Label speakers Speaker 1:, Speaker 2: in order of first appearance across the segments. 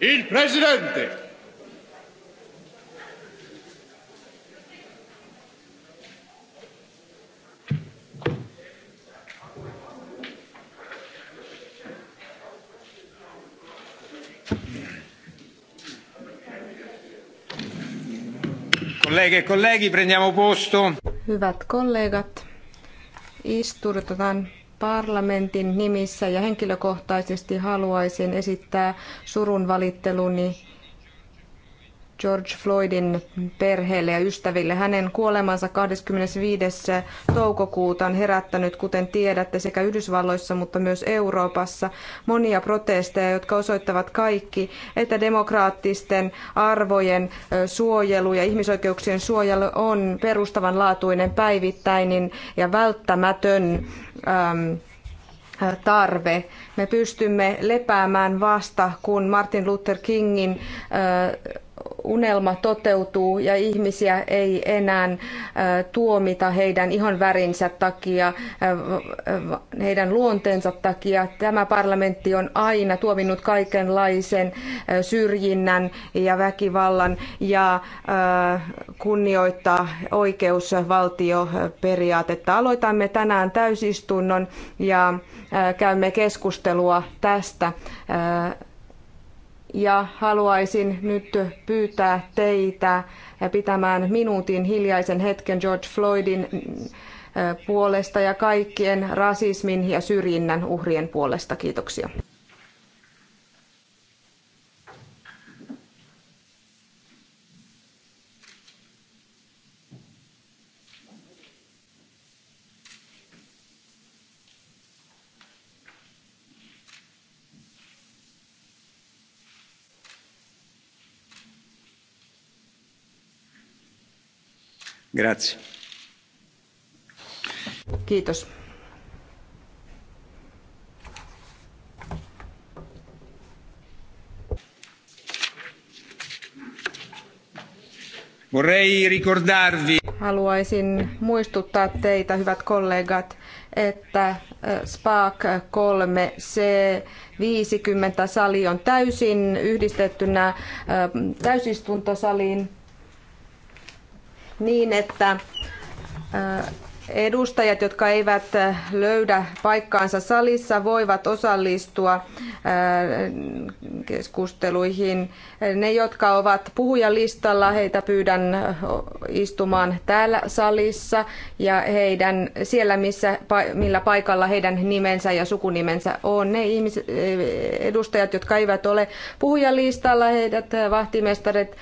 Speaker 1: Il presidente!
Speaker 2: Kolleghe kollegi, e prendiamo posto.
Speaker 3: Hyvät kollegat, istuudutaan parlamentin nimissä ja henkilökohtaisesti haluaisin esittää surun valitteluni George Floydin perheelle ja ystäville. Hänen kuolemansa 25. toukokuuta on herättänyt, kuten tiedätte, sekä Yhdysvalloissa, mutta myös Euroopassa monia protesteja, jotka osoittavat kaikki, että demokraattisten arvojen suojelu ja ihmisoikeuksien suojelu on perustavanlaatuinen päivittäinen ja välttämätön ähm, tarve. Me pystymme lepäämään vasta, kun Martin Luther Kingin äh, unelma toteutuu ja ihmisiä ei enää tuomita heidän värinsä takia, heidän luonteensa takia. Tämä parlamentti on aina tuominnut kaikenlaisen syrjinnän ja väkivallan ja kunnioittaa oikeusvaltioperiaatetta. Aloitamme tänään täysistunnon ja käymme keskustelua tästä ja haluaisin nyt pyytää teitä pitämään minuutin hiljaisen hetken George Floydin mm, puolesta ja kaikkien rasismin ja syrjinnän uhrien puolesta. Kiitoksia. Kiitos. Haluaisin muistuttaa teitä, hyvät kollegat, että SPAC 3C 50 sali on täysin yhdistettynä täysistuntosaliin niin, että äh, edustajat, jotka eivät äh, löydä paikkaansa salissa, voivat osallistua äh, keskusteluihin. Ne, jotka ovat puhujalistalla, heitä pyydän äh, istumaan täällä salissa ja heidän, siellä, missä, millä paikalla heidän nimensä ja sukunimensä on. Ne ihmis, edustajat, jotka eivät ole puhujalistalla, heidät vahtimestarit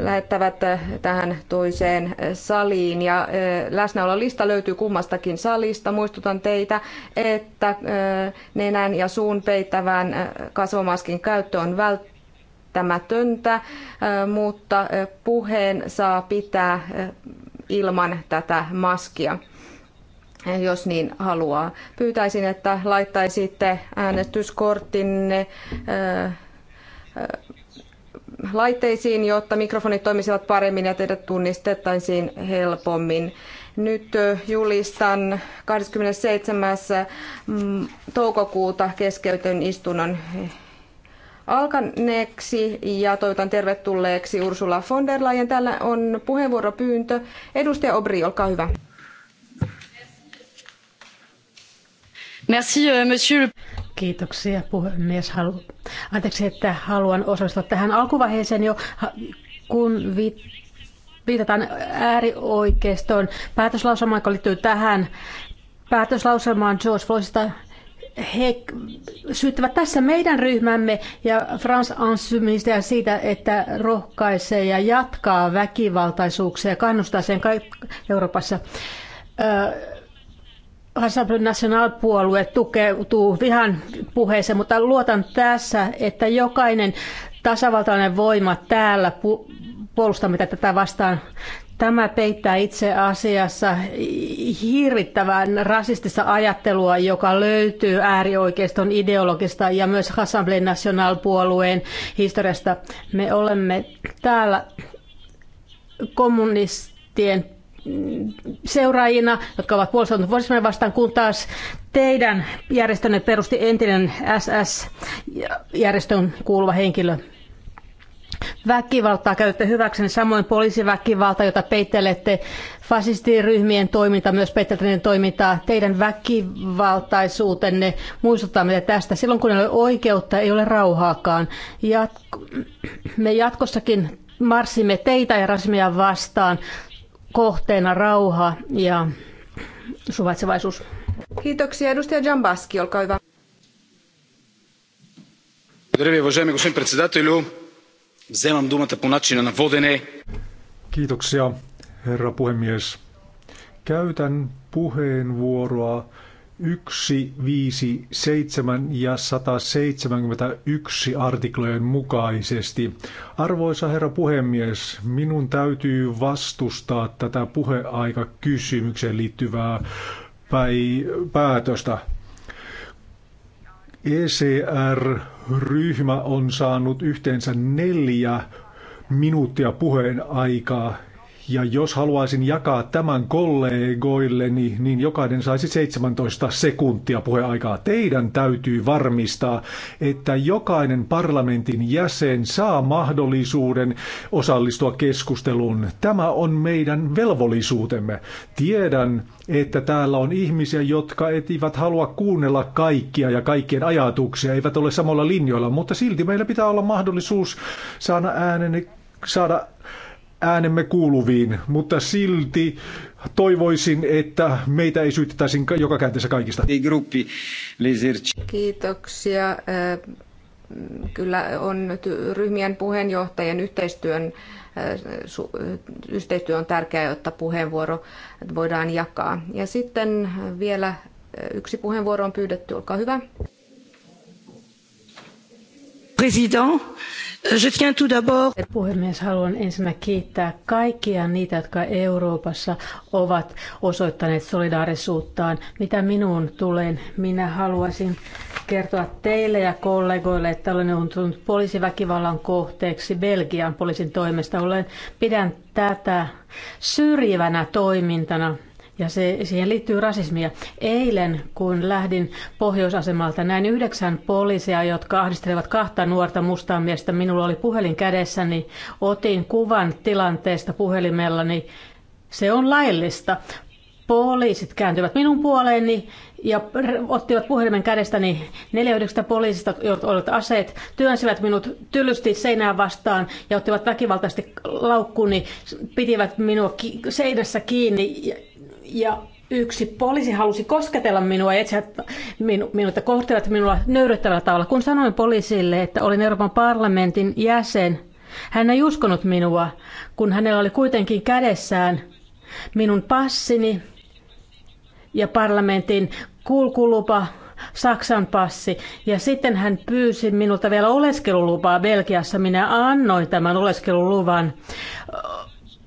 Speaker 3: lähettävät tähän toiseen saliin ja läsnäolo lista löytyy kummastakin salista. Muistutan teitä, että nenän ja suun peittävän kasvomaskin käyttö on välttämätöntä, mutta puheen saa pitää ilman tätä maskia jos niin haluaa. Pyytäisin, että laittaisitte äänestyskorttinne laitteisiin, jotta mikrofonit toimisivat paremmin ja teidät tunnistettaisiin helpommin. Nyt julistan 27. Mm, toukokuuta keskeytön istunnon alkaneeksi ja toivotan tervetulleeksi Ursula von der Leyen. Täällä on puheenvuoropyyntö. Edustaja Obri, olkaa hyvä.
Speaker 4: Merci, euh, monsieur. Kiitoksia puhemies. Halu... Anteeksi, että haluan osallistua tähän alkuvaiheeseen jo, kun viit viitataan äärioikeistoon. Päätöslauselma, joka liittyy tähän päätöslauselmaan George Floydista, he syyttävät tässä meidän ryhmämme ja Frans Ansymistä siitä, että rohkaisee ja jatkaa väkivaltaisuuksia ja kannustaa sen Euroopassa. Hassan National-puolue tukeutuu vihan puheeseen, mutta luotan tässä, että jokainen tasavaltainen voima täällä puolustamme tätä vastaan. Tämä peittää itse asiassa hirvittävän rasistista ajattelua, joka löytyy äärioikeiston ideologista ja myös Assemblée National-puolueen historiasta. Me olemme täällä kommunistien seuraajina, jotka ovat puolustaneet vuosismen vastaan, kun taas teidän järjestönne perusti entinen SS-järjestön kuuluva henkilö. Väkivaltaa käytätte hyväksenne, samoin poliisiväkivaltaa, jota peittelette fasistiryhmien toiminta, myös peittelette toimintaa. Teidän väkivaltaisuutenne muistuttaa meitä tästä. Silloin kun ei ole oikeutta, ei ole rauhaakaan. Jatk- me jatkossakin marssimme teitä ja rasmia vastaan kohteena rauha ja suvaitsevaisuus. Kiitoksia. Edustaja
Speaker 3: Jambaski, olkaa hyvä.
Speaker 5: Здравия, уважаеми господин председателю. Вземам думата по начина на водене. Kiitoksia, herra puhemies. Käytän puheenvuoroa 157 ja 171 artiklojen mukaisesti. Arvoisa herra puhemies, minun täytyy vastustaa tätä puheaikakysymykseen liittyvää päätöstä. ECR-ryhmä on saanut yhteensä neljä minuuttia puheen aikaa ja jos haluaisin jakaa tämän kollegoilleni, niin jokainen saisi 17 sekuntia puheaikaa. Teidän täytyy varmistaa, että jokainen parlamentin jäsen saa mahdollisuuden osallistua keskusteluun. Tämä on meidän velvollisuutemme. Tiedän, että täällä on ihmisiä, jotka eivät halua kuunnella kaikkia ja kaikkien ajatuksia, eivät ole samalla linjoilla, mutta silti meillä pitää olla mahdollisuus saada ääneni, saada äänemme kuuluviin, mutta silti toivoisin, että meitä ei syytettäisi joka käänteessä kaikista.
Speaker 3: Kiitoksia. Äh, kyllä on ryhmien puheenjohtajien yhteistyön äh, äh, yhteistyö on tärkeää, jotta puheenvuoro voidaan jakaa. Ja sitten vielä yksi puheenvuoro on pyydetty, olkaa hyvä
Speaker 4: président. Euh, je tiens tout d'abord... Puhemies, haluan ensinnä kiittää kaikkia niitä, jotka Euroopassa ovat osoittaneet solidaarisuuttaan. Mitä minuun tulee, minä haluaisin kertoa teille ja kollegoille, että olen joutunut poliisiväkivallan kohteeksi Belgian poliisin toimesta. Olen, pidän tätä syrjivänä toimintana ja se, siihen liittyy rasismia. Eilen, kun lähdin pohjoisasemalta, näin yhdeksän poliisia, jotka ahdistelevat kahta nuorta mustaa miestä. Minulla oli puhelin kädessäni, otin kuvan tilanteesta puhelimellani. Se on laillista. Poliisit kääntyivät minun puoleeni ja ottivat puhelimen kädestäni neljä yhdeksästä poliisista, jotka olivat aseet, työnsivät minut tylysti seinään vastaan ja ottivat väkivaltaisesti laukkuni, pitivät minua ki- seinässä kiinni ja yksi poliisi halusi kosketella minua ja etsiä minu, minulta kohtelivat minua nöyryttävällä tavalla. Kun sanoin poliisille, että olin Euroopan parlamentin jäsen, hän ei uskonut minua, kun hänellä oli kuitenkin kädessään minun passini ja parlamentin kulkulupa, Saksan passi. Ja sitten hän pyysi minulta vielä oleskelulupaa Belgiassa. Minä annoin tämän oleskeluluvan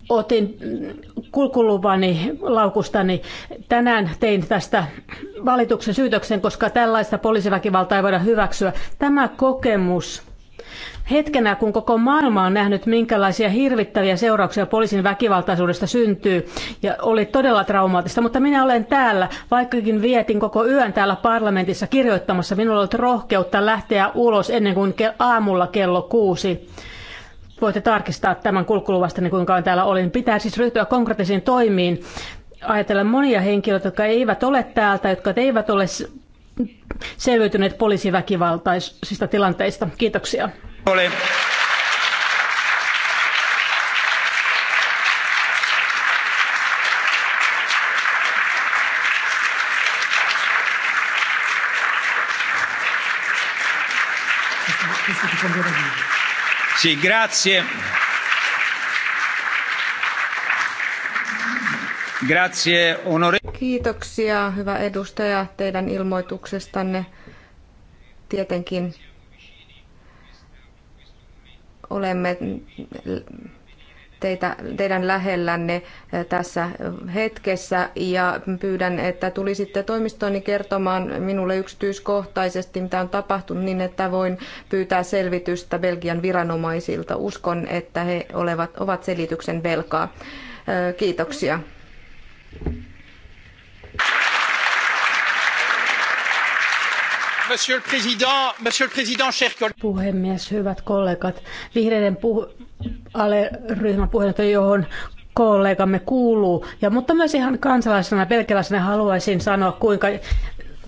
Speaker 4: otin kulkuluvani laukustani. Tänään tein tästä valituksen syytöksen, koska tällaista poliisiväkivaltaa ei voida hyväksyä. Tämä kokemus hetkenä, kun koko maailma on nähnyt, minkälaisia hirvittäviä seurauksia poliisin väkivaltaisuudesta syntyy, ja oli todella traumaattista, mutta minä olen täällä, vaikkakin vietin koko yön täällä parlamentissa kirjoittamassa, minulla oli rohkeutta lähteä ulos ennen kuin aamulla kello kuusi voitte tarkistaa tämän kulkuluvasta, niin kuinka täällä olin. Pitää siis ryhtyä konkreettisiin toimiin. Ajatellaan monia henkilöitä, jotka eivät ole täältä, jotka eivät ole selviytyneet poliisiväkivaltaisista tilanteista. Kiitoksia.
Speaker 2: Oli. Sì, grazie. Grazie, onore.
Speaker 3: Kiitoksia, hyvä edustaja, teidän ilmoituksestanne. Tietenkin olemme teitä, teidän lähellänne eh, tässä hetkessä ja pyydän, että tulisitte toimistooni kertomaan minulle yksityiskohtaisesti, mitä on tapahtunut, niin että voin pyytää selvitystä Belgian viranomaisilta. Uskon, että he olevat, ovat selityksen velkaa. Eh, kiitoksia.
Speaker 4: Puhemies, hyvät kollegat. Vihreiden puh- ale ryhmän puheenjohtaja, johon kollegamme kuuluu. Ja, mutta myös ihan kansalaisena pelkäläisenä haluaisin sanoa, kuinka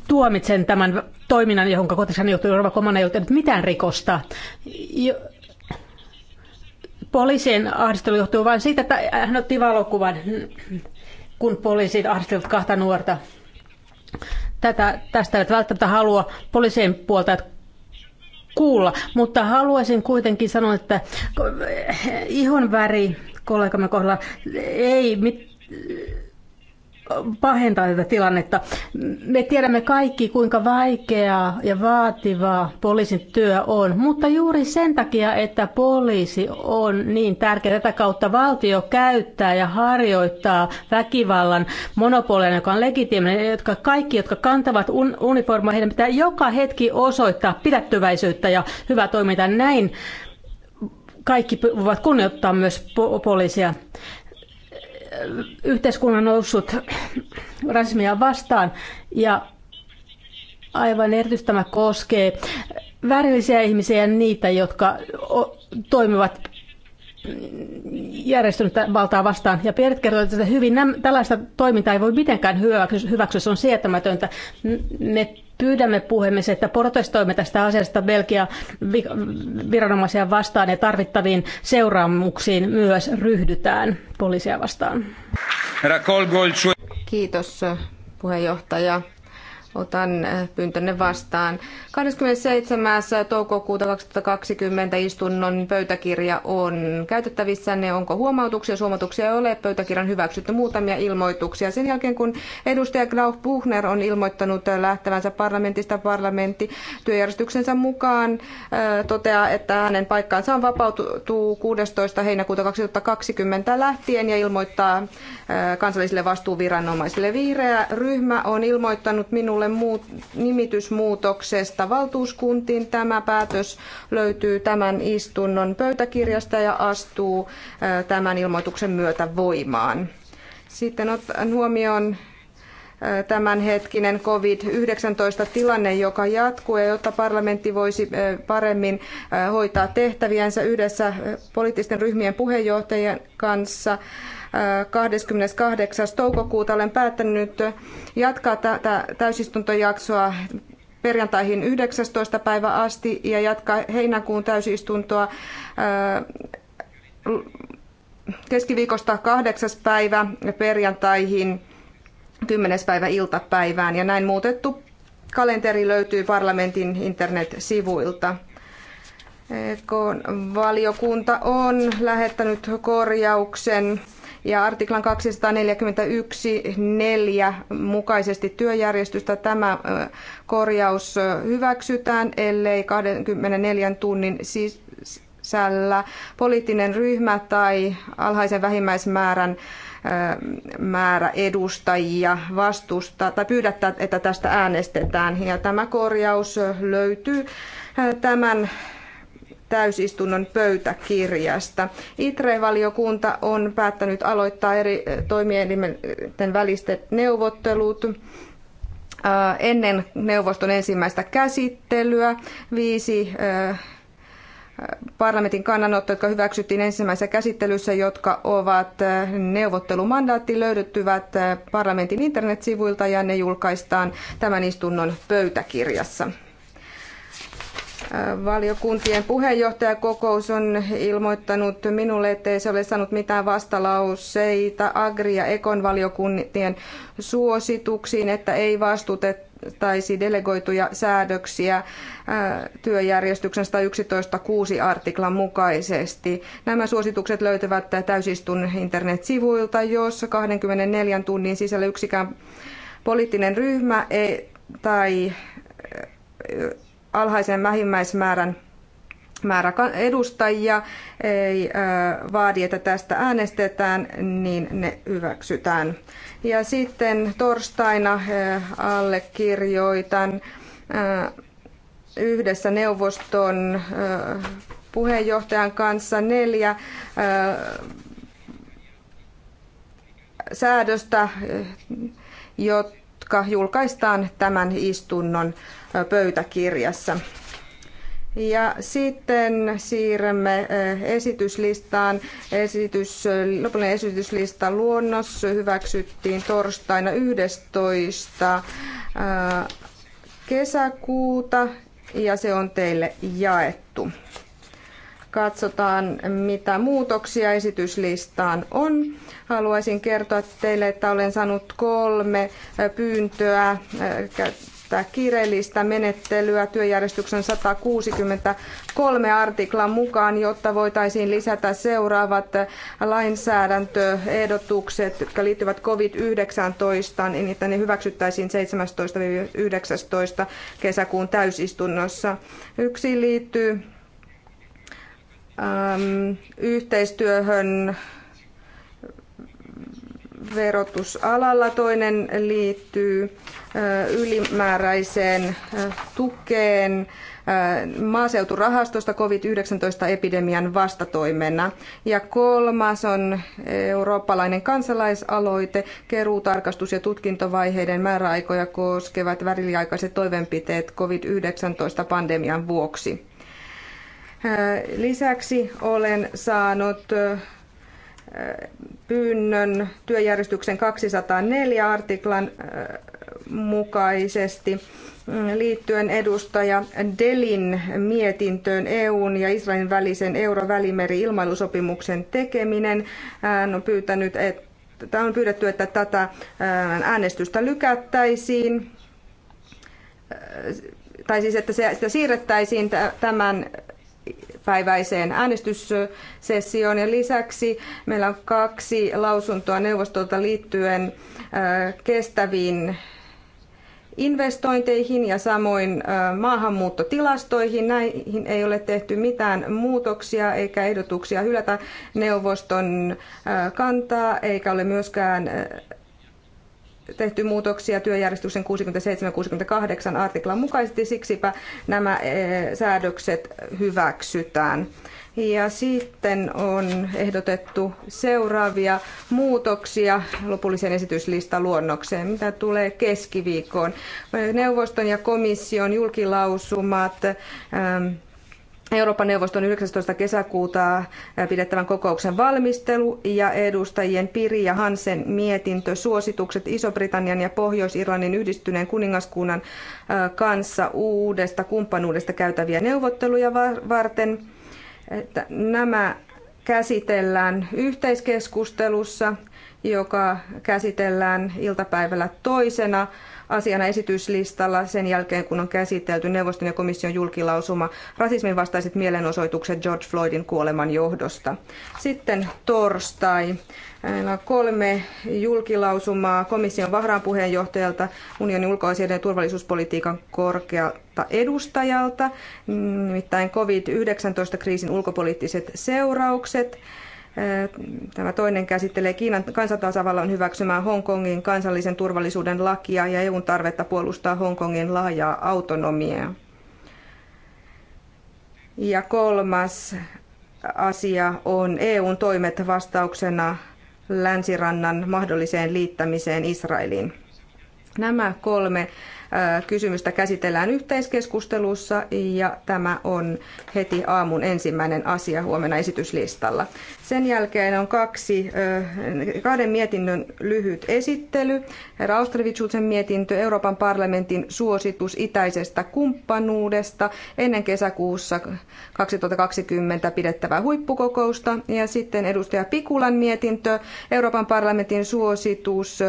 Speaker 4: tuomitsen tämän toiminnan, johon kotisani johtui Jorva Koman ei ollut mitään rikosta. Jo, poliisien ahdistelu johtuu vain siitä, että hän otti valokuvan, kun poliisit ahdistelivat kahta nuorta tätä, tästä että välttämättä halua poliisien puolta kuulla, mutta haluaisin kuitenkin sanoa, että ihon väri kollegamme kohdalla ei mit, pahentaa tätä tilannetta. Me tiedämme kaikki, kuinka vaikeaa ja vaativaa poliisin työ on, mutta juuri sen takia, että poliisi on niin tärkeä, tätä kautta valtio käyttää ja harjoittaa väkivallan monopoleja, joka on legitiiminen, jotka kaikki, jotka kantavat un- uniformia, heidän pitää joka hetki osoittaa pidättyväisyyttä ja hyvää toimintaa näin. Kaikki voivat kunnioittaa myös po- poliisia yhteiskunnan noussut rasismia vastaan ja aivan erityisesti tämä koskee värillisiä ihmisiä ja niitä, jotka toimivat järjestänyt valtaa vastaan. Ja Pierit kertoi, että hyvin nämä, tällaista toimintaa ei voi mitenkään hyväksyä. Se on sietämätöntä. Me Pyydämme puhemies, että protestoimme tästä asiasta Belgian viranomaisia vastaan ja tarvittaviin seuraamuksiin myös ryhdytään poliisia vastaan. Kiitos puheenjohtaja otan äh,
Speaker 3: pyyntönne vastaan. 27. toukokuuta 2020 istunnon pöytäkirja on käytettävissä. Ne onko huomautuksia? suomautuksia ei ole, pöytäkirjan hyväksytty muutamia ilmoituksia. Sen jälkeen kun edustaja Klaus Buchner on ilmoittanut lähtevänsä parlamentista parlamentti työjärjestyksensä mukaan äh, toteaa, että hänen paikkaansa on vapautuu 16. heinäkuuta 2020 lähtien ja ilmoittaa äh, kansallisille vastuuviranomaisille. Vihreä ryhmä on ilmoittanut minulle vastuulle muut, nimitysmuutoksesta valtuuskuntiin. Tämä päätös löytyy tämän istunnon pöytäkirjasta ja astuu tämän ilmoituksen myötä voimaan. Sitten otan huomioon tämänhetkinen COVID-19-tilanne, joka jatkuu ja jotta parlamentti voisi paremmin hoitaa tehtäviänsä yhdessä poliittisten ryhmien puheenjohtajien kanssa. 28. toukokuuta olen päättänyt jatkaa tätä täysistuntojaksoa perjantaihin 19. päivä asti ja jatkaa heinäkuun täysistuntoa äh, keskiviikosta 8. päivä perjantaihin 10. päivä iltapäivään ja näin muutettu kalenteri löytyy parlamentin internetsivuilta. Valiokunta on lähettänyt korjauksen ja artiklan 241.4 mukaisesti työjärjestystä tämä korjaus hyväksytään, ellei 24 tunnin sisällä poliittinen ryhmä tai alhaisen vähimmäismäärän määrä edustajia vastusta tai pyydättää, että tästä äänestetään. Ja tämä korjaus löytyy tämän täysistunnon pöytäkirjasta. ITRE-valiokunta on päättänyt aloittaa eri eh, toimielimen väliset neuvottelut eh, ennen neuvoston ensimmäistä käsittelyä. Viisi eh, parlamentin kannanotto, jotka hyväksyttiin ensimmäisessä käsittelyssä, jotka ovat neuvottelumandaatti, löydettyvät parlamentin internetsivuilta ja ne julkaistaan tämän istunnon pöytäkirjassa. Valiokuntien puheenjohtajakokous on ilmoittanut minulle, ettei se ole saanut mitään vastalauseita Agri- ja Ekon valiokuntien suosituksiin, että ei vastutettaisi delegoituja säädöksiä äh, työjärjestyksen 111.6 artiklan mukaisesti. Nämä suositukset löytyvät täysistun internetsivuilta, jos 24 tunnin sisällä yksikään poliittinen ryhmä ei, tai äh, alhaisen vähimmäismäärän määrä edustajia ei vaadi, että tästä äänestetään, niin ne hyväksytään. Ja sitten torstaina allekirjoitan yhdessä neuvoston puheenjohtajan kanssa neljä säädöstä, jotta jotka julkaistaan tämän istunnon pöytäkirjassa. Ja sitten siirrämme esityslistaan. Esitys, lopullinen esityslista luonnos hyväksyttiin torstaina 11. kesäkuuta ja se on teille jaettu katsotaan, mitä muutoksia esityslistaan on. Haluaisin kertoa teille, että olen saanut kolme pyyntöä käyttää kiireellistä menettelyä työjärjestyksen 163 artiklan mukaan, jotta voitaisiin lisätä seuraavat lainsäädäntöehdotukset, jotka liittyvät COVID-19, niin että ne hyväksyttäisiin 17-19 kesäkuun täysistunnossa. Yksi liittyy äm, yhteistyöhön verotusalalla, toinen liittyy äh, ylimääräiseen äh, tukeen äh, maaseuturahastosta COVID-19-epidemian vastatoimena. Ja kolmas on eurooppalainen kansalaisaloite, keruutarkastus- ja tutkintovaiheiden määräaikoja koskevat väliaikaiset toimenpiteet COVID-19-pandemian vuoksi. Lisäksi olen saanut pyynnön työjärjestyksen 204 artiklan mukaisesti mm, liittyen edustaja Delin mietintöön EUn ja Israelin välisen Euro-välimeri-ilmailusopimuksen tekeminen. Hän on pyytänyt, että on pyydetty, että tätä äänestystä lykättäisiin tai siis että se, sitä siirrettäisiin tämän päiväiseen äänestyssessioon. Ja lisäksi meillä on kaksi lausuntoa neuvostolta liittyen äh, kestäviin investointeihin ja samoin äh, maahanmuuttotilastoihin. Näihin ei ole tehty mitään muutoksia eikä ehdotuksia hylätä neuvoston äh, kantaa, eikä ole myöskään tehty muutoksia työjärjestyksen 67-68 artiklan mukaisesti, siksipä nämä eh, säädökset hyväksytään. Ja sitten on ehdotettu seuraavia muutoksia lopullisen esityslistaluonnokseen, mitä tulee keskiviikkoon. Neuvoston ja komission julkilausumat ähm, Euroopan neuvoston 19. kesäkuuta pidettävän kokouksen valmistelu ja edustajien Piri ja Hansen mietintö suositukset Iso-Britannian ja Pohjois-Irlannin yhdistyneen kuningaskunnan kanssa uudesta kumppanuudesta käytäviä neuvotteluja varten. Nämä käsitellään yhteiskeskustelussa joka käsitellään iltapäivällä toisena asiana esityslistalla sen jälkeen, kun on käsitelty neuvoston ja komission julkilausuma rasismin vastaiset mielenosoitukset George Floydin kuoleman johdosta. Sitten torstai. Meillä on kolme julkilausumaa komission vahraan puheenjohtajalta, unionin ulkoasioiden ja turvallisuuspolitiikan korkealta edustajalta, nimittäin COVID-19-kriisin ulkopoliittiset seuraukset. Tämä toinen käsittelee Kiinan kansantasavallan hyväksymää Hongkongin kansallisen turvallisuuden lakia ja EUn tarvetta puolustaa Hongkongin laajaa autonomiaa. Ja kolmas asia on EUn toimet vastauksena länsirannan mahdolliseen liittämiseen Israeliin. Nämä kolme kysymystä käsitellään yhteiskeskustelussa ja tämä on heti aamun ensimmäinen asia huomenna esityslistalla. Sen jälkeen on kaksi, kahden mietinnön lyhyt esittely. Herra Austrevitsutsen mietintö Euroopan parlamentin suositus itäisestä kumppanuudesta ennen kesäkuussa 2020 pidettävää huippukokousta. Ja sitten edustaja Pikulan mietintö Euroopan parlamentin suositus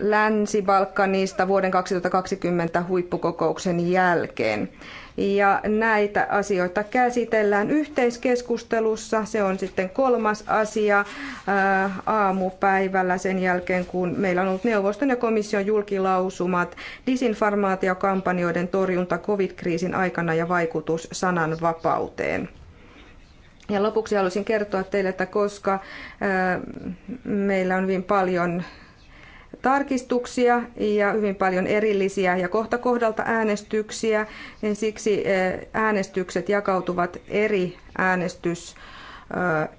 Speaker 3: Länsi-Balkanista vuoden 2020 huippukokouksen jälkeen. Ja näitä asioita käsitellään yhteiskeskustelussa. Se on sitten kolmas asia äh, aamupäivällä sen jälkeen, kun meillä on ollut neuvoston ja komission julkilausumat disinformaatiokampanjoiden torjunta covid-kriisin aikana ja vaikutus sananvapauteen. Ja lopuksi haluaisin kertoa teille, että koska äh, meillä on hyvin paljon tarkistuksia ja hyvin paljon erillisiä ja kohta kohdalta äänestyksiä. Siksi eh, äänestykset jakautuvat eri äänestys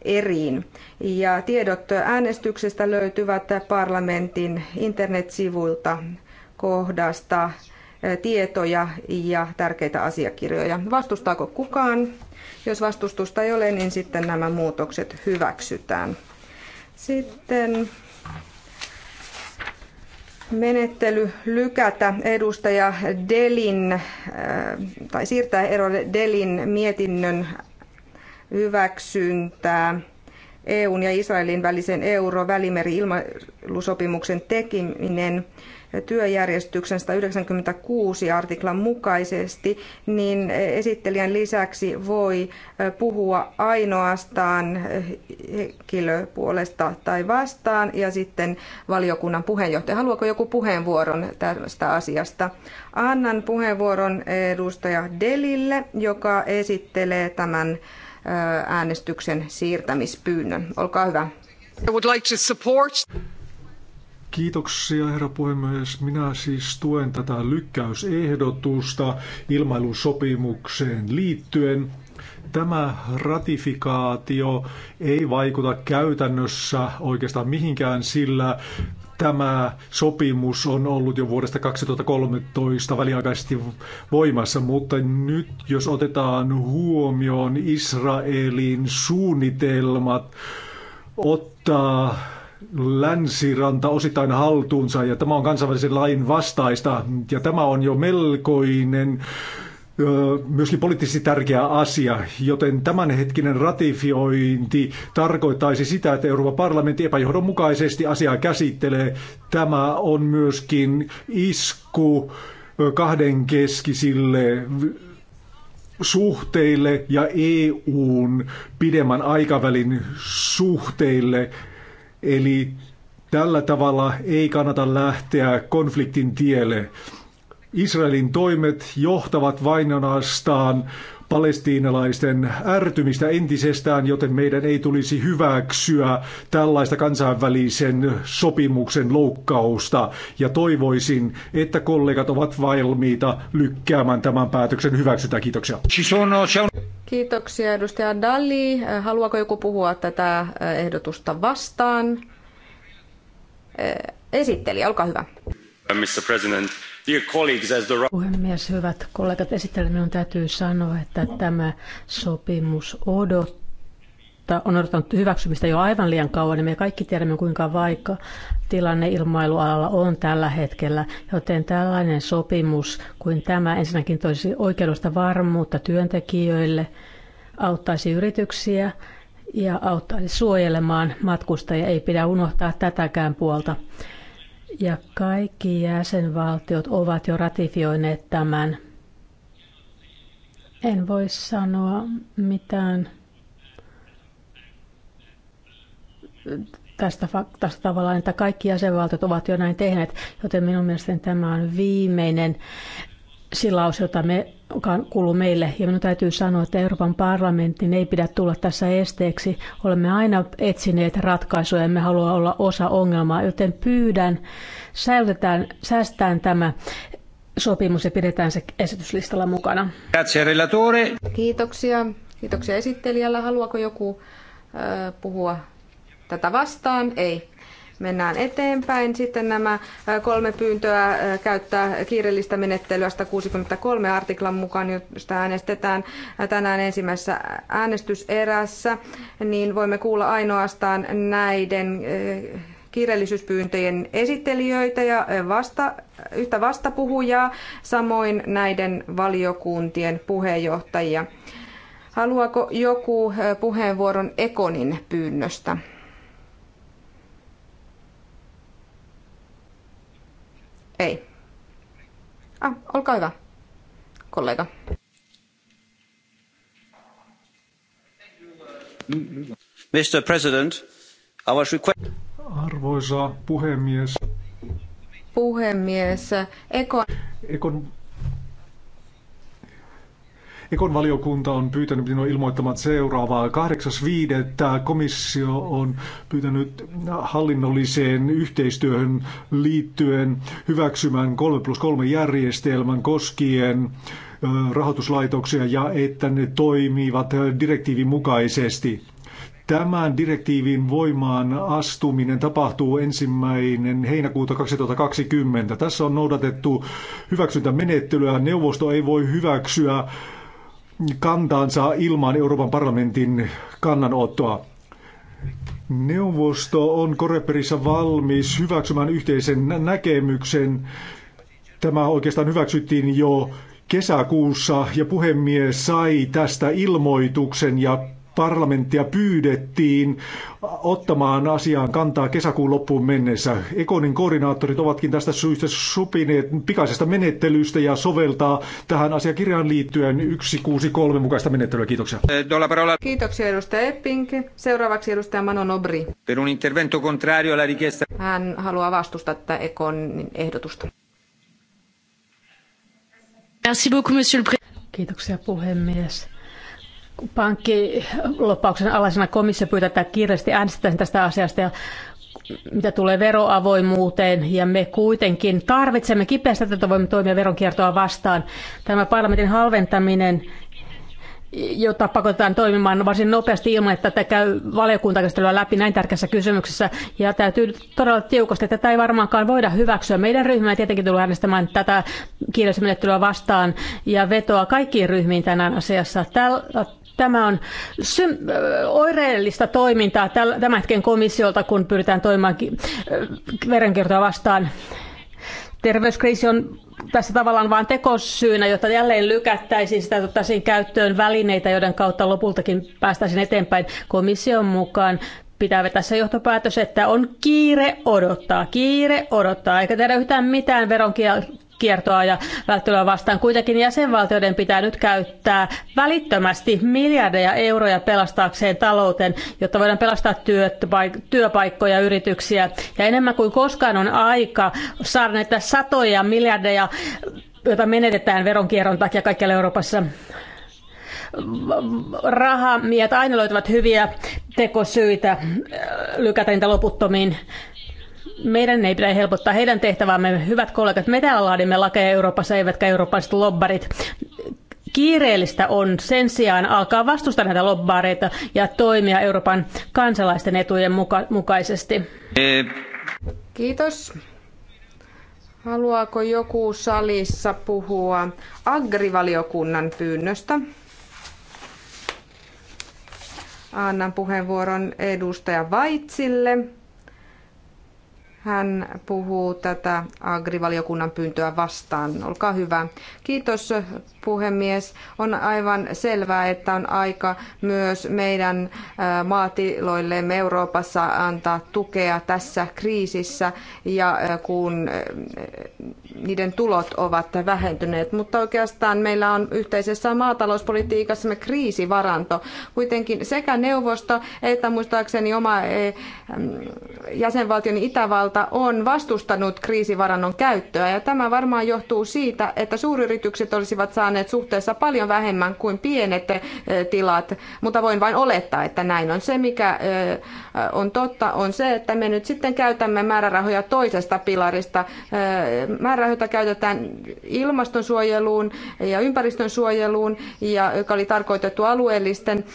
Speaker 3: eriin. Ja tiedot äänestyksestä löytyvät parlamentin internetsivuilta kohdasta eh, tietoja ja tärkeitä asiakirjoja. Vastustaako kukaan? Jos vastustusta ei ole, niin sitten nämä muutokset hyväksytään. Sitten menettely lykätä edustaja Delin äh, tai siirtää ero Delin mietinnön hyväksyntää EUn ja Israelin välisen euro-välimeri-ilmailusopimuksen tekeminen työjärjestyksen 196 artiklan mukaisesti, niin esittelijän lisäksi voi puhua ainoastaan henkilöpuolesta tai vastaan ja sitten valiokunnan puheenjohtaja. Haluaako joku puheenvuoron tästä asiasta? Annan puheenvuoron edustaja Delille, joka esittelee tämän äänestyksen siirtämispyynnön. Olkaa hyvä. I would like
Speaker 1: to support
Speaker 5: Kiitoksia, herra puhemies. Minä siis tuen tätä lykkäysehdotusta ilmailusopimukseen liittyen. Tämä ratifikaatio ei vaikuta käytännössä oikeastaan mihinkään, sillä tämä sopimus on ollut jo vuodesta 2013 väliaikaisesti voimassa, mutta nyt jos otetaan huomioon Israelin suunnitelmat ottaa länsiranta osittain haltuunsa ja tämä on kansainvälisen lain vastaista ja tämä on jo melkoinen myöskin poliittisesti tärkeä asia, joten tämänhetkinen ratifiointi tarkoittaisi sitä, että Euroopan parlamentti epäjohdonmukaisesti asiaa käsittelee. Tämä on myöskin isku kahdenkeskisille suhteille ja EUn pidemmän aikavälin suhteille Eli tällä tavalla ei kannata lähteä konfliktin tielle. Israelin toimet johtavat vain ainoastaan palestiinalaisten ärtymistä entisestään, joten meidän ei tulisi hyväksyä tällaista kansainvälisen sopimuksen loukkausta. Ja toivoisin, että kollegat ovat valmiita lykkäämään tämän päätöksen hyväksytä. Kiitoksia.
Speaker 3: Kiitoksia edustaja Dalli. Äh, haluaako joku puhua tätä äh, ehdotusta vastaan?
Speaker 4: Äh, esitteli, olkaa hyvä. Uh,
Speaker 6: Mr. President,
Speaker 4: Puhemies, hyvät kollegat, esittelen minun täytyy sanoa, että tämä sopimus odottaa on odottanut hyväksymistä jo aivan liian kauan, niin me kaikki tiedämme, kuinka vaikka tilanne ilmailualalla on tällä hetkellä. Joten tällainen sopimus kuin tämä ensinnäkin toisi oikeudesta varmuutta työntekijöille, auttaisi yrityksiä ja auttaisi suojelemaan matkustajia. Ei pidä unohtaa tätäkään puolta. Ja kaikki jäsenvaltiot ovat jo ratifioineet tämän. En voi sanoa mitään tästä faktasta tavallaan, että kaikki jäsenvaltiot ovat jo näin tehneet, joten minun mielestäni tämä on viimeinen silaus, jota me, joka kuuluu meille. Ja minun täytyy sanoa, että Euroopan parlamentin ei pidä tulla tässä esteeksi. Olemme aina etsineet ratkaisuja, emme halua olla osa ongelmaa, joten pyydän, säilytetään, säästään tämä sopimus ja pidetään se esityslistalla mukana. Kiitoksia.
Speaker 3: Kiitoksia esittelijällä. Haluaako joku äh, puhua tätä vastaan? Ei. Mennään eteenpäin. Sitten nämä kolme pyyntöä käyttää kiireellistä menettelyä 163 artiklan mukaan, josta äänestetään tänään ensimmäisessä äänestyserässä, niin voimme kuulla ainoastaan näiden kiireellisyyspyyntöjen esittelijöitä ja vasta, yhtä vastapuhujaa, samoin näiden valiokuntien puheenjohtajia. Haluaako joku puheenvuoron Ekonin pyynnöstä? Ei. Ah, olkaa hyvä, kollega.
Speaker 2: Mr. President, our request...
Speaker 5: Arvoisa puhemies.
Speaker 3: Puhemies, Ekon...
Speaker 5: Ekon Ekon valiokunta on pyytänyt minua ilmoittamaan seuraavaa. 8.5. komissio on pyytänyt hallinnolliseen yhteistyöhön liittyen hyväksymään 3 plus 3 järjestelmän koskien rahoituslaitoksia ja että ne toimivat direktiivin mukaisesti. Tämän direktiivin voimaan astuminen tapahtuu ensimmäinen heinäkuuta 2020. Tässä on noudatettu hyväksyntämenettelyä. Neuvosto ei voi hyväksyä kantaansa ilman Euroopan parlamentin kannanottoa. Neuvosto on Koreperissa valmis hyväksymään yhteisen näkemyksen. Tämä oikeastaan hyväksyttiin jo kesäkuussa ja puhemies sai tästä ilmoituksen ja parlamenttia pyydettiin ottamaan asiaan kantaa kesäkuun loppuun mennessä. Ekonin koordinaattorit ovatkin tästä syystä sopineet pikaisesta menettelystä ja soveltaa tähän asiakirjaan liittyen 163 mukaista menettelyä. Kiitoksia.
Speaker 2: Eh,
Speaker 3: Kiitoksia edustaja Epping. Seuraavaksi edustaja Mano Obri.
Speaker 5: Per un intervento
Speaker 2: contrario alla richiesta.
Speaker 3: Hän haluaa vastustaa tätä Ekonin ehdotusta.
Speaker 4: Merci beaucoup, monsieur le Kiitoksia puhemies pankkilopauksen alaisena komissio pyytää, että kiireesti äänestetään tästä asiasta ja mitä tulee veroavoimuuteen, ja me kuitenkin tarvitsemme kipeästi, että voimme toimia veronkiertoa vastaan. Tämä parlamentin halventaminen jota pakotetaan toimimaan varsin nopeasti ilman, että tätä käy valiokuntakäsittelyä läpi näin tärkeässä kysymyksessä. Ja täytyy todella tiukasti, että tätä ei varmaankaan voida hyväksyä. Meidän ryhmä tietenkin tulee äänestämään tätä menettelyä vastaan ja vetoa kaikkiin ryhmiin tänään asiassa. Tällä Tämä on sy- oireellista toimintaa tämän hetken komissiolta, kun pyritään toimimaan verenkiertoa vastaan. Terveyskriisi on tässä tavallaan vain tekosyynä, jotta jälleen lykättäisiin sitä, ottaisiin käyttöön välineitä, joiden kautta lopultakin päästäisiin eteenpäin komission mukaan. Pitää vetää se johtopäätös, että on kiire odottaa, kiire odottaa, eikä tehdä yhtään mitään veronkiertoa veronkiertoa ja välttelyä vastaan. Kuitenkin jäsenvaltioiden pitää nyt käyttää välittömästi miljardeja euroja pelastaakseen talouden, jotta voidaan pelastaa työpaikkoja, yrityksiä. Ja enemmän kuin koskaan on aika saada näitä satoja miljardeja joita menetetään veronkierron takia kaikkialla Euroopassa rahamiehet aina löytävät hyviä tekosyitä lykätä niitä loputtomiin meidän ei pidä helpottaa heidän tehtävämme. Hyvät kollegat, me täällä laadimme lakeja Euroopassa, eivätkä eurooppalaiset lobbarit kiireellistä on sen sijaan alkaa vastustaa näitä lobbareita ja toimia Euroopan kansalaisten etujen muka- mukaisesti. Kiitos.
Speaker 3: Haluaako joku
Speaker 4: salissa
Speaker 3: puhua agrivaliokunnan pyynnöstä? Annan puheenvuoron edustaja Vaitsille. Hän puhuu tätä agrivaliokunnan pyyntöä vastaan. Olkaa hyvä. Kiitos puhemies. On aivan selvää, että on aika myös meidän maatiloille Euroopassa antaa tukea tässä kriisissä ja kun niiden tulot ovat vähentyneet, mutta oikeastaan meillä on yhteisessä maatalouspolitiikassamme kriisivaranto. Kuitenkin sekä neuvosto että muistaakseni oma eh, mm, jäsenvaltioni Itävalta on vastustanut kriisivarannon käyttöä ja tämä varmaan johtuu siitä, että suuryritykset olisivat saaneet suhteessa paljon vähemmän kuin pienet eh, tilat, mutta voin vain olettaa, että näin on. Se, mikä eh, on totta, on se, että me nyt sitten käytämme määrärahoja toisesta pilarista. Määrä varoja, joita käytetään ilmastonsuojeluun ja ympäristönsuojeluun, ja joka oli tarkoitettu alueellisten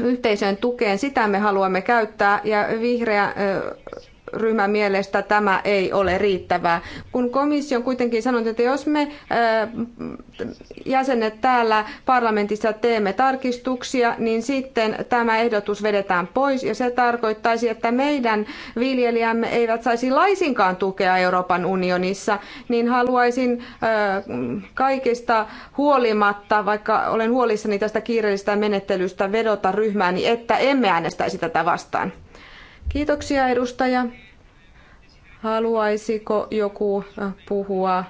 Speaker 3: yhteisöjen tukeen, sitä me haluamme käyttää ja vihreä ryhmän mielestä tämä ei ole riittävää. Kun komissio on kuitenkin sanonut, että jos me äh, jäsenet täällä parlamentissa teemme tarkistuksia, niin sitten tämä ehdotus vedetään pois ja se tarkoittaisi, että meidän viljelijämme eivät saisi laisinkaan tukea Euroopan unionissa, niin haluaisin äh, kaikista huolimatta, vaikka olen huolissani tästä kiireellisestä menettelystä, vedota ryhmääni, että emme äänestäisi tätä vastaan. Kiitoksia edustaja. Haluaisiko joku puhua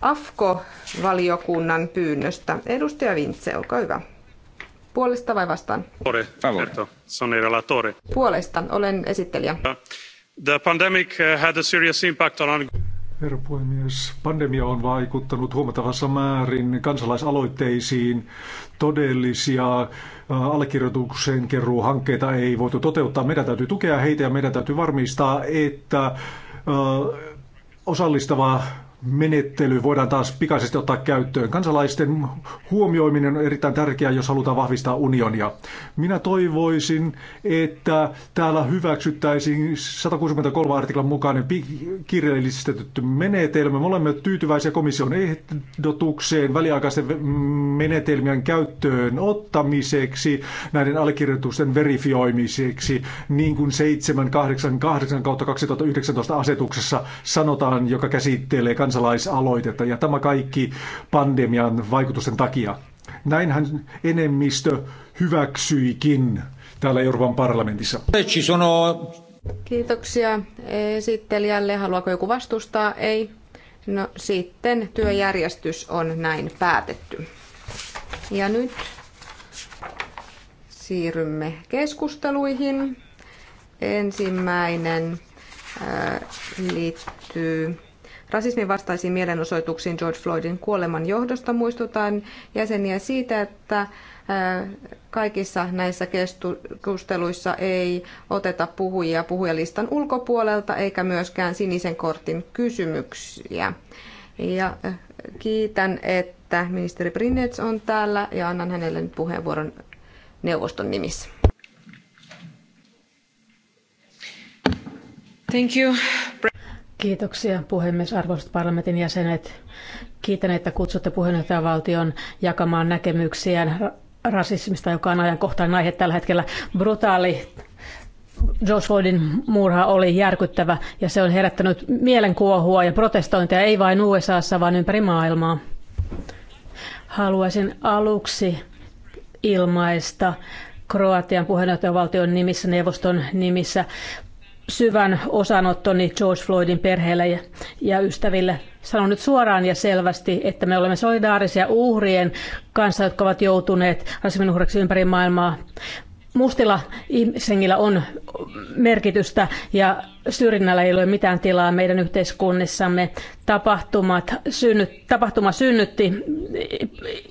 Speaker 3: AFKO-valiokunnan pyynnöstä? Edustaja Vintse, olkaa hyvä. Puolesta vai vastaan? Puolesta, olen esittelijä.
Speaker 4: The pandemic uh, had a serious impact on
Speaker 5: Herra puhemies, pandemia on vaikuttanut huomattavassa määrin kansalaisaloitteisiin, todellisia allekirjoituksen hankkeita ei voitu toteuttaa. Meidän täytyy tukea heitä ja meidän täytyy varmistaa, että osallistava menettely voidaan taas pikaisesti ottaa käyttöön. Kansalaisten huomioiminen on erittäin tärkeää, jos halutaan vahvistaa unionia. Minä toivoisin, että täällä hyväksyttäisiin 163 artiklan mukainen kirjallistetty menetelmä. Me olemme tyytyväisiä komission ehdotukseen väliaikaisten menetelmien käyttöön ottamiseksi, näiden allekirjoitusten verifioimiseksi, niin kuin 788 2019 asetuksessa sanotaan, joka käsittelee kansalaisaloitetta ja tämä kaikki pandemian vaikutusten takia. Näinhän enemmistö hyväksyikin täällä Euroopan parlamentissa.
Speaker 3: Kiitoksia esittelijälle. Haluaako joku vastustaa? Ei. No sitten työjärjestys on näin päätetty. Ja nyt siirrymme keskusteluihin. Ensimmäinen äh, liittyy rasismin vastaisiin mielenosoituksiin George Floydin kuoleman johdosta. muistutaan jäseniä siitä, että äh, kaikissa näissä keskusteluissa ei oteta puhujia puhujalistan ulkopuolelta eikä myöskään sinisen kortin kysymyksiä. Ja äh, kiitän, että ministeri Brinnets on täällä ja annan hänelle nyt puheenvuoron neuvoston nimissä.
Speaker 4: Thank you. Kiitoksia puhemies, arvoisat parlamentin jäsenet. Kiitän, että kutsutte puheenjohtajavaltion jakamaan näkemyksiään rasismista, joka on ajankohtainen aihe tällä hetkellä. Brutaali George Floydin murha oli järkyttävä ja se on herättänyt mielenkuohua ja protestointeja ei vain USAssa, vaan ympäri maailmaa. Haluaisin aluksi ilmaista Kroatian puheenjohtajavaltion nimissä, neuvoston nimissä syvän osanottoni George Floydin perheelle ja ystäville. Sanon nyt suoraan ja selvästi, että me olemme solidaarisia uhrien kanssa, jotka ovat joutuneet rasismin uhreiksi ympäri maailmaa mustilla ihmisengillä on merkitystä ja syrjinnällä ei ole mitään tilaa meidän yhteiskunnissamme. Tapahtumat synnyt, tapahtuma synnytti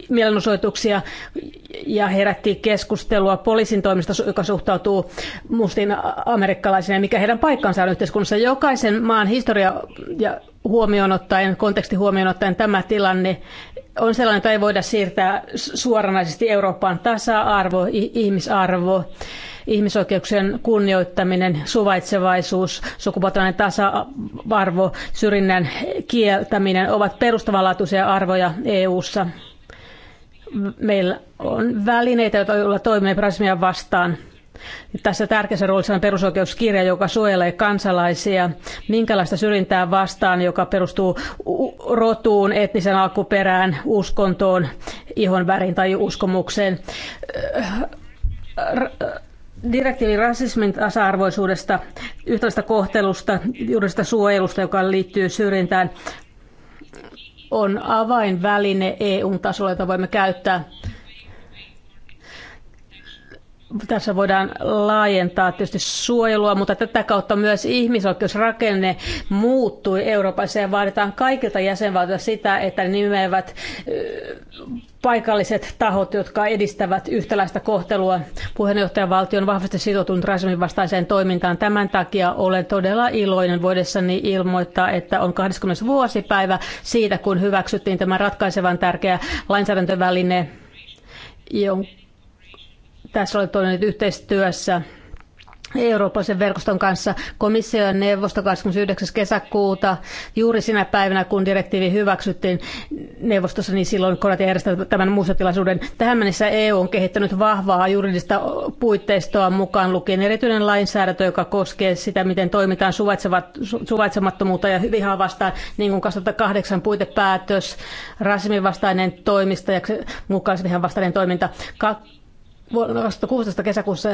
Speaker 4: mielenosoituksia ja herätti keskustelua poliisin toimista, joka suhtautuu mustiin amerikkalaisiin ja mikä heidän paikkansa on yhteiskunnassa. Jokaisen maan historia ja huomioon ottaen, konteksti huomioon ottaen tämä tilanne on sellainen, jota ei voida siirtää suoranaisesti Eurooppaan tasa-arvo, ihmisarvo, ihmisoikeuksien kunnioittaminen, suvaitsevaisuus, sukupuolten tasa-arvo, syrjinnän kieltäminen ovat perustavanlaatuisia arvoja EU:ssa. Meillä on välineitä, joilla toimii rasismia vastaan tässä tärkeässä roolissa on perusoikeuskirja, joka suojelee kansalaisia minkälaista syrjintää vastaan, joka perustuu rotuun, etnisen alkuperään, uskontoon, ihonväriin tai uskomukseen. Äh, äh, Direktiivi rasismin tasa-arvoisuudesta, yhtäläisestä kohtelusta, juridisesta suojelusta, joka liittyy syrjintään, on avainväline EU-tasolla, jota voimme käyttää tässä voidaan laajentaa tietysti suojelua, mutta tätä kautta myös ihmisoikeusrakenne muuttui Euroopassa ja vaaditaan kaikilta jäsenvaltioilta sitä, että ne nimeävät paikalliset tahot, jotka edistävät yhtäläistä kohtelua. Puheenjohtajavaltio on vahvasti sitoutunut rasismin vastaiseen toimintaan. Tämän takia olen todella iloinen voidessani ilmoittaa, että on 20. vuosipäivä siitä, kun hyväksyttiin tämä ratkaisevan tärkeä lainsäädäntöväline, jonka tässä olet toiminut yhteistyössä Euroopan verkoston kanssa komission neuvosto 29. kesäkuuta. Juuri sinä päivänä, kun direktiivi hyväksyttiin neuvostossa, niin silloin Kroatia järjestää tämän muistotilaisuuden. Tähän mennessä EU on kehittänyt vahvaa juridista puitteistoa mukaan lukien erityinen lainsäädäntö, joka koskee sitä, miten toimitaan suvaitsemattomuutta ja vihaa vastaan, niin kuin 2008 puitepäätös, rasismin vastainen toimista ja mukaan vihan vastainen toiminta vuonna 2016 kesäkuussa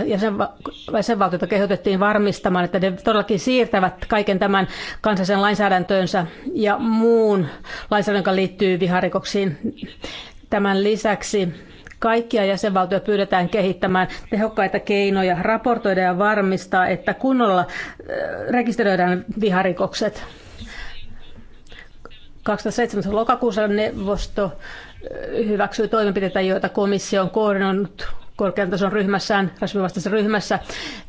Speaker 4: jäsenvaltiota kehotettiin varmistamaan, että ne todellakin siirtävät kaiken tämän kansallisen lainsäädäntöönsä ja muun lainsäädännön, joka liittyy viharikoksiin. Tämän lisäksi kaikkia jäsenvaltioita pyydetään kehittämään tehokkaita keinoja raportoida ja varmistaa, että kunnolla rekisteröidään viharikokset. 2007 lokakuussa neuvosto hyväksyi toimenpiteitä, joita komissio on koordinoinut korkean tason ryhmässään, rasvivastaisessa ryhmässä,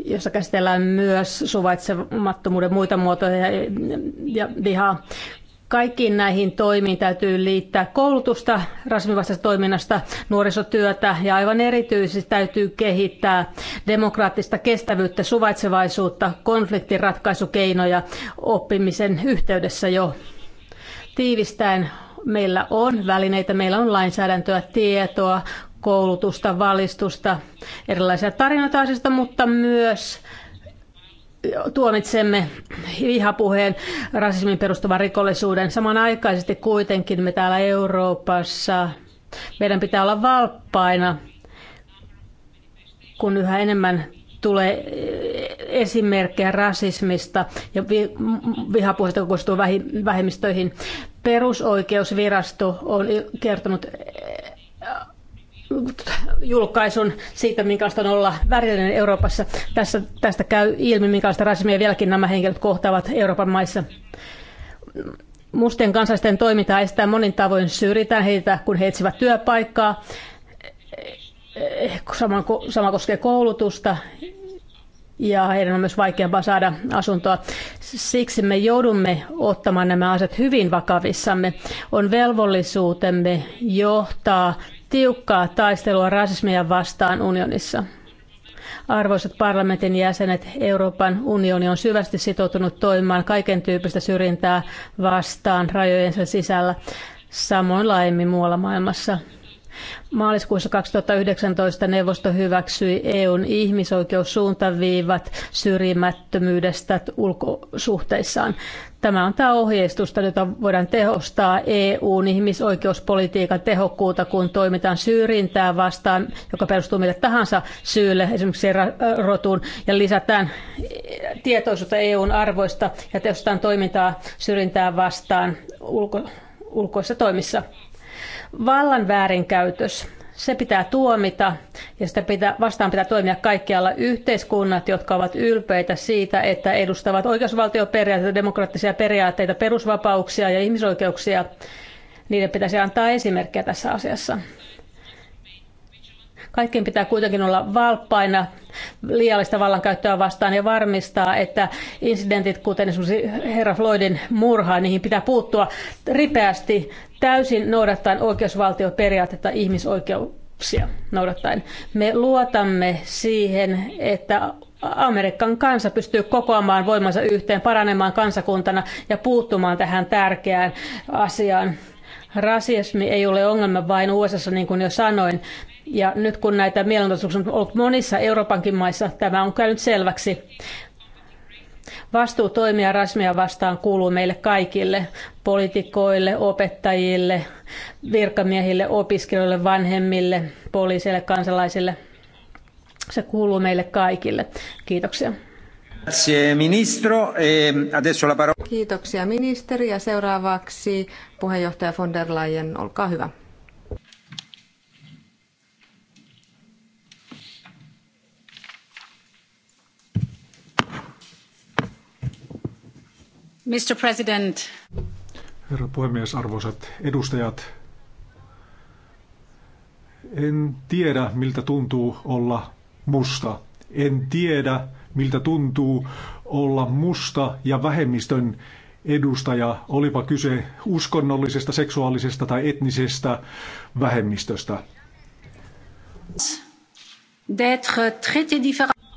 Speaker 4: jossa käsitellään myös suvaitsemattomuuden muita muotoja ja, ja vihaa. Kaikkiin näihin toimiin täytyy liittää koulutusta rasvivastaisesta toiminnasta, nuorisotyötä ja aivan erityisesti täytyy kehittää demokraattista kestävyyttä, suvaitsevaisuutta, konfliktinratkaisukeinoja oppimisen yhteydessä jo tiivistäen meillä on välineitä, meillä on lainsäädäntöä, tietoa, koulutusta, valistusta, erilaisia tarinoita asioista, mutta myös tuomitsemme vihapuheen rasismin perustuvan rikollisuuden. Samanaikaisesti kuitenkin me täällä Euroopassa, meidän pitää olla valppaina, kun yhä enemmän tulee esimerkkejä rasismista ja vihapuheesta kohdistuu vähemmistöihin. Perusoikeusvirasto on kertonut, julkaisun siitä, minkälaista on olla värillinen Euroopassa. Tässä, tästä käy ilmi, minkälaista rasismia vieläkin nämä henkilöt kohtaavat Euroopan maissa. Mustien kansalaisten toimintaa estää monin tavoin syrjitään heitä, kun he etsivät työpaikkaa. Sama, sama koskee koulutusta ja heidän on myös vaikeampaa saada asuntoa. Siksi me joudumme ottamaan nämä asiat hyvin vakavissamme. On velvollisuutemme johtaa tiukkaa taistelua rasismia vastaan unionissa. Arvoisat parlamentin jäsenet, Euroopan unioni on syvästi sitoutunut toimimaan kaiken tyyppistä syrjintää vastaan rajojensa sisällä, samoin laajemmin muualla maailmassa. Maaliskuussa 2019 neuvosto hyväksyi EUn ihmisoikeussuuntaviivat syrjimättömyydestä ulkosuhteissaan. Tämä on tämä ohjeistusta, jota voidaan tehostaa EUn ihmisoikeuspolitiikan tehokkuutta, kun toimitaan syrjintää vastaan, joka perustuu mille tahansa syylle, esimerkiksi rotuun, ja lisätään e, tietoisuutta EUn arvoista ja tehostetaan toimintaa syrjintää vastaan ulko, ulkoissa toimissa vallan väärinkäytös. Se pitää tuomita ja sitä pitää, vastaan pitää toimia kaikkialla yhteiskunnat, jotka ovat ylpeitä siitä, että edustavat oikeusvaltioperiaatteita, demokraattisia periaatteita, perusvapauksia ja ihmisoikeuksia. Niiden pitäisi antaa esimerkkejä tässä asiassa. Kaikkien pitää kuitenkin olla valppaina liiallista vallankäyttöä vastaan ja varmistaa, että incidentit, kuten esimerkiksi herra Floydin murha, niihin pitää puuttua ripeästi täysin noudattaen oikeusvaltioperiaatetta ihmisoikeuksia noudattaen. Me luotamme siihen, että Amerikan kansa pystyy kokoamaan voimansa yhteen, paranemaan kansakuntana ja puuttumaan tähän tärkeään asiaan. Rasismi ei ole ongelma vain USA, niin kuin jo sanoin. Ja nyt kun näitä mielenosoituksia on ollut monissa Euroopankin maissa, tämä on käynyt selväksi. Vastuu toimia rasmia vastaan kuuluu meille kaikille, poliitikoille, opettajille, virkamiehille, opiskelijoille, vanhemmille, poliisille, kansalaisille. Se kuuluu meille kaikille. Kiitoksia.
Speaker 2: E
Speaker 3: Kiitoksia ministeri ja seuraavaksi puheenjohtaja von der Leyen, olkaa hyvä.
Speaker 4: Mr. President.
Speaker 5: Herra puhemies, arvoisat edustajat. En tiedä, miltä tuntuu olla musta. En tiedä, miltä tuntuu olla musta ja vähemmistön edustaja, olipa kyse uskonnollisesta, seksuaalisesta tai etnisestä vähemmistöstä.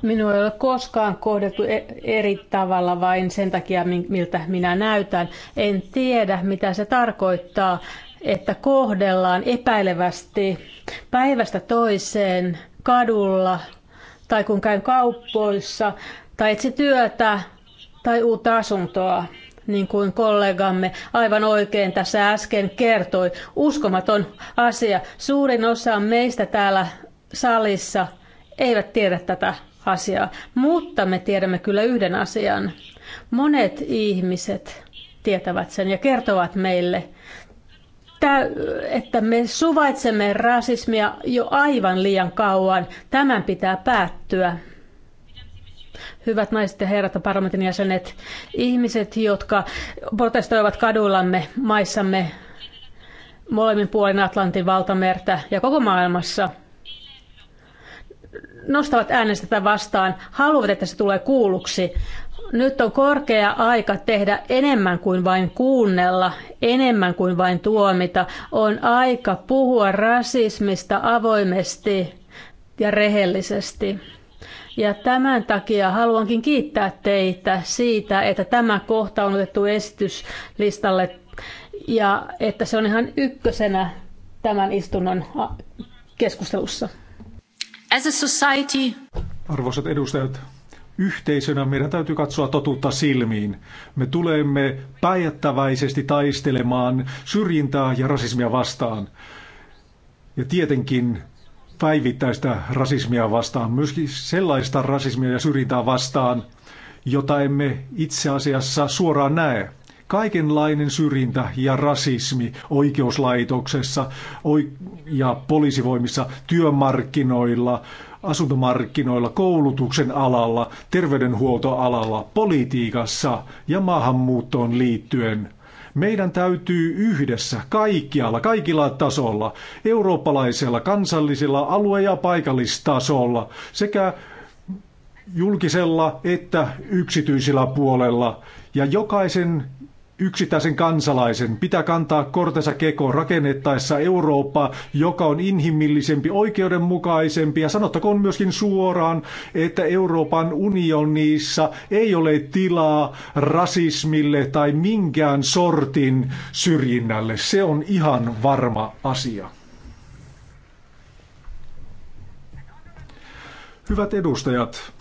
Speaker 4: Minua ei ole koskaan kohdeltu e- eri tavalla vain sen takia, miltä minä näytän. En tiedä, mitä se tarkoittaa, että kohdellaan epäilevästi päivästä toiseen kadulla tai kun käyn kauppoissa tai etsi työtä tai uutta asuntoa, niin kuin kollegamme aivan oikein tässä äsken kertoi. Uskomaton asia. Suurin osa meistä täällä salissa eivät tiedä tätä Asia, Mutta me tiedämme kyllä yhden asian. Monet ihmiset tietävät sen ja kertovat meille, että me suvaitsemme rasismia jo aivan liian kauan. Tämän pitää päättyä. Hyvät naiset ja herrat ja parlamentin jäsenet, ihmiset, jotka protestoivat kaduillamme, maissamme, molemmin puolin Atlantin valtamerta ja koko maailmassa – nostavat äänestä tätä vastaan, haluavat, että se tulee kuulluksi. Nyt on korkea aika tehdä enemmän kuin vain kuunnella, enemmän kuin vain tuomita. On aika puhua rasismista avoimesti ja rehellisesti. Ja tämän takia haluankin kiittää teitä siitä, että tämä kohta on otettu esityslistalle ja että se on ihan ykkösenä tämän istunnon keskustelussa. As a society...
Speaker 5: Arvoisat edustajat, yhteisönä meidän täytyy katsoa totuutta silmiin. Me tulemme päättäväisesti taistelemaan syrjintää ja rasismia vastaan. Ja tietenkin päivittäistä rasismia vastaan, myöskin sellaista rasismia ja syrjintää vastaan, jota emme itse asiassa suoraan näe. Kaikenlainen syrjintä ja rasismi oikeuslaitoksessa ja poliisivoimissa, työmarkkinoilla, asuntomarkkinoilla, koulutuksen alalla, terveydenhuoltoalalla, politiikassa ja maahanmuuttoon liittyen meidän täytyy yhdessä, kaikkialla, kaikilla tasolla, eurooppalaisella, kansallisella, alue- ja paikallistasolla sekä julkisella että yksityisellä puolella ja jokaisen yksittäisen kansalaisen. Pitää kantaa kortensa kekoon rakennettaessa Eurooppaa, joka on inhimillisempi, oikeudenmukaisempi ja sanottakoon myöskin suoraan, että Euroopan unionissa ei ole tilaa rasismille tai minkään sortin syrjinnälle. Se on ihan varma asia. Hyvät edustajat,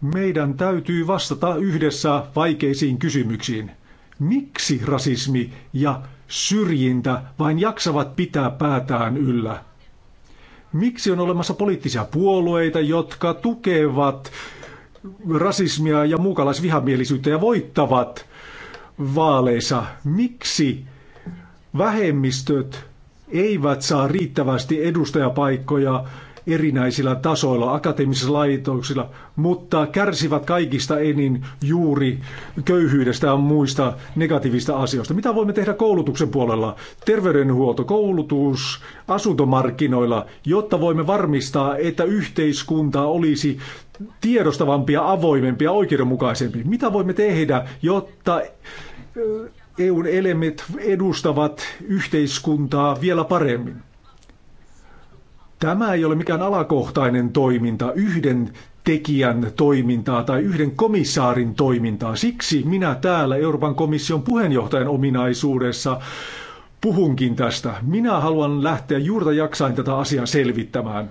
Speaker 5: meidän täytyy vastata yhdessä vaikeisiin kysymyksiin. Miksi rasismi ja syrjintä vain jaksavat pitää päätään yllä? Miksi on olemassa poliittisia puolueita, jotka tukevat rasismia ja muukalaisvihamielisyyttä ja voittavat vaaleissa? Miksi vähemmistöt eivät saa riittävästi edustajapaikkoja erinäisillä tasoilla, akateemisilla laitoksilla, mutta kärsivät kaikista enin juuri köyhyydestä ja muista negatiivista asioista. Mitä voimme tehdä koulutuksen puolella? Terveydenhuolto, koulutus, asuntomarkkinoilla, jotta voimme varmistaa, että yhteiskunta olisi tiedostavampia, avoimempia, oikeudenmukaisempi. Mitä voimme tehdä, jotta EUn elemet edustavat yhteiskuntaa vielä paremmin? Tämä ei ole mikään alakohtainen toiminta, yhden tekijän toimintaa tai yhden komissaarin toimintaa. Siksi minä täällä Euroopan komission puheenjohtajan ominaisuudessa puhunkin tästä. Minä haluan lähteä juurta jaksain tätä asiaa selvittämään.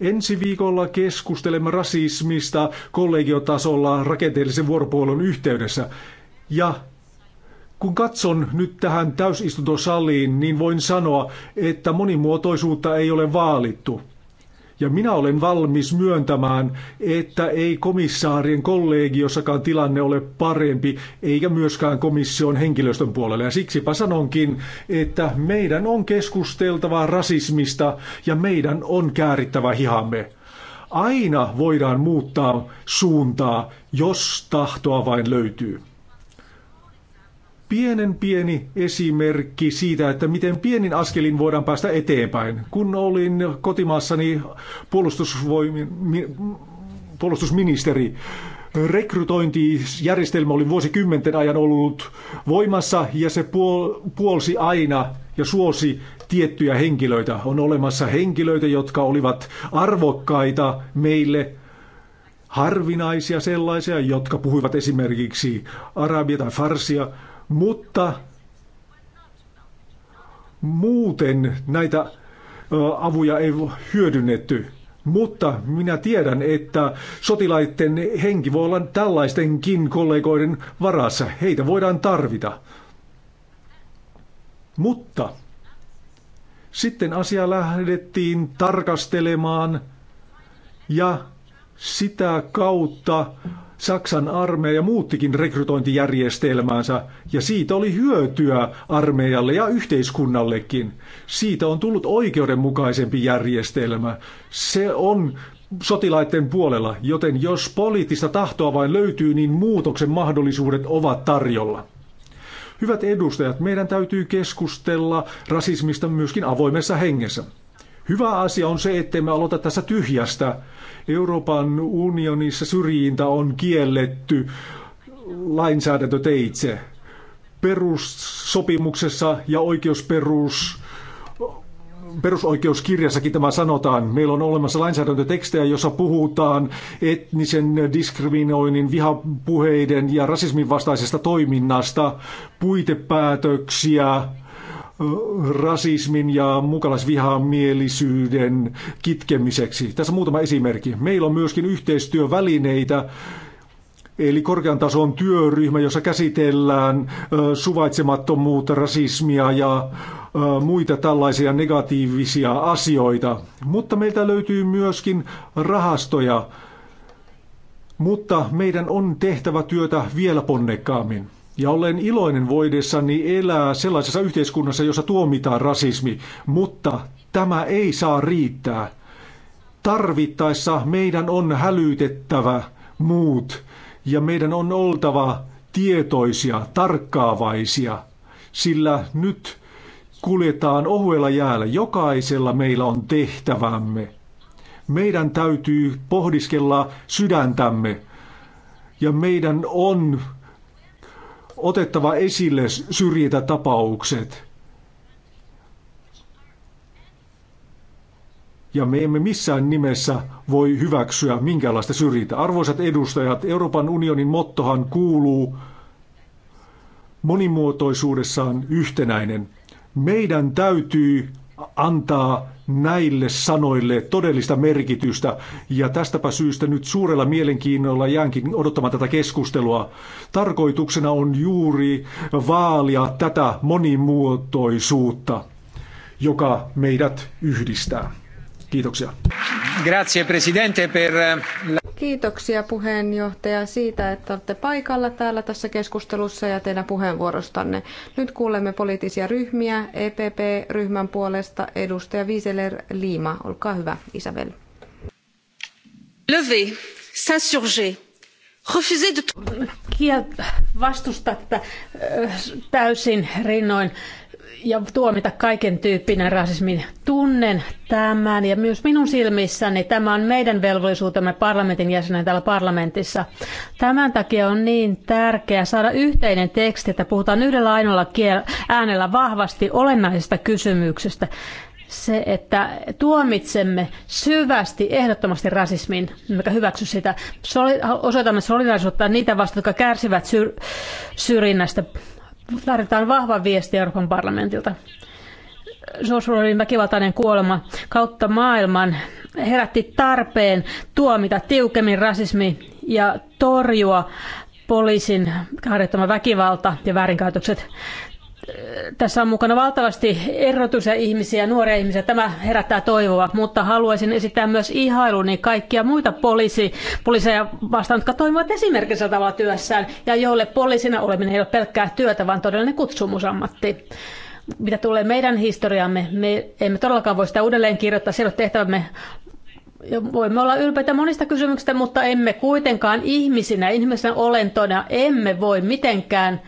Speaker 5: Ensi viikolla keskustelemme rasismista kollegiotasolla rakenteellisen vuoropuolun yhteydessä. Ja kun katson nyt tähän täysistuntosaliin, niin voin sanoa, että monimuotoisuutta ei ole vaalittu. Ja minä olen valmis myöntämään, että ei komissaarien kollegiossakaan tilanne ole parempi, eikä myöskään komission henkilöstön puolella. Ja siksipä sanonkin, että meidän on keskusteltava rasismista ja meidän on käärittävä hihamme. Aina voidaan muuttaa suuntaa, jos tahtoa vain löytyy pienen pieni esimerkki siitä, että miten pienin askelin voidaan päästä eteenpäin. Kun olin kotimaassani puolustusministeri, rekrytointijärjestelmä oli vuosikymmenten ajan ollut voimassa ja se puolsi aina ja suosi tiettyjä henkilöitä. On olemassa henkilöitä, jotka olivat arvokkaita meille, harvinaisia sellaisia, jotka puhuivat esimerkiksi arabia tai farsia – mutta muuten näitä avuja ei hyödynnetty. Mutta minä tiedän, että sotilaiden henki voi olla tällaistenkin kollegoiden varassa. Heitä voidaan tarvita. Mutta sitten asia lähdettiin tarkastelemaan ja sitä kautta Saksan armeija muuttikin rekrytointijärjestelmäänsä ja siitä oli hyötyä armeijalle ja yhteiskunnallekin. Siitä on tullut oikeudenmukaisempi järjestelmä. Se on sotilaiden puolella, joten jos poliittista tahtoa vain löytyy, niin muutoksen mahdollisuudet ovat tarjolla. Hyvät edustajat, meidän täytyy keskustella rasismista myöskin avoimessa hengessä. Hyvä asia on se, ettemme me aloita tässä tyhjästä. Euroopan unionissa syrjintä on kielletty lainsäädäntöteitse. Perussopimuksessa ja oikeusperus perusoikeuskirjassakin tämä sanotaan. Meillä on olemassa lainsäädäntötekstejä, jossa puhutaan etnisen diskriminoinnin, vihapuheiden ja rasismin vastaisesta toiminnasta, puitepäätöksiä, rasismin ja mukalaisvihamielisyyden kitkemiseksi. Tässä muutama esimerkki. Meillä on myöskin yhteistyövälineitä, eli korkean tason työryhmä, jossa käsitellään suvaitsemattomuutta, rasismia ja muita tällaisia negatiivisia asioita. Mutta meiltä löytyy myöskin rahastoja, mutta meidän on tehtävä työtä vielä ponnekkaammin. Ja olen iloinen voidessani elää sellaisessa yhteiskunnassa, jossa tuomitaan rasismi, mutta tämä ei saa riittää. Tarvittaessa meidän on hälytettävä muut ja meidän on oltava tietoisia, tarkkaavaisia, sillä nyt kuljetaan ohuella jäällä. Jokaisella meillä on tehtävämme. Meidän täytyy pohdiskella sydäntämme ja meidän on otettava esille syrjintätapaukset. Ja me emme missään nimessä voi hyväksyä minkäänlaista syrjintää. Arvoisat edustajat, Euroopan unionin mottohan kuuluu monimuotoisuudessaan yhtenäinen. Meidän täytyy antaa näille sanoille todellista merkitystä. Ja tästäpä syystä nyt suurella mielenkiinnolla jäänkin odottamaan tätä keskustelua. Tarkoituksena on juuri vaalia tätä monimuotoisuutta, joka meidät yhdistää. Kiitoksia. Grazie presidente per eh,
Speaker 3: Kiitoksia puheenjohtaja siitä, että olette paikalla täällä tässä keskustelussa ja teidän puheenvuorostanne. Nyt kuulemme poliittisia ryhmiä. EPP-ryhmän puolesta edustaja Wieseler Liima. Olkaa hyvä, Isabel.
Speaker 4: Levé, s'insurger, refuser de... Kiel, vastustaa täysin rinnoin ja tuomita kaiken tyyppinen rasismi. Tunnen tämän ja myös minun silmissäni tämä on meidän velvollisuutemme parlamentin jäsenen täällä parlamentissa. Tämän takia on niin tärkeää saada yhteinen teksti, että puhutaan yhdellä ainoalla kiel- äänellä vahvasti olennaisesta kysymyksestä. Se, että tuomitsemme syvästi, ehdottomasti rasismin, mikä hyväksy sitä. osoitamme solidaisuutta niitä vastaan, jotka kärsivät syr- syrjinnästä tarvitaan vahva viesti Euroopan parlamentilta. George väkivaltainen kuolema kautta maailman herätti tarpeen tuomita tiukemmin rasismi ja torjua poliisin harjoittama väkivalta ja väärinkäytökset tässä on mukana valtavasti erotuisia ihmisiä, nuoria ihmisiä. Tämä herättää toivoa, mutta haluaisin esittää myös ihailuni kaikkia muita poliisi, poliiseja vastaan, jotka toimivat esimerkiksi tavalla työssään ja joille poliisina oleminen ei ole pelkkää työtä, vaan todellinen kutsumusammatti. Mitä tulee meidän historiamme, me emme todellakaan voi sitä uudelleen kirjoittaa, siellä tehtävämme voimme olla ylpeitä monista kysymyksistä, mutta emme kuitenkaan ihmisinä, ihmisen olentoina, emme voi mitenkään –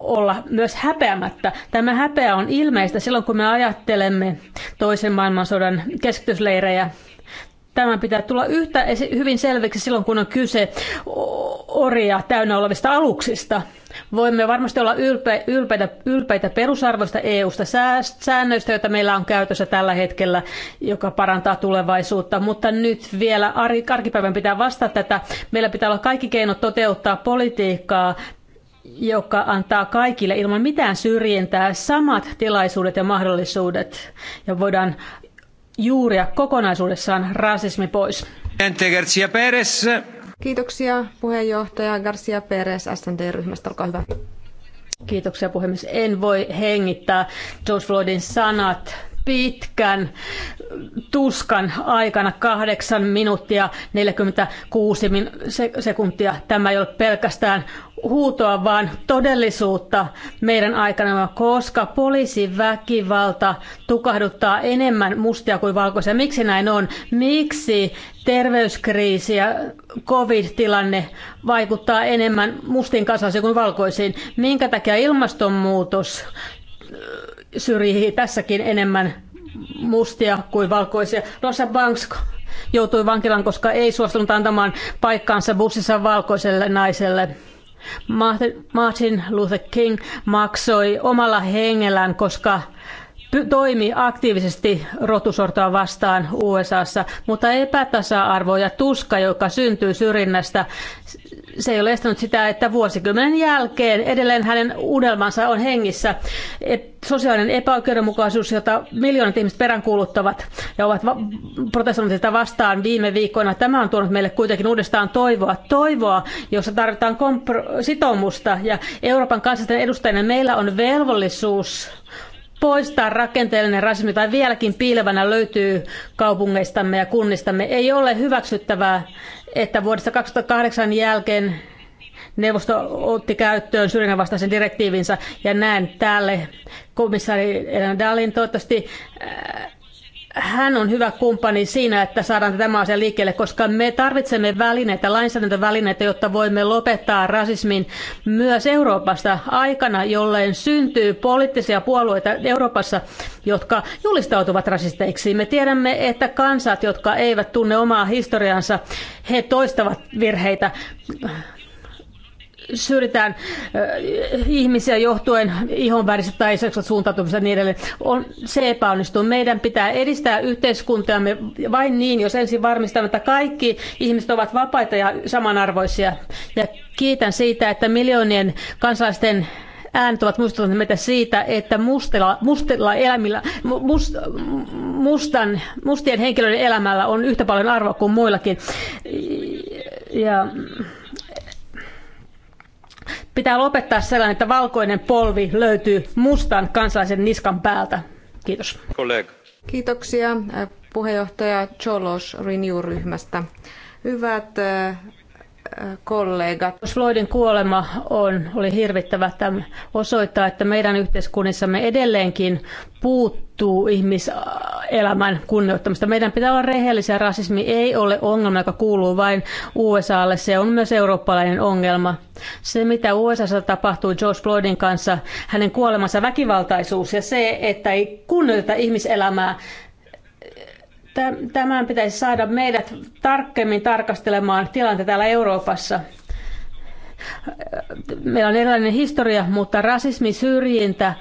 Speaker 4: olla myös häpeämättä. Tämä häpeä on ilmeistä silloin, kun me ajattelemme toisen maailmansodan keskitysleirejä tämän pitää tulla yhtä hyvin selväksi silloin, kun on kyse orja täynnä olevista aluksista. Voimme varmasti olla ylpe, ylpeitä, ylpeitä perusarvoista EU-sta säännöistä, joita meillä on käytössä tällä hetkellä, joka parantaa tulevaisuutta. Mutta nyt vielä arkipäivän pitää vastata tätä. Meillä pitää olla kaikki keinot toteuttaa politiikkaa joka antaa kaikille ilman mitään syrjintää samat tilaisuudet ja mahdollisuudet ja voidaan juuria kokonaisuudessaan rasismi pois.
Speaker 2: Garcia Perez.
Speaker 4: Kiitoksia puheenjohtaja Garcia Perez SND-ryhmästä, olkaa hyvä. Kiitoksia puhemies. En voi hengittää George Floydin sanat pitkän tuskan aikana 8 minuuttia 46 sekuntia. Tämä ei ole pelkästään huutoa, vaan todellisuutta meidän aikana, koska poliisin väkivalta tukahduttaa enemmän mustia kuin valkoisia. Miksi näin on? Miksi terveyskriisi ja covid-tilanne vaikuttaa enemmän mustiin kansalaisiin kuin valkoisiin? Minkä takia ilmastonmuutos syrjii tässäkin enemmän mustia kuin valkoisia. Rosa Banks joutui vankilaan, koska ei suostunut antamaan paikkaansa bussissa valkoiselle naiselle. Martin Luther King maksoi omalla hengellään, koska toimi aktiivisesti rotusortoa vastaan USAssa, mutta epätasa-arvo ja tuska, joka syntyy syrjinnästä, se ei ole estänyt sitä, että vuosikymmenen jälkeen edelleen hänen unelmansa on hengissä. Et sosiaalinen epäoikeudenmukaisuus, jota miljoonat ihmiset peräänkuuluttavat ja ovat va- protestoineet sitä vastaan viime viikkoina, tämä on tuonut meille kuitenkin uudestaan toivoa. Toivoa, jossa tarvitaan kompro- sitoumusta ja Euroopan kansallisten edustajien meillä on velvollisuus poistaa rakenteellinen rasismi tai vieläkin piilevänä löytyy kaupungeistamme ja kunnistamme. Ei ole hyväksyttävää, että vuodesta 2008 jälkeen neuvosto otti käyttöön syrjinnän vastaisen direktiivinsä ja näen tälle komissaari Dallin toivottavasti äh, hän on hyvä kumppani siinä, että saadaan tämä asia liikkeelle, koska me tarvitsemme välineitä, lainsäädäntövälineitä, jotta voimme lopettaa rasismin myös Euroopasta aikana, jolleen syntyy poliittisia puolueita Euroopassa, jotka julistautuvat rasisteiksi. Me tiedämme, että kansat, jotka eivät tunne omaa historiansa, he toistavat virheitä syrjitään ihmisiä johtuen ihonväristä tai suuntautumista ja niin edelleen. On, se epäonnistuu. Meidän pitää edistää yhteiskuntiamme vain niin, jos ensin varmistamme, että kaikki ihmiset ovat vapaita ja samanarvoisia. Ja kiitän siitä, että miljoonien kansalaisten äänet ovat muistuttaneet meitä siitä, että mustilla, mustilla elämillä, must, mustan, mustien henkilöiden elämällä on yhtä paljon arvoa kuin muillakin. Ja Pitää lopettaa sellainen, että valkoinen polvi löytyy mustan kansalaisen niskan päältä. Kiitos.
Speaker 3: Kollega. Kiitoksia äh, puheenjohtaja Cholos Renew-ryhmästä.
Speaker 4: Hyvät äh, kollegat. Floydin kuolema on, oli hirvittävä. Tämä osoittaa, että meidän yhteiskunnissamme edelleenkin puuttuu ihmiselämän kunnioittamista. Meidän pitää olla rehellisiä. Rasismi ei ole ongelma, joka kuuluu vain USAlle. Se on myös eurooppalainen ongelma. Se, mitä USAssa tapahtui George Floydin kanssa, hänen kuolemansa väkivaltaisuus ja se, että ei kunnioiteta ihmiselämää, Tämän pitäisi saada meidät tarkemmin tarkastelemaan tilannetta täällä Euroopassa. Meillä on erilainen historia, mutta rasismi, syrjintä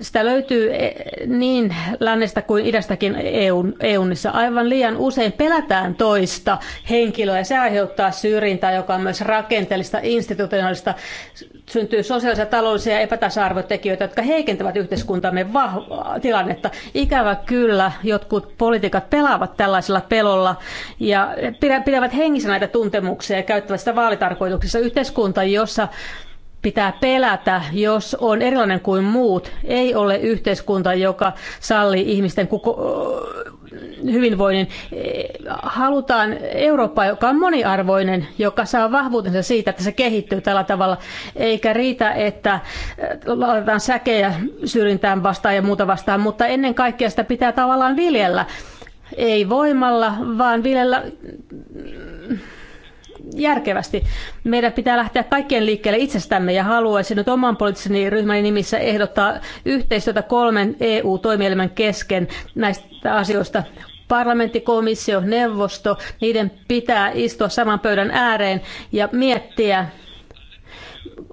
Speaker 4: sitä löytyy e, niin lännestä kuin idästäkin EUn, EUnissa. Aivan liian usein pelätään toista henkilöä ja se aiheuttaa syrjintää, joka on myös rakenteellista, institutionaalista. Syntyy sosiaalisia, taloudellisia epätasa-arvotekijöitä, jotka heikentävät yhteiskuntamme vahvaa tilannetta. Ikävä kyllä, jotkut poliitikot pelaavat tällaisella pelolla ja pidävät hengissä näitä tuntemuksia ja käyttävät sitä vaalitarkoituksessa. Yhteiskunta, jossa pitää pelätä, jos on erilainen kuin muut. Ei ole yhteiskunta, joka sallii ihmisten kuko- hyvinvoinnin. Halutaan Eurooppaa, joka on moniarvoinen, joka saa vahvuutensa siitä, että se kehittyy tällä tavalla, eikä riitä, että laitetaan säkejä syrjintään vastaan ja muuta vastaan, mutta ennen kaikkea sitä pitää tavallaan viljellä. Ei voimalla, vaan viljellä järkevästi. Meidän pitää lähteä kaikkien liikkeelle itsestämme ja haluaisin nyt oman poliittisen ryhmäni nimissä ehdottaa yhteistyötä kolmen EU-toimielimen kesken näistä asioista parlamentti, komissio, neuvosto, niiden pitää istua saman pöydän ääreen ja miettiä,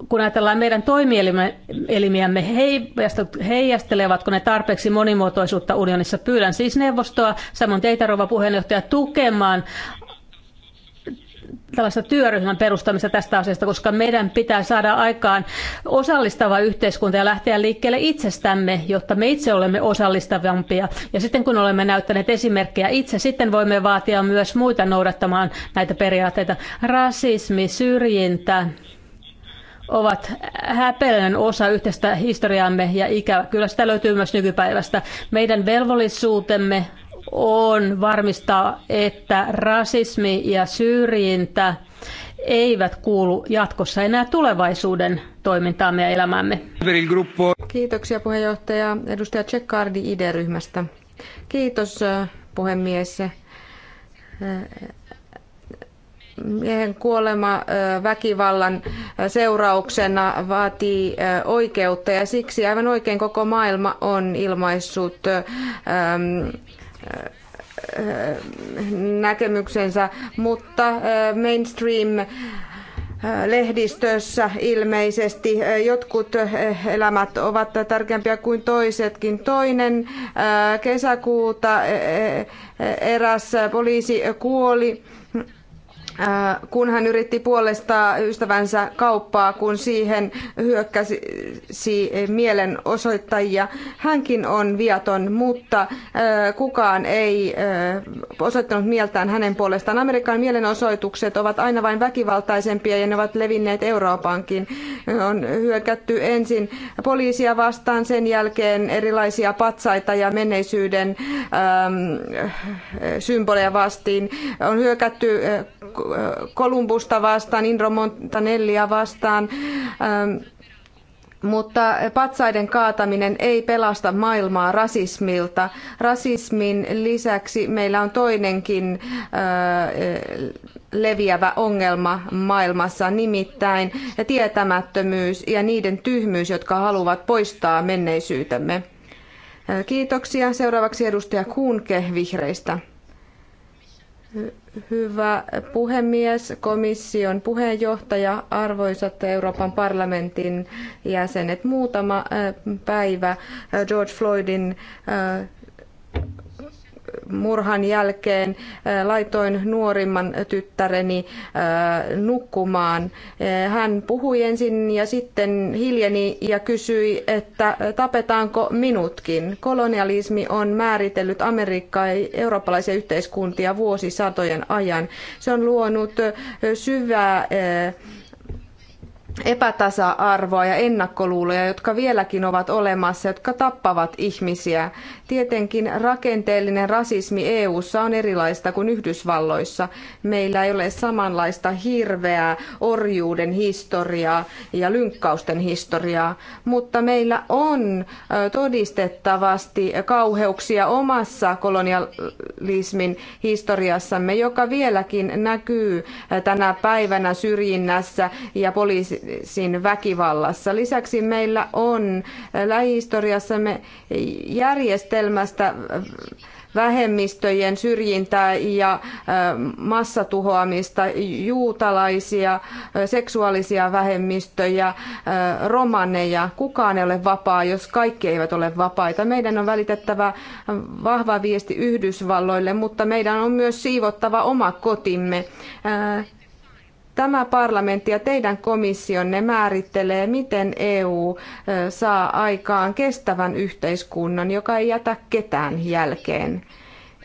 Speaker 4: kun ajatellaan meidän toimielimiämme, heijastelevatko ne tarpeeksi monimuotoisuutta unionissa? Pyydän siis neuvostoa, samoin teitä rouva puheenjohtaja, tukemaan tällaista työryhmän perustamista tästä asiasta, koska meidän pitää saada aikaan osallistava yhteiskunta ja lähteä liikkeelle itsestämme, jotta me itse olemme osallistavampia. Ja sitten kun olemme näyttäneet esimerkkejä itse, sitten voimme vaatia myös muita noudattamaan näitä periaatteita. Rasismi, syrjintä, ovat häpeällinen osa yhteistä historiaamme ja ikävä. Kyllä sitä löytyy myös nykypäivästä. Meidän velvollisuutemme on varmistaa, että rasismi ja syrjintä eivät kuulu jatkossa enää tulevaisuuden toimintaamme ja elämäämme. Kiitoksia puheenjohtaja. Edustaja Tsekardi
Speaker 3: ID-ryhmästä. Kiitos äh, puhemies. Äh, miehen kuolema äh, väkivallan seurauksena vaatii oikeutta ja siksi aivan oikein koko maailma on ilmaissut ähm, näkemyksensä, mutta äh, mainstream äh, lehdistössä ilmeisesti äh, jotkut elämät ovat tärkeämpiä kuin toisetkin. Toinen kesäkuuta eräs poliisi kuoli Äh, kun hän yritti puolestaa ystävänsä kauppaa, kun siihen hyökkäsi mielenosoittajia. Hänkin on viaton, mutta äh, kukaan ei äh, osoittanut mieltään hänen puolestaan. Amerikan mielenosoitukset ovat aina vain väkivaltaisempia ja ne ovat levinneet Euroopankin. On hyökätty ensin poliisia vastaan, sen jälkeen erilaisia patsaita ja menneisyyden ähm, symboleja vastiin. On hyökätty Kolumbusta vastaan, Indro Montanellia vastaan, ähm, mutta patsaiden kaataminen ei pelasta maailmaa rasismilta. Rasismin lisäksi meillä on toinenkin äh, leviävä ongelma maailmassa, nimittäin tietämättömyys ja niiden tyhmyys, jotka haluavat poistaa menneisyytemme. Äh, kiitoksia. Seuraavaksi edustaja Kuunke vihreistä. Hyvä puhemies, komission puheenjohtaja, arvoisat Euroopan parlamentin jäsenet. Muutama äh, päivä George Floydin äh, murhan jälkeen äh, laitoin nuorimman tyttäreni äh, nukkumaan. Äh, hän puhui ensin ja sitten hiljeni ja kysyi, että tapetaanko minutkin. Kolonialismi on määritellyt Amerikkaa ja eurooppalaisia yhteiskuntia vuosisatojen ajan. Se on luonut syvää epätasa-arvoa ja ennakkoluuloja, jotka vieläkin ovat olemassa, jotka tappavat ihmisiä. Tietenkin rakenteellinen rasismi EU:ssa on erilaista kuin Yhdysvalloissa. Meillä ei ole samanlaista hirveää orjuuden historiaa ja lynkkausten historiaa, mutta meillä on todistettavasti kauheuksia omassa kolonialismin historiassamme, joka vieläkin näkyy tänä päivänä syrjinnässä ja poliisi naisiin väkivallassa. Lisäksi meillä on lähihistoriassamme järjestelmästä vähemmistöjen syrjintää ja äh, massatuhoamista, juutalaisia, äh, seksuaalisia vähemmistöjä, äh, romaneja. Kukaan ei ole vapaa, jos kaikki eivät ole vapaita. Meidän on välitettävä vahva viesti Yhdysvalloille, mutta meidän on myös siivottava oma kotimme. Tämä parlamentti ja teidän komissionne määrittelee, miten EU saa aikaan kestävän yhteiskunnan, joka ei jätä ketään jälkeen.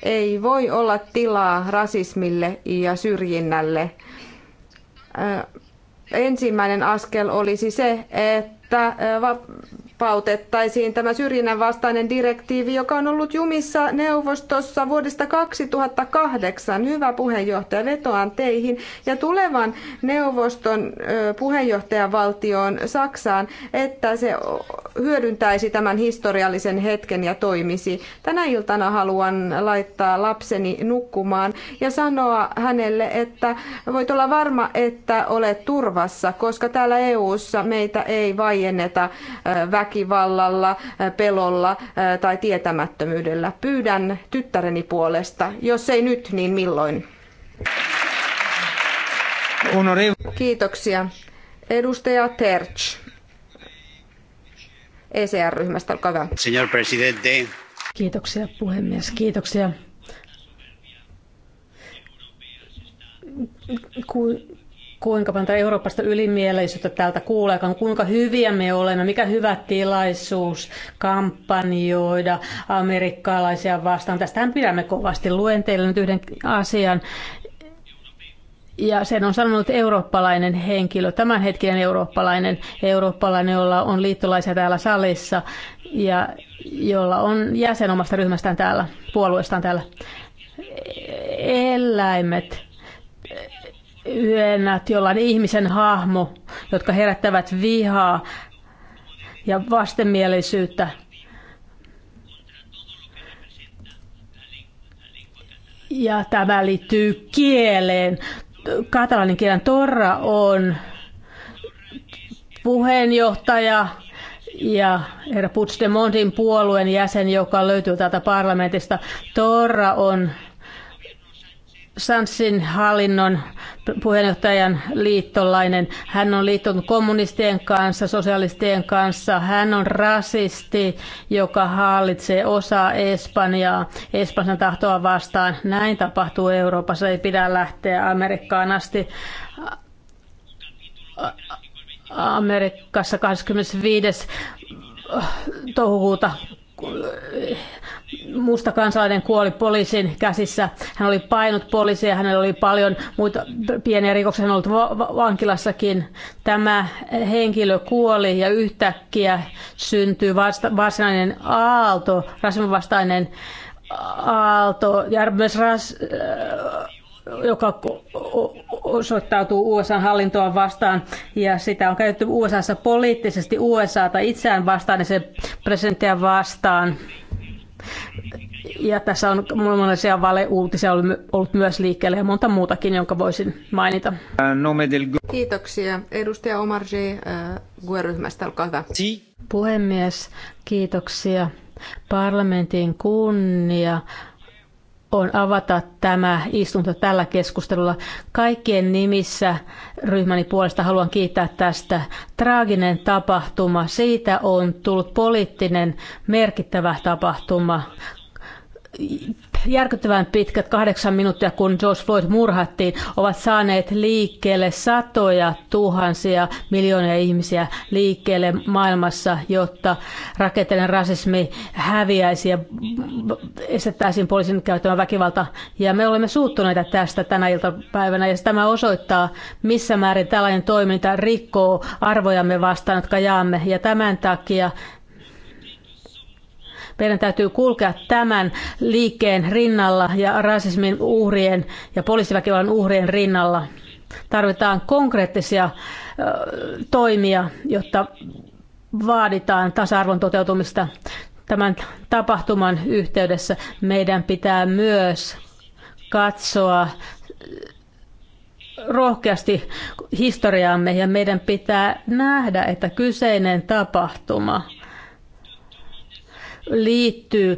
Speaker 3: Ei voi olla tilaa rasismille ja syrjinnälle. Ensimmäinen askel olisi se, että että pautettaisiin tämä syrjinnän vastainen direktiivi, joka on ollut jumissa neuvostossa vuodesta 2008. Hyvä puheenjohtaja, vetoan teihin ja tulevan neuvoston puheenjohtajavaltioon Saksaan, että se hyödyntäisi tämän historiallisen hetken ja toimisi. Tänä iltana haluan laittaa lapseni nukkumaan ja sanoa hänelle, että voit olla varma, että olet turvassa, koska täällä EU:ssa meitä ei vaienneta väkivaltaa väkivallalla, pelolla tai tietämättömyydellä. Pyydän tyttäreni puolesta, jos ei nyt, niin milloin? Kiitoksia. Edustaja Terch.
Speaker 4: ECR-ryhmästä, olkaa hyvä.
Speaker 2: Señor presidente.
Speaker 4: Kiitoksia puhemies, kiitoksia. Ku kuinka paljon Euroopasta ylimielisyyttä täältä kuuleekaan, kuinka hyviä me olemme, mikä hyvä tilaisuus kampanjoida amerikkalaisia vastaan. Tästähän pidämme kovasti. Luen teille nyt yhden asian. Ja sen on sanonut eurooppalainen henkilö, tämänhetkinen eurooppalainen, eurooppalainen, jolla on liittolaisia täällä salissa ja jolla on jäsen omasta ryhmästään täällä, puolueestaan täällä. E-, eläimet yönät, jolla on ihmisen hahmo, jotka herättävät vihaa ja vastenmielisyyttä. Ja tämä liittyy kieleen. Katalanin kielen Torra on puheenjohtaja ja herra Puigdemontin puolueen jäsen, joka löytyy täältä parlamentista. Torra on Sansin hallinnon puheenjohtajan liittolainen. Hän on liittonut kommunistien kanssa, sosialistien kanssa. Hän on rasisti, joka hallitsee osaa Espanjaa Espanjan tahtoa vastaan. Näin tapahtuu Euroopassa. Ei pidä lähteä Amerikkaan asti. Amerikassa 25. toukokuuta musta kansalainen kuoli poliisin käsissä. Hän oli painut poliisia, hänellä oli paljon muita pieniä rikoksia, hän oli ollut vankilassakin. Tämä henkilö kuoli ja yhtäkkiä syntyi vasta- varsinainen aalto, rasismin vastainen aalto ja myös ras- joka osoittautuu USA-hallintoa vastaan, ja sitä on käytetty USAssa poliittisesti USAta itseään vastaan ja sen presidenttiä vastaan. Ja tässä on monenlaisia valeuutisia ollut myös liikkeelle ja monta muutakin, jonka voisin mainita. Kiitoksia. Edustaja Omar G. Äh, GUE-ryhmästä, olkaa hyvä. Puhemies, kiitoksia. Parlamentin kunnia on avata tämä istunto tällä keskustelulla. Kaikkien nimissä ryhmäni puolesta haluan kiittää tästä. Traaginen tapahtuma, siitä on tullut poliittinen merkittävä tapahtuma järkyttävän pitkät kahdeksan minuuttia, kun George Floyd murhattiin, ovat saaneet liikkeelle satoja tuhansia miljoonia ihmisiä liikkeelle maailmassa, jotta rakenteellinen rasismi häviäisi ja estettäisiin poliisin käyttämä väkivalta. Ja me olemme suuttuneita tästä tänä iltapäivänä ja tämä osoittaa, missä määrin tällainen toiminta rikkoo arvojamme vastaan, jotka jaamme. Ja tämän takia meidän täytyy kulkea tämän liikkeen rinnalla ja rasismin uhrien ja poliisiväkivallan uhrien rinnalla. Tarvitaan konkreettisia toimia, jotta vaaditaan tasa-arvon toteutumista tämän tapahtuman yhteydessä. Meidän pitää myös katsoa rohkeasti historiaamme ja meidän pitää nähdä, että kyseinen tapahtuma – liittyy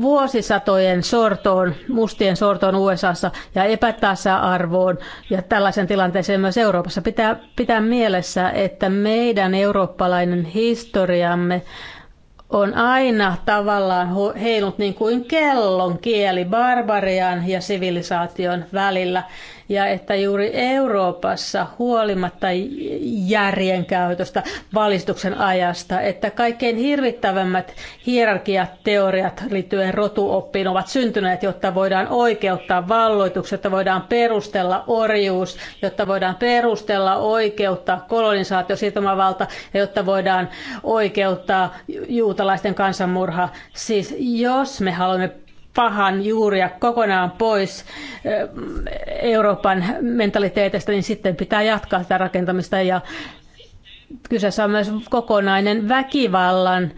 Speaker 4: vuosisatojen sortoon, mustien sortoon USAssa ja epätasa-arvoon ja tällaisen tilanteeseen myös Euroopassa. Pitää pitää mielessä, että meidän eurooppalainen historiamme on aina tavallaan heilut niin kuin kellon kieli barbarian ja sivilisaation välillä ja että juuri Euroopassa huolimatta järjen käytöstä valistuksen ajasta, että kaikkein hirvittävämmät hierarkiat, teoriat liittyen rotuoppiin ovat syntyneet, jotta voidaan oikeuttaa valloitukset, jotta voidaan perustella orjuus, jotta voidaan perustella oikeutta kolonisaatio, siirtomavalta ja jotta voidaan oikeuttaa juutalaisten kansanmurha. Siis jos me haluamme pahan juuria kokonaan pois Euroopan mentaliteetistä, niin sitten pitää jatkaa sitä rakentamista ja kyseessä on myös kokonainen väkivallan,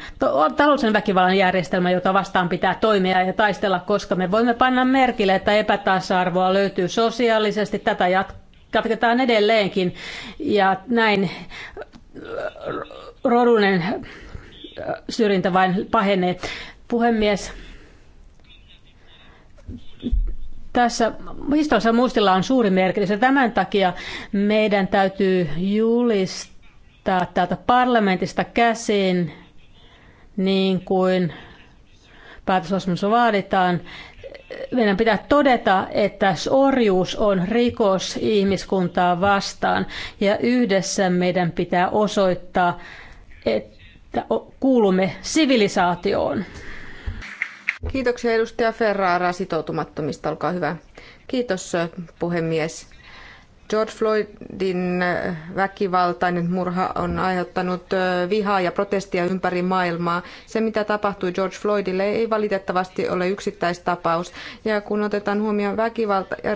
Speaker 4: taloudellisen väkivallan järjestelmä, jota vastaan pitää toimia ja taistella, koska me voimme panna merkille, että epätasa-arvoa löytyy sosiaalisesti, tätä jatketaan edelleenkin ja näin rodunen syrjintä vain pahenee. Puhemies, tässä historiassa muistilla on suuri merkitys ja tämän takia meidän täytyy julistaa täältä parlamentista käsin, niin kuin päätösosmassa vaaditaan, meidän pitää todeta, että orjuus on rikos ihmiskuntaa vastaan ja yhdessä meidän pitää osoittaa, että kuulumme sivilisaatioon.
Speaker 3: Kiitoksia edustaja Ferrara sitoutumattomista, olkaa hyvä. Kiitos äh, puhemies. George Floydin äh, väkivaltainen murha on aiheuttanut äh, vihaa ja protestia ympäri maailmaa. Se, mitä tapahtui George Floydille, ei valitettavasti ole yksittäistapaus. Ja kun otetaan huomioon väkivalta ja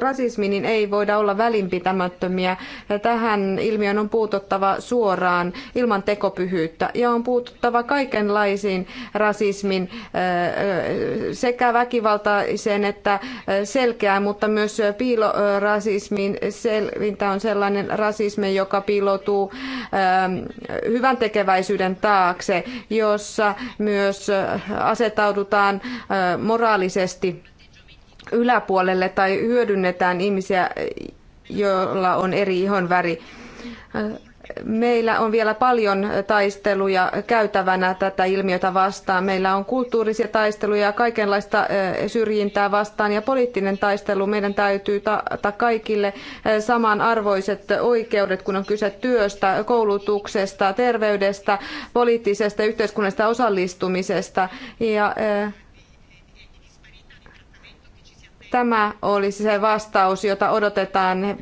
Speaker 3: rasismi, niin ei voida olla välinpitämättömiä. Tähän ilmiön on puututtava suoraan ilman tekopyhyyttä ja on puututtava kaikenlaisiin rasismin äh, sekä väkivaltaiseen että selkeään, mutta myös piilorasismiin selvintä on sellainen rasismi, joka piiloutuu ähm, hyvän tekeväisyyden taakse, jossa myös äh, asetaudutaan äh, moraalisesti yläpuolelle tai hyödynnetään ihmisiä, joilla on eri ihonväri. Äh, Meillä on vielä paljon taisteluja käytävänä tätä ilmiötä vastaan. Meillä on kulttuurisia taisteluja, kaikenlaista syrjintää vastaan ja poliittinen taistelu. Meidän täytyy taata kaikille samanarvoiset oikeudet, kun on kyse työstä, koulutuksesta, terveydestä, poliittisesta ja yhteiskunnallisesta osallistumisesta. Ja, tämä olisi se vastaus, jota odotetaan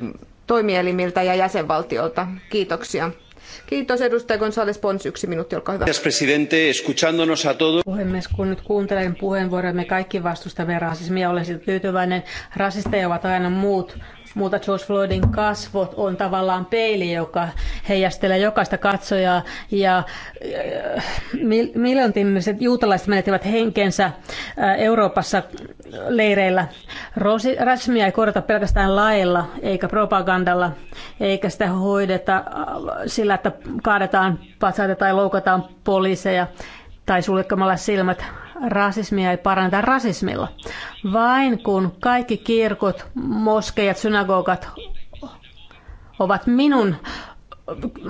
Speaker 3: toimielimiltä ja jäsenvaltiolta. Kiitoksia. Kiitos
Speaker 4: edustaja González Pons. Yksi minuutti, olkaa hyvä. Presidente, escuchándonos a todos. Puhemies, kun nyt kuuntelen puheenvuoroja, me kaikki vastustamme rasismia. Olen siitä tyytyväinen. Rasisteja ovat aina muut mutta George Floydin kasvot on tavallaan peili, joka heijastelee jokaista katsojaa ja äh, miljoontimiset juutalaiset menettivät henkensä äh, Euroopassa leireillä. Rasmia ei korjata pelkästään lailla eikä propagandalla, eikä sitä hoideta äh, sillä, että kaadetaan patsaita tai loukataan poliiseja tai sulkemalla silmät rasismia ei paranneta rasismilla. Vain kun kaikki kirkot, moskejat, synagogat ovat minun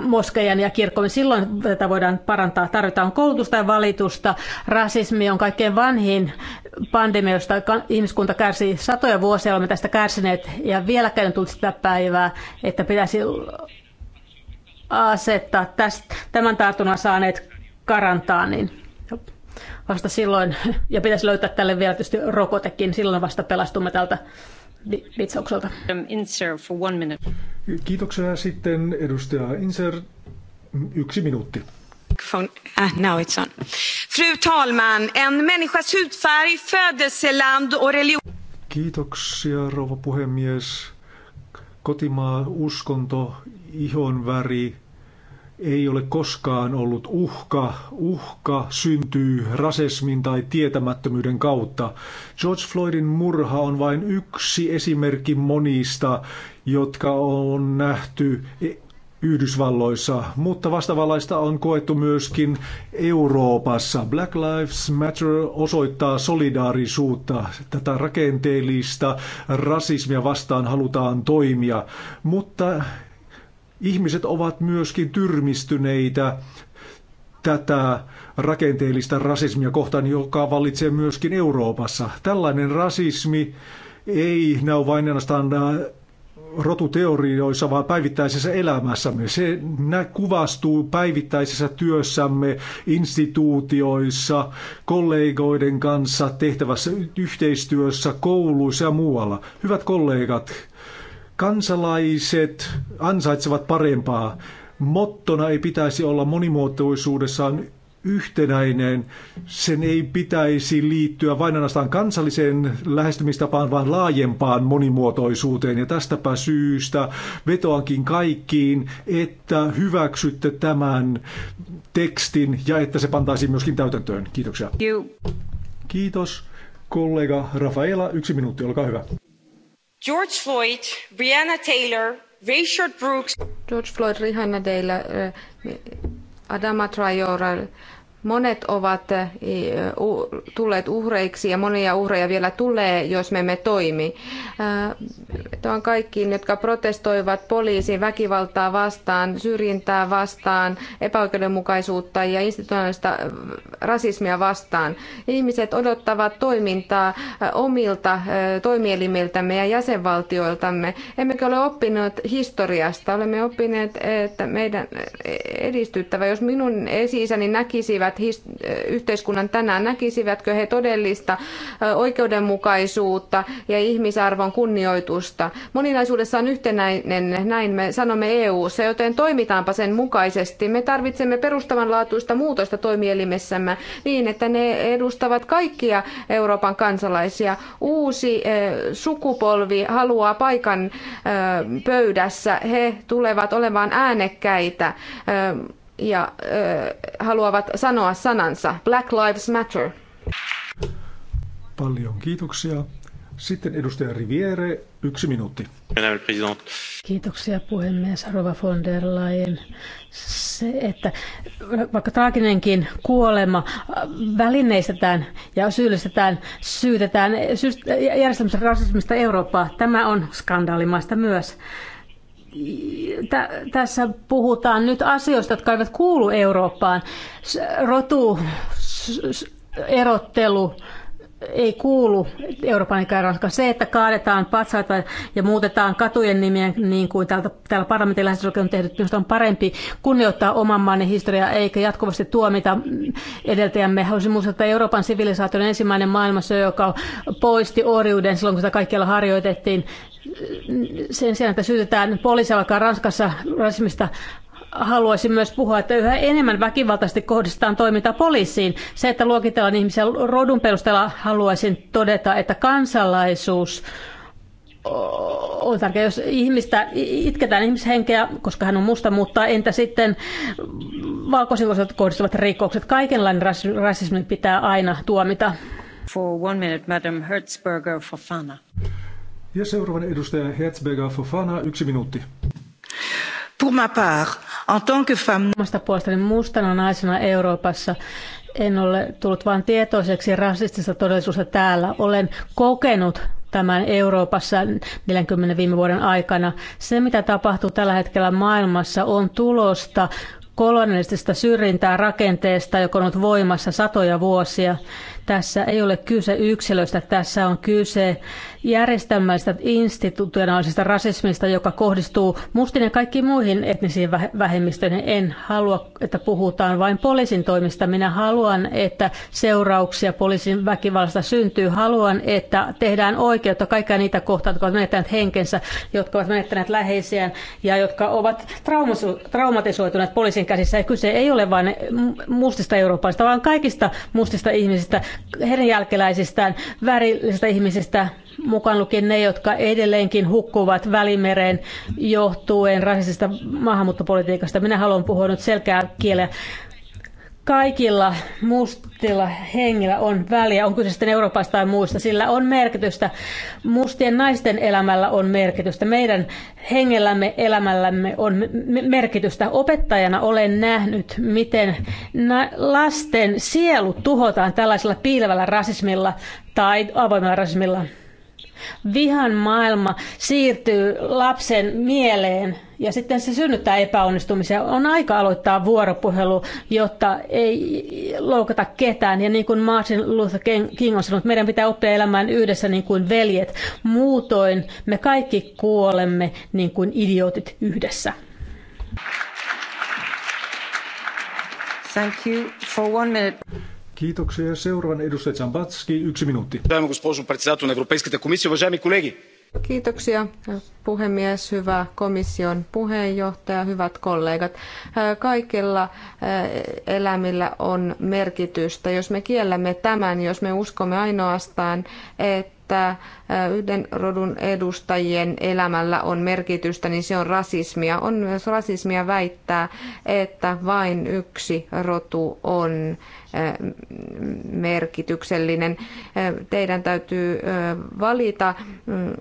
Speaker 4: moskejan ja kirkkoon. Silloin tätä voidaan parantaa. Tarvitaan koulutusta ja valitusta. Rasismi on kaikkein vanhin pandemia, josta ihmiskunta kärsii satoja vuosia. Olemme tästä kärsineet ja vieläkään on tullut sitä päivää, että pitäisi asettaa tämän tartunnan saaneet karantaaniin vasta silloin, ja pitäisi löytää tälle vielä tietysti rokotekin, silloin vasta pelastumme tältä vitsaukselta. Insert for one minute.
Speaker 5: Kiitoksia sitten edustaja Inser. Yksi minuutti. Äh, now it's on.
Speaker 3: Fru talman, en människas hudfärg, födelseland och religion.
Speaker 5: Kiitoksia rouva puhemies. Kotimaa, uskonto, ihonväri, ei ole koskaan ollut uhka. Uhka syntyy rasismin tai tietämättömyyden kautta. George Floydin murha on vain yksi esimerkki monista, jotka on nähty e- Yhdysvalloissa, mutta vastavalaista on koettu myöskin Euroopassa. Black Lives Matter osoittaa solidaarisuutta. Tätä rakenteellista rasismia vastaan halutaan toimia, mutta Ihmiset ovat myöskin tyrmistyneitä tätä rakenteellista rasismia kohtaan, joka vallitsee myöskin Euroopassa. Tällainen rasismi ei näy vain ainoastaan äh, rotuteorioissa, vaan päivittäisessä elämässämme. Se kuvastuu päivittäisessä työssämme, instituutioissa, kollegoiden kanssa, tehtävässä yhteistyössä, kouluissa ja muualla. Hyvät kollegat, Kansalaiset ansaitsevat parempaa. Mottona ei pitäisi olla monimuotoisuudessaan yhtenäinen. Sen ei pitäisi liittyä vain ainoastaan kansalliseen lähestymistapaan, vaan laajempaan monimuotoisuuteen. Ja tästäpä syystä vetoankin kaikkiin, että hyväksytte tämän tekstin ja että se pantaisiin myöskin täytäntöön. Kiitoksia. Kiitos. Kollega Rafaela, yksi minuutti, olkaa hyvä.
Speaker 4: George Floyd,
Speaker 3: Breonna Taylor, Rayshard Brooks. George Floyd, Rihanna Taylor, eh, Adama Traore, Monet ovat eh, tulleet uhreiksi ja monia uhreja vielä tulee, jos me emme toimi. Eh, Tämä on kaikki, jotka protestoivat poliisin väkivaltaa vastaan, syrjintää vastaan, epäoikeudenmukaisuutta ja institutionaalista eh, rasismia vastaan. Ihmiset odottavat toimintaa omilta toimielimiltämme ja jäsenvaltioiltamme. Emmekö ole oppineet historiasta? Olemme oppineet, että meidän edistyttävä. Jos minun esi-isäni näkisivät, näkevät yhteiskunnan tänään, näkisivätkö he todellista oikeudenmukaisuutta ja ihmisarvon kunnioitusta. Moninaisuudessa on yhtenäinen, näin me sanomme EU-ssa, joten toimitaanpa sen mukaisesti. Me tarvitsemme perustavanlaatuista muutosta toimielimessämme niin, että ne edustavat kaikkia Euroopan kansalaisia. Uusi sukupolvi haluaa paikan pöydässä. He tulevat olemaan äänekkäitä ja ö, haluavat sanoa sanansa. Black Lives Matter.
Speaker 5: Paljon kiitoksia. Sitten edustaja Riviere, yksi minuutti.
Speaker 4: Kiitoksia puhemies Rova von der Leyen. Se, että vaikka traaginenkin kuolema välineistetään ja syyllistetään, syytetään järjestelmästä rasismista Eurooppaa, tämä on skandaalimaista myös tässä puhutaan nyt asioista, jotka eivät kuulu Eurooppaan. Rotu, erottelu, ei kuulu Euroopan eikä Se, että kaadetaan patsaita ja muutetaan katujen nimiä niin kuin täältä, täällä parlamentin lähestysoikeus on tehty, minusta on parempi kunnioittaa oman maan historiaa eikä jatkuvasti tuomita edeltäjämme. Haluaisin että Euroopan sivilisaation ensimmäinen maailmassa, joka poisti orjuuden silloin, kun sitä kaikkialla harjoitettiin sen sijaan, että syytetään poliisia vaikka Ranskassa rasismista, haluaisin myös puhua, että yhä enemmän väkivaltaisesti kohdistetaan toiminta poliisiin. Se, että luokitellaan ihmisiä rodun perusteella, haluaisin todeta, että kansalaisuus on tärkeää, jos ihmistä itketään ihmishenkeä, koska hän on musta, mutta entä sitten valkoisilmoiset kohdistuvat rikokset? Kaikenlainen rasismi pitää aina tuomita. For one minute, Madam Fofana.
Speaker 5: Ja seuraavan edustaja Herzberger Fofana, yksi minuutti. Pour ma part, en tant que femme... Omasta
Speaker 4: puolestani mustana naisena Euroopassa en ole tullut vain tietoiseksi rasistisesta todellisuudesta täällä. Olen kokenut tämän Euroopassa 40 viime vuoden aikana. Se, mitä tapahtuu tällä hetkellä maailmassa, on tulosta kolonialistisesta syrjintää rakenteesta, joka on ollut voimassa satoja vuosia. Tässä ei ole kyse yksilöistä, tässä on kyse järjestelmällisestä institutionaalisesta rasismista, joka kohdistuu mustiin ja kaikkiin muihin etnisiin vähemmistöihin. En halua, että puhutaan vain poliisin toimista. Minä haluan, että seurauksia poliisin väkivallasta syntyy. Haluan, että tehdään oikeutta kaikkia niitä kohtaan, jotka ovat menettäneet henkensä, jotka ovat menettäneet läheisiään ja jotka ovat traumatisoituneet poliisin käsissä. Ja kyse ei ole vain mustista eurooppalaisista, vaan kaikista mustista ihmisistä, heidän jälkeläisistään, värillisistä ihmisistä, mukaan lukien ne, jotka edelleenkin hukkuvat välimereen johtuen rasistisesta maahanmuuttopolitiikasta. Minä haluan puhua nyt selkeää kieleä. Kaikilla mustilla hengillä on väliä, on kyse sitten Euroopasta tai muista, sillä on merkitystä. Mustien naisten elämällä on merkitystä. Meidän hengellämme, elämällämme on merkitystä. Opettajana olen nähnyt, miten lasten sielut tuhotaan tällaisella piilevällä rasismilla tai avoimella rasismilla vihan maailma siirtyy lapsen mieleen ja sitten se synnyttää epäonnistumisia. On aika aloittaa vuoropuhelu, jotta ei loukata ketään. Ja niin kuin Martin Luther King on sanonut, meidän pitää oppia elämään yhdessä niin kuin veljet. Muutoin me kaikki kuolemme niin kuin idiotit yhdessä.
Speaker 5: Thank you for one minute. Kiitoksia. Seuraavan edustaja Zambatski, yksi minuutti. Kiitoksia
Speaker 3: puhemies, hyvä komission puheenjohtaja, hyvät kollegat. Kaikilla eh, elämillä on merkitystä. Jos me kiellämme tämän, jos me uskomme ainoastaan, että että eh, yhden rodun edustajien elämällä on merkitystä, niin se on rasismia. On myös rasismia väittää, että vain yksi rotu on merkityksellinen. Teidän täytyy valita mm,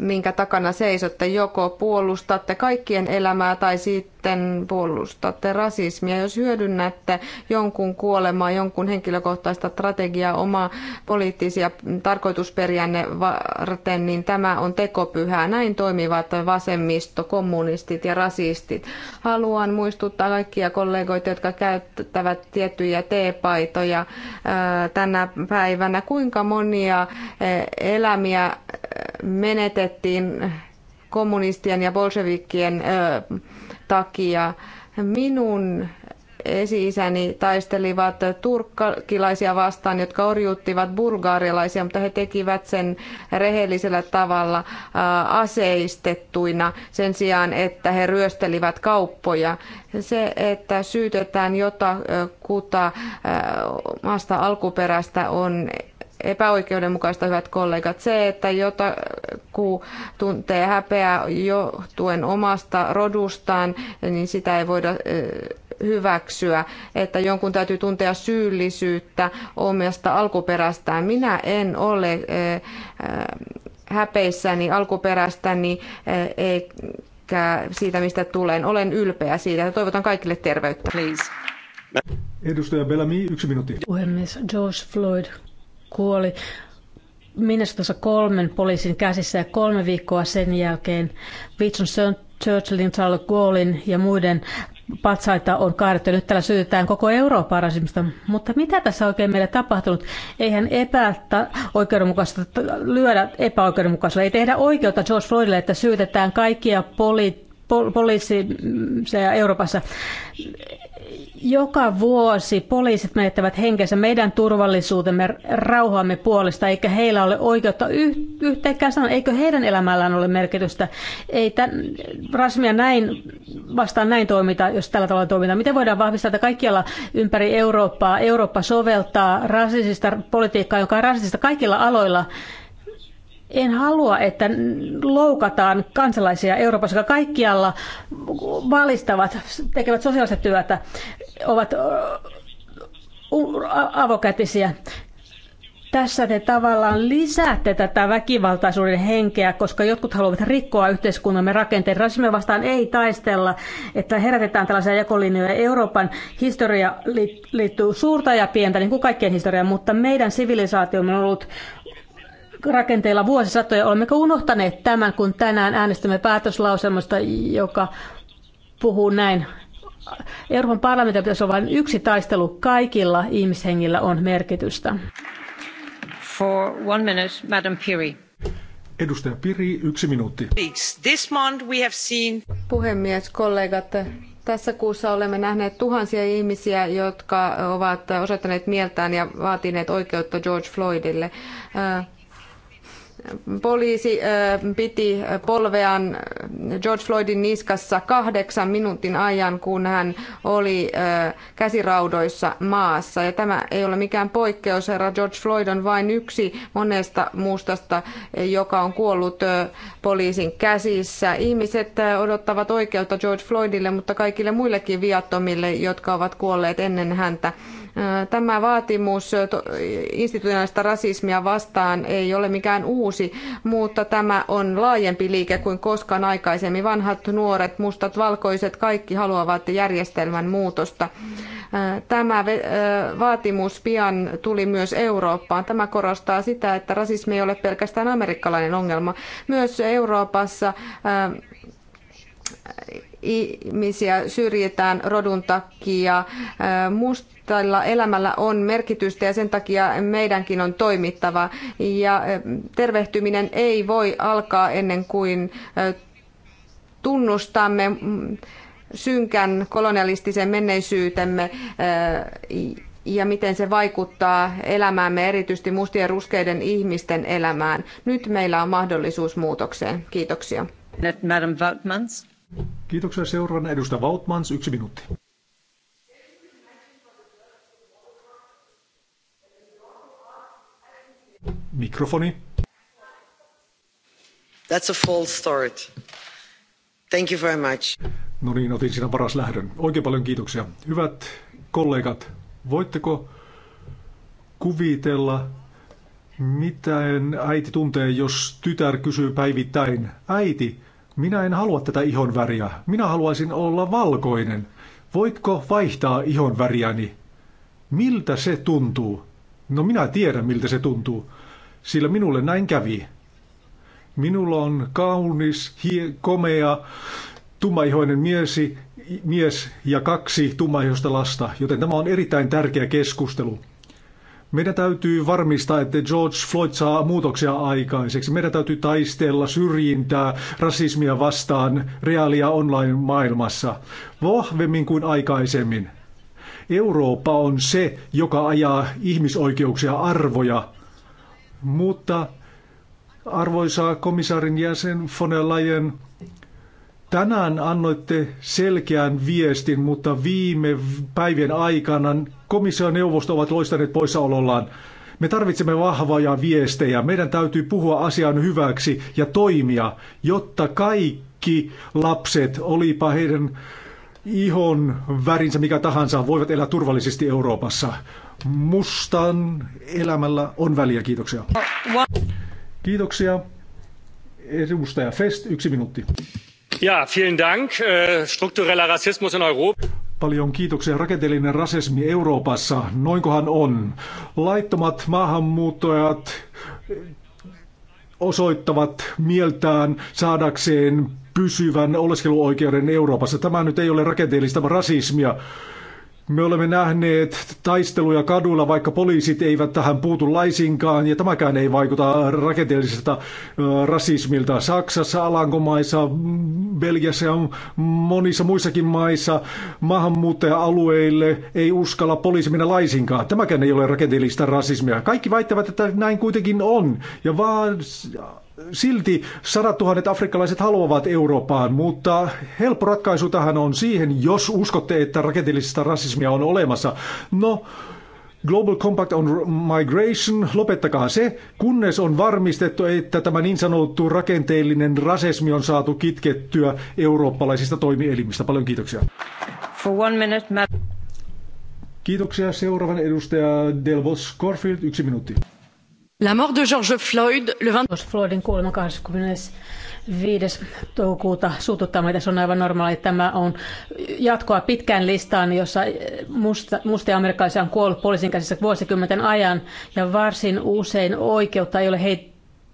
Speaker 3: minkä takana seisotte. Joko puolustatte kaikkien elämää tai sitten puolustatte rasismia. Jos hyödynnätte jonkun kuolemaa, jonkun henkilökohtaista strategiaa, omaa poliittisia tarkoitusperiänne varten, niin tämä on tekopyhää. Näin toimivat vasemmisto, kommunistit ja rasistit. Haluan muistuttaa kaikkia kollegoita, jotka käyttävät tiettyjä teepaitoja tänä päivänä, kuinka monia elämiä menetettiin kommunistien ja bolshevikkien ö, takia. Minun esi-isäni taistelivat turkkilaisia vastaan, jotka orjuuttivat bulgaarialaisia, mutta he tekivät sen rehellisellä tavalla aseistettuina sen sijaan, että he ryöstelivät kauppoja. Se, että syytetään jotakuta maasta alkuperästä on epäoikeudenmukaista, hyvät kollegat. Se, että joku tuntee häpeää johtuen omasta rodustaan, niin sitä ei voida hyväksyä, että jonkun täytyy tuntea syyllisyyttä omasta alkuperästään. Minä en ole häpeissäni alkuperästäni eikä siitä, mistä tulen. Olen ylpeä siitä toivotan
Speaker 4: kaikille terveyttä. Please.
Speaker 5: Edustaja Bellamy, yksi minuutti. Puhemies George
Speaker 4: Floyd kuoli Minnesotassa kolmen poliisin käsissä ja kolme viikkoa sen jälkeen Winston Churchillin, Charles Gaulin ja muiden patsaita on kaadettu. Nyt täällä syytetään koko Euroopan rasismista. Mutta mitä tässä oikein meillä tapahtunut? Eihän epäiltä oikeudenmukaista lyödä epäoikeudenmukaisella. Ei tehdä oikeutta George Floydille, että syytetään kaikkia poli, pol, poliisia Euroopassa. Joka vuosi poliisit menettävät henkensä meidän turvallisuutemme rauhaamme puolesta, eikä heillä ole oikeutta yhteenkään sanoa, eikö heidän elämällään ole merkitystä. Ei tämän, rasmia näin, vastaan näin toimita, jos tällä tavalla toimitaan. Miten voidaan vahvistaa, että kaikkialla ympäri Eurooppaa, Eurooppa soveltaa rasistista politiikkaa, joka on rasistista kaikilla aloilla, en halua, että loukataan kansalaisia Euroopassa, jotka kaikkialla valistavat, tekevät sosiaalista työtä ovat avokätisiä. Tässä te tavallaan lisäätte tätä väkivaltaisuuden henkeä, koska jotkut haluavat rikkoa yhteiskunnamme rakenteen. Rasismia vastaan ei taistella, että herätetään tällaisia jakolinjoja. Euroopan historia liittyy suurta ja pientä, niin kuin kaikkien historia, mutta meidän sivilisaatiomme on ollut rakenteilla vuosisatoja. Olemmeko unohtaneet tämän, kun tänään äänestämme päätöslauselmasta, joka puhuu näin. Euroopan parlamentin pitäisi olla vain yksi taistelu. Kaikilla ihmishengillä on merkitystä.
Speaker 5: For one minute, Madam Piri. Edustaja Piri, yksi minuutti. This month we have seen...
Speaker 3: Puhemies, kollegat, tässä kuussa olemme nähneet tuhansia ihmisiä, jotka ovat osoittaneet mieltään ja vaatineet oikeutta George Floydille. Äh, Poliisi piti polvean George Floydin niskassa kahdeksan minuutin ajan, kun hän oli käsiraudoissa maassa. Ja tämä ei ole mikään poikkeus. Herra George Floyd on vain yksi monesta mustasta, joka on kuollut poliisin käsissä. Ihmiset odottavat oikeutta George Floydille, mutta kaikille muillekin viattomille, jotka ovat kuolleet ennen häntä. Tämä vaatimus institutionaalista rasismia vastaan ei ole mikään uusi, mutta tämä on laajempi liike kuin koskaan aikaisemmin. Vanhat, nuoret, mustat, valkoiset, kaikki haluavat järjestelmän muutosta. Tämä vaatimus pian tuli myös Eurooppaan. Tämä korostaa sitä, että rasismi ei ole pelkästään amerikkalainen ongelma. Myös Euroopassa ihmisiä syrjitään rodun takia. Äh, mustalla elämällä on merkitystä ja sen takia meidänkin on toimittava. Ja äh, tervehtyminen ei voi alkaa ennen kuin äh, tunnustamme mm, synkän kolonialistisen menneisyytemme ja miten se vaikuttaa elämäämme, erityisesti mustien ja ruskeiden ihmisten elämään. Nyt meillä on mahdollisuus muutokseen. Kiitoksia.
Speaker 5: Madam Vautmans. Kiitoksia seuraavana edustaja Vautmans, yksi minuutti. Mikrofoni.
Speaker 3: That's a false start. Thank you very much.
Speaker 5: No niin, otin sinä paras lähdön. Oikein paljon kiitoksia. Hyvät kollegat, voitteko kuvitella, mitä äiti tuntee, jos tytär kysyy päivittäin, äiti, minä en halua tätä ihon väriä. Minä haluaisin olla valkoinen. Voitko vaihtaa ihon väriäni? Miltä se tuntuu? No minä tiedän, miltä se tuntuu, sillä minulle näin kävi. Minulla on kaunis, hie, komea, tummaihoinen miesi, mies ja kaksi tummaihoista lasta, joten tämä on erittäin tärkeä keskustelu. Meidän täytyy varmistaa, että George Floyd saa muutoksia aikaiseksi. Meidän täytyy taistella syrjintää, rasismia vastaan reaalia online-maailmassa vahvemmin kuin aikaisemmin. Eurooppa on se, joka ajaa ihmisoikeuksia arvoja, mutta arvoisa komissaarin jäsen von der Leyen, Tänään annoitte selkeän viestin, mutta viime päivien aikana komission ja neuvosto ovat loistaneet poissaolollaan. Me tarvitsemme vahvoja viestejä. Meidän täytyy puhua asian hyväksi ja toimia, jotta kaikki lapset, olipa heidän ihon värinsä mikä tahansa, voivat elää turvallisesti Euroopassa. Mustan elämällä on väliä. Kiitoksia. Kiitoksia. Edustaja Fest, yksi minuutti.
Speaker 6: Ja, vielen Dank. Äh, struktureller Rassismus in Europa.
Speaker 5: Paljon kiitoksia. Rakenteellinen rasismi Euroopassa. Noinkohan on. Laittomat maahanmuuttajat osoittavat mieltään saadakseen pysyvän oleskeluoikeuden Euroopassa. Tämä nyt ei ole rakenteellista rasismia. Me olemme nähneet taisteluja kadulla, vaikka poliisit eivät tähän puutu laisinkaan, ja tämäkään ei vaikuta rakenteelliselta rasismilta. Saksassa, Alankomaissa, Belgiassa ja monissa muissakin maissa maahanmuuttaja-alueille ei uskalla poliisi mennä laisinkaan. Tämäkään ei ole rakenteellista rasismia. Kaikki väittävät, että näin kuitenkin on, ja vaan Silti sadat tuhannet afrikkalaiset haluavat Eurooppaan, mutta helppo ratkaisu tähän on siihen, jos uskotte, että rakenteellista rasismia on olemassa. No, Global Compact on Migration, lopettakaa se, kunnes on varmistettu, että tämä niin sanottu rakenteellinen rasismi on saatu kitkettyä eurooppalaisista toimielimistä. Paljon kiitoksia. For one minute, Kiitoksia. Seuraavan edustaja Delvos Corfield, yksi minuutti.
Speaker 4: La mort de George Floyd, le 20... Floydin kuolema 25. toukokuuta suututtaa meitä, se on aivan normaali. Tämä on jatkoa pitkään listaan, jossa musta, mustia amerikkalaisia on kuollut poliisin käsissä vuosikymmenten ajan ja varsin usein oikeutta ei ole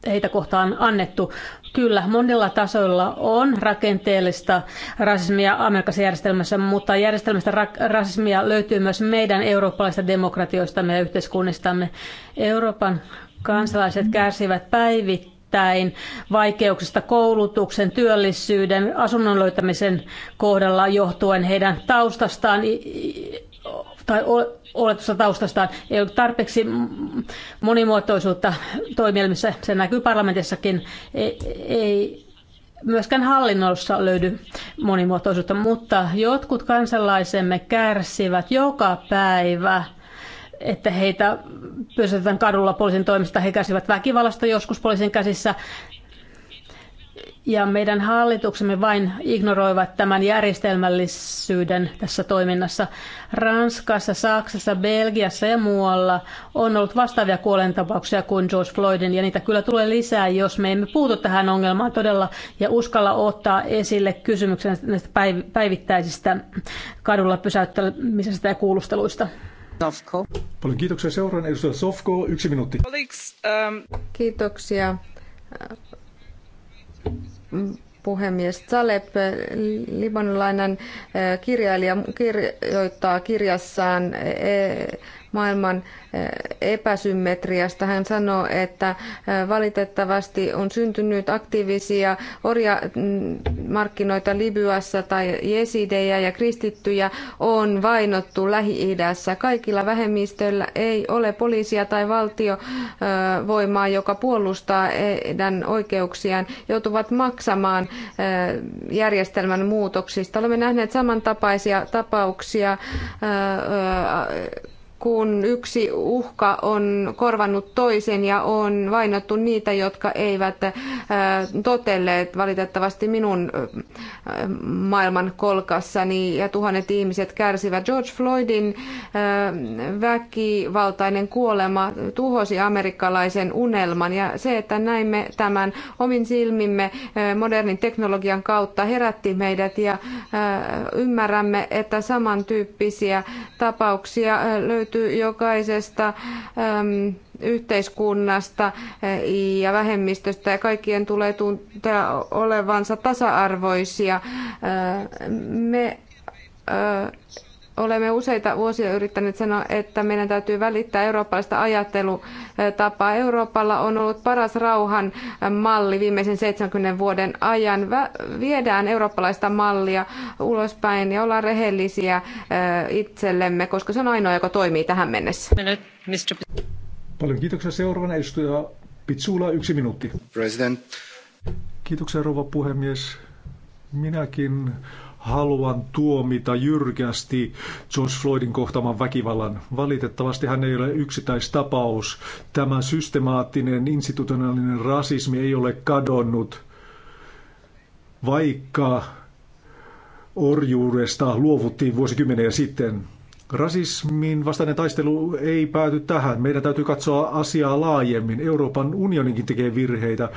Speaker 4: heitä kohtaan annettu. Kyllä, monilla tasoilla on rakenteellista rasismia Amerikassa järjestelmässä, mutta järjestelmästä ra- rasismia löytyy myös meidän eurooppalaisista demokratioistamme ja yhteiskunnistamme. Euroopan Kansalaiset kärsivät päivittäin vaikeuksista koulutuksen, työllisyyden, asunnon löytämisen kohdalla johtuen heidän taustastaan tai oletusta taustastaan ei ole tarpeeksi monimuotoisuutta toimielmissä. Se näkyy parlamentissakin. Ei, ei myöskään hallinnossa löydy monimuotoisuutta, mutta jotkut kansalaisemme kärsivät joka päivä – että heitä pysytetään kadulla poliisin toimesta. He käsivät väkivallasta joskus poliisin käsissä. Ja meidän hallituksemme vain ignoroivat tämän järjestelmällisyyden tässä toiminnassa. Ranskassa, Saksassa, Belgiassa ja muualla on ollut vastaavia kuolentapauksia kuin George Floydin, ja niitä kyllä tulee lisää, jos me emme puutu tähän ongelmaan todella ja uskalla ottaa esille kysymyksen näistä päivittäisistä kadulla
Speaker 5: pysäyttämisestä ja kuulusteluista. Sofko. Paljon kiitoksia seuraan edustaja Sofko. Yksi minuutti. Um,
Speaker 3: kiitoksia puhemies Saleb, libanilainen eh, kirjailija, kirjoittaa kirjassaan eh, maailman eh, epäsymmetriasta. Hän sanoo, että eh, valitettavasti on syntynyt aktiivisia orjamarkkinoita Libyassa tai jesidejä ja kristittyjä on vainottu Lähi-idässä. Kaikilla vähemmistöillä ei ole poliisia tai valtiovoimaa, eh, joka puolustaa heidän oikeuksiaan, joutuvat maksamaan järjestelmän muutoksista. Olemme nähneet samantapaisia tapauksia kun yksi uhka on korvannut toisen ja on vainottu niitä, jotka eivät äh, totelleet valitettavasti minun äh, maailman kolkassani ja tuhannet ihmiset kärsivät. George Floydin äh, väkivaltainen kuolema tuhosi amerikkalaisen unelman ja se, että näimme tämän omin silmimme modernin teknologian kautta herätti meidät ja ymmärrämme, että samantyyppisiä tapauksia löytyy löytyy jokaisesta yhteiskunnasta ja vähemmistöstä ja kaikkien tulee tuntea olevansa tasa-arvoisia. Me olemme useita vuosia yrittäneet sanoa, että meidän täytyy välittää eurooppalaista ajattelutapaa. Euroopalla on ollut paras rauhan malli viimeisen 70 vuoden ajan. Viedään eurooppalaista mallia ulospäin ja ollaan rehellisiä itsellemme, koska se on ainoa, joka toimii tähän mennessä.
Speaker 5: Paljon kiitoksia seuraavana edustaja Pitsula, yksi minuutti. President. Kiitoksia rouva puhemies. Minäkin haluan tuomita jyrkästi George Floydin kohtaman väkivallan. Valitettavasti hän ei ole yksittäistapaus. Tämä systemaattinen institutionaalinen rasismi ei ole kadonnut, vaikka orjuudesta luovuttiin vuosikymmeniä sitten. Rasismin vastainen taistelu ei pääty tähän. Meidän täytyy katsoa asiaa laajemmin. Euroopan unioninkin tekee virheitä.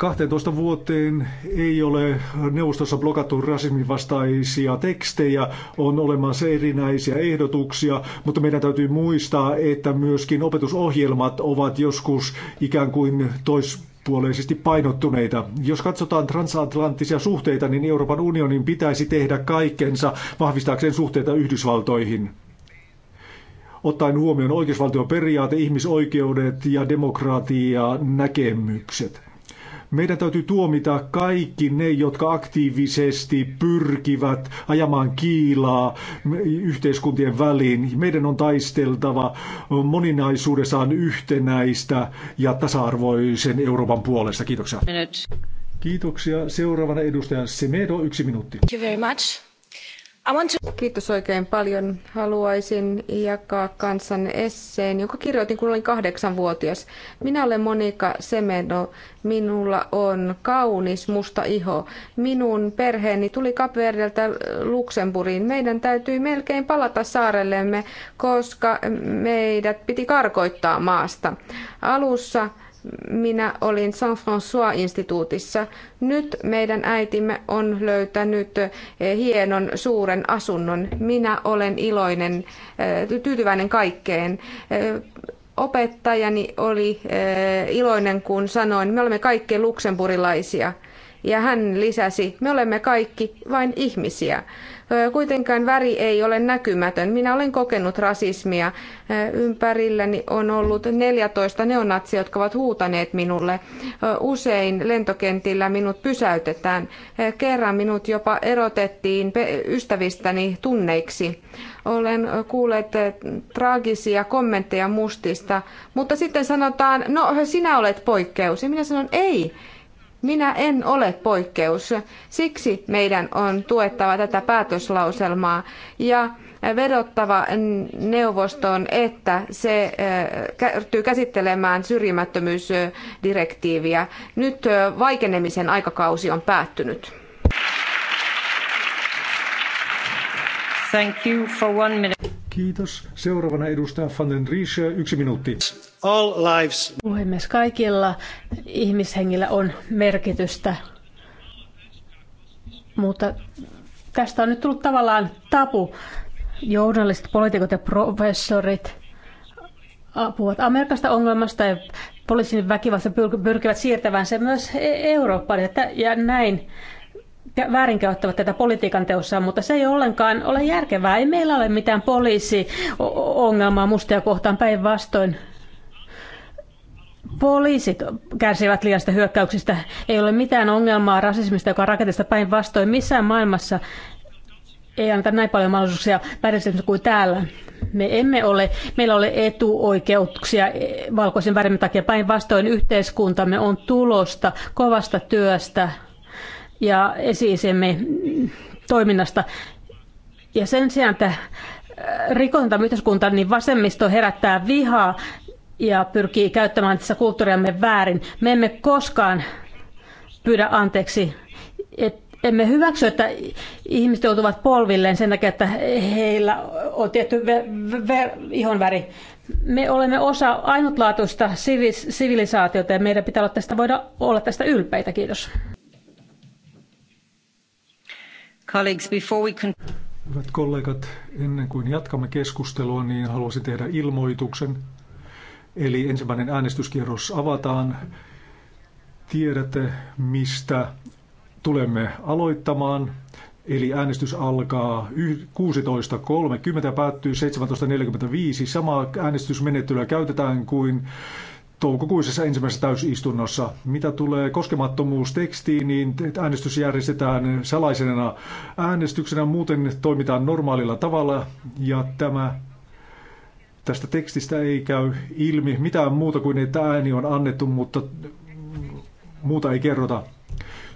Speaker 5: 12 vuoteen ei ole neuvostossa blokattu rasismin vastaisia tekstejä, on olemassa erinäisiä ehdotuksia, mutta meidän täytyy muistaa, että myöskin opetusohjelmat ovat joskus ikään kuin tois puoleisesti painottuneita. Jos katsotaan transatlanttisia suhteita, niin Euroopan unionin pitäisi tehdä kaikkensa vahvistaakseen suhteita Yhdysvaltoihin ottaen huomioon oikeusvaltioperiaate, ihmisoikeudet ja demokratia näkemykset. Meidän täytyy tuomita kaikki ne, jotka aktiivisesti pyrkivät ajamaan kiilaa yhteiskuntien väliin. Meidän on taisteltava moninaisuudessaan yhtenäistä ja tasa-arvoisen Euroopan puolesta. Kiitoksia. Kiitoksia. Seuraavana edustajan Semedo, yksi minuutti.
Speaker 3: Thank you very much. Kiitos oikein paljon. Haluaisin jakaa kansan esseen, jonka kirjoitin, kun olin kahdeksanvuotias. Minä olen Monika Semeno. Minulla on kaunis musta iho. Minun perheeni tuli Kapverdeltä Luxemburgiin. Meidän täytyi melkein palata saarellemme, koska meidät piti karkoittaa maasta. Alussa minä olin San François-instituutissa. Nyt meidän äitimme on löytänyt eh, hienon suuren asunnon. Minä olen iloinen, eh, tyytyväinen kaikkeen. Eh, opettajani oli iloinen, kun sanoin, me olemme kaikki luksemburilaisia. Ja hän lisäsi, me olemme kaikki vain ihmisiä. Kuitenkaan väri ei ole näkymätön. Minä olen kokenut rasismia. Ympärilläni on ollut 14 neonatsia, jotka ovat huutaneet minulle. Usein lentokentillä minut pysäytetään. Kerran minut jopa erotettiin ystävistäni tunneiksi. Olen kuullut traagisia kommentteja mustista, mutta sitten sanotaan, no sinä olet poikkeus. Ja minä sanon, ei, minä en ole poikkeus. Siksi meidän on tuettava tätä päätöslauselmaa ja vedottava neuvostoon, että se eh, ryhtyy käsittelemään syrjimättömyysdirektiiviä. Nyt eh, vaikenemisen aikakausi on päättynyt.
Speaker 4: Thank you for one minute.
Speaker 5: Kiitos. Seuraavana edustaja Fanden Riesche, yksi minuutti.
Speaker 4: All lives. Puhemies, kaikilla ihmishengillä on merkitystä, mutta tästä on nyt tullut tavallaan tapu. Journalistit, poliitikot ja professorit puhuvat Amerikasta ongelmasta ja poliisin väkivallasta pyrkivät siirtämään se myös e- Eurooppaan. Ja näin ja väärinkäyttävät tätä politiikan teossa, mutta se ei ollenkaan ole järkevää. Ei meillä ole mitään poliisiongelmaa mustia kohtaan päinvastoin. Poliisit kärsivät liiasta hyökkäyksistä. Ei ole mitään ongelmaa rasismista, joka on rakenteesta päinvastoin. Missään maailmassa ei anneta näin paljon mahdollisuuksia pärjätä kuin täällä. Me emme ole, meillä ole etuoikeuksia e- valkoisen värimme takia. Päinvastoin yhteiskuntamme on tulosta kovasta työstä, ja esiisemme toiminnasta. Ja sen sijaan, että äh, rikontava niin vasemmisto herättää vihaa ja pyrkii käyttämään tässä kulttuuriamme väärin. Me emme koskaan pyydä anteeksi, Et emme hyväksy, että ihmiset joutuvat polvilleen sen takia, että heillä on tietty ihonväri. Me olemme osa ainutlaatuista sivilisaatiota ja meidän pitää olla tästä, voida olla tästä ylpeitä. Kiitos.
Speaker 5: Hyvät kollegat, ennen kuin jatkamme keskustelua, niin haluaisin tehdä ilmoituksen. Eli ensimmäinen äänestyskierros avataan. Tiedätte, mistä tulemme aloittamaan. Eli äänestys alkaa 16.30 ja päättyy 17.45. Samaa äänestysmenettelyä käytetään kuin toukokuisessa ensimmäisessä täysistunnossa. Mitä tulee koskemattomuustekstiin, niin äänestys järjestetään salaisena äänestyksenä, muuten toimitaan normaalilla tavalla ja tämä tästä tekstistä ei käy ilmi mitään muuta kuin että ääni on annettu, mutta muuta ei kerrota.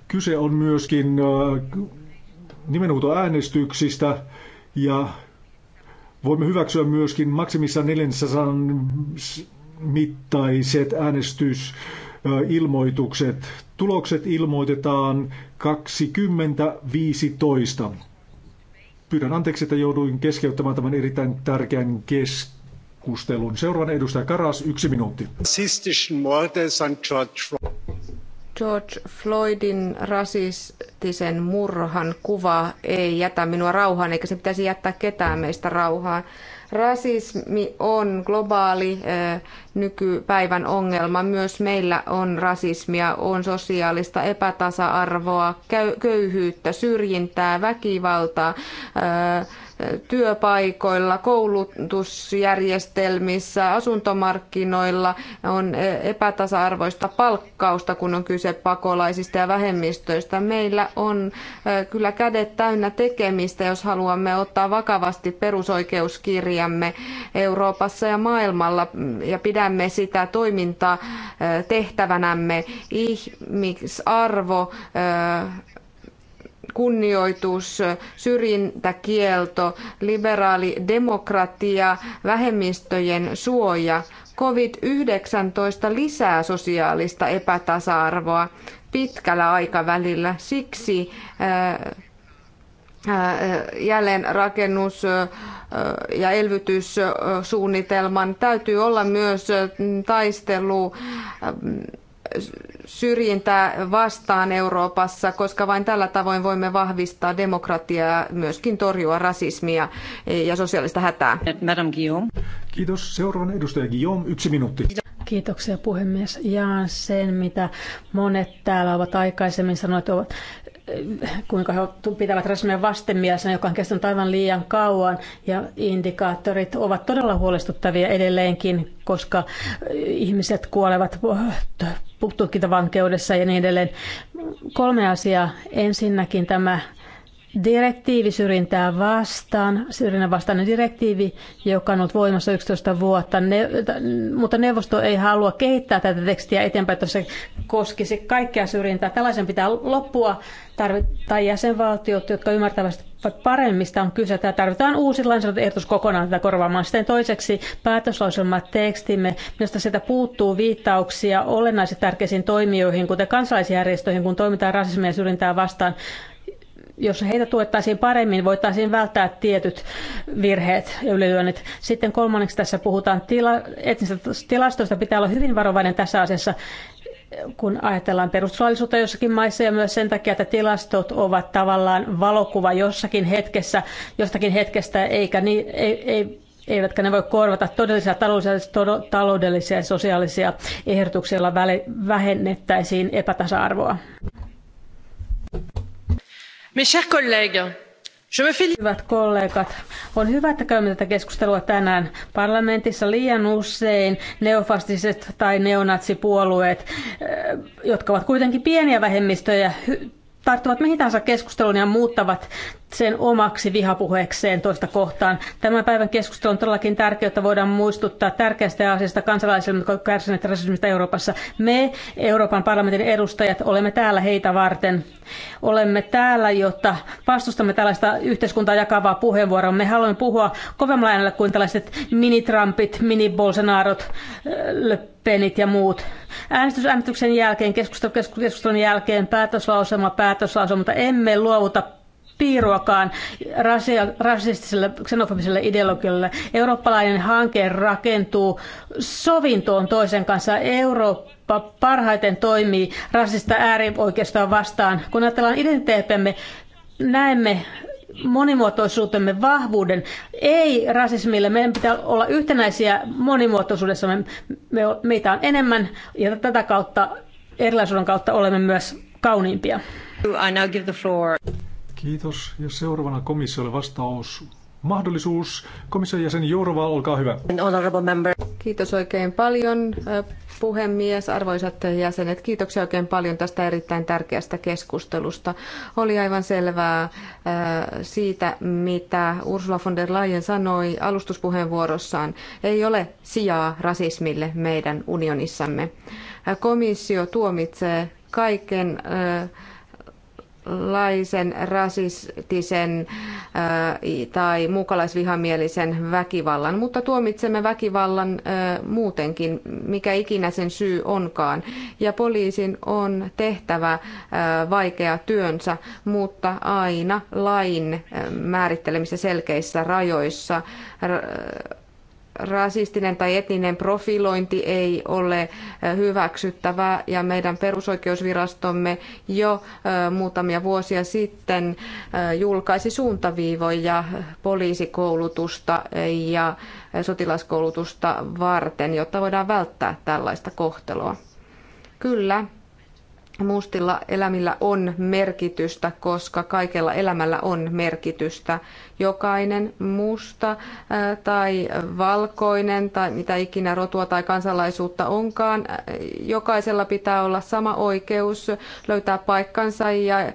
Speaker 5: Kyse on myöskin äh, nimenhuutoäänestyksistä ja voimme hyväksyä myöskin maksimissaan 400 mittaiset äänestysilmoitukset. Tulokset ilmoitetaan 2015. Pyydän anteeksi, että jouduin keskeyttämään tämän erittäin tärkeän keskustelun. Seuraavan edustaja Karas, yksi minuutti.
Speaker 3: George Floydin rasistisen murhan kuva ei jätä minua rauhaan, eikä se pitäisi jättää ketään meistä rauhaan. Rasismi on globaali eh, nykypäivän ongelma. Myös meillä on rasismia, on sosiaalista epätasa-arvoa, köyhyyttä, syrjintää, väkivaltaa. Eh, työpaikoilla, koulutusjärjestelmissä, asuntomarkkinoilla on epätasa-arvoista palkkausta, kun on kyse pakolaisista ja vähemmistöistä. Meillä on kyllä kädet täynnä tekemistä, jos haluamme ottaa vakavasti perusoikeuskirjamme Euroopassa ja maailmalla ja pidämme sitä toimintaa tehtävänämme ihmisarvo kunnioitus, syrjintäkielto, liberaali demokratia, vähemmistöjen suoja. COVID-19 lisää sosiaalista epätasa-arvoa pitkällä aikavälillä. Siksi äh, äh, jälleenrakennus äh, ja elvytyssuunnitelman täytyy olla myös taistelu ähm, syrjintää vastaan Euroopassa, koska vain tällä tavoin voimme vahvistaa demokratiaa, myöskin torjua rasismia ja sosiaalista hätää. Madame Guillaume.
Speaker 5: Kiitos. Seuraavan edustaja Guillaume, yksi minuutti.
Speaker 4: Kiitoksia puhemies. Jaan sen, mitä monet täällä ovat aikaisemmin sanoneet, ovat kuinka he pitävät rasismia vastenmielisenä, joka on kestänyt aivan liian kauan. Ja indikaattorit ovat todella huolestuttavia edelleenkin, koska ihmiset kuolevat tutkintavankeudessa ja niin edelleen. Kolme asiaa. Ensinnäkin tämä direktiivi syrjintää vastaan, syrjinnän vastainen direktiivi, joka on ollut voimassa 11 vuotta, ne, mutta neuvosto ei halua kehittää tätä tekstiä eteenpäin, että se koskisi kaikkea syrjintää. Tällaisen pitää loppua tai jäsenvaltiot, jotka ymmärtävät paremmista on kyse. tarvitaan uusi lainsäädäntöehdotus kokonaan tätä korvaamaan. Sitten toiseksi päätöslauselma tekstimme, josta sieltä puuttuu viittauksia olennaisesti tärkeisiin toimijoihin, kuten kansalaisjärjestöihin, kun toimitaan rasismia ja syrjintää vastaan jos heitä tuettaisiin paremmin, voitaisiin välttää tietyt virheet ja ylilyönnit. Sitten kolmanneksi tässä puhutaan tila- etnisistä tilastoista. Pitää olla hyvin varovainen tässä asiassa, kun ajatellaan perustuslaillisuutta jossakin maissa ja myös sen takia, että tilastot ovat tavallaan valokuva jossakin hetkessä, jostakin hetkestä, eikä niin, ei, ei, eivätkä ne voi korvata todellisia taloudellisia, taloudellisia ja sosiaalisia ehdotuksia, joilla vähennettäisiin epätasa-arvoa. Hyvät kollegat, on hyvä, että käymme tätä keskustelua tänään. Parlamentissa liian usein neofastiset tai neonatsipuolueet, eh, jotka ovat kuitenkin pieniä vähemmistöjä, tarttuvat mihin tahansa keskusteluun ja muuttavat sen omaksi vihapuheekseen toista kohtaan. Tämän päivän keskustelu on todellakin tärkeää, että voidaan muistuttaa tärkeästä asiasta kansalaisille, jotka ovat kärsineet rasismista Euroopassa. Me, Euroopan parlamentin edustajat, olemme täällä heitä varten. Olemme täällä, jotta vastustamme tällaista yhteiskuntaa jakavaa puheenvuoroa. Me haluamme puhua kovemmalla äänellä kuin tällaiset mini-Trumpit, mini-Bolsonarot, äh, Penit ja muut. Äänestys äänestyksen jälkeen, keskustelun, keskustelun jälkeen, päätöslauselma, päätöslauselma, mutta emme luovuta piiruakaan rasistiselle, xenofobiselle ideologialle. Eurooppalainen hanke rakentuu sovintoon toisen kanssa. Eurooppa parhaiten toimii rasista äärioikeistoa vastaan. Kun ajatellaan identiteettämme, näemme monimuotoisuutemme vahvuuden. Ei rasismille. Meidän pitää olla yhtenäisiä monimuotoisuudessa. Me, me, meitä on enemmän ja tätä kautta, erilaisuuden kautta
Speaker 5: olemme myös kauniimpia. I now give the floor. Kiitos. Ja seuraavana komissiolle vastaus. Mahdollisuus. Komission jäsen Jourova, olkaa hyvä.
Speaker 3: Kiitos oikein paljon puhemies, arvoisat jäsenet. Kiitoksia oikein paljon tästä erittäin tärkeästä keskustelusta. Oli aivan selvää siitä, mitä Ursula von der Leyen sanoi alustuspuheenvuorossaan. Ei ole sijaa rasismille meidän unionissamme. Komissio tuomitsee kaiken laisen rasistisen äh, tai muukalaisvihamielisen väkivallan, mutta tuomitsemme väkivallan äh, muutenkin, mikä ikinä sen syy onkaan. Ja poliisin on tehtävä äh, vaikea työnsä, mutta aina lain määrittelemissä selkeissä rajoissa rasistinen tai etninen profilointi ei ole hyväksyttävää ja meidän perusoikeusvirastomme jo muutamia vuosia sitten julkaisi suuntaviivoja poliisikoulutusta ja sotilaskoulutusta varten, jotta voidaan välttää tällaista kohtelua. Kyllä, mustilla elämillä on merkitystä, koska kaikella elämällä on merkitystä Jokainen musta äh, tai valkoinen tai mitä ikinä rotua tai kansalaisuutta onkaan, äh, jokaisella pitää olla sama oikeus löytää paikkansa ja äh,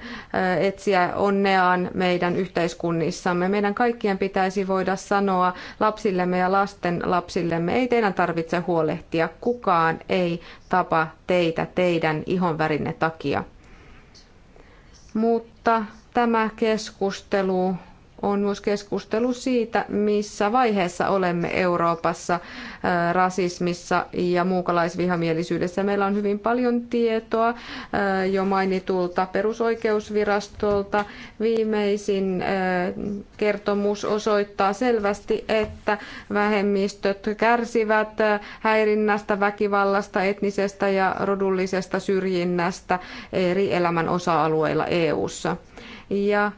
Speaker 3: etsiä onneaan meidän yhteiskunnissamme. Meidän kaikkien pitäisi voida sanoa lapsillemme ja lasten lapsillemme, ei teidän tarvitse huolehtia, kukaan ei tapa teitä teidän ihonvärinne takia. Mutta tämä keskustelu on myös keskustelu siitä, missä vaiheessa olemme Euroopassa äh, rasismissa ja muukalaisvihamielisyydessä. Meillä on hyvin paljon tietoa äh, jo mainitulta perusoikeusvirastolta. Viimeisin äh, kertomus osoittaa selvästi, että vähemmistöt kärsivät häirinnästä, väkivallasta, etnisestä ja rodullisesta syrjinnästä eri elämän osa-alueilla EU:ssa. Ja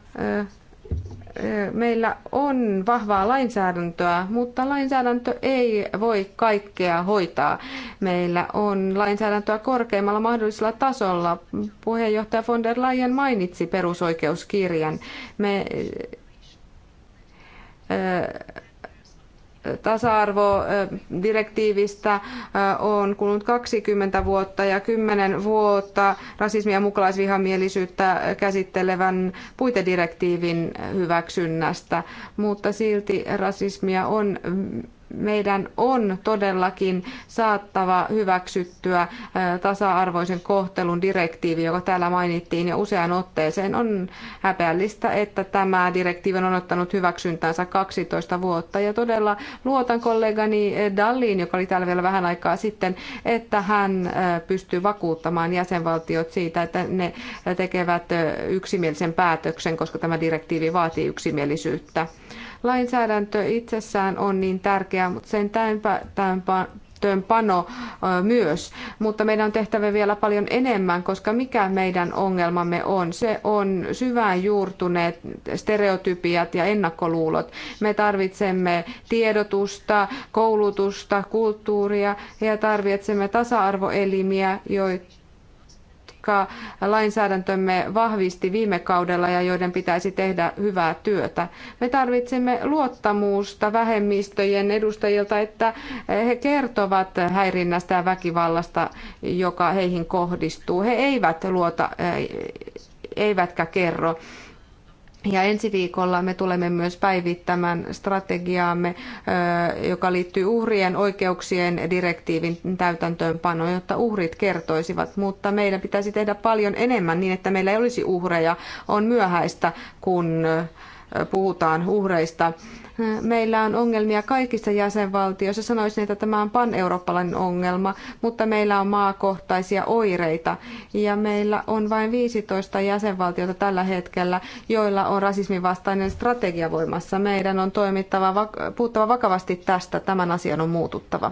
Speaker 3: meillä on vahvaa lainsäädäntöä, mutta lainsäädäntö ei voi kaikkea hoitaa. Meillä on lainsäädäntöä korkeimmalla mahdollisella tasolla. Puheenjohtaja von der Leyen mainitsi perusoikeuskirjan. Me tasa-arvodirektiivistä on kulunut 20 vuotta ja 10 vuotta rasismia ja mukalaisvihamielisyyttä käsittelevän puitedirektiivin hyväksynnästä, mutta silti rasismia on meidän on todellakin saattava hyväksyttyä tasa-arvoisen kohtelun direktiivi, joka täällä mainittiin ja useaan otteeseen. On häpeällistä, että tämä direktiivi on ottanut hyväksyntänsä 12 vuotta. Ja todella luotan kollegani Dalliin, joka oli täällä vielä vähän aikaa sitten, että hän pystyy vakuuttamaan jäsenvaltiot siitä, että ne tekevät yksimielisen päätöksen, koska tämä direktiivi vaatii yksimielisyyttä. Lainsäädäntö itsessään on niin tärkeä, mutta sen täytäntöönpano myös. Mutta meidän on tehtävä vielä paljon enemmän, koska mikä meidän ongelmamme on? Se on syvään juurtuneet stereotypiat ja ennakkoluulot. Me tarvitsemme tiedotusta, koulutusta, kulttuuria ja tarvitsemme tasa-arvoelimiä, joita jotka lainsäädäntömme vahvisti viime kaudella ja joiden pitäisi tehdä hyvää työtä. Me tarvitsemme luottamusta vähemmistöjen edustajilta, että he kertovat häirinnästä ja väkivallasta, joka heihin kohdistuu. He eivät luota eh, eivätkä kerro. Ja ensi viikolla me tulemme myös päivittämään strategiaamme, joka liittyy uhrien oikeuksien direktiivin täytäntöönpanoon, jotta uhrit kertoisivat. Mutta meidän pitäisi tehdä paljon enemmän niin, että meillä ei olisi uhreja. On myöhäistä, kun puhutaan uhreista. Meillä on ongelmia kaikissa jäsenvaltioissa. Sanoisin, että tämä on paneurooppalainen ongelma, mutta meillä on maakohtaisia oireita. Ja meillä on vain 15 jäsenvaltiota tällä hetkellä, joilla on rasismin vastainen strategia voimassa. Meidän on toimittava, puuttava vakavasti tästä. Tämän asian on muututtava.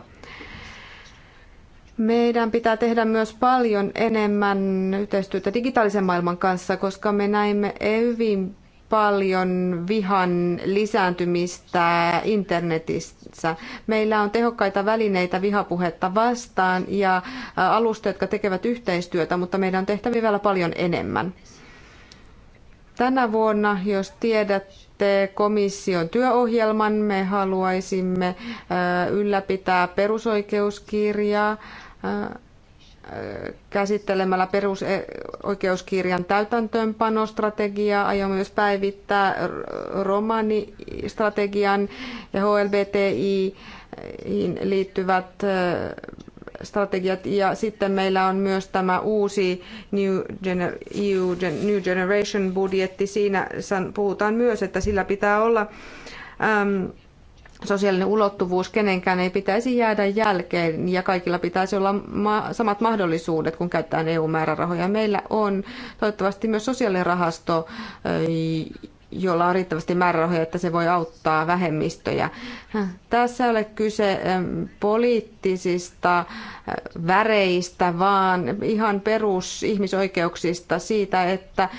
Speaker 3: Meidän pitää tehdä myös paljon enemmän yhteistyötä digitaalisen maailman kanssa, koska me näimme hyvin paljon vihan lisääntymistä internetissä. Meillä on tehokkaita välineitä vihapuhetta vastaan ja alustoja, jotka tekevät yhteistyötä, mutta meidän on tehtävä vielä paljon enemmän. Tänä vuonna, jos tiedätte komission työohjelman, me haluaisimme ylläpitää perusoikeuskirjaa käsittelemällä perusoikeuskirjan e- täytäntöönpanostrategiaa. Aion myös päivittää romanistrategian ja HLBTI liittyvät e, strategiat. Ja sitten meillä on myös tämä uusi New, Gener- EU New Generation budjetti. Siinä puhutaan myös, että sillä pitää olla äm, sosiaalinen ulottuvuus, kenenkään ei pitäisi jäädä jälkeen ja kaikilla pitäisi olla samat mahdollisuudet, kun käytetään EU-määrärahoja. Meillä on toivottavasti myös sosiaalirahasto, jolla on riittävästi määrärahoja, että se voi auttaa vähemmistöjä. Tässä ei ole kyse poliittisista väreistä, vaan ihan perusihmisoikeuksista siitä, että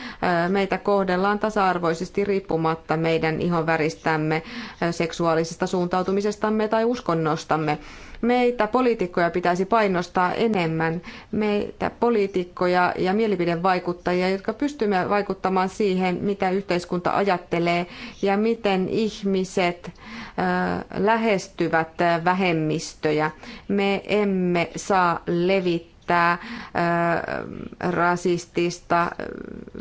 Speaker 3: meitä kohdellaan tasa-arvoisesti riippumatta meidän ihon väristämme, seksuaalisesta suuntautumisestamme tai uskonnostamme. Meitä poliitikkoja pitäisi painostaa enemmän. Meitä poliitikkoja ja mielipidevaikuttajia, jotka pystymme vaikuttamaan siihen, mitä yhteiskunta ajattelee ja miten ihmiset lähestyvät vähemmistöjä. Me emme saa levittää estää rasistista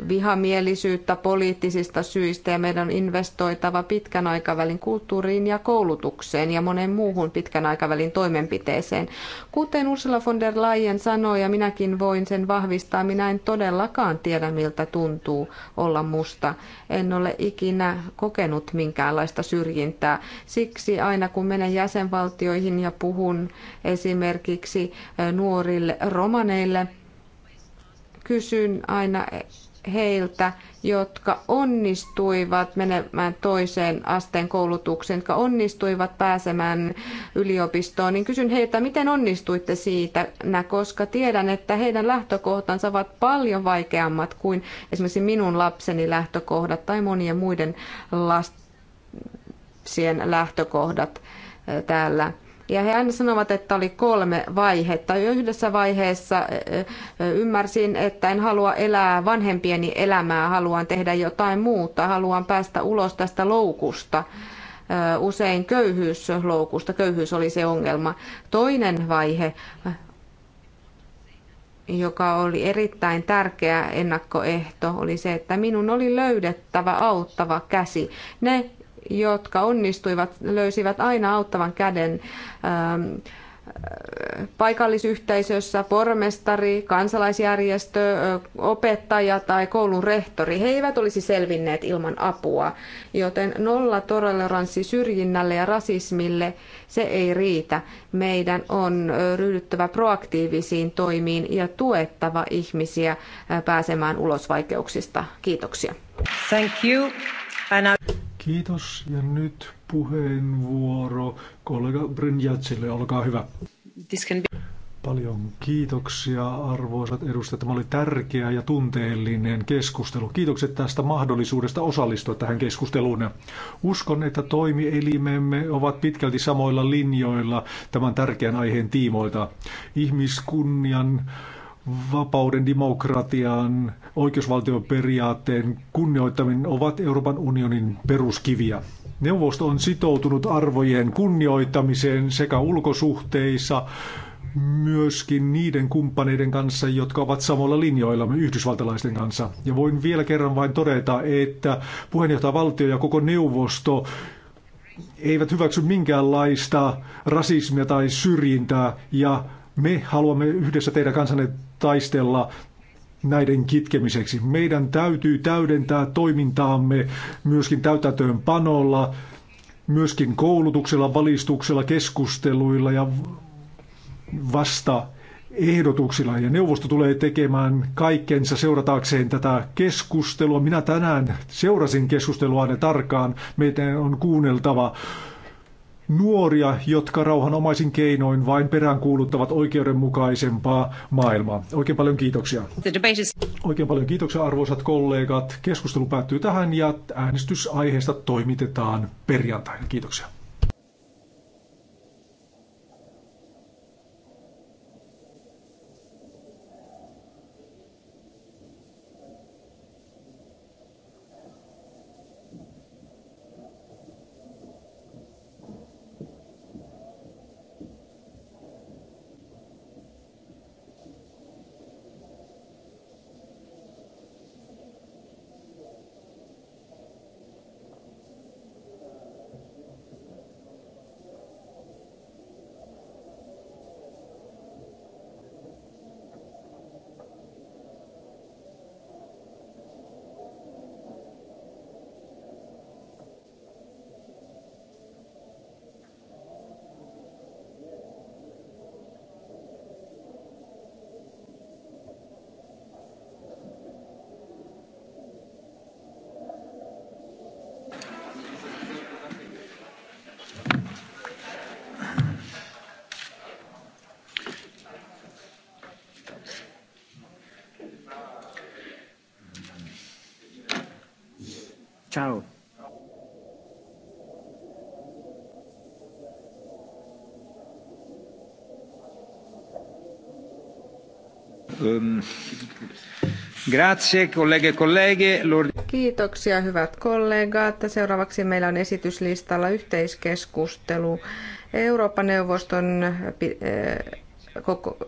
Speaker 3: vihamielisyyttä poliittisista syistä ja meidän on investoitava pitkän aikavälin kulttuuriin ja koulutukseen ja monen muuhun pitkän aikavälin toimenpiteeseen. Kuten Ursula von der Leyen sanoi ja minäkin voin sen vahvistaa, minä en todellakaan tiedä miltä tuntuu olla musta. En ole ikinä kokenut minkäänlaista syrjintää. Siksi aina kun menen jäsenvaltioihin ja puhun esimerkiksi nuorille romaneille. Kysyn aina heiltä, jotka onnistuivat menemään toiseen asteen koulutukseen, jotka onnistuivat pääsemään yliopistoon, niin kysyn heiltä, miten onnistuitte siitä, koska tiedän, että heidän lähtökohtansa ovat paljon vaikeammat kuin esimerkiksi minun lapseni lähtökohdat tai monien muiden lapsien lähtökohdat täällä ja he aina sanovat, että oli kolme vaihetta. yhdessä vaiheessa ymmärsin, että en halua elää vanhempieni elämää, haluan tehdä jotain muuta, haluan päästä ulos tästä loukusta usein köyhyysloukusta. Köyhyys oli se ongelma. Toinen vaihe, joka oli erittäin tärkeä ennakkoehto, oli se, että minun oli löydettävä auttava käsi. Ne jotka onnistuivat, löysivät aina auttavan käden ähm, paikallisyhteisössä, pormestari, kansalaisjärjestö, opettaja tai koulun rehtori, he eivät olisi selvinneet ilman apua. Joten toleranssi syrjinnälle ja rasismille, se ei riitä. Meidän on ryhdyttävä proaktiivisiin toimiin ja tuettava ihmisiä pääsemään ulos vaikeuksista. Kiitoksia.
Speaker 5: Thank you. Kiitos ja nyt puheenvuoro kollega Brynjatsille, olkaa hyvä. Paljon kiitoksia arvoisat edustajat. Tämä oli tärkeä ja tunteellinen keskustelu. Kiitokset tästä mahdollisuudesta osallistua tähän keskusteluun. Uskon, että toimielimemme ovat pitkälti samoilla linjoilla tämän tärkeän aiheen tiimoilta. Ihmiskunnian vapauden, demokratian, oikeusvaltioperiaatteen kunnioittaminen ovat Euroopan unionin peruskiviä. Neuvosto on sitoutunut arvojen kunnioittamiseen sekä ulkosuhteissa, myöskin niiden kumppaneiden kanssa, jotka ovat samalla linjoilla yhdysvaltalaisten kanssa. Ja voin vielä kerran vain todeta, että puheenjohtajavaltio ja koko neuvosto eivät hyväksy minkäänlaista rasismia tai syrjintää ja me haluamme yhdessä teidän kansanne taistella näiden kitkemiseksi. Meidän täytyy täydentää toimintaamme myöskin täytätöön panolla, myöskin koulutuksella, valistuksella, keskusteluilla ja vasta ehdotuksilla. Ja neuvosto tulee tekemään kaikkensa seurataakseen tätä keskustelua. Minä tänään seurasin keskustelua ne tarkkaan. Meidän on kuunneltava nuoria, jotka rauhanomaisin keinoin vain peräänkuuluttavat oikeudenmukaisempaa maailmaa. Oikein paljon kiitoksia. Oikein paljon kiitoksia arvoisat kollegat. Keskustelu päättyy tähän ja äänestysaiheesta aiheesta toimitetaan perjantaina. Kiitoksia.
Speaker 1: Ehm,
Speaker 2: e
Speaker 3: Kiitoksia hyvät kollegat. Seuraavaksi meillä on esityslistalla yhteiskeskustelu Euroopan neuvoston eh,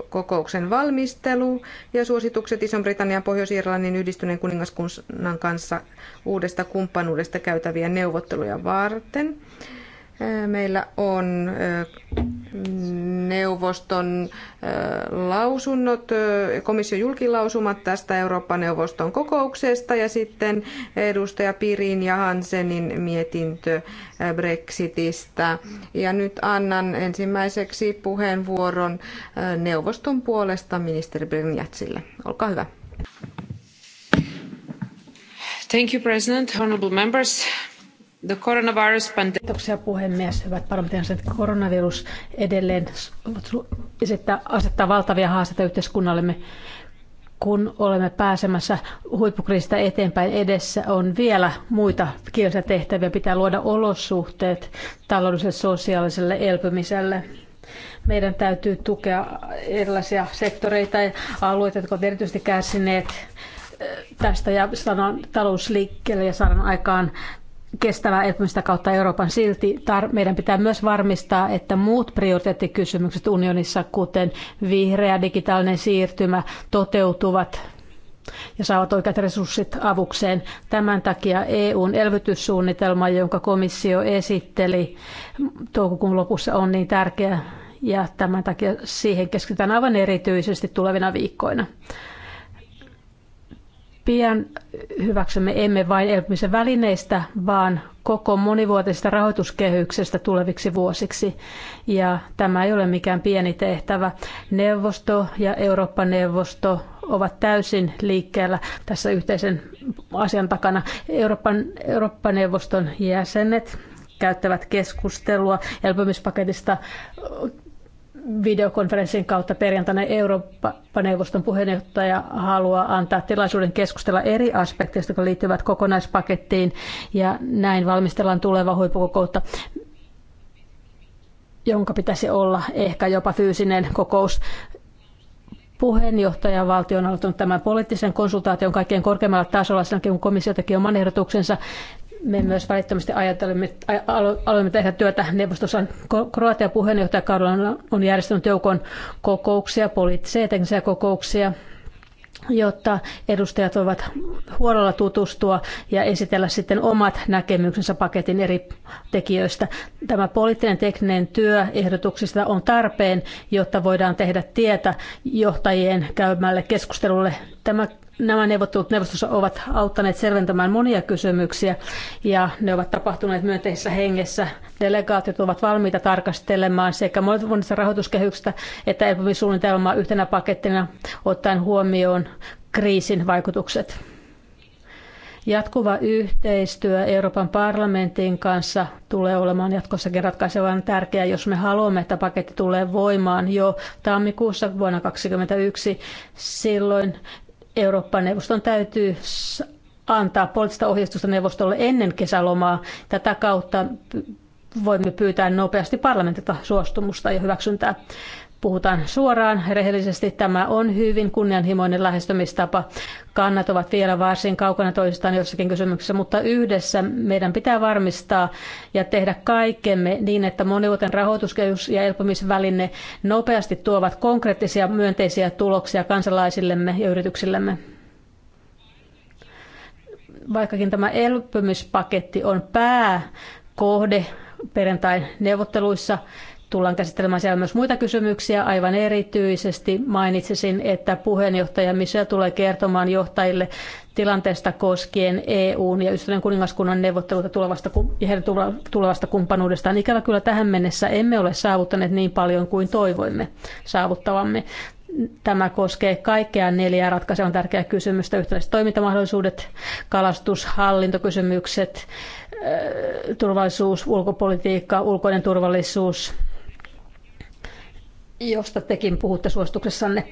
Speaker 3: kokouksen valmistelu ja suositukset iso britannian Pohjois-Irlannin yhdistyneen kuningaskunnan kanssa uudesta kumppanuudesta käytäviä neuvotteluja varten. Eh, meillä on eh, neuvoston lausunnot, komission julkilausumat tästä Eurooppa-neuvoston kokouksesta ja sitten edustaja Pirin ja Hansenin mietintö Brexitistä. Ja nyt annan ensimmäiseksi puheenvuoron neuvoston puolesta ministeri Brynjatsille. Olkaa hyvä.
Speaker 4: Thank you, President, honorable members. The coronavirus pandemic. Kiitoksia puhemies. Hyvät parlamentaariset, koronavirus edelleen esittää, asettaa valtavia haasteita yhteiskunnallemme. Kun olemme pääsemässä huippukriisistä eteenpäin, edessä on vielä muita kielisiä tehtäviä. Pitää luoda olosuhteet taloudelliselle sosiaaliselle elpymiselle meidän täytyy tukea erilaisia sektoreita ja alueita, jotka ovat erityisesti kärsineet äh, tästä ja saadaan talous liikkeelle ja saadaan aikaan kestävää elpymistä kautta Euroopan silti meidän pitää myös varmistaa, että muut prioriteettikysymykset unionissa, kuten vihreä digitaalinen siirtymä, toteutuvat ja saavat oikeat resurssit avukseen. Tämän takia EUn elvytyssuunnitelma, jonka komissio esitteli toukokuun lopussa, on niin tärkeä ja tämän takia siihen keskitytään aivan erityisesti tulevina viikkoina. Pian hyväksymme emme vain elpymisen välineistä, vaan koko monivuotisesta rahoituskehyksestä tuleviksi vuosiksi. Ja tämä ei ole mikään pieni tehtävä. Neuvosto ja Eurooppa-neuvosto ovat täysin liikkeellä tässä yhteisen asian takana. Euroopan, Eurooppa-neuvoston jäsenet käyttävät keskustelua elpymispaketista videokonferenssin kautta perjantaina Eurooppa-neuvoston puheenjohtaja haluaa antaa tilaisuuden keskustella eri aspekteista, jotka liittyvät kokonaispakettiin ja näin valmistellaan tulevaa huippukokousta jonka pitäisi olla ehkä jopa fyysinen kokous. Puheenjohtajavaltio on aloittanut tämän poliittisen konsultaation kaikkein korkeimmalla tasolla, sen kun komissio teki oman ehdotuksensa me myös välittömästi ajattelemme, aloimme tehdä työtä neuvostossa. Kroatia puheenjohtajakaudella on järjestänyt joukon kokouksia, poliittisia ja teknisiä kokouksia, jotta edustajat voivat huolella tutustua ja esitellä sitten omat näkemyksensä paketin eri tekijöistä. Tämä poliittinen tekninen työ ehdotuksista on tarpeen, jotta voidaan tehdä tietä johtajien käymälle keskustelulle. Tämä Nämä neuvottelut neuvostossa ovat auttaneet selventämään monia kysymyksiä ja ne ovat tapahtuneet myönteisessä hengessä. Delegaatiot ovat valmiita tarkastelemaan sekä monivuotista rahoituskehyksestä että elpymissuunnitelmaa yhtenä pakettina ottaen huomioon kriisin vaikutukset. Jatkuva yhteistyö Euroopan parlamentin kanssa tulee olemaan jatkossakin ratkaisevan tärkeää, jos me haluamme, että paketti tulee voimaan jo tammikuussa vuonna 2021. Silloin Euroopan neuvoston täytyy antaa poliittista ohjeistusta neuvostolle ennen kesälomaa. Tätä kautta voimme pyytää nopeasti parlamentilta suostumusta ja hyväksyntää. Puhutaan suoraan, rehellisesti tämä on hyvin kunnianhimoinen lähestymistapa. Kannat ovat vielä varsin kaukana toisistaan jossakin kysymyksessä, mutta yhdessä meidän pitää varmistaa ja tehdä kaikkemme niin, että monivuoten rahoituskehys ja elpymisväline nopeasti tuovat konkreettisia myönteisiä tuloksia kansalaisillemme ja yrityksillemme vaikkakin tämä elpymispaketti on pääkohde perjantain neuvotteluissa, tullaan käsittelemään siellä myös muita kysymyksiä. Aivan erityisesti mainitsisin, että puheenjohtaja Michel tulee kertomaan johtajille tilanteesta koskien EUn ja ystävän kuningaskunnan neuvotteluita tulevasta, ja heidän tulevasta kumppanuudestaan. Ikävä kyllä tähän mennessä emme ole saavuttaneet niin paljon kuin toivoimme saavuttavamme. Tämä koskee kaikkea neljää On tärkeää kysymystä, yhtenäiset toimintamahdollisuudet, kalastus, hallintokysymykset, turvallisuus, ulkopolitiikka, ulkoinen turvallisuus, josta tekin puhutte suosituksessanne.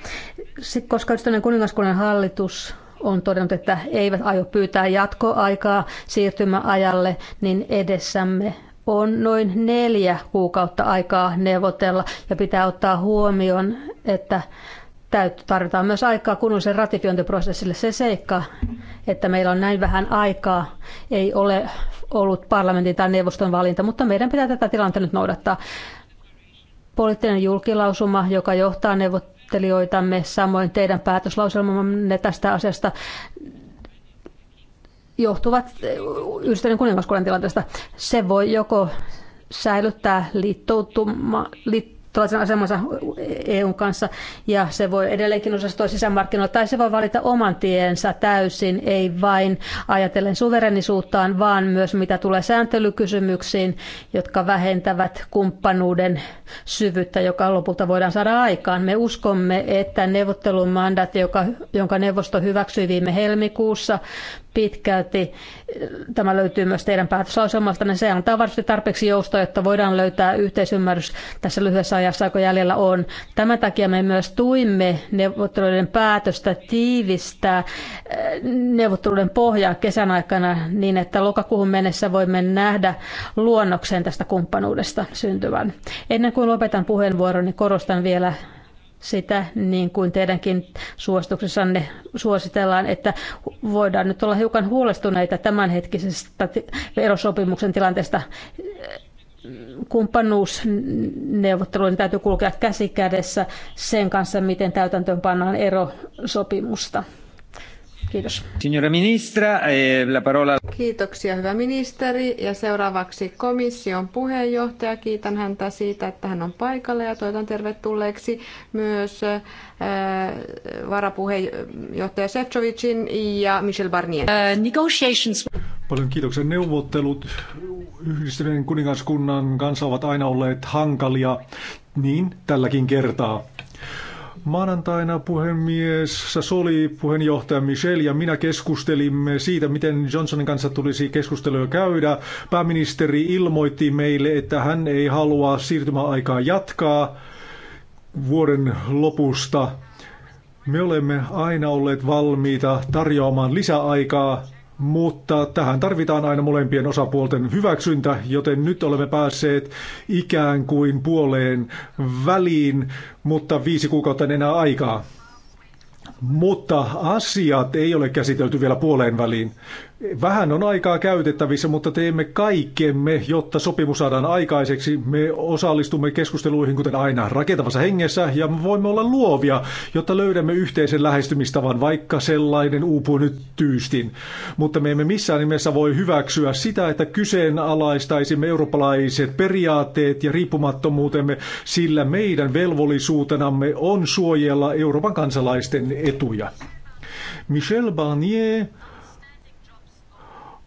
Speaker 4: Sitten, koska ystävän kuningaskunnan hallitus on todennut, että eivät aio pyytää jatkoaikaa siirtymäajalle, niin edessämme on noin neljä kuukautta aikaa neuvotella ja pitää ottaa huomioon, että täytyy, tarvitaan myös aikaa kunnollisen ratifiointiprosessille. Se seikka, että meillä on näin vähän aikaa, ei ole ollut parlamentin tai neuvoston valinta, mutta meidän pitää tätä tilannetta nyt noudattaa poliittinen julkilausuma, joka johtaa neuvottelijoitamme, samoin teidän päätöslauselmanne tästä asiasta johtuvat eh, yhdistyneen kuningaskunnan tilanteesta. Se voi joko säilyttää liittoutuma, liittoutuma tällaisen asemansa EUn kanssa ja se voi edelleenkin osastua sisämarkkinoilla tai se voi valita oman tiensä täysin, ei vain ajatellen suverenisuuttaan, vaan myös mitä tulee sääntelykysymyksiin, jotka vähentävät kumppanuuden syvyyttä, joka lopulta voidaan saada aikaan. Me uskomme, että neuvottelun mandaatti, jonka neuvosto hyväksyi viime helmikuussa, pitkälti. Tämä löytyy myös teidän päätöslauselmastanne. Niin se antaa varmasti tarpeeksi joustoa, jotta voidaan löytää yhteisymmärrys tässä lyhyessä ajassa, joka jäljellä on. Tämän takia me myös tuimme neuvotteluiden päätöstä tiivistää eh, neuvotteluiden pohjaa kesän aikana niin, että lokakuuhun mennessä voimme nähdä luonnoksen tästä kumppanuudesta syntyvän. Ennen kuin lopetan puheenvuoroni, niin korostan vielä sitä, niin kuin teidänkin suosituksessanne suositellaan, että voidaan nyt olla hiukan huolestuneita tämänhetkisestä verosopimuksen tilanteesta. Kumppanuusneuvottelujen täytyy kulkea käsi kädessä sen kanssa, miten täytäntöön pannaan erosopimusta. Kiitos.
Speaker 2: Signora ministra, eh, la parola...
Speaker 4: Kiitoksia, hyvä ministeri. Ja seuraavaksi
Speaker 3: komission puheenjohtaja. Kiitän häntä siitä, että hän on paikalla ja toivotan tervetulleeksi myös äh, varapuheenjohtaja Sefcovicin ja Michel Barnier. Uh, eh, negotiations.
Speaker 5: Paljon kiitoksia. Neuvottelut yhdistyneen kuningaskunnan kanssa ovat aina olleet hankalia. Niin, tälläkin kertaa. Maanantaina puhemies Soli, puheenjohtaja Michel ja minä keskustelimme siitä, miten Johnsonin kanssa tulisi keskustelua käydä. Pääministeri ilmoitti meille, että hän ei halua siirtymäaikaa jatkaa vuoden lopusta. Me olemme aina olleet valmiita tarjoamaan lisäaikaa mutta tähän tarvitaan aina molempien osapuolten hyväksyntä, joten nyt olemme päässeet ikään kuin puoleen väliin, mutta viisi kuukautta en enää aikaa. Mutta asiat ei ole käsitelty vielä puoleen väliin. Vähän on aikaa käytettävissä, mutta teemme kaikkemme, jotta sopimus saadaan aikaiseksi. Me osallistumme keskusteluihin, kuten aina, rakentavassa hengessä, ja me voimme olla luovia, jotta löydämme yhteisen lähestymistavan, vaikka sellainen uupuu nyt tyystin. Mutta me emme missään nimessä voi hyväksyä sitä, että kyseenalaistaisimme eurooppalaiset periaatteet ja riippumattomuutemme, sillä meidän velvollisuutenamme on suojella Euroopan kansalaisten etuja. Michel Barnier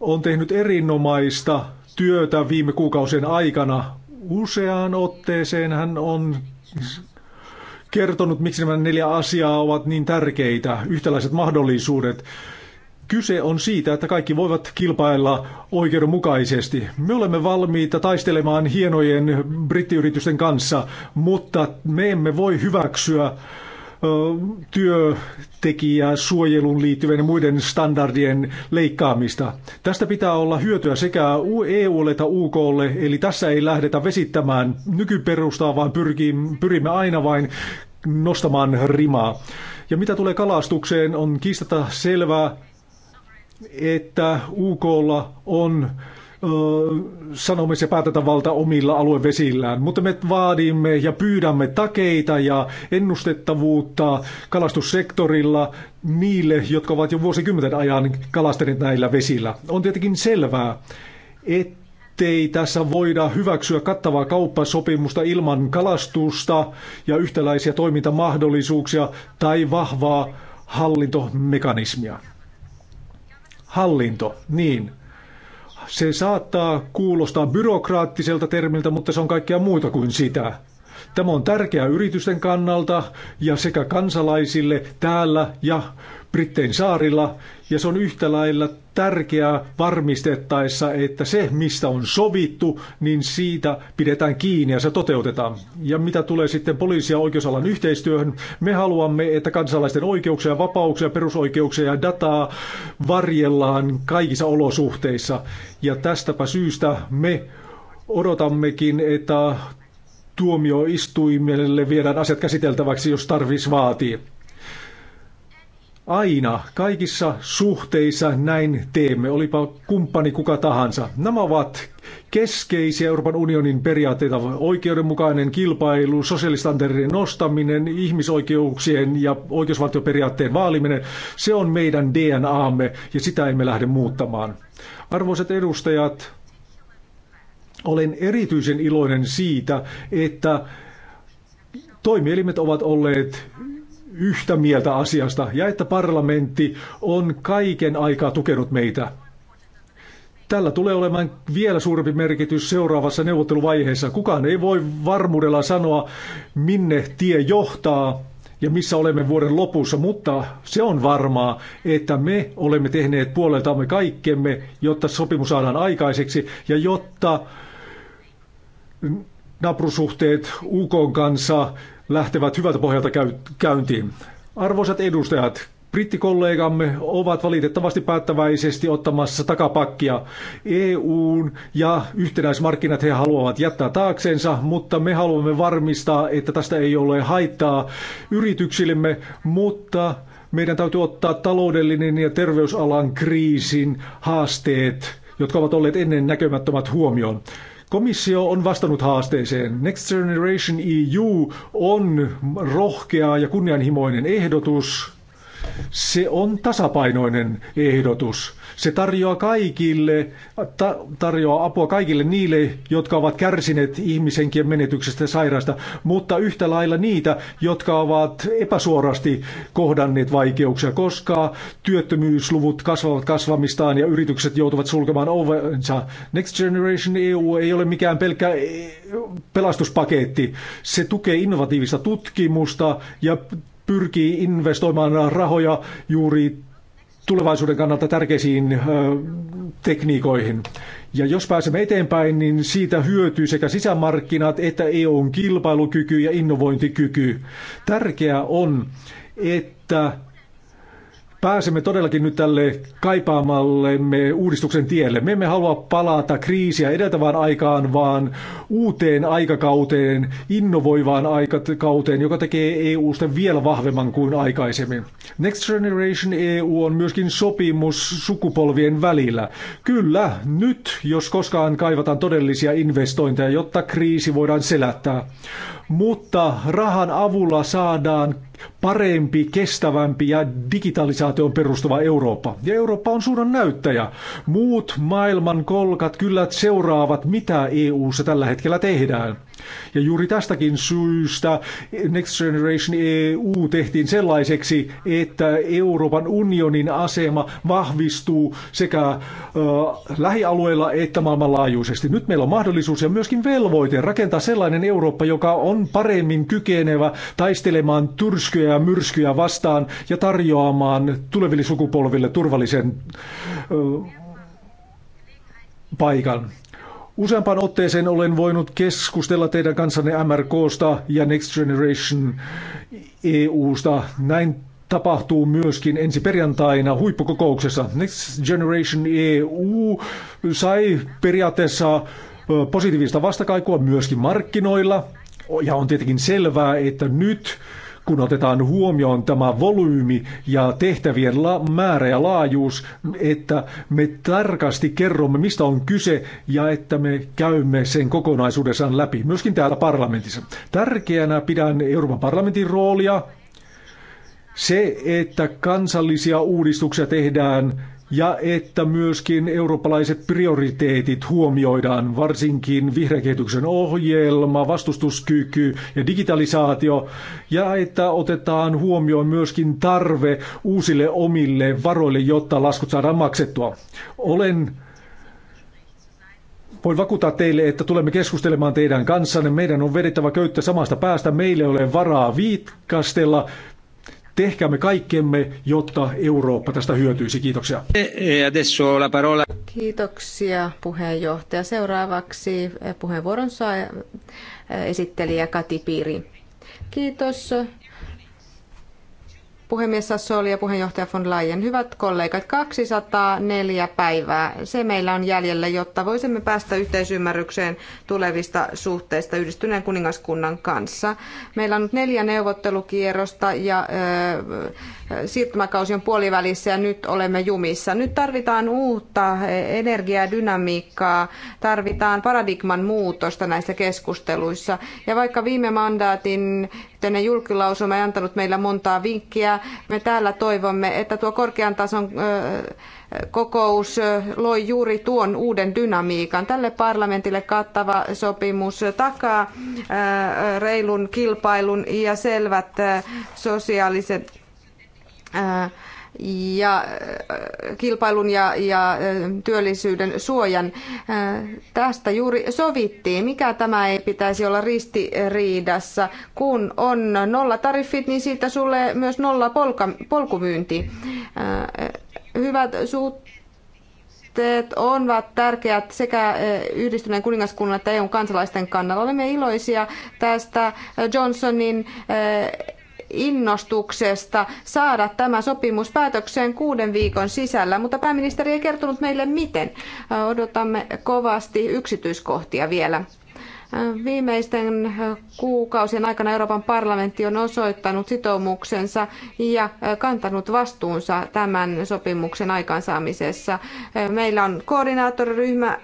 Speaker 5: on tehnyt erinomaista työtä viime kuukausien aikana. Useaan otteeseen hän on kertonut, miksi nämä neljä asiaa ovat niin tärkeitä, yhtäläiset mahdollisuudet. Kyse on siitä, että kaikki voivat kilpailla oikeudenmukaisesti. Me olemme valmiita taistelemaan hienojen brittiyritysten kanssa, mutta me emme voi hyväksyä työtekijää suojeluun liittyvien ja muiden standardien leikkaamista. Tästä pitää olla hyötyä sekä EUlle että UKlle, eli tässä ei lähdetä vesittämään nykyperustaa, vaan pyrimme aina vain nostamaan rimaa. Ja mitä tulee kalastukseen, on kiistata selvää, että UKlla on sanomis- ja päätäntävalta omilla aluevesillään, mutta me vaadimme ja pyydämme takeita ja ennustettavuutta kalastussektorilla niille, jotka ovat jo vuosikymmenten ajan kalastaneet näillä vesillä. On tietenkin selvää, ettei tässä voida hyväksyä kattavaa kauppasopimusta ilman kalastusta ja yhtäläisiä toimintamahdollisuuksia tai vahvaa hallintomekanismia. Hallinto, niin se saattaa kuulostaa byrokraattiselta termiltä, mutta se on kaikkea muuta kuin sitä. Tämä on tärkeää yritysten kannalta ja sekä kansalaisille täällä ja Brittein saarilla, ja se on yhtä lailla tärkeää varmistettaessa, että se, mistä on sovittu, niin siitä pidetään kiinni ja se toteutetaan. Ja mitä tulee sitten poliisi- ja oikeusalan yhteistyöhön, me haluamme, että kansalaisten oikeuksia, vapauksia, perusoikeuksia ja dataa varjellaan kaikissa olosuhteissa. Ja tästäpä syystä me odotammekin, että tuomioistuimelle viedään asiat käsiteltäväksi, jos tarvis vaatii. Aina, kaikissa suhteissa näin teemme, olipa kumppani kuka tahansa. Nämä ovat keskeisiä Euroopan unionin periaatteita, oikeudenmukainen kilpailu, sosiaalistandarien nostaminen, ihmisoikeuksien ja oikeusvaltioperiaatteen vaaliminen. Se on meidän DNAmme ja sitä emme lähde muuttamaan. Arvoisat edustajat, olen erityisen iloinen siitä, että toimielimet ovat olleet yhtä mieltä asiasta ja että parlamentti on kaiken aikaa tukenut meitä. Tällä tulee olemaan vielä suurempi merkitys seuraavassa neuvotteluvaiheessa. Kukaan ei voi varmuudella sanoa, minne tie johtaa ja missä olemme vuoden lopussa, mutta se on varmaa, että me olemme tehneet puoleltamme kaikkemme, jotta sopimus saadaan aikaiseksi ja jotta naprusuhteet UKon kanssa lähtevät hyvältä pohjalta käyntiin. Arvoisat edustajat, brittikollegamme ovat valitettavasti päättäväisesti ottamassa takapakkia EUn ja yhtenäismarkkinat he haluavat jättää taaksensa, mutta me haluamme varmistaa, että tästä ei ole haittaa yrityksillemme, mutta meidän täytyy ottaa taloudellinen ja terveysalan kriisin haasteet, jotka ovat olleet ennen näkemättömät huomioon. Komissio on vastannut haasteeseen. Next Generation EU on rohkea ja kunnianhimoinen ehdotus, se on tasapainoinen ehdotus. Se tarjoaa kaikille, ta- tarjoaa apua kaikille niille, jotka ovat kärsineet ihmisenkien menetyksestä sairaasta, mutta yhtä lailla niitä, jotka ovat epäsuorasti kohdanneet vaikeuksia, koska työttömyysluvut kasvavat kasvamistaan ja yritykset joutuvat sulkemaan ovensa. Next Generation EU ei ole mikään pelkkä e, pelastuspaketti. Se tukee innovatiivista tutkimusta ja pyrkii investoimaan rahoja juuri tulevaisuuden kannalta tärkeisiin tekniikoihin. Ja jos pääsemme eteenpäin, niin siitä hyötyy sekä sisämarkkinat että EUn kilpailukyky ja innovointikyky. Tärkeää on, että pääsemme todellakin nyt tälle kaipaamallemme uudistuksen tielle. Me emme halua palata kriisiä edeltävään aikaan, vaan uuteen aikakauteen, innovoivaan aikakauteen, joka tekee EUsta vielä vahvemman kuin aikaisemmin. Next Generation EU on myöskin sopimus sukupolvien välillä. Kyllä, nyt jos koskaan kaivataan todellisia investointeja, jotta kriisi voidaan selättää mutta rahan avulla saadaan parempi, kestävämpi ja digitalisaatioon perustuva Eurooppa. Ja Eurooppa on suunnan näyttäjä. Muut maailman kolkat kyllä seuraavat, mitä EU:ssa tällä hetkellä tehdään. Ja juuri tästäkin syystä Next Generation EU tehtiin sellaiseksi, että Euroopan unionin asema vahvistuu sekä ö, lähialueilla että maailmanlaajuisesti. Nyt meillä on mahdollisuus ja myöskin velvoite rakentaa sellainen Eurooppa, joka on paremmin kykenevä taistelemaan tyrskyjä ja myrskyjä vastaan ja tarjoamaan tuleville sukupolville turvallisen ö, paikan. Useampaan otteeseen olen voinut keskustella teidän kanssanne MRKsta ja Next Generation EUsta. Näin tapahtuu myöskin ensi perjantaina huippukokouksessa. Next Generation EU sai periaatteessa positiivista vastakaikua myöskin markkinoilla. Ja on tietenkin selvää, että nyt kun otetaan huomioon tämä volyymi ja tehtävien määrä ja laajuus, että me tarkasti kerromme, mistä on kyse ja että me käymme sen kokonaisuudessaan läpi, myöskin täällä parlamentissa. Tärkeänä pidän Euroopan parlamentin roolia, se, että kansallisia uudistuksia tehdään ja että myöskin eurooppalaiset prioriteetit huomioidaan, varsinkin vihreän ohjelma, vastustuskyky ja digitalisaatio, ja että otetaan huomioon myöskin tarve uusille omille varoille, jotta laskut saadaan maksettua. Olen Voin vakuuttaa teille, että tulemme keskustelemaan teidän kanssanne. Meidän on vedettävä köyttä samasta päästä. meille ei ole varaa viitkastella. Tehkäämme kaikkemme, jotta Eurooppa tästä hyötyisi. Kiitoksia.
Speaker 2: E, e, adesso la parola.
Speaker 3: Kiitoksia puheenjohtaja. Seuraavaksi eh, puheenvuoron saa eh, esittelijä Kati Piiri. Kiitos puhemies Sassoli ja puheenjohtaja von Leyen. Hyvät kollegat, 204 päivää. Se meillä on jäljellä, jotta voisimme päästä yhteisymmärrykseen tulevista suhteista yhdistyneen kuningaskunnan kanssa. Meillä on nyt neljä neuvottelukierrosta ja ö, siirtymäkausi on puolivälissä ja nyt olemme jumissa. Nyt tarvitaan uutta energiaa, dynamiikkaa, tarvitaan paradigman muutosta näissä keskusteluissa. Ja vaikka viime mandaatin yhteinen julkilausuma ei antanut meillä montaa vinkkiä. Me täällä toivomme, että tuo korkean tason kokous loi juuri tuon uuden dynamiikan. Tälle parlamentille kattava sopimus takaa reilun kilpailun ja selvät sosiaaliset ja äh, kilpailun ja, ja äh, työllisyyden suojan. Äh, tästä juuri sovittiin. Mikä tämä ei pitäisi olla ristiriidassa? Kun on nolla tariffit, niin siitä sulle myös nolla polka, polkumyynti. Hyvät suut ovat tärkeät sekä yhdistyneen kuningaskunnan että eu kansalaisten kannalla. Olemme iloisia tästä Johnsonin innostuksesta saada tämä sopimus päätökseen kuuden viikon sisällä, mutta pääministeri ei kertonut meille miten. Odotamme kovasti yksityiskohtia vielä. Viimeisten kuukausien aikana Euroopan parlamentti on osoittanut sitoumuksensa ja kantanut vastuunsa tämän sopimuksen aikaansaamisessa. Meillä on koordinaattoriryhmä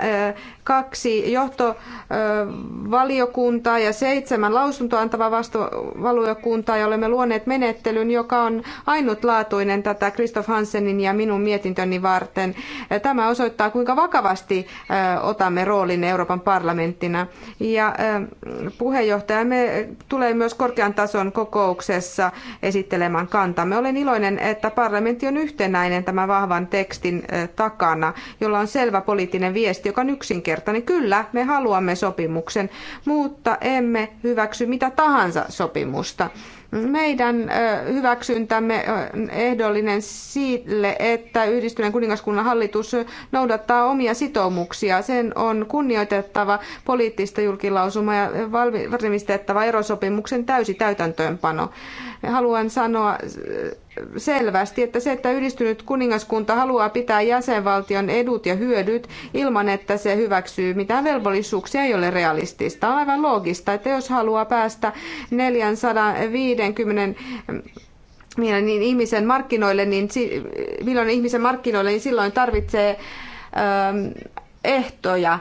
Speaker 3: kaksi johtovaliokuntaa ja seitsemän lausuntoa antavaa vastuvaliokuntaa ja olemme luoneet menettelyn, joka on ainutlaatuinen tätä Christoph Hansenin ja minun mietintöni varten. Tämä osoittaa, kuinka vakavasti otamme roolin Euroopan parlamenttina. Ja puheenjohtajamme tulee myös korkean tason kokouksessa esittelemään kantamme. Olen iloinen, että parlamentti on yhtenäinen tämän vahvan tekstin takana, jolla on selvä poliittinen viesti, joka on yksinkertainen kerta, niin kyllä, me haluamme sopimuksen, mutta emme hyväksy mitä tahansa sopimusta. Meidän hyväksyntämme ehdollinen sille, että yhdistyneen kuningaskunnan hallitus noudattaa omia sitoumuksia. Sen on kunnioitettava poliittista julkilausumaa ja varmistettava erosopimuksen täysi täytäntöönpano. Haluan sanoa selvästi, että se, että yhdistynyt kuningaskunta haluaa pitää jäsenvaltion edut ja hyödyt ilman, että se hyväksyy mitään velvollisuuksia, ei ole realistista. On aivan loogista, että jos haluaa päästä 450 niin ihmisen markkinoille, niin milloin ihmisen markkinoille, niin silloin tarvitsee ehtoja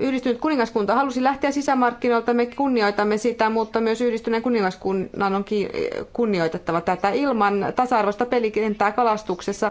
Speaker 3: yhdistynyt kuningaskunta halusi lähteä sisämarkkinoilta, me kunnioitamme sitä, mutta myös yhdistyneen kuningaskunnan on kunnioitettava tätä. Ilman tasa-arvoista pelikenttää kalastuksessa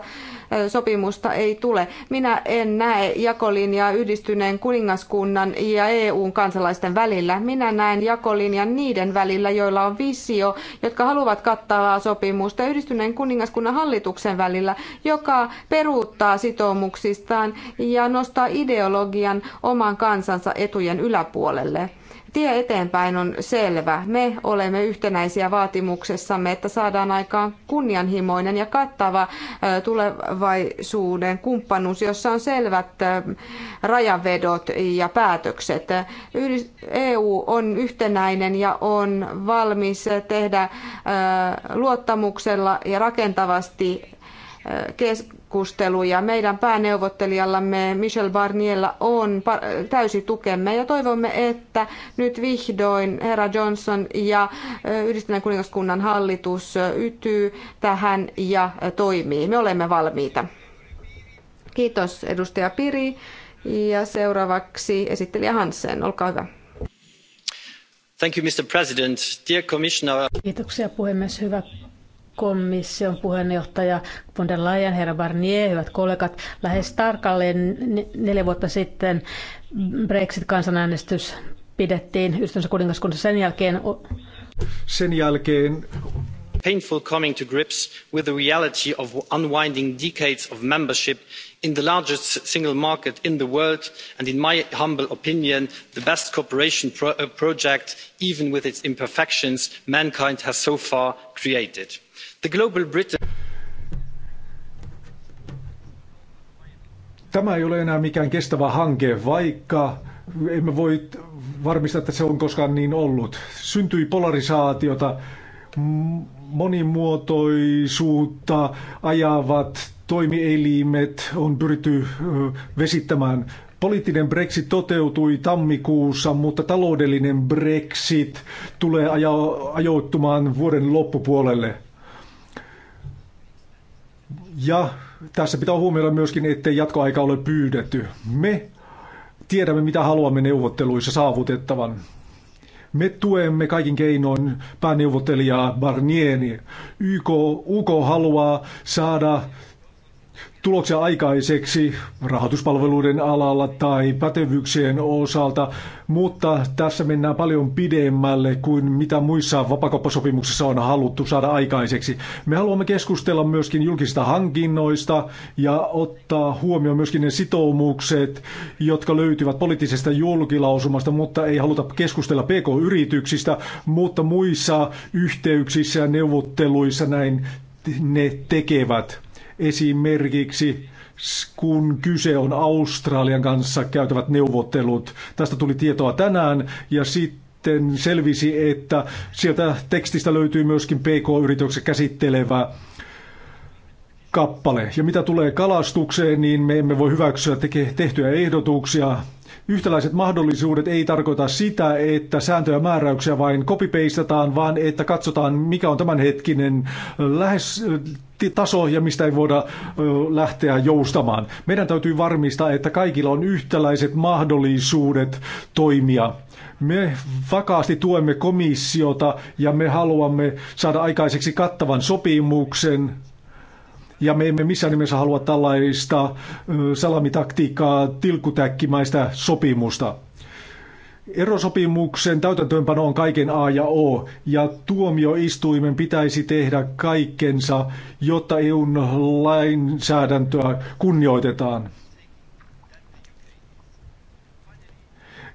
Speaker 3: sopimusta ei tule. Minä en näe jakolinjaa yhdistyneen kuningaskunnan ja EUn kansalaisten välillä. Minä näen jakolinjan niiden välillä, joilla on visio, jotka haluavat kattavaa sopimusta yhdistyneen kuningaskunnan hallituksen välillä, joka peruuttaa sitoumuksistaan ja nostaa ideologian oman kansalaisen kansansa etujen yläpuolelle. Tie eteenpäin on selvä. Me olemme yhtenäisiä vaatimuksessamme, että saadaan aikaan kunnianhimoinen ja kattava tulevaisuuden kumppanuus, jossa on selvät rajavedot ja päätökset. EU on yhtenäinen ja on valmis tehdä luottamuksella ja rakentavasti kes- keskusteluja. Meidän pääneuvottelijallamme Michel Barnierlla on täysi tukemme ja toivomme, että nyt vihdoin herra Johnson ja yhdistyneen kuningaskunnan hallitus ytyy tähän ja toimii. Me olemme valmiita. Kiitos edustaja Piri ja seuraavaksi
Speaker 4: esittelijä Hansen. Olkaa hyvä.
Speaker 2: Thank you, Mr. President. Dear Commissioner.
Speaker 4: Kiitoksia puhemies. Hyvä komission puheenjohtaja von der Leyen, herra Barnier, hyvät kollegat, lähes tarkalleen neljä vuotta sitten Brexit-kansanäänestys pidettiin ystävänsä kuningaskunnassa sen jälkeen.
Speaker 5: Sen jälkeen painful coming to grips with the reality of unwinding
Speaker 2: decades of membership in the largest single market in the world and in my humble opinion the best cooperation pro uh, project even with its imperfections mankind has so far created
Speaker 5: Tämä ei ole enää mikään kestävä hanke, vaikka emme voi varmistaa, että se on koskaan niin ollut. Syntyi polarisaatiota, monimuotoisuutta ajavat toimielimet on pyritty vesittämään. Poliittinen Brexit toteutui tammikuussa, mutta taloudellinen Brexit tulee ajoittumaan vuoden loppupuolelle. Ja tässä pitää huomioida myöskin, ettei jatkoaika ole pyydetty. Me tiedämme, mitä haluamme neuvotteluissa saavutettavan. Me tuemme kaikin keinoin pääneuvottelijaa Barnieri. YK, UK haluaa saada tuloksia aikaiseksi rahoituspalveluiden alalla tai pätevyyksien osalta, mutta tässä mennään paljon pidemmälle kuin mitä muissa vapakauppasopimuksissa on haluttu saada aikaiseksi. Me haluamme keskustella myöskin julkisista hankinnoista ja ottaa huomioon myöskin ne sitoumukset, jotka löytyvät poliittisesta julkilausumasta, mutta ei haluta keskustella PK-yrityksistä, mutta muissa yhteyksissä ja neuvotteluissa näin ne tekevät. Esimerkiksi kun kyse on Australian kanssa käytävät neuvottelut. Tästä tuli tietoa tänään ja sitten selvisi, että sieltä tekstistä löytyy myöskin PK-yrityksen käsittelevä kappale. Ja mitä tulee kalastukseen, niin me emme voi hyväksyä tehtyjä ehdotuksia. Yhtäläiset mahdollisuudet ei tarkoita sitä, että sääntöjä ja määräyksiä vain kopipeistataan, vaan että katsotaan, mikä on tämänhetkinen lähes taso ja mistä ei voida lähteä joustamaan. Meidän täytyy varmistaa, että kaikilla on yhtäläiset mahdollisuudet toimia. Me vakaasti tuemme komissiota ja me haluamme saada aikaiseksi kattavan sopimuksen ja me emme missään nimessä halua tällaista salamitaktiikkaa, tilkkutäkkimäistä sopimusta. Erosopimuksen täytäntöönpano on kaiken A ja O, ja tuomioistuimen pitäisi tehdä kaikkensa, jotta EUn lainsäädäntöä kunnioitetaan.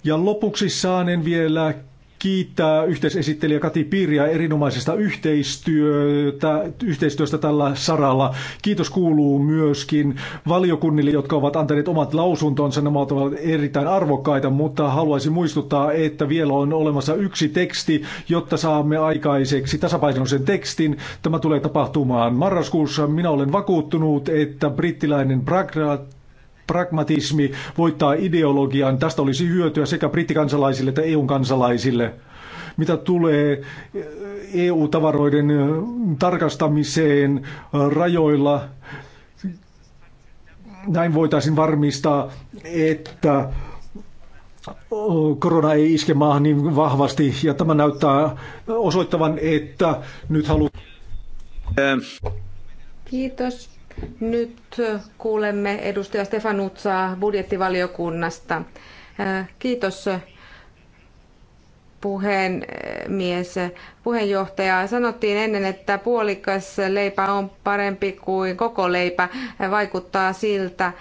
Speaker 5: Ja lopuksi saanen vielä kiittää yhteisesittelijä Kati Piiriä erinomaisesta yhteistyötä, yhteistyöstä tällä saralla. Kiitos kuuluu myöskin valiokunnille, jotka ovat antaneet omat lausuntonsa. Nämä ovat erittäin arvokkaita, mutta haluaisin muistuttaa, että vielä on olemassa yksi teksti, jotta saamme aikaiseksi tasapainoisen tekstin. Tämä tulee tapahtumaan marraskuussa. Minä olen vakuuttunut, että brittiläinen Bragrat pragmatismi voittaa ideologian. Tästä olisi hyötyä sekä brittikansalaisille että EU-kansalaisille. Mitä tulee EU-tavaroiden eh, e eh, tarkastamiseen eh, rajoilla, näin voitaisiin varmistaa, että korona ei iske maahan niin vahvasti ja tämä näyttää osoittavan, että nyt halutaan.
Speaker 3: Kiitos. Nyt kuulemme edustaja Utsaa budjettivaliokunnasta. Kiitos puheenmies, puheenjohtaja. Sanottiin ennen, että puolikas leipä on parempi kuin koko leipä. Vaikuttaa siltä, äh,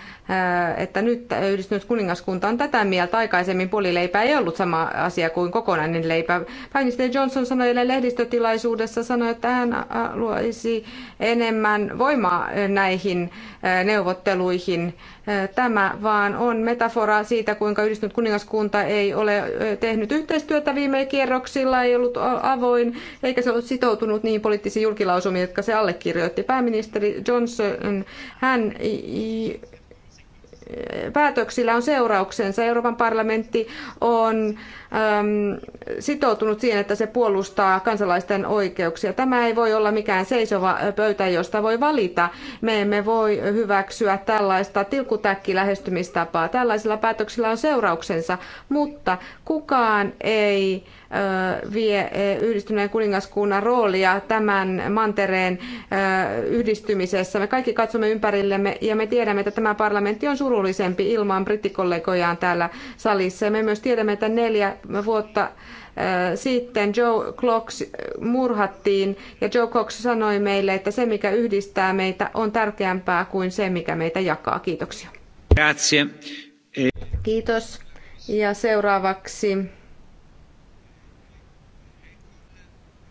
Speaker 3: että nyt yhdistynyt kuningaskunta on tätä mieltä. Aikaisemmin puolileipä ei ollut sama asia kuin kokonainen leipä. Pääministeri Johnson sanoi eilen lehdistötilaisuudessa, sanoi, että hän haluaisi enemmän voimaa näihin äh, neuvotteluihin tämä, vaan on metafora siitä, kuinka yhdistynyt kuningaskunta ei ole tehnyt yhteistyötä viime kierroksilla, ei ollut avoin, eikä se ollut sitoutunut niihin poliittisiin julkilausumiin, jotka se allekirjoitti. Pääministeri Johnson, hän päätöksillä on seurauksensa. Euroopan parlamentti on äm, sitoutunut siihen, että se puolustaa kansalaisten oikeuksia. Tämä ei voi olla mikään seisova pöytä, josta voi valita. Me emme voi hyväksyä tällaista tilkutäki-lähestymistapaa. Tällaisilla päätöksillä on seurauksensa, mutta kukaan ei vie yhdistyneen kuningaskunnan roolia tämän mantereen yhdistymisessä. Me kaikki katsomme ympärillemme ja me tiedämme, että tämä parlamentti on surullisempi ilman brittikollegojaan täällä salissa. me myös tiedämme, että neljä vuotta sitten Joe Cox murhattiin ja Joe Cox sanoi meille, että se mikä yhdistää meitä on tärkeämpää kuin se mikä meitä jakaa. Kiitoksia. Grazie. Kiitos. Ja seuraavaksi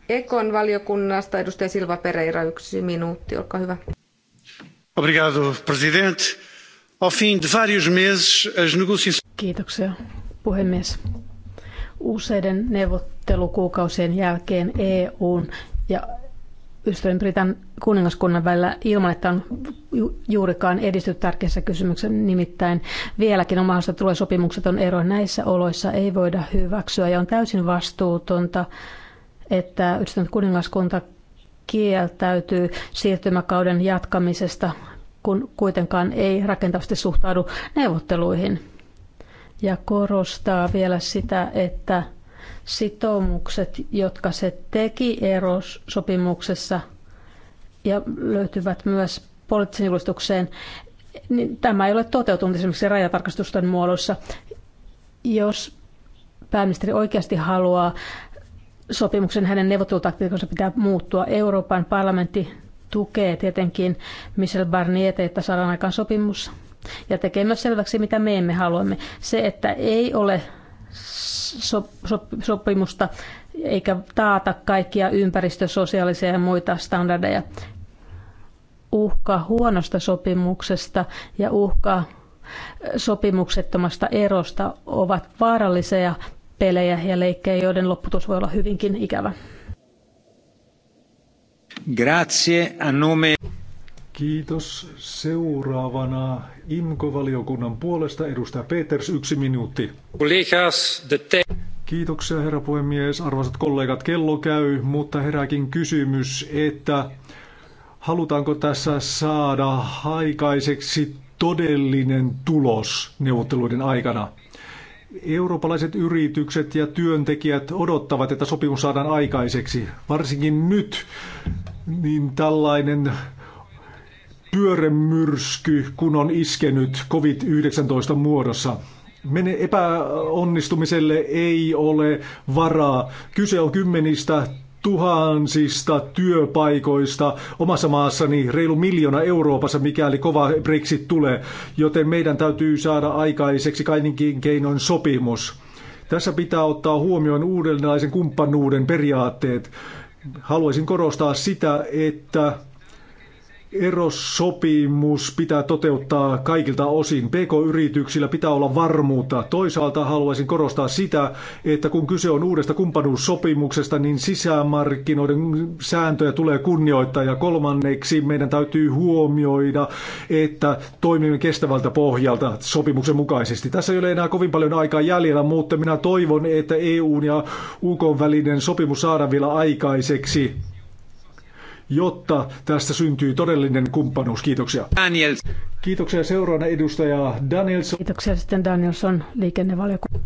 Speaker 3: Ekon valiokunnasta edustaja Silva Pereira, yksi minuutti, olkaa hyvä.
Speaker 5: Obrigado, presidente. Ao fim de vários meses, as negociações... Kiitoksia,
Speaker 4: puhemies. Useiden neuvottelukuukausien jälkeen EUn ja Ystävien Britan kuningaskunnan välillä ilman, että on juurikaan edistyt tärkeässä kysymyksessä. Nimittäin vieläkin on mahdollista että tulee sopimukseton ero. Näissä oloissa ei voida hyväksyä ja on täysin vastuutonta että yhdistynyt kuningaskunta kieltäytyy siirtymäkauden jatkamisesta, kun kuitenkaan ei rakentavasti suhtaudu neuvotteluihin. Ja korostaa vielä sitä, että sitoumukset, jotka se teki erosopimuksessa ja löytyvät myös poliittisen julistukseen, niin tämä ei ole toteutunut esimerkiksi rajatarkastusten muodossa. Jos pääministeri oikeasti haluaa sopimuksen hänen neuvottelutaktiikansa pitää muuttua. Euroopan parlamentti tukee tietenkin Michel Barnier, että saadaan aikaan sopimus ja tekee myös selväksi, mitä me emme haluamme. Se, että ei ole so- so- sopimusta eikä taata kaikkia ympäristö-, sosiaalisia ja muita standardeja. Uhka huonosta sopimuksesta ja uhka sopimuksettomasta erosta ovat vaarallisia pelejä ja leikkejä, joiden lopputus voi olla hyvinkin ikävä.
Speaker 5: Grazie a nome. Kiitos. Seuraavana IMKO-valiokunnan puolesta edustaja Peters, yksi minuutti. Kiitoksia herra puhemies. Arvoisat kollegat, kello käy, mutta herääkin kysymys, että halutaanko tässä saada haikaiseksi todellinen tulos neuvotteluiden aikana? Eurooppalaiset yritykset ja työntekijät odottavat, että sopimus saadaan aikaiseksi. Varsinkin nyt, niin tällainen pyörämyrsky, kun on iskenyt COVID-19 muodossa. Mene epäonnistumiselle ei ole varaa. Kyse on kymmenistä tuhansista työpaikoista omassa maassani, reilu miljoona Euroopassa, mikäli kova Brexit tulee, joten meidän täytyy saada aikaiseksi kaikinkin keinoin sopimus. Tässä pitää ottaa huomioon uudenlaisen kumppanuuden periaatteet. Haluaisin korostaa sitä, että Erosopimus pitää toteuttaa kaikilta osin. PK-yrityksillä pitää olla varmuutta. Toisaalta haluaisin korostaa sitä, että kun kyse on uudesta kumppanuussopimuksesta, niin sisämarkkinoiden sääntöjä tulee kunnioittaa. Ja kolmanneksi meidän täytyy huomioida, että toimimme kestävältä pohjalta sopimuksen mukaisesti. Tässä ei ole enää kovin paljon aikaa jäljellä, mutta minä toivon, että EUn ja UK välinen sopimus saadaan vielä aikaiseksi jotta tästä syntyy todellinen kumppanuus. Kiitoksia. Daniels. Kiitoksia seuraavana edustaja Danielson. Kiitoksia sitten Danielson liikennevaliokunta.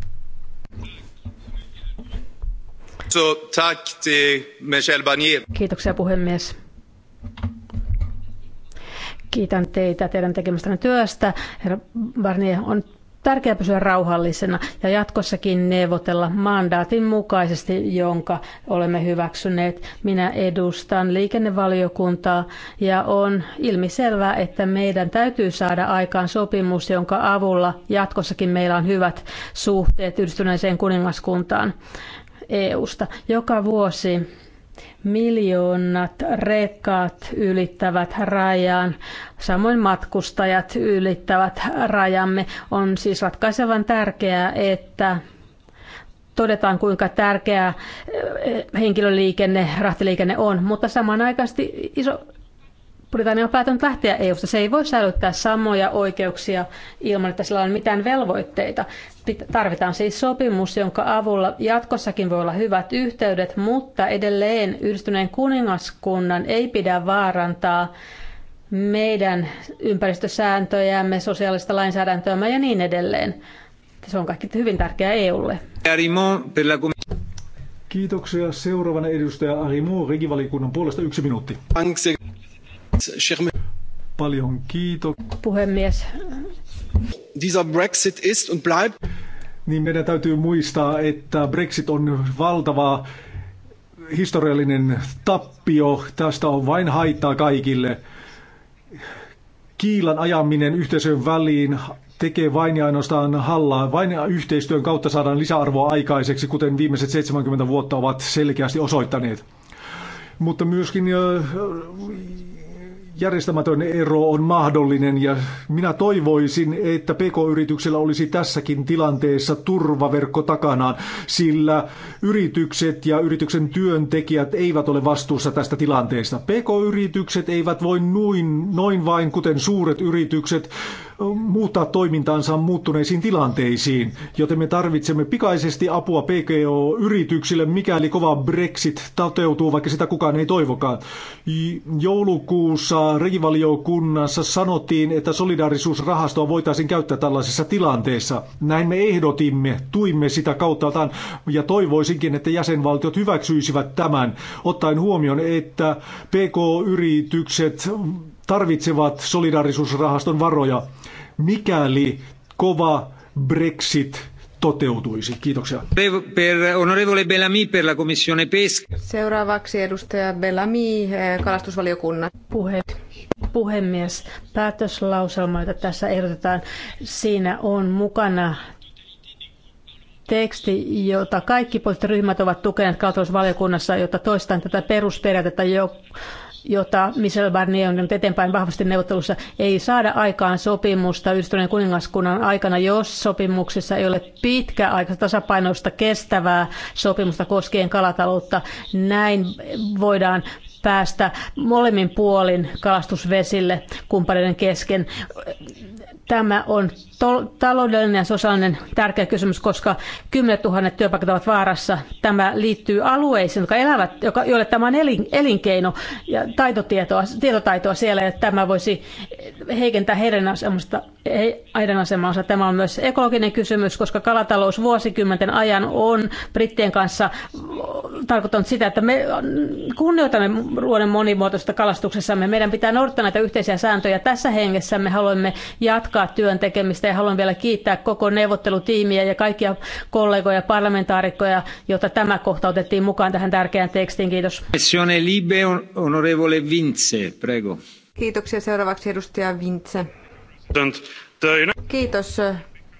Speaker 5: So, tack till Michel Barnier.
Speaker 4: Kiitoksia puhemies. Kiitän teitä teidän tekemästänne työstä. Herra Barnier, on tärkeää pysyä rauhallisena ja jatkossakin neuvotella mandaatin mukaisesti, jonka olemme hyväksyneet. Minä edustan liikennevaliokuntaa ja on ilmiselvää, että meidän täytyy saada aikaan sopimus, jonka avulla jatkossakin meillä on hyvät suhteet yhdistyneeseen kuningaskuntaan EUsta. Joka vuosi Miljoonat rekat ylittävät rajan, samoin matkustajat ylittävät rajamme. On siis ratkaisevan tärkeää, että todetaan, kuinka tärkeää eh, henkilöliikenne, rahtiliikenne on, mutta samanaikaisesti iso Britannia on päätänyt lähteä EUsta. Se ei voi säilyttää samoja oikeuksia ilman, että sillä on mitään velvoitteita. Tarvitaan siis sopimus, jonka avulla jatkossakin voi olla hyvät yhteydet, mutta edelleen yhdistyneen kuningaskunnan ei pidä vaarantaa meidän ympäristösääntöjämme, sosiaalista lainsäädäntöämme ja niin edelleen. Se on kaikki hyvin tärkeää EUlle.
Speaker 5: Kiitoksia. Seuraavana edustaja Arimo, regivalikunnan puolesta yksi minuutti. Paljon kiitos. Puhemies. Dieser Brexit ist und bleibt. Niin meidän täytyy muistaa, että Brexit on valtava historiallinen tappio. Tästä on vain haittaa kaikille. Kiilan ajaminen yhteisön väliin tekee vain ja ainoastaan hallaa. Vain yhteistyön kautta saadaan lisäarvoa aikaiseksi, kuten viimeiset 70 vuotta ovat selkeästi osoittaneet. Mutta myöskin järjestämätön ero on mahdollinen ja minä toivoisin, että PK-yrityksellä olisi tässäkin tilanteessa turvaverkko takanaan, sillä yritykset ja yrityksen työntekijät eivät ole vastuussa tästä tilanteesta. PK-yritykset eivät voi noin, noin vain, kuten suuret yritykset, muuttaa toimintaansa muuttuneisiin tilanteisiin, joten me tarvitsemme pikaisesti apua PKO-yrityksille, mikäli kova Brexit toteutuu, vaikka sitä kukaan ei toivokaan. Joulukuussa rivaliokunnassa sanottiin, että solidaarisuusrahastoa voitaisiin käyttää tällaisessa tilanteessa. Näin me ehdotimme, tuimme sitä kauttaan ja toivoisinkin, että jäsenvaltiot hyväksyisivät tämän, ottaen huomioon, että PK-yritykset tarvitsevat solidaarisuusrahaston varoja mikäli kova Brexit toteutuisi. Kiitoksia.
Speaker 2: Per onorevole Bellamy per la Commissione Pesca.
Speaker 3: Seuraavaksi edustaja
Speaker 4: Bellamy eh, kalastusvaliokunnan puhe. Puhemies, päätöslauselma, jota tässä ehdotetaan, siinä on mukana teksti, jota kaikki poliittiset ryhmät ovat tukeneet kalastusvaliokunnassa, jotta toistan tätä perusperiaatetta, jo, jota Michel Barnier on nyt eteenpäin vahvasti neuvottelussa, ei saada aikaan sopimusta yhdistyneen kuningaskunnan aikana, jos sopimuksessa ei ole pitkäaikaista tasapainoista kestävää sopimusta koskien kalataloutta. Näin voidaan päästä molemmin puolin kalastusvesille kumppaneiden kesken. Tämä on taloudellinen ja sosiaalinen tärkeä kysymys, koska kymmenet tuhannet työpaikat ovat vaarassa. Tämä liittyy alueisiin, jotka elävät, joka, joille tämä on elin, elinkeino ja taitotietoa, tietotaitoa siellä, ja tämä voisi heikentää heidän, asemasta, asemansa. Tämä on myös ekologinen kysymys, koska kalatalous vuosikymmenten ajan on brittien kanssa tarkoittanut sitä, että me kunnioitamme ruoan monimuotoista kalastuksessamme. Meidän pitää noudattaa näitä yhteisiä sääntöjä. Tässä hengessä me haluamme jatkaa jatkaa työn tekemistä ja haluan vielä kiittää koko neuvottelutiimiä ja kaikkia kollegoja parlamentaarikkoja, jotta tämä kohta otettiin mukaan tähän tärkeään tekstiin. Kiitos.
Speaker 2: Libe, onorevole Vince, prego.
Speaker 4: Kiitoksia. Seuraavaksi edustaja Vince.
Speaker 3: Kiitos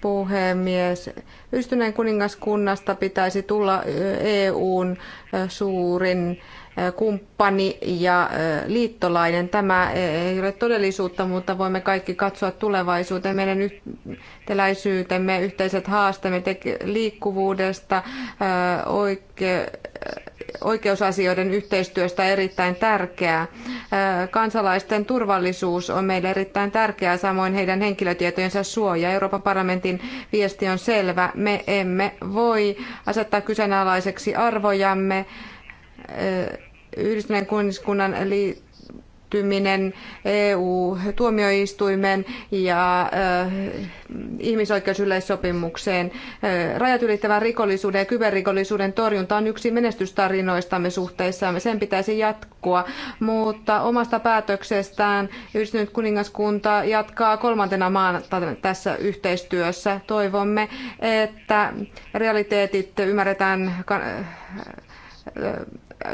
Speaker 3: puhemies. Ystyneen kuningaskunnasta pitäisi tulla EUn suurin kumppani ja liittolainen. Tämä ei ole todellisuutta, mutta voimme kaikki katsoa tulevaisuuteen, meidän yhtäläisyytemme, yhteiset haasteemme liikkuvuudesta, oikeusasioiden yhteistyöstä erittäin tärkeää. Kansalaisten turvallisuus on meille erittäin tärkeää, samoin heidän henkilötietojensa suoja. Euroopan parlamentin viesti on selvä. Me emme voi asettaa kyseenalaiseksi arvojamme Yhdistyneen kuningaskunnan liittyminen eu tuomioistuimen ja ihmisoikeusyleissopimukseen. Rajat ylittävän rikollisuuden ja kyberrikollisuuden torjunta on yksi menestystarinoistamme suhteessa. Sen pitäisi jatkua, mutta omasta päätöksestään yhdistynyt kuningaskunta jatkaa kolmantena maana tässä yhteistyössä. Toivomme, että realiteetit ymmärretään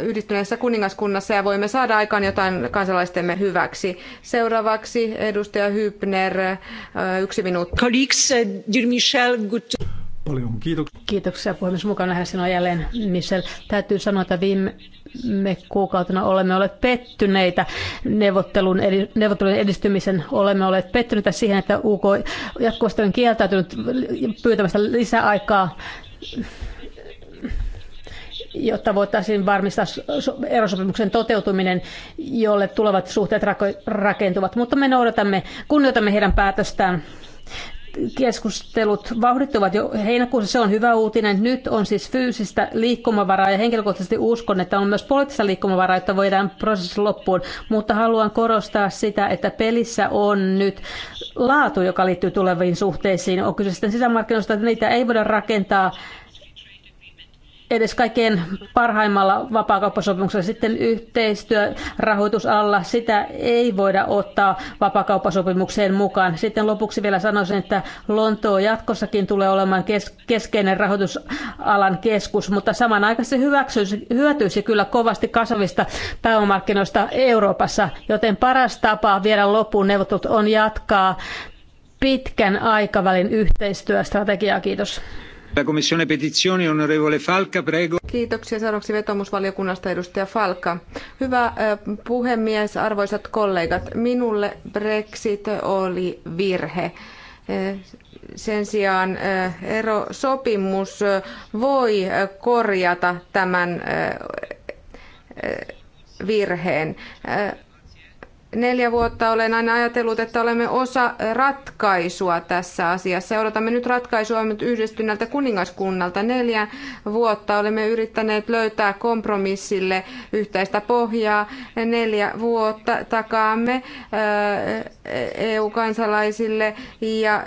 Speaker 3: yhdistyneessä kuningaskunnassa ja voimme saada aikaan jotain kansalaistemme hyväksi. Seuraavaksi edustaja
Speaker 4: Hybner, yksi minuutti. Colleagues, euh, Michel,
Speaker 5: Paljon kiitoksia.
Speaker 4: Kiitoksia puhemies. Mukana hän sinua jälleen, Michel. Täytyy sanoa, että viime me kuukautena olemme olleet pettyneitä neuvottelun, eli neuvottelun edistymisen. Olemme olleet pettyneitä siihen, että UK jatkuvasti on kieltäytynyt pyytämästä lisäaikaa jotta voitaisiin varmistaa erosopimuksen toteutuminen, jolle tulevat suhteet rakentuvat. Mutta me noudatamme, kunnioitamme heidän päätöstään keskustelut vauhdittuvat jo heinäkuussa, se on hyvä uutinen. Nyt on siis fyysistä liikkumavaraa ja henkilökohtaisesti uskon, että on myös poliittista liikkumavaraa, että voidaan prosessi loppuun. Mutta haluan korostaa sitä, että pelissä on nyt laatu, joka liittyy tuleviin suhteisiin. On kyse sitten sisämarkkinoista, että niitä ei voida rakentaa edes kaikkein parhaimmalla vapaakauppasopimuksella. Sitten yhteistyö sitä ei voida ottaa vapaakauppasopimukseen mukaan. Sitten lopuksi vielä sanoisin, että Lontoo jatkossakin tulee olemaan kes- keskeinen rahoitusalan keskus, mutta samanaikaisesti hyväksyisi, hyötyisi kyllä kovasti kasvavista pääomarkkinoista Euroopassa, joten paras tapa viedä loppuun neuvottelut on jatkaa pitkän aikavälin yhteistyöstrategiaa. Kiitos. Kiitoksia. Seuraavaksi vetomusvaliokunnasta edustaja Falka.
Speaker 3: Hyvä puhemies, arvoisat kollegat. Minulle Brexit oli virhe. Sen sijaan erosopimus voi korjata tämän virheen neljä vuotta olen aina ajatellut, että olemme osa ratkaisua tässä asiassa. Odotamme nyt ratkaisua yhdistyneeltä kuningaskunnalta. Neljä vuotta olemme yrittäneet löytää kompromissille yhteistä pohjaa. Neljä vuotta takaamme äh, EU-kansalaisille ja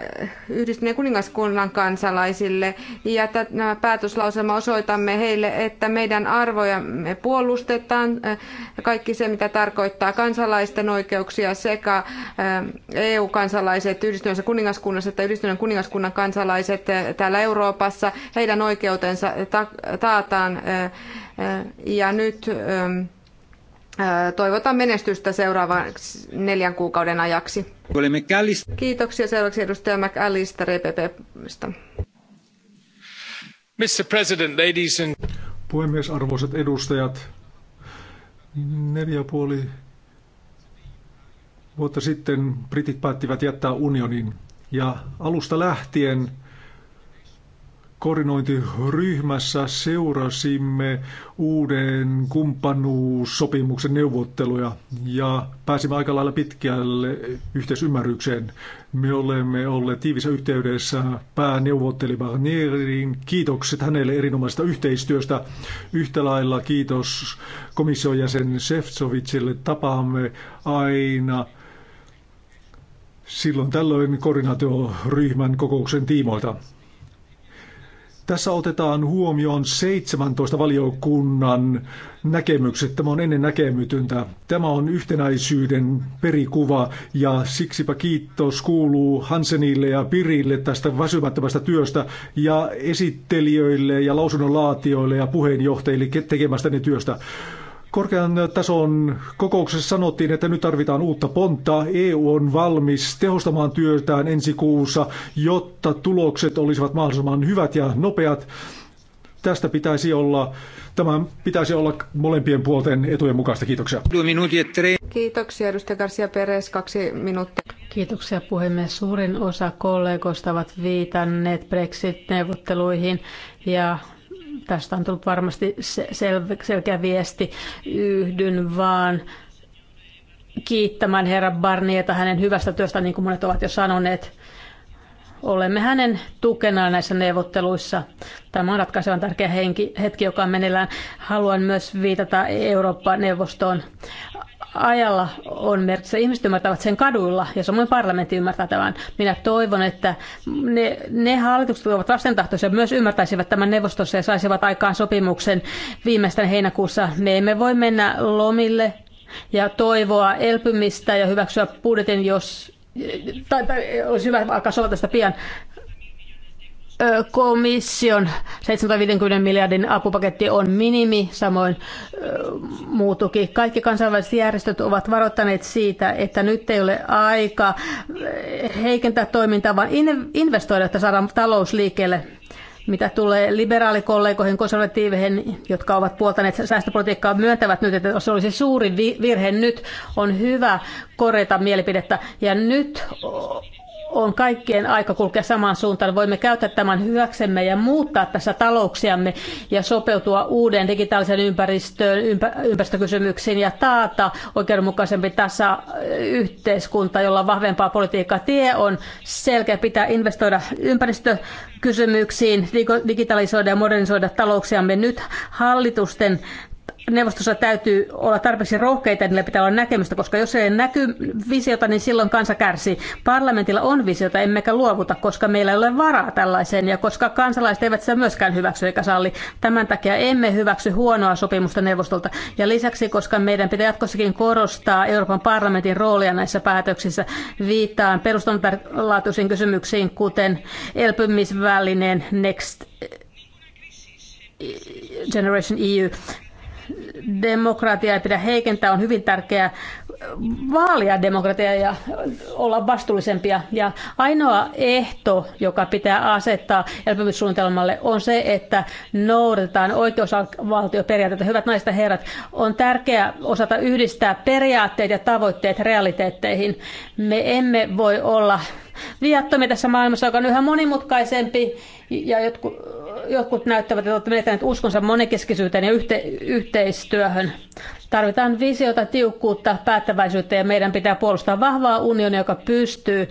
Speaker 3: yhdistyneen kuningaskunnan kansalaisille. Ja tämä päätöslauselma osoitamme heille, että meidän arvojamme puolustetaan. Äh, kaikki se, mitä tarkoittaa kansalaisten ihmisoikeuksia sekä eh, EU-kansalaiset yhdistyneessä kuningaskunnassa että yhdistyneen kuningaskunnan kansalaiset eh, täällä Euroopassa. Heidän oikeutensa taataan eh, ja nyt toivotan menestystä seuraavan neljän kuukauden ajaksi. Kiitoksia seuraavaksi edustaja McAllister EPPstä.
Speaker 5: Mr. President, ladies and... Puhemies, arvoiset edustajat, niin neljä puoli vuotta sitten britit päättivät jättää unionin ja alusta lähtien koordinointiryhmässä seurasimme uuden kumppanuussopimuksen neuvotteluja ja pääsimme aika lailla pitkälle yhteisymmärrykseen. Me olemme olleet tiivissä yhteydessä pääneuvottelija Barnierin. Kiitokset hänelle erinomaisesta yhteistyöstä. Yhtä lailla kiitos komission jäsen Sefcovicille. Tapaamme aina – silloin tällöin koordinaatioryhmän kokouksen tiimoilta. Tässä otetaan huomioon 17 valiokunnan näkemykset. Tämä on ennen näkemytyntä. Tämä on yhtenäisyyden perikuva ja siksipä kiitos kuuluu Hansenille ja Pirille tästä väsymättömästä työstä ja esittelijöille ja lausunnonlaatioille ja puheenjohtajille tekemästäni työstä. Korkean tason kokouksessa sanottiin, että nyt tarvitaan uutta pontta. EU on valmis tehostamaan työtään ensi kuussa, jotta tulokset olisivat mahdollisimman hyvät ja nopeat. Tästä pitäisi olla, tämän pitäisi olla molempien puolten etujen mukaista. Kiitoksia. E
Speaker 4: Kiitoksia edustaja Garcia Perez, kaksi minuuttia. Kiitoksia puhemies. Suurin osa kollegoista ovat viitanneet Brexit-neuvotteluihin ja Tästä on tullut varmasti sel- selkeä viesti. Yhdyn vaan kiittämään herra Barnieta hänen hyvästä työstä, niin kuin monet ovat jo sanoneet. Olemme hänen tukenaan näissä neuvotteluissa. Tämä on ratkaisevan tärkeä henki, hetki, joka on meneillään. Haluan myös viitata Eurooppa-neuvostoon ajalla on merkitys Ihmiset ymmärtävät sen kaduilla ja samoin parlamentti ymmärtää tämän. Minä toivon, että ne, ne hallitukset, jotka ovat vastentahtoisia, myös ymmärtäisivät tämän neuvostossa ja saisivat aikaan sopimuksen viimeistään heinäkuussa. Me emme voi mennä lomille ja toivoa elpymistä ja hyväksyä budjetin, jos tai, tai olisi hyvä alkaa soveltaa sitä pian komission 750 miljardin apupaketti on minimi, samoin muu tuki. Kaikki kansainväliset järjestöt ovat varoittaneet siitä, että nyt ei ole aika heikentää toimintaa, vaan investoida, että saadaan talous liikkeelle mitä tulee liberaalikollegoihin, konservatiiveihin, jotka ovat puoltaneet säästöpolitiikkaa, myöntävät nyt, että se olisi suuri virhe nyt. On hyvä korjata mielipidettä. Ja nyt on kaikkien aika kulkea samaan suuntaan. Voimme käyttää tämän hyväksemme ja muuttaa tässä talouksiamme ja sopeutua uuden digitaalisen ympäristöön, ympä, ympäristökysymyksiin ja taata oikeudenmukaisempi tässä yhteiskunta, jolla on vahvempaa politiikkaa. Tie on selkeä, pitää investoida ympäristökysymyksiin, digitalisoida ja modernisoida talouksiamme nyt hallitusten neuvostossa täytyy olla tarpeeksi rohkeita, niillä pitää olla näkemystä, koska jos ei näky visiota, niin silloin kansa kärsii. Parlamentilla on visiota, emmekä luovuta, koska meillä ei ole varaa tällaiseen ja koska kansalaiset eivät sitä myöskään hyväksy eikä salli. Tämän takia emme hyväksy huonoa sopimusta neuvostolta. Ja lisäksi, koska meidän pitää jatkossakin korostaa Euroopan parlamentin roolia näissä päätöksissä, viittaan perustanlaatuisiin kysymyksiin, kuten elpymisvälineen Next Generation EU demokratiaa ei pidä heikentää, on hyvin tärkeää vaalia demokratiaa ja olla vastuullisempia. Ja ainoa ehto, joka pitää asettaa elpymissuunnitelmalle, on se, että noudatetaan oikeusvaltioperiaatteita. Hyvät naiset ja herrat, on tärkeää osata yhdistää periaatteet ja tavoitteet realiteetteihin. Me emme voi olla viattomia tässä maailmassa, joka on yhä monimutkaisempi ja jotkut jotkut näyttävät, että olette menettäneet uskonsa monikeskisyyteen ja yhte, yhteistyöhön. Tarvitaan visiota, tiukkuutta, päättäväisyyttä ja meidän pitää puolustaa vahvaa unionia, joka pystyy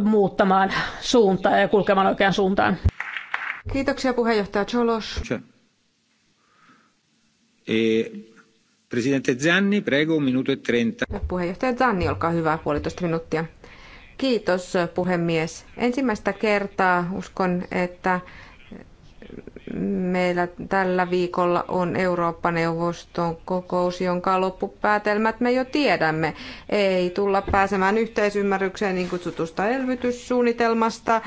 Speaker 4: muuttamaan suuntaa ja kulkemaan oikeaan suuntaan. Kiitoksia puheenjohtaja Cholos.
Speaker 2: E, presidente Zanni, prego, minuto e 30.
Speaker 3: Puheenjohtaja Zanni, olkaa hyvä, puolitoista minuuttia. Kiitos puhemies. Ensimmäistä kertaa uskon, että meillä tällä viikolla on Eurooppa-neuvoston kokous, jonka loppupäätelmät me jo tiedämme. Ei tulla pääsemään yhteisymmärrykseen niin kutsutusta elvytyssuunnitelmasta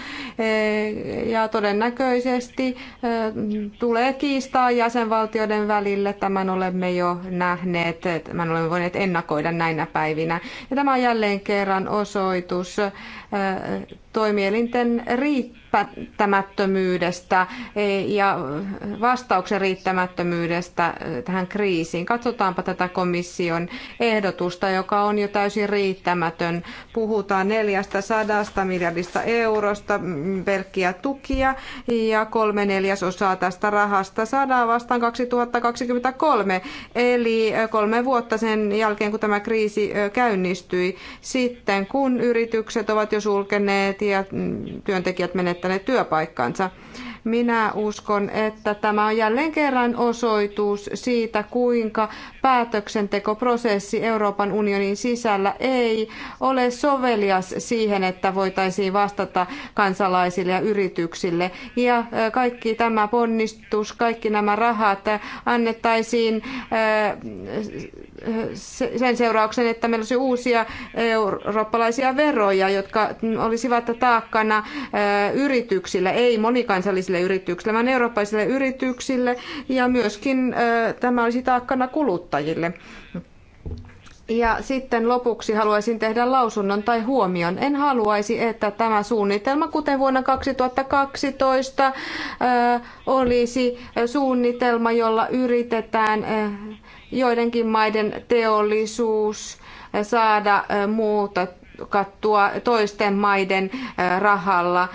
Speaker 3: ja todennäköisesti tulee kiistaa jäsenvaltioiden välille. Tämän olemme jo nähneet, tämän olemme voineet ennakoida näinä päivinä. Ja tämä on jälleen kerran osoitus toimielinten riittämättömyydestä e, ja vastauksen riittämättömyydestä e, tähän kriisiin. Katsotaanpa tätä komission ehdotusta, joka on jo täysin riittämätön. Puhutaan 400 miljardista eurosta pelkkiä tukia ja kolme neljäsosaa tästä rahasta saadaan vastaan 2023, eli kolme vuotta sen jälkeen, kun tämä kriisi käynnistyi. Sitten kun yritykset ovat jo sulkeneet ja mm, työntekijät menettäneet työpaikkansa. Minä uskon, että tämä on jälleen kerran osoitus siitä, kuinka päätöksentekoprosessi Euroopan unionin sisällä ei ole sovelias siihen, että voitaisiin vastata kansalaisille ja yrityksille. Ja äh, kaikki tämä ponnistus, kaikki nämä rahat annettaisiin äh, sen seurauksen, että meillä olisi uusia eurooppalaisia veroja, jotka olisivat taakkana yrityksille, ei monikansallisille yrityksille, vaan eurooppalaisille yrityksille ja myöskin tämä olisi taakkana kuluttajille. Ja sitten lopuksi haluaisin tehdä lausunnon tai huomion. En haluaisi, että tämä suunnitelma, kuten vuonna 2012, olisi suunnitelma, jolla yritetään joidenkin maiden teollisuus saada muuta kattua toisten maiden rahalla.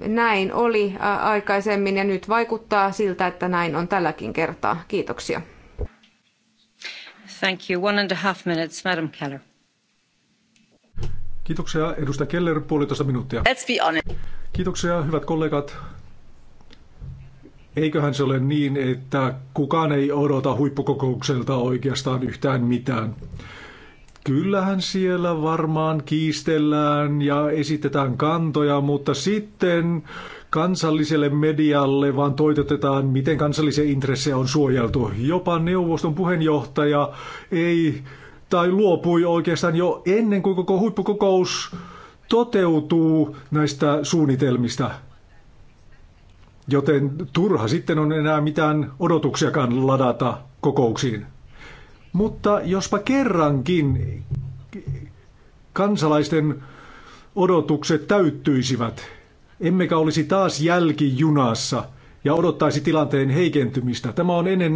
Speaker 3: Näin oli aikaisemmin ja nyt vaikuttaa siltä, että näin on tälläkin kertaa. Kiitoksia.
Speaker 1: Thank you. One and a half minutes, Madam Keller.
Speaker 5: Kiitoksia, edustaja Keller, puolitoista minuuttia. Let's be honest. Kiitoksia, hyvät kollegat. Eiköhän se ole niin, että kukaan ei odota huippukokoukselta oikeastaan yhtään mitään. Kyllähän siellä varmaan kiistellään ja esitetään kantoja, mutta sitten kansalliselle medialle vaan toitotetaan, miten kansallisen intressejä on suojeltu. Jopa neuvoston puheenjohtaja ei tai luopui oikeastaan jo ennen kuin koko huippukokous toteutuu näistä suunnitelmista. Joten turha sitten on enää mitään odotuksiakaan ladata kokouksiin. Mutta jospa kerrankin kansalaisten odotukset täyttyisivät, emmekä olisi taas jälkijunassa ja odottaisi tilanteen heikentymistä. Tämä on ennen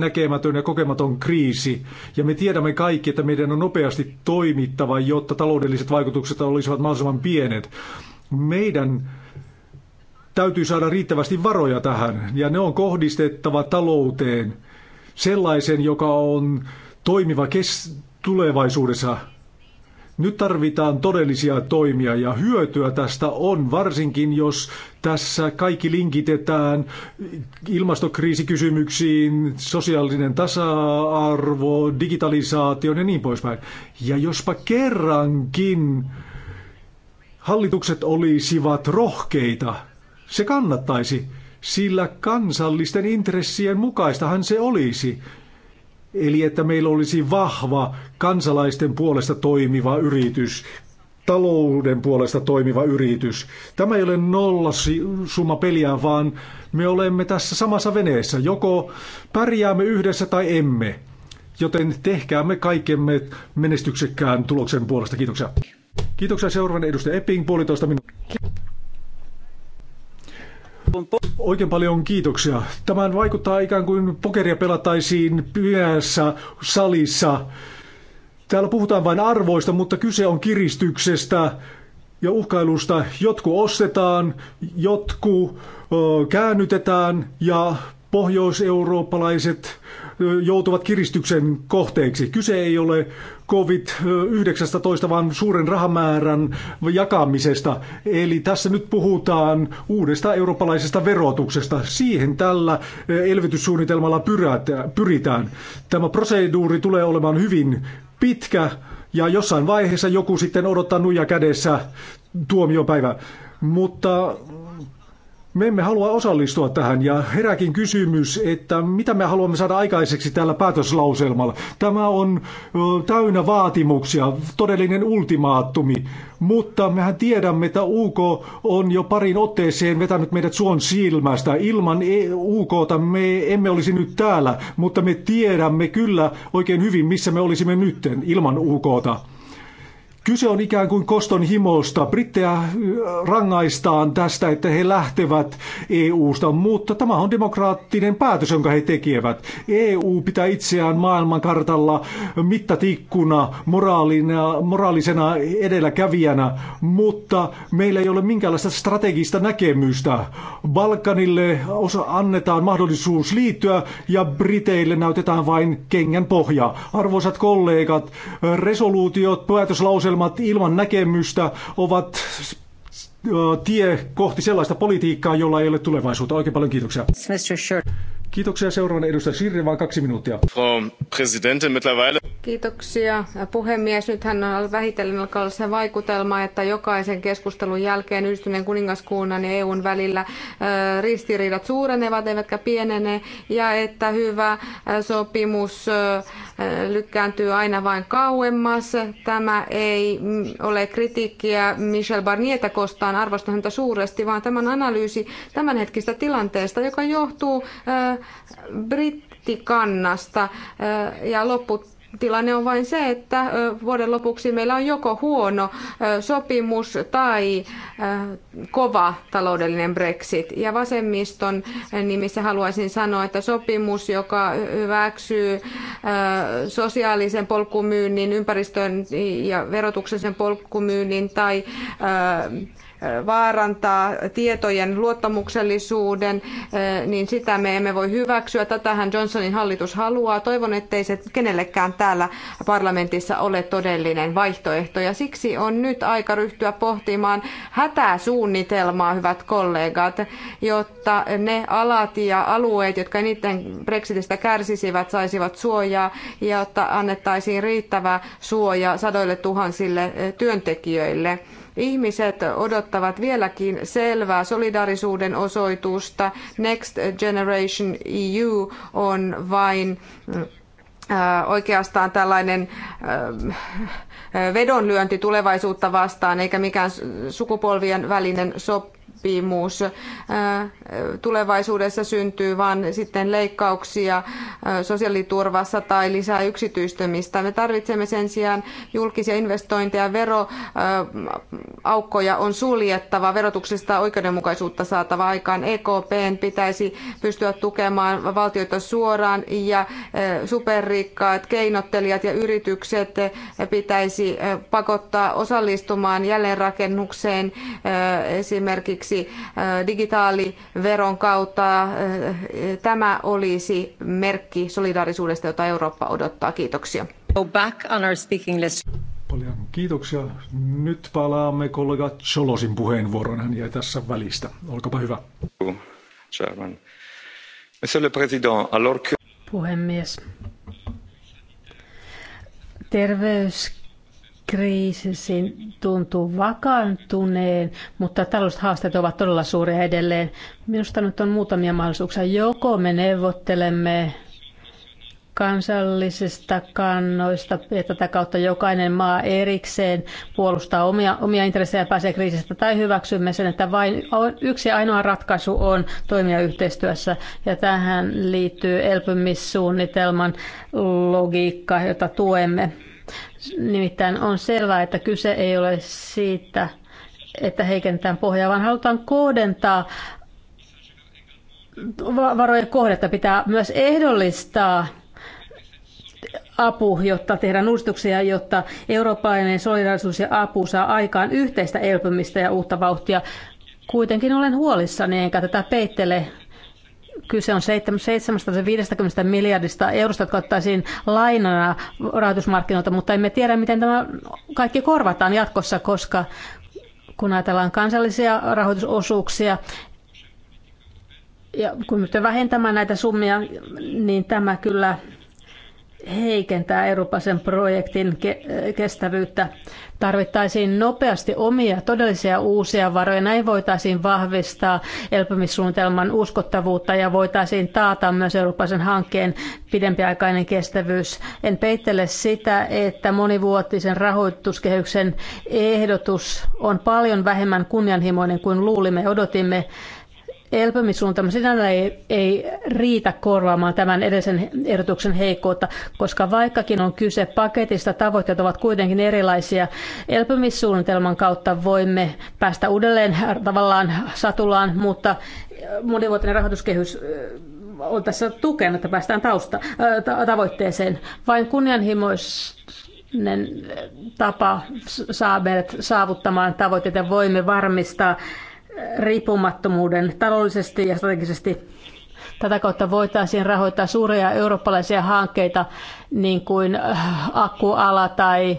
Speaker 5: ja kokematon kriisi, ja me tiedämme kaikki, että meidän on nopeasti toimittava, jotta taloudelliset vaikutukset olisivat mahdollisimman pienet. Meidän täytyy saada riittävästi varoja tähän, ja ne on kohdistettava talouteen, sellaisen, joka on toimiva kes- tulevaisuudessa. Nyt tarvitaan todellisia toimia ja hyötyä tästä on, varsinkin jos tässä kaikki linkitetään ilmastokriisikysymyksiin, sosiaalinen tasa-arvo, digitalisaatio ja niin poispäin. Ja jospa kerrankin hallitukset olisivat rohkeita se kannattaisi, sillä kansallisten intressien mukaistahan se olisi. Eli että meillä olisi vahva kansalaisten puolesta toimiva yritys, talouden puolesta toimiva yritys. Tämä ei ole nolla summa peliä, vaan me olemme tässä samassa veneessä. Joko pärjäämme yhdessä tai emme. Joten tehkäämme kaikemme menestyksekkään tuloksen puolesta. Kiitoksia. Kiitoksia seuraavan edustaja Epping, puolitoista minuuttia. Oikein paljon kiitoksia. Tämän vaikuttaa ikään kuin pokeria pelattaisiin pyhässä salissa. Täällä puhutaan vain arvoista, mutta kyse on kiristyksestä ja uhkailusta. Jotku ostetaan, jotku ö, käännytetään ja pohjoiseurooppalaiset joutuvat kiristyksen kohteeksi. Kyse ei ole COVID-19, vaan suuren rahamäärän jakamisesta. Eli tässä nyt puhutaan uudesta eurooppalaisesta verotuksesta. Siihen tällä elvytyssuunnitelmalla pyritään. Tämä proseduuri tulee olemaan hyvin pitkä ja jossain vaiheessa joku sitten odottaa nuja kädessä tuomiopäivä. Mutta me emme halua osallistua tähän ja heräkin kysymys, että mitä me haluamme saada aikaiseksi tällä päätöslauselmalla. Tämä on täynnä vaatimuksia, todellinen ultimaattumi, mutta mehän tiedämme, että UK on jo parin otteeseen vetänyt meidät suon silmästä. Ilman e, UKta me emme olisi nyt täällä, mutta me tiedämme kyllä oikein hyvin, missä me olisimme nytten ilman UKta. Kyse on ikään kuin koston himosta. Brittejä äh, rangaistaan tästä, että he lähtevät EU-sta, mutta tämä on demokraattinen päätös, jonka he tekevät. EU pitää itseään maailmankartalla mittatikkuna, moraalisena edelläkävijänä, mutta meillä ei ole minkäänlaista strategista näkemystä. Balkanille osa annetaan mahdollisuus liittyä ja Briteille näytetään vain kengän pohja. Arvoisat kollegat, resoluutiot, päätöslauseet suunnitelmat ilman näkemystä ovat tie kohti sellaista politiikkaa, jolla ei ole tulevaisuutta. Oikein paljon kiitoksia. Kiitoksia seuraavan edustaja Sirri, kaksi minuuttia.
Speaker 3: Kiitoksia puhemies. Nythän on vähitellen alkaa olla se vaikutelma, että jokaisen keskustelun jälkeen yhdistyneen kuningaskunnan ja EUn välillä ristiriidat suurenevat eivätkä pienene ja että hyvä sopimus lykkääntyy aina vain kauemmas. Tämä ei mm, ole kritiikkiä Michel Barnietta kostaan, arvostan häntä suuresti, vaan tämän analyysi tämänhetkistä tilanteesta, joka johtuu brittikannasta ja loput Tilanne on vain se, että vuoden lopuksi meillä on joko huono sopimus tai kova taloudellinen Brexit. Ja vasemmiston nimissä haluaisin sanoa, että sopimus, joka hyväksyy sosiaalisen polkumyynnin, ympäristön ja verotuksen polkumyynnin tai vaarantaa tietojen luottamuksellisuuden, niin sitä me emme voi hyväksyä. Tätähän Johnsonin hallitus haluaa. Toivon, ettei se kenellekään täällä parlamentissa ole todellinen vaihtoehto. Ja siksi on nyt aika ryhtyä pohtimaan hätäsuunnitelmaa, hyvät kollegat, jotta ne alat ja alueet, jotka eniten Brexitistä kärsisivät, saisivat suojaa ja jotta annettaisiin riittävä suoja sadoille tuhansille työntekijöille Ihmiset odottavat vieläkin selvää solidaarisuuden osoitusta. Next Generation EU on vain äh, oikeastaan tällainen äh, äh, vedonlyönti tulevaisuutta vastaan, eikä mikään sukupolvien välinen sopimus sopimus. Äh, tulevaisuudessa syntyy vain sitten leikkauksia äh, sosiaaliturvassa tai lisää yksityistämistä. Me tarvitsemme sen sijaan julkisia investointeja, veroaukkoja äh, on suljettava, verotuksesta oikeudenmukaisuutta saatava aikaan. EKPn pitäisi pystyä tukemaan valtioita suoraan ja superrikkaat, keinottelijat ja yritykset pitäisi pakottaa osallistumaan jälleenrakennukseen esimerkiksi esimerkiksi äh, digitaaliveron kautta. Äh, tämä olisi merkki solidaarisuudesta, jota Eurooppa odottaa. Kiitoksia.
Speaker 5: Paljon kiitoksia. Nyt palaamme kollega Cholosin puheenvuoron. Hän jäi tässä välistä. Olkapa hyvä. Monsieur
Speaker 2: le Président, alors que...
Speaker 5: Puhemies.
Speaker 4: Terveys kriisin tuntuu vakantuneen, mutta taloudelliset haasteet ovat todella suuria edelleen. Minusta nyt on muutamia mahdollisuuksia. Joko me neuvottelemme kansallisista kannoista ja tätä kautta jokainen maa erikseen puolustaa omia, omia intressejä ja pääsee kriisistä tai hyväksymme sen, että vain yksi ainoa ratkaisu on toimia yhteistyössä ja tähän liittyy elpymissuunnitelman logiikka, jota tuemme. Nimittäin on selvää, että kyse ei ole siitä, että heikennetään pohjaa, vaan halutaan kohdentaa varojen kohdetta. Pitää myös ehdollistaa apu, jotta tehdään uudistuksia, jotta eurooppalainen solidaarisuus ja apu saa aikaan yhteistä elpymistä ja uutta vauhtia. Kuitenkin olen huolissani, enkä tätä peittele. Kyse on 750 miljardista eurosta, jotka ottaisiin lainana rahoitusmarkkinoilta, mutta emme tiedä, miten tämä kaikki korvataan jatkossa, koska kun ajatellaan kansallisia rahoitusosuuksia, ja kun nyt vähentämään näitä summia, niin tämä kyllä heikentää eurooppalaisen projektin kestävyyttä. Tarvittaisiin nopeasti omia todellisia uusia varoja. Näin voitaisiin vahvistaa elpymissuunnitelman uskottavuutta ja voitaisiin taata myös eurooppalaisen hankkeen pidempiaikainen kestävyys. En peittele sitä, että monivuotisen rahoituskehyksen ehdotus on paljon vähemmän kunnianhimoinen kuin luulimme odotimme elpymissuunnitelma sinällä ei, ei riitä korvaamaan tämän edellisen ehdotuksen heikkoutta, koska vaikkakin on kyse paketista, tavoitteet ovat kuitenkin erilaisia. Elpymissuunnitelman kautta voimme päästä uudelleen tavallaan satulaan, mutta monivuotinen rahoituskehys äh, on tässä tukena, että päästään tausta, äh, tavoitteeseen. Vain kunnianhimoinen äh, tapa saa meidät saavuttamaan tavoitteita. Voimme varmistaa riippumattomuuden taloudellisesti ja strategisesti. Tätä kautta voitaisiin rahoittaa suuria eurooppalaisia hankkeita, niin kuin akkuala tai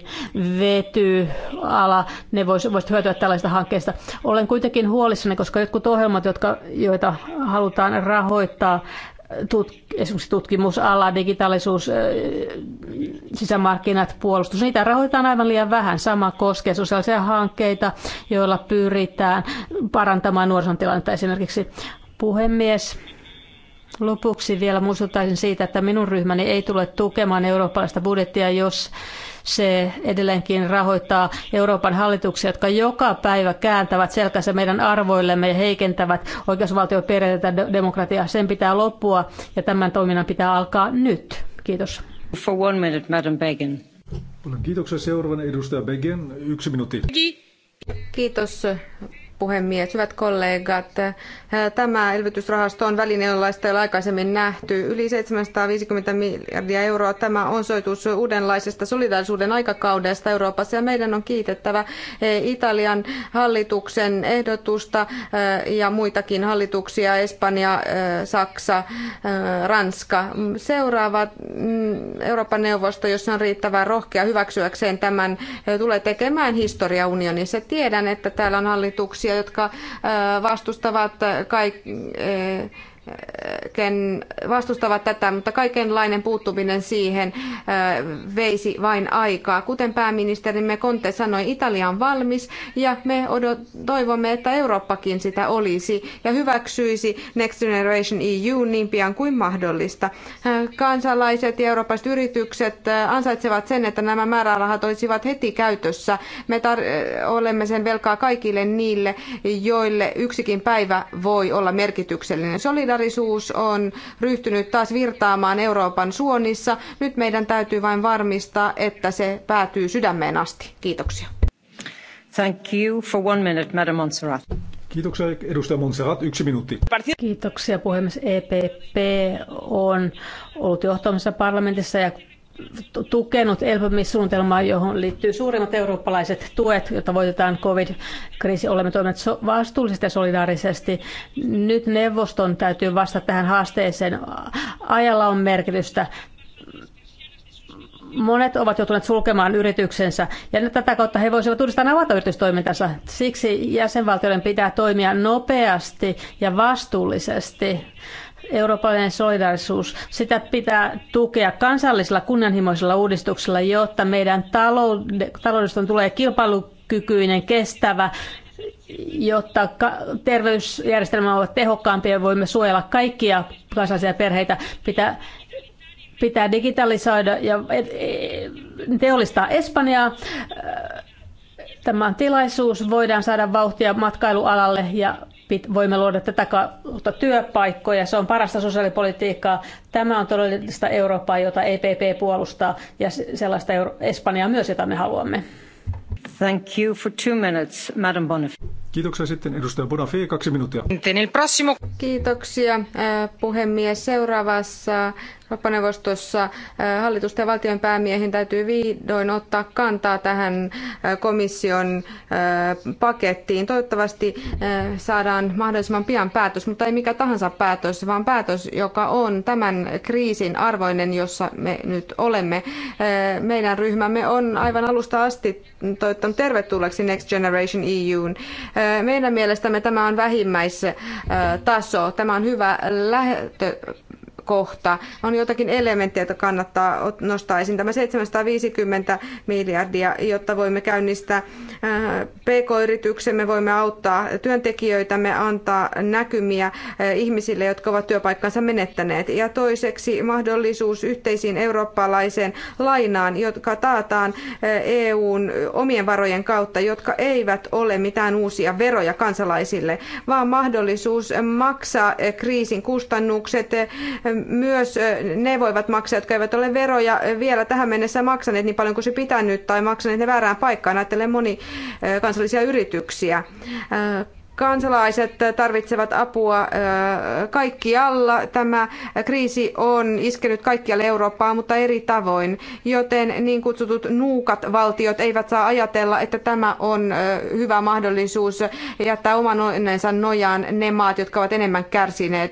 Speaker 4: vetyala. Ne voisivat hyötyä tällaista hankkeesta. Olen kuitenkin huolissani, koska jotkut ohjelmat, jotka, joita halutaan rahoittaa, tut, esimerkiksi tutkimusala, digitaalisuus, sisämarkkinat, puolustus, niitä rahoitetaan aivan liian vähän. Sama koskee sosiaalisia hankkeita, joilla pyritään parantamaan nuorison tilannetta esimerkiksi puhemies. Lopuksi vielä muistuttaisin siitä, että minun ryhmäni ei tule tukemaan eurooppalaista budjettia, jos se edelleenkin rahoittaa Euroopan hallituksia, jotka joka päivä kääntävät selkänsä meidän arvoillemme ja heikentävät oikeusvaltioperiaatetta demokratiaa. Sen pitää loppua ja tämän toiminnan pitää alkaa nyt. Kiitos. For one minute, Madam Begin.
Speaker 5: kiitoksia seuraavana edustaja Begin. Yksi minuutti.
Speaker 4: Kiitos
Speaker 3: puhemies, hyvät kollegat. Tämä elvytysrahasto on väline, jollaista ei ole aikaisemmin nähty. Yli 750 miljardia euroa. Tämä on soitus uudenlaisesta solidaarisuuden aikakaudesta Euroopassa ja meidän on kiitettävä Italian hallituksen ehdotusta ja muitakin hallituksia, Espanja, Saksa, Ranska. Seuraava mm, Euroopan neuvosto, jossa on riittävän rohkea hyväksyäkseen tämän, tulee tekemään historiaunionissa. Tiedän, että täällä on hallituksia, jotka vastustavat kaikki, vastustavat tätä, mutta kaikenlainen puuttuminen siihen veisi vain aikaa. Kuten pääministerimme Conte sanoi, Italia on valmis ja me odot- toivomme, että Eurooppakin sitä olisi ja hyväksyisi Next Generation EU niin pian kuin mahdollista. Kansalaiset ja eurooppalaiset yritykset ansaitsevat sen, että nämä määrärahat olisivat heti käytössä. Me olemme sen velkaa kaikille niille, joille yksikin päivä voi olla merkityksellinen. Solidaar- solidaarisuus on ryhtynyt taas virtaamaan Euroopan suonnissa. Nyt meidän täytyy vain varmistaa, että se päätyy sydämeen asti. Kiitoksia.
Speaker 5: Thank you for one minute, Madam Montserrat. Kiitoksia edustaja Montserrat. Yksi minuutti. Kiitoksia puhemies. EPP
Speaker 4: on ollut johtamassa parlamentissa ja tukenut elpymissuunnitelmaa, johon liittyy suurimmat eurooppalaiset tuet, jotta voitetaan covid-kriisi. Olemme toimineet vastuullisesti ja solidaarisesti. Nyt neuvoston täytyy vastata tähän haasteeseen. Ajalla on merkitystä monet ovat joutuneet sulkemaan yrityksensä ja tätä kautta he voisivat uudestaan avata yritystoimintansa. Siksi jäsenvaltioiden pitää toimia nopeasti ja vastuullisesti eurooppalainen solidaarisuus, sitä pitää tukea kansallisilla kunnianhimoisilla uudistuksilla, jotta meidän taloudesta tulee kilpailukykyinen, kestävä, jotta terveysjärjestelmä ovat tehokkaampia ja voimme suojella kaikkia kansallisia perheitä. Pitää pitää digitalisoida ja e, e, teollistaa Espanjaa. Tämä on tilaisuus, voidaan saada vauhtia matkailualalle ja voimme luoda tätä kautta työpaikkoja. Se on parasta sosiaalipolitiikkaa. Tämä on todellista Eurooppaa, jota EPP puolustaa ja sellaista Euro- Espanjaa myös, jota me haluamme.
Speaker 5: Thank you for two minutes, Madam Bonif- Kiitoksia sitten edustaja Bonafé, kaksi minuuttia.
Speaker 4: Kiitoksia äh, puhemies.
Speaker 3: Seuraavassa Eurooppa-neuvostossa äh, hallitusten ja valtion päämiehen täytyy vihdoin ottaa kantaa tähän äh, komission äh, pakettiin. Toivottavasti saadaan mahdollisimman pian päätös, mutta ei mikä tahansa päätös, vaan päätös, joka on tämän kriisin arvoinen, jossa me nyt olemme. Meidän ryhmämme on aivan alusta asti toivottanut tervetulleeksi Next Generation EUn. Meidän mielestämme tämä on vähimmäistaso. Tämä on hyvä lähtö kohta. On jotakin elementtejä, joita kannattaa nostaa esiin. Tämä 750 miljardia, jotta voimme käynnistää äh, PK-yrityksemme, voimme auttaa työntekijöitämme, antaa näkymiä äh, ihmisille, jotka ovat työpaikkansa menettäneet. Ja toiseksi mahdollisuus yhteisiin eurooppalaiseen lainaan, jotka taataan äh, EUn omien varojen kautta, jotka eivät ole mitään uusia veroja kansalaisille, vaan mahdollisuus maksaa kriisin kustannukset myös ne voivat maksaa, jotka eivät ole veroja vielä tähän mennessä maksaneet niin paljon kuin se pitänyt tai maksaneet ne väärään paikkaan. ajattelee moni kansallisia yrityksiä. Kansalaiset tarvitsevat apua kaikkialla. Tämä kriisi on iskenyt kaikkialle Eurooppaan, mutta eri tavoin, joten niin kutsutut nuukat valtiot eivät saa ajatella, että tämä on hyvä mahdollisuus jättää oman onnensa nojaan ne maat, jotka ovat enemmän kärsineet.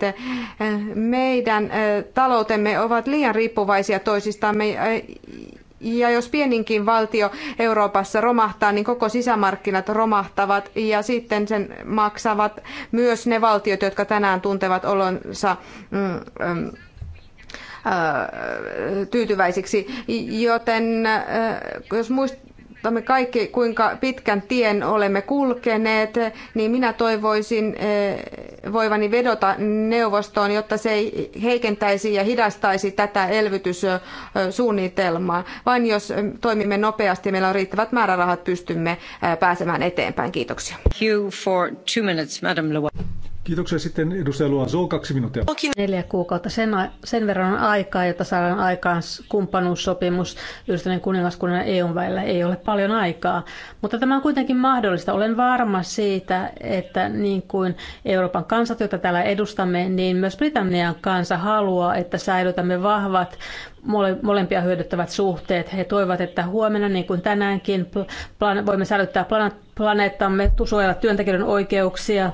Speaker 3: Meidän taloutemme ovat liian riippuvaisia toisistamme ja jos pieninkin valtio Euroopassa romahtaa, niin koko sisämarkkinat romahtavat ja sitten sen maksavat myös ne valtiot, jotka tänään tuntevat olonsa mm, mm, äh, tyytyväisiksi. Joten äh, jos me kaikki, kuinka pitkän tien olemme kulkeneet, niin minä toivoisin eh, voivani vedota neuvostoon, jotta se ei heikentäisi ja hidastaisi tätä elvytyssuunnitelmaa. Vain jos eh, toimimme nopeasti, meillä on riittävät määrärahat, pystymme eh, pääsemään eteenpäin. Kiitoksia.
Speaker 5: Kiitoksia sitten edustaja Luanzo, kaksi minuuttia.
Speaker 4: Neljä kuukautta. Sen, sen verran on aikaa, jota saadaan aikaan kumppanuussopimus Yhdistyneen kuningaskunnan EUn välillä. Ei ole paljon aikaa, mutta tämä on kuitenkin mahdollista. Olen varma siitä, että niin kuin Euroopan kansat, joita täällä edustamme, niin myös Britannian kansa haluaa, että säilytämme vahvat molempia hyödyttävät suhteet. He toivat, että huomenna, niin kuin tänäänkin, voimme säilyttää planeettamme, suojella työntekijöiden oikeuksia, äh,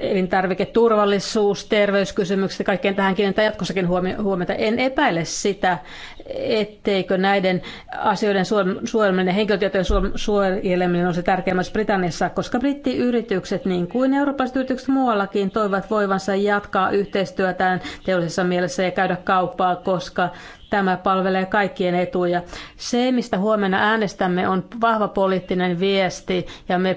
Speaker 4: elintarviketurvallisuus, terveyskysymykset, kaikkeen tähän kiinnittää jatkossakin huomiota. En epäile sitä, etteikö näiden asioiden suojeleminen, henkilötietojen suojeleminen on se tärkeä myös Britanniassa, koska brittiyritykset, niin kuin eurooppalaiset yritykset muuallakin, toivat voivansa jatkaa yhteistyötään teollisessa mielessä ja käydä kauppaa, koska tämä palvelee kaikkien etuja. Se, mistä huomenna äänestämme, on vahva poliittinen viesti ja me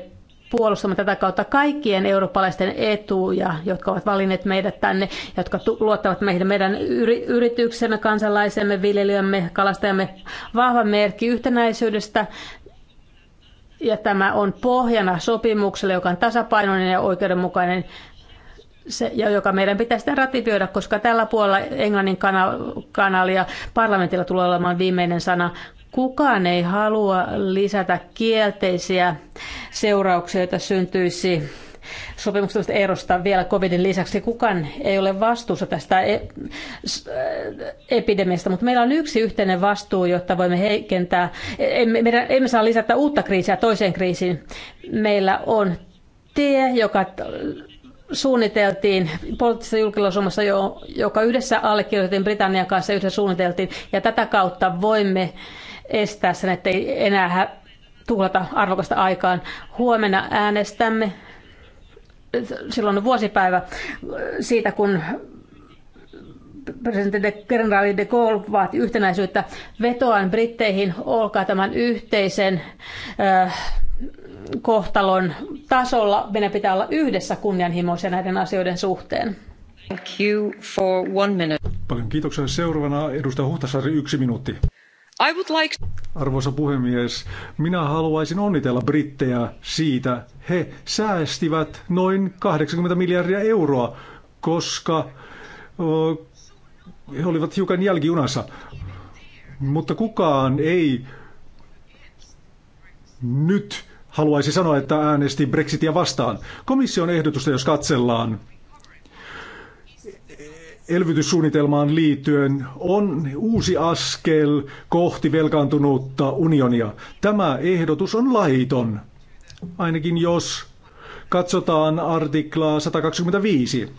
Speaker 4: puolustamme tätä kautta kaikkien eurooppalaisten etuja, jotka ovat valinneet meidät tänne, jotka luottavat meidän, meidän yrityksemme, kansalaisemme, viljelijämme, kalastajamme. Vahva merkki yhtenäisyydestä ja tämä on pohjana sopimukselle, joka on tasapainoinen ja oikeudenmukainen se, joka meidän pitää sitten ratifioida, koska tällä puolella Englannin kanalia parlamentilla tulee olemaan viimeinen sana. Kukaan ei halua lisätä kielteisiä seurauksia, joita syntyisi sopimuksesta erosta vielä covidin lisäksi. Kukaan ei ole vastuussa tästä e, äh, epidemiasta, mutta meillä on yksi yhteinen vastuu, jotta voimme heikentää. Emme, emme saa lisätä uutta kriisiä toiseen kriisiin. Meillä on tie, joka suunniteltiin poliittisessa julkilausumassa, joka yhdessä allekirjoitettiin Britannian kanssa, yhdessä suunniteltiin, ja tätä kautta voimme estää sen, ettei enää tuhlata arvokasta aikaan. Huomenna äänestämme, silloin on vuosipäivä siitä, kun presidentti de, kenraali de Gaulle vaati yhtenäisyyttä. Vetoan britteihin, olkaa tämän yhteisen äh, kohtalon tasolla. Meidän pitää olla yhdessä kunnianhimoisia näiden asioiden suhteen.
Speaker 5: Thank you for one minute. Paljon kiitoksia. Seuraavana edustaja Huhtasaari, yksi minuutti. I would like... Arvoisa puhemies, minä haluaisin onnitella brittejä siitä, he säästivät noin 80 miljardia euroa, koska o, he olivat hiukan jälkijunassa. Mutta kukaan ei nyt haluaisi sanoa, että äänestin Brexitia vastaan. Komission ehdotusta, jos katsellaan, elvytyssuunnitelmaan liittyen on uusi askel kohti velkaantunutta unionia. Tämä ehdotus on laiton, ainakin jos katsotaan artiklaa 125.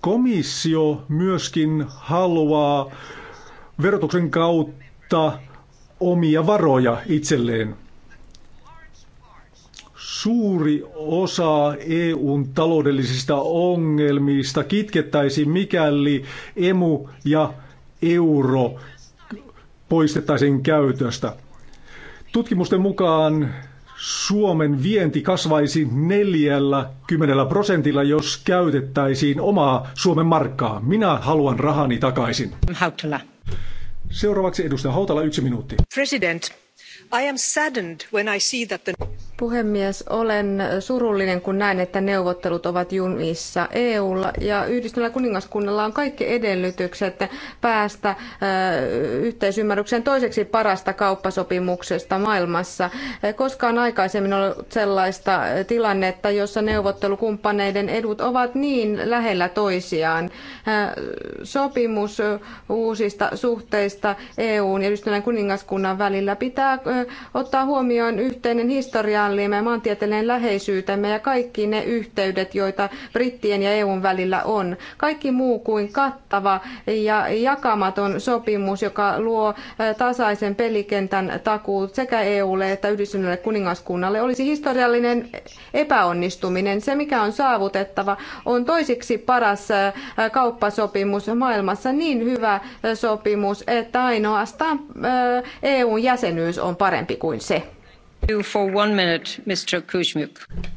Speaker 5: Komissio myöskin haluaa verotuksen kautta omia varoja itselleen suuri osa EUn taloudellisista ongelmista kitkettäisiin, mikäli emu ja euro poistettaisiin käytöstä. Tutkimusten mukaan Suomen vienti kasvaisi 40 prosentilla, jos käytettäisiin omaa Suomen markkaa. Minä haluan rahani takaisin. Hautala. Seuraavaksi edustaja Hautala, yksi minuutti.
Speaker 3: President, I am saddened when I see that the... Puhemies, olen surullinen, kun näen, että neuvottelut ovat junissa EUlla ja yhdistyneellä kuningaskunnalla on kaikki edellytykset päästä yhteisymmärrykseen toiseksi parasta kauppasopimuksesta maailmassa. Koskaan aikaisemmin on ollut sellaista tilannetta, jossa neuvottelukumppaneiden edut ovat niin lähellä toisiaan. Sopimus uusista suhteista EUn ja yhdistyneen kuningaskunnan välillä pitää ottaa huomioon yhteinen historia aluemallimme, maantieteellinen läheisyytemme ja kaikki ne yhteydet, joita brittien ja EUn välillä on. Kaikki muu kuin kattava ja jakamaton sopimus, joka luo tasaisen pelikentän takuut sekä EUlle että yhdistyneelle kuningaskunnalle, olisi historiallinen epäonnistuminen. Se, mikä on saavutettava, on toisiksi paras kauppasopimus maailmassa, niin hyvä sopimus, että ainoastaan EUn jäsenyys on parempi kuin se.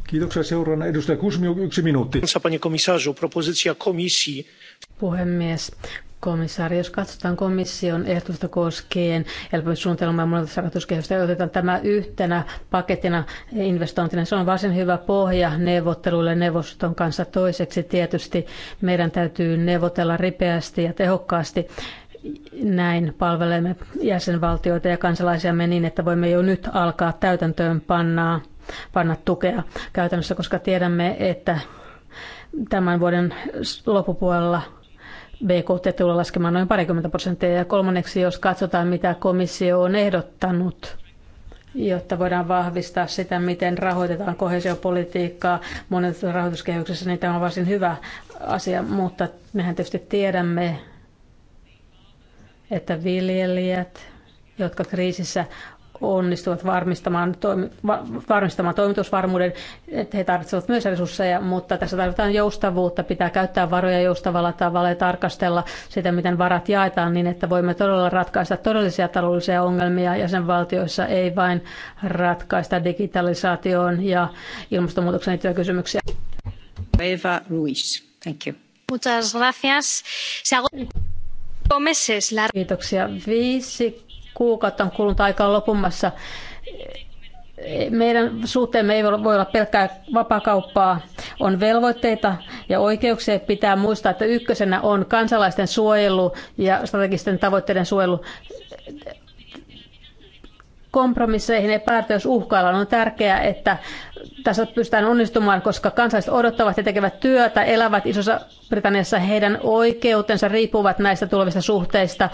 Speaker 5: Kiitoksia yksi minuutti. Panie komisarzu, propozycja komisji.
Speaker 4: Puhemies, komissaari, jos katsotaan komission ehdotusta koskien elpymissuunnitelmaa ja muodostusrahoituskehystä, otetaan tämä yhtenä pakettina investointina. Se on varsin hyvä pohja neuvotteluille neuvoston kanssa. Toiseksi tietysti meidän täytyy neuvotella ripeästi ja tehokkaasti näin palvelemme jäsenvaltioita ja kansalaisiamme niin, että voimme jo nyt alkaa täytäntöön panna tukea käytännössä, koska tiedämme, että tämän vuoden loppupuolella BKT tulee laskemaan noin parikymmentä prosenttia. Ja kolmanneksi, jos katsotaan, mitä komissio on ehdottanut, jotta voidaan vahvistaa sitä, miten rahoitetaan kohesiopolitiikkaa monet rahoituskehyksessä, niin tämä on varsin hyvä asia, mutta mehän tietysti tiedämme, että viljelijät, jotka kriisissä onnistuvat varmistamaan, toimi, varmistamaan toimitusvarmuuden, että he tarvitsevat myös resursseja, mutta tässä tarvitaan joustavuutta, pitää käyttää varoja joustavalla tavalla ja tarkastella sitä, miten varat jaetaan niin, että voimme todella ratkaista todellisia taloudellisia ongelmia jäsenvaltioissa, ei vain ratkaista digitalisaatioon ja ilmastonmuutoksen liittyviä kysymyksiä. Eva Ruiz, thank you. Muchas gracias. Kiitoksia. Viisi kuukautta on kulunut aikaa lopumassa. Meidän suhteemme ei voi olla pelkkää vapakauppaa. On velvoitteita ja oikeuksia. Pitää muistaa, että ykkösenä on kansalaisten suojelu ja strategisten tavoitteiden suojelu kompromisseihin ja päätös uhkaillaan. On tärkeää, että tässä pystytään onnistumaan, koska kansalaiset odottavat ja tekevät työtä, elävät isossa Britanniassa, heidän oikeutensa riippuvat näistä tulevista suhteista.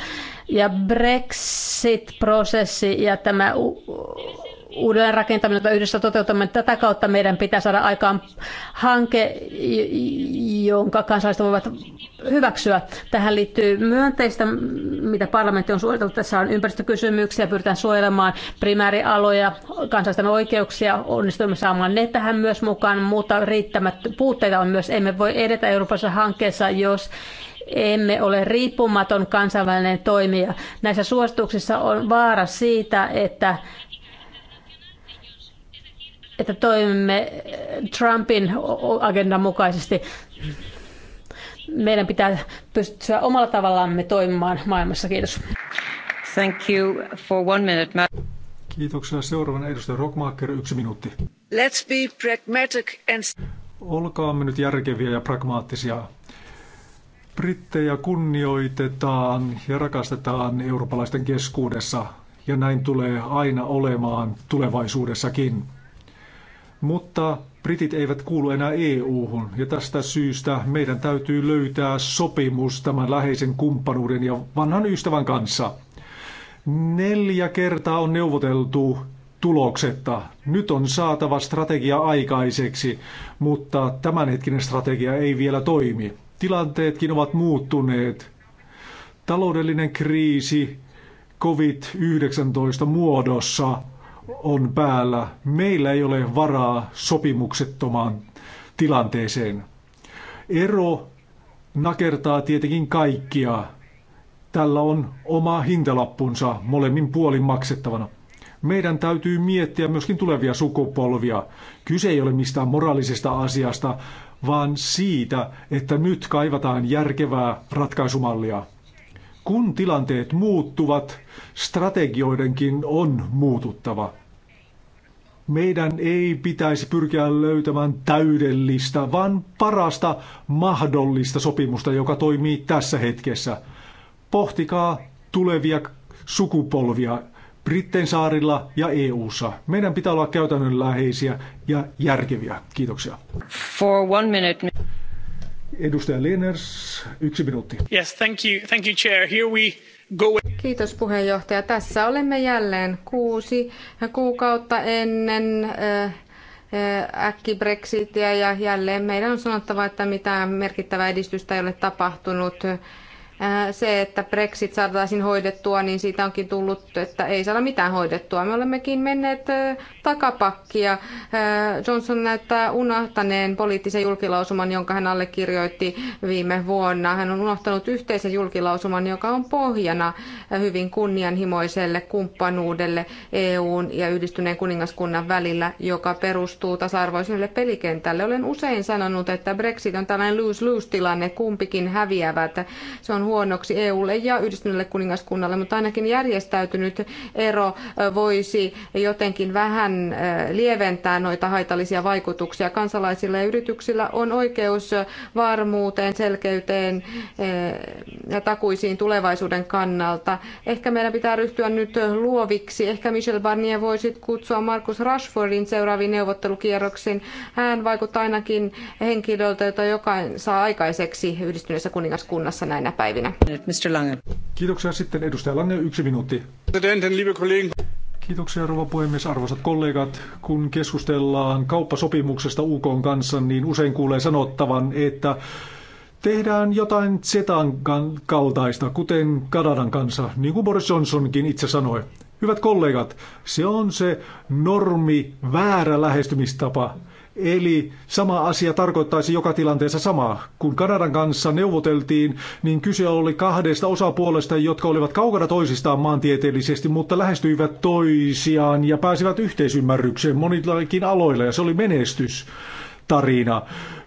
Speaker 4: Ja Brexit-prosessi ja tämä uudelleen rakentaminen, jota yhdessä toteutamme. Tätä kautta meidän pitää saada aikaan hanke, jonka kansalaiset voivat hyväksyä. Tähän liittyy myönteistä, mitä parlamentti on suojeltu. Tässä on ympäristökysymyksiä, pyritään suojelemaan primäärialoja, kansalaisten oikeuksia, onnistumme saamaan ne tähän myös mukaan, mutta riittämät puutteita on myös. Emme voi edetä Euroopassa hankkeessa, jos emme ole riippumaton kansainvälinen toimija. Näissä suosituksissa on vaara siitä, että että toimimme äh, Trumpin agendan mukaisesti. Meidän pitää pystyä omalla tavallamme toimimaan maailmassa. Kiitos. Thank you for one minute.
Speaker 5: Kiitoksia. Seuraavana edustaja Rockmaker, yksi minuutti.
Speaker 4: Let's
Speaker 7: be pragmatic and...
Speaker 5: Olkaamme nyt järkeviä ja pragmaattisia. Brittejä kunnioitetaan ja rakastetaan eurooppalaisten keskuudessa, ja näin tulee aina olemaan tulevaisuudessakin. Mutta britit eivät kuulu enää EU-hun ja tästä syystä meidän täytyy löytää sopimus tämän läheisen kumppanuuden ja vanhan ystävän kanssa. Neljä kertaa on neuvoteltu tuloksetta. Nyt on saatava strategia aikaiseksi, mutta tämänhetkinen strategia ei vielä toimi. Tilanteetkin ovat muuttuneet. Taloudellinen kriisi COVID-19 muodossa – on päällä. Meillä ei ole varaa sopimuksettomaan tilanteeseen. Ero nakertaa tietenkin kaikkia. Tällä on oma hintalappunsa molemmin puolin maksettavana. Meidän täytyy miettiä myöskin tulevia sukupolvia. Kyse ei ole mistään moraalisesta asiasta, vaan siitä, että nyt kaivataan järkevää ratkaisumallia. Kun tilanteet muuttuvat, strategioidenkin on muututtava. Meidän ei pitäisi pyrkiä löytämään täydellistä, vaan parasta mahdollista sopimusta, joka toimii tässä hetkessä. Pohtikaa tulevia sukupolvia Britten saarilla ja EU:ssa. Meidän pitää olla käytännönläheisiä ja järkeviä. Kiitoksia.
Speaker 4: For one minute.
Speaker 5: Edustaja Leners, yksi minuutti.
Speaker 4: Yes, thank you, thank you, chair. Here we
Speaker 3: go. Kiitos puheenjohtaja. Tässä olemme jälleen kuusi kuukautta ennen äh, äkki Brexitia ja jälleen meidän on sanottava, että mitään merkittävää edistystä ei ole tapahtunut se, että Brexit saataisiin hoidettua, niin siitä onkin tullut, että ei saada mitään hoidettua. Me olemmekin menneet takapakkia. Johnson näyttää unohtaneen poliittisen julkilausuman, jonka hän allekirjoitti viime vuonna. Hän on unohtanut yhteisen julkilausuman, joka on pohjana hyvin kunnianhimoiselle kumppanuudelle EUn ja yhdistyneen kuningaskunnan välillä, joka perustuu tasa-arvoiselle pelikentälle. Olen usein sanonut, että Brexit on tällainen lose-lose-tilanne, kumpikin häviävät. Se on huonoksi EUlle ja yhdistyneelle kuningaskunnalle, mutta ainakin järjestäytynyt ero voisi jotenkin vähän lieventää noita haitallisia vaikutuksia. Kansalaisilla ja yrityksillä on oikeus varmuuteen, selkeyteen ja takuisiin tulevaisuuden kannalta. Ehkä meidän pitää ryhtyä nyt luoviksi. Ehkä Michel Barnier voisit kutsua Markus Rashfordin seuraaviin neuvottelukierroksiin. Hän vaikuttaa ainakin henkilöltä, jota jokainen saa aikaiseksi yhdistyneessä kuningaskunnassa näinä päivinä päivinä.
Speaker 5: Mr. Lange. Kiitoksia sitten edustaja Lange, yksi minuutti. Kiitoksia rouva puhemies, arvoisat kollegat. Kun keskustellaan kauppasopimuksesta UK kanssa, niin usein kuulee sanottavan, että tehdään jotain Zetan kaltaista, kuten Kanadan kanssa, niin kuin Boris Johnsonkin itse sanoi. Hyvät kollegat, se on se normi väärä lähestymistapa. Eli sama asia tarkoittaisi joka tilanteessa samaa. Kun Kanadan kanssa neuvoteltiin, niin kyse oli kahdesta osapuolesta, jotka olivat kaukana toisistaan maantieteellisesti, mutta lähestyivät toisiaan ja pääsivät yhteisymmärrykseen monillakin aloilla, ja se oli menestystarina.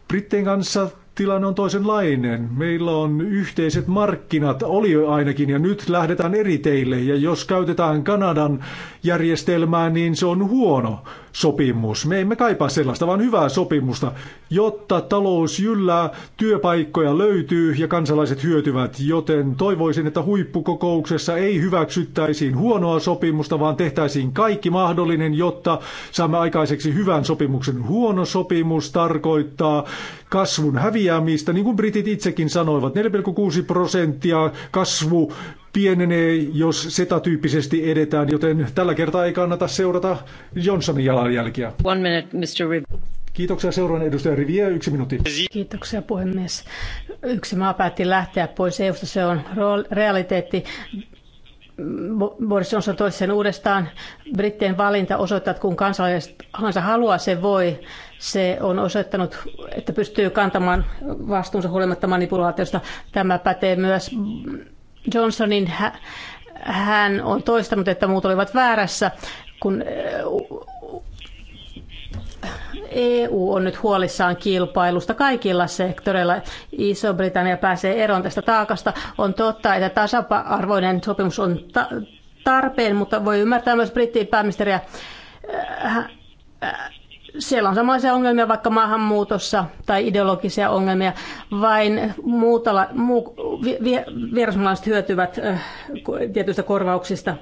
Speaker 5: Brittein kanssa tilanne on toisenlainen. Meillä on yhteiset markkinat, oli jo ainakin, ja nyt lähdetään eri teille. Ja jos käytetään Kanadan järjestelmää, niin se on huono sopimus. Me emme kaipaa sellaista, vaan hyvää sopimusta, jotta talous jyllää, työpaikkoja löytyy ja kansalaiset hyötyvät. Joten toivoisin, että huippukokouksessa ei hyväksyttäisiin huonoa sopimusta, vaan tehtäisiin kaikki mahdollinen, jotta saamme aikaiseksi hyvän sopimuksen. Huono sopimus tarkoittaa kasvun häviämistä, niin kuin britit itsekin sanoivat, 4,6 prosenttia kasvu pienenee, jos seta-tyyppisesti edetään, joten tällä kertaa ei kannata seurata Johnsonin jalanjälkiä. One minute, Mr. Riv- Kiitoksia seuraavan edustaja Riviä, yksi minuutti.
Speaker 4: Kiitoksia puhemies. Yksi maa päätti lähteä pois eu se on realiteetti. Boris Johnson toisi sen uudestaan. Brittien valinta osoittaa, että kun kansalaisensa haluaa, se voi. Se on osoittanut, että pystyy kantamaan vastuunsa huolimatta manipulaatiosta. Tämä pätee myös Johnsonin, hän on toistanut, että muut olivat väärässä, kun EU e on nyt huolissaan kilpailusta kaikilla sektoreilla. Iso-Britannia pääsee eroon tästä taakasta. On totta, että tasa-arvoinen sopimus on ta- tarpeen, mutta voi ymmärtää myös brittipääministeriä. Äh, äh, siellä on samanlaisia ongelmia vaikka maahanmuutossa tai ideologisia ongelmia. Vain muutala, muu, vi, vierasmaalaiset hyötyvät äh, tietyistä korvauksista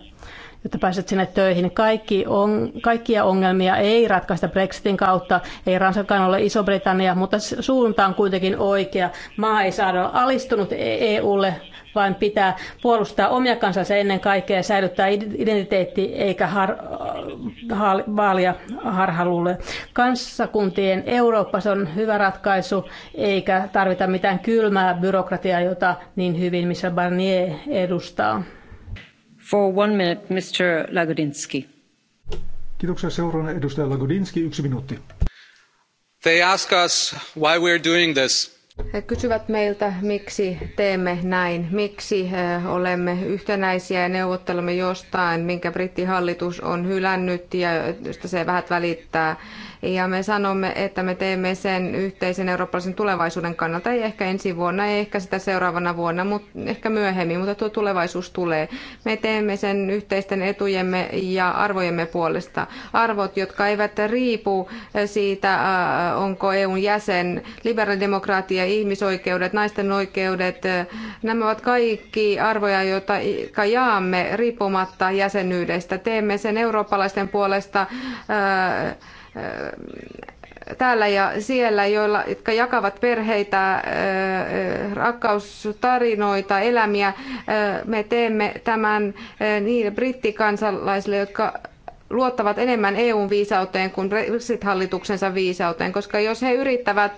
Speaker 4: jotta pääset sinne töihin. Kaikki on, kaikkia ongelmia ei ratkaista Brexitin kautta, ei Ranskakaan ole Iso-Britannia, mutta suunta on kuitenkin oikea. Maa ei saada olla alistunut EUlle, e-, vaan pitää puolustaa omia kansansa ennen kaikkea ja säilyttää identiteetti eikä har, haal, vaalia harhaluulle. Kansakuntien Eurooppa se on hyvä ratkaisu eikä tarvita mitään kylmää byrokratiaa, jota niin hyvin missä Barnier edustaa. For one minute, Mr. Lagodinsky.
Speaker 5: Kiitoksia seuraavana edustaja Lagodinski, yksi minuutti. They ask
Speaker 2: us why we're doing this.
Speaker 3: He kysyvät meiltä, miksi teemme näin, miksi eh, olemme yhtenäisiä ja neuvottelemme jostain, minkä brittihallitus on hylännyt ja josta se vähät välittää ja me sanomme, että me teemme sen yhteisen eurooppalaisen tulevaisuuden kannalta, ei ehkä ensi vuonna, ei ehkä sitä seuraavana vuonna, mutta ehkä myöhemmin, mutta tuo tulevaisuus tulee. Me teemme sen yhteisten etujemme ja arvojemme puolesta. Arvot, jotka eivät riipu siitä, äh, onko EUn jäsen, liberaalidemokraatia, ihmisoikeudet, naisten oikeudet, äh, nämä ovat kaikki arvoja, joita jaamme riippumatta jäsenyydestä. Teemme sen eurooppalaisten puolesta äh, täällä ja siellä, joilla, jotka jakavat perheitä, rakkaustarinoita, elämiä. Me teemme tämän niille brittikansalaisille, jotka luottavat enemmän EUn viisauteen kuin Brexit-hallituksensa viisauteen, koska jos he yrittävät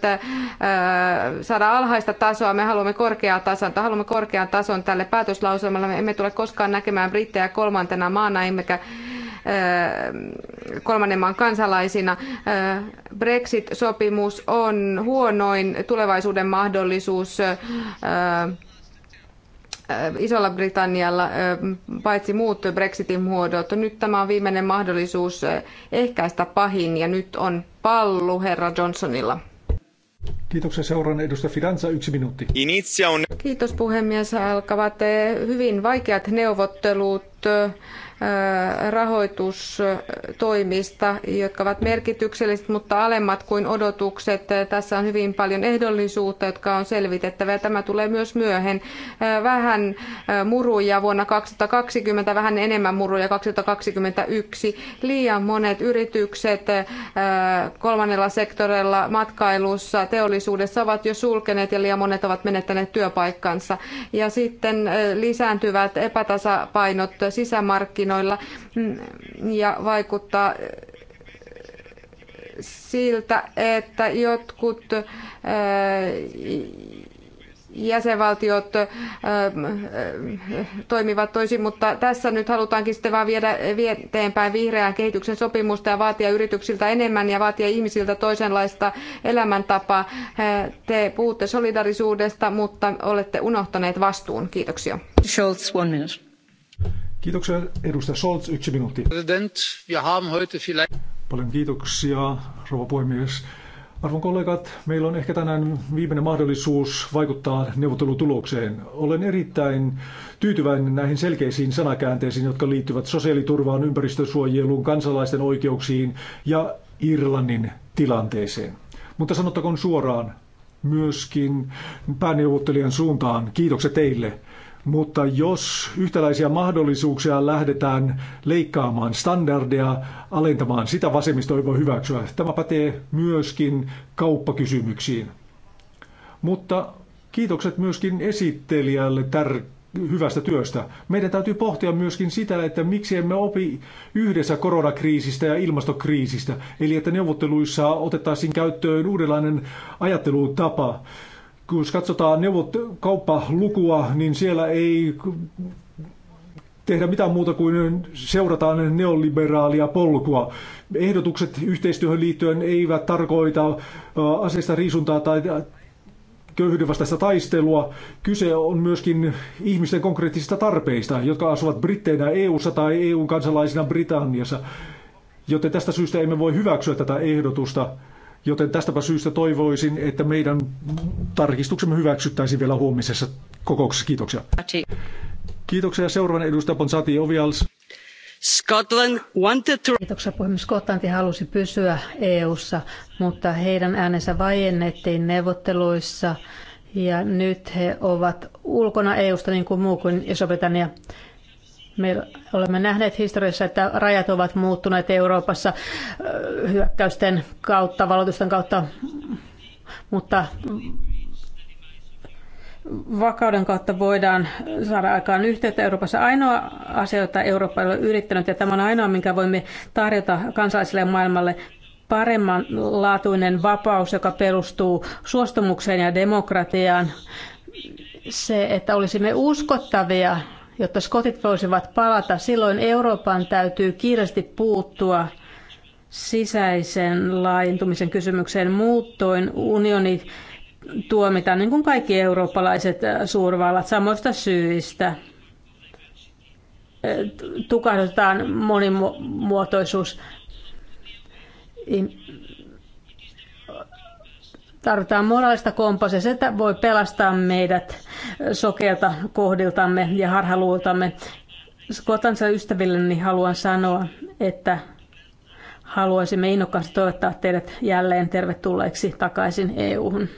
Speaker 3: saada alhaista tasoa, me haluamme korkeaa tason, tai haluamme korkean tason tälle päätöslauselmalle. Me emme tule koskaan näkemään brittejä kolmantena maana, emmekä kolmannen maan kansalaisina. Brexit-sopimus on huonoin tulevaisuuden mahdollisuus Isolla Britannialla, paitsi muut Brexitin muodot, nyt tämä on viimeinen mahdollisuus ehkäistä pahin ja nyt on pallu herra Johnsonilla.
Speaker 5: Kiitoksia seuraan edustaja Fidanza, yksi minuutti. Kiitos
Speaker 3: puhemies, alkavat hyvin vaikeat neuvottelut rahoitustoimista, jotka ovat merkitykselliset, mutta alemmat kuin odotukset. Tässä on hyvin paljon ehdollisuutta, jotka on selvitettävä ja tämä tulee myös myöhen. Vähän muruja vuonna 2020, vähän enemmän muruja 2021. Liian monet yritykset kolmannella sektorilla, matkailussa, teollisuudessa ovat jo sulkeneet ja liian monet ovat menettäneet työpaikkansa. Ja sitten lisääntyvät epätasapainot sisämarkkinoilla markkinoilla mm, ja vaikuttaa siltä, että jotkut äh, jäsenvaltiot äh, äh, toimivat toisin, mutta tässä nyt halutaankin sitten vaan viedä eteenpäin vihreän kehityksen sopimusta ja vaatia yrityksiltä enemmän ja vaatia ihmisiltä toisenlaista elämäntapaa. Te puhutte solidarisuudesta, mutta olette unohtaneet vastuun.
Speaker 5: Kiitoksia. Scholz, one minute. Kiitoksia edustaja Scholz, yksi minuutti. President,
Speaker 7: heute vielleicht...
Speaker 5: Paljon kiitoksia, rouva puhemies. Arvon kollegat, meillä on ehkä tänään viimeinen mahdollisuus vaikuttaa neuvottelutulokseen. Olen erittäin tyytyväinen näihin selkeisiin sanakäänteisiin, jotka liittyvät sosiaaliturvaan, ympäristösuojeluun, kansalaisten oikeuksiin ja Irlannin tilanteeseen. Mutta sanottakoon suoraan myöskin pääneuvottelijan suuntaan, kiitokset teille. Mutta jos yhtäläisiä mahdollisuuksia lähdetään leikkaamaan standardeja, alentamaan, sitä vasemmisto ei voi hyväksyä. Tämä pätee myöskin kauppakysymyksiin. Mutta kiitokset myöskin esittelijälle tär- hyvästä työstä. Meidän täytyy pohtia myöskin sitä, että miksi emme opi yhdessä koronakriisistä ja ilmastokriisistä, eli että neuvotteluissa otettaisiin käyttöön uudenlainen ajattelutapa kun katsotaan neuvot kauppalukua, niin siellä ei tehdä mitään muuta kuin seurataan neoliberaalia polkua. Ehdotukset yhteistyöhön liittyen eivät tarkoita aseista riisuntaa tai köyhyyden vastaista taistelua. Kyse on myöskin ihmisten konkreettisista tarpeista, jotka asuvat britteinä EU-ssa tai eu kansalaisina Britanniassa. Joten tästä syystä emme voi hyväksyä tätä ehdotusta. Joten tästäpä syystä toivoisin, että meidän tarkistuksemme hyväksyttäisiin vielä huomisessa kokouksessa. Kiitoksia. Kiitoksia. Seuraavana edustaja Ponsati Ovials. Scotland
Speaker 4: wanted to... Kiitoksia puhemies. Skotlanti halusi pysyä EU:ssa, mutta heidän äänensä vaiennettiin neuvotteluissa ja nyt he ovat ulkona EUsta niin kuin muu kuin Iso-Britannia. Me olemme nähneet historiassa, että rajat ovat muuttuneet Euroopassa hyökkäysten kautta, valotusten kautta, mutta vakauden kautta voidaan saada aikaan yhteyttä Euroopassa. Ainoa asia, jota Eurooppa ei ole yrittänyt, ja tämä on ainoa, minkä voimme tarjota kansalaisille maailmalle, paremmanlaatuinen vapaus, joka perustuu suostumukseen ja demokratiaan. Se, että olisimme uskottavia jotta skotit voisivat palata, silloin Euroopan täytyy kiireesti puuttua sisäisen laajentumisen kysymykseen. Muuttoin unioni tuomitaan niin kuin kaikki eurooppalaiset äh, suurvallat samoista syistä. Äh, tukahdutetaan monimuotoisuus Tarvitaan moraalista kompassia, se voi pelastaa meidät sokeilta kohdiltamme ja harhaluultamme. Kotansa ystävilleni haluan sanoa, että haluaisimme innokkaasti toivottaa teidät jälleen tervetulleeksi takaisin EU-hun.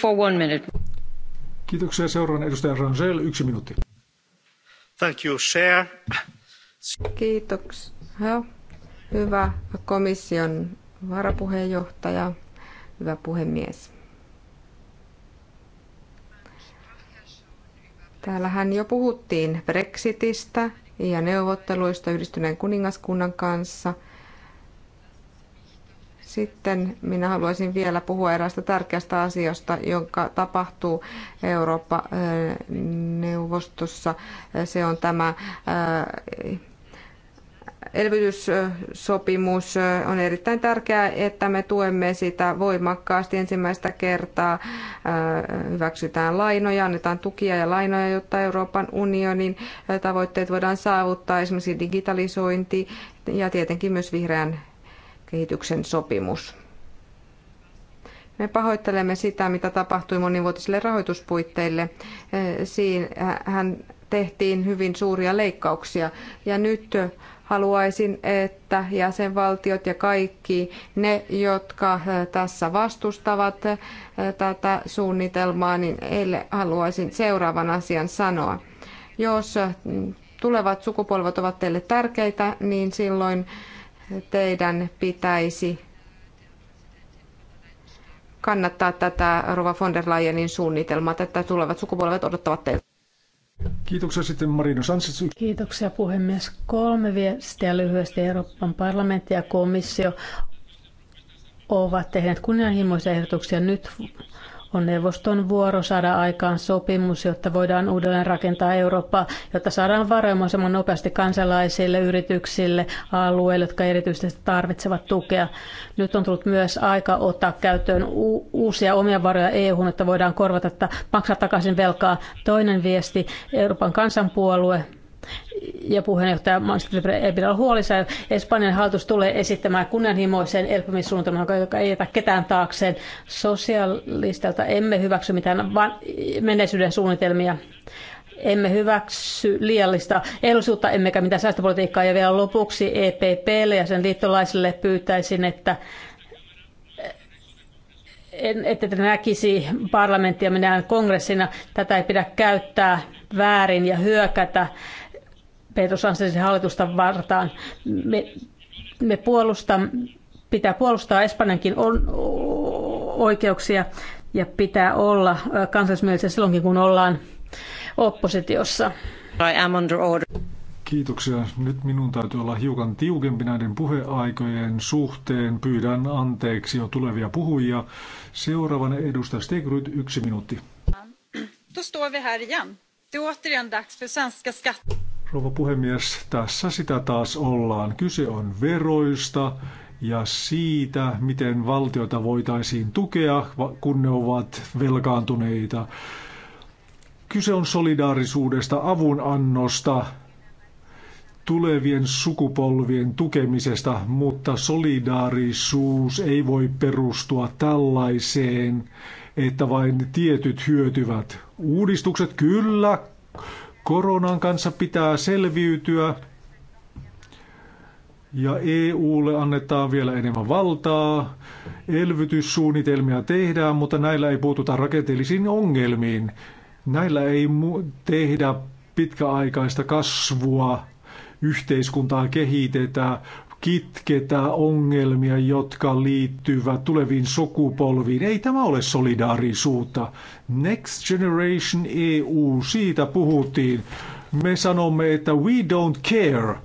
Speaker 5: For one minute. Kiitoksia. Seuraavan edustaja Rangel, yksi minuutti. Thank you, Chair.
Speaker 4: Kiitoksia.
Speaker 3: Hyvä komission varapuheenjohtaja hyvä puhemies. Täällähän jo puhuttiin Brexitistä ja neuvotteluista yhdistyneen kuningaskunnan kanssa. Sitten minä haluaisin vielä puhua eräästä tärkeästä asiasta, joka tapahtuu Eurooppa-neuvostossa. Se on tämä elvytyssopimus on erittäin tärkeää, että me tuemme sitä voimakkaasti. Ensimmäistä kertaa hyväksytään lainoja, annetaan tukia ja lainoja, jotta Euroopan unionin tavoitteet voidaan saavuttaa, esimerkiksi digitalisointi ja tietenkin myös vihreän kehityksen sopimus. Me pahoittelemme sitä, mitä tapahtui monivuotisille rahoituspuitteille. Siinä hän tehtiin hyvin suuria leikkauksia ja nyt Haluaisin, että jäsenvaltiot ja kaikki ne, jotka äh, tässä vastustavat äh, tätä suunnitelmaa, niin heille haluaisin seuraavan asian sanoa. Jos äh, tulevat sukupolvet ovat teille tärkeitä, niin silloin teidän pitäisi kannattaa tätä Rova von der Leyenin suunnitelmaa, että tulevat sukupolvet odottavat teiltä.
Speaker 5: Kiitoksia sitten Marino Sanchez.
Speaker 4: Kiitoksia puhemies. Kolme viestiä lyhyesti Euroopan parlamentti ja komissio ovat tehneet kunnianhimoisia ehdotuksia nyt on neuvoston vuoro saada aikaan sopimus, jotta voidaan uudelleen rakentaa Eurooppaa, jotta saadaan varoja mahdollisimman nopeasti kansalaisille, yrityksille, alueille, jotka erityisesti tarvitsevat tukea. Nyt on tullut myös aika ottaa käyttöön uusia omia varoja eu n, jotta voidaan korvata, että maksaa takaisin velkaa. Toinen viesti, Euroopan kansanpuolue ja puheenjohtaja ei pidä olla huolissa. Espanjan hallitus tulee esittämään kunnianhimoisen elpymissuunnitelman, joka ei jätä ketään taakseen. Sosialistelta emme hyväksy mitään van- menneisyyden suunnitelmia. Emme hyväksy liiallista edullisuutta, emmekä mitään säästöpolitiikkaa. Ja vielä lopuksi EPPlle ja sen liittolaisille pyytäisin, että en, että te näkisi parlamenttia minään kongressina. Tätä ei pidä käyttää väärin ja hyökätä Pedro Sanchezin hallitusta vartaan. Me, me puolustamme, pitää puolustaa Espanjankin on, oikeuksia ja pitää olla kansallismielisiä silloinkin, kun ollaan oppositiossa.
Speaker 5: I am under order. Kiitoksia. Nyt minun täytyy olla hiukan tiukempi näiden puheaikojen suhteen. Pyydän anteeksi jo tulevia puhujia. Seuraavana edustaja Stegryt, yksi minuutti.
Speaker 7: Då står vi här igen. Det är återigen
Speaker 8: dags för svenska skatter.
Speaker 5: Rouva puhemies, tässä sitä taas ollaan. Kyse on veroista ja siitä, miten valtiota voitaisiin tukea, kun ne ovat velkaantuneita. Kyse on solidaarisuudesta, avunannosta, tulevien sukupolvien tukemisesta, mutta solidaarisuus ei voi perustua tällaiseen, että vain tietyt hyötyvät. Uudistukset kyllä Koronan kanssa pitää selviytyä ja EUlle annetaan vielä enemmän valtaa, elvytyssuunnitelmia tehdään, mutta näillä ei puututa rakenteellisiin ongelmiin. Näillä ei tehdä pitkäaikaista kasvua, yhteiskuntaa kehitetään, kitketä ongelmia, jotka liittyvät tuleviin sukupolviin. Ei tämä ole solidaarisuutta. Next Generation EU, siitä puhuttiin. Me sanomme, että we don't care.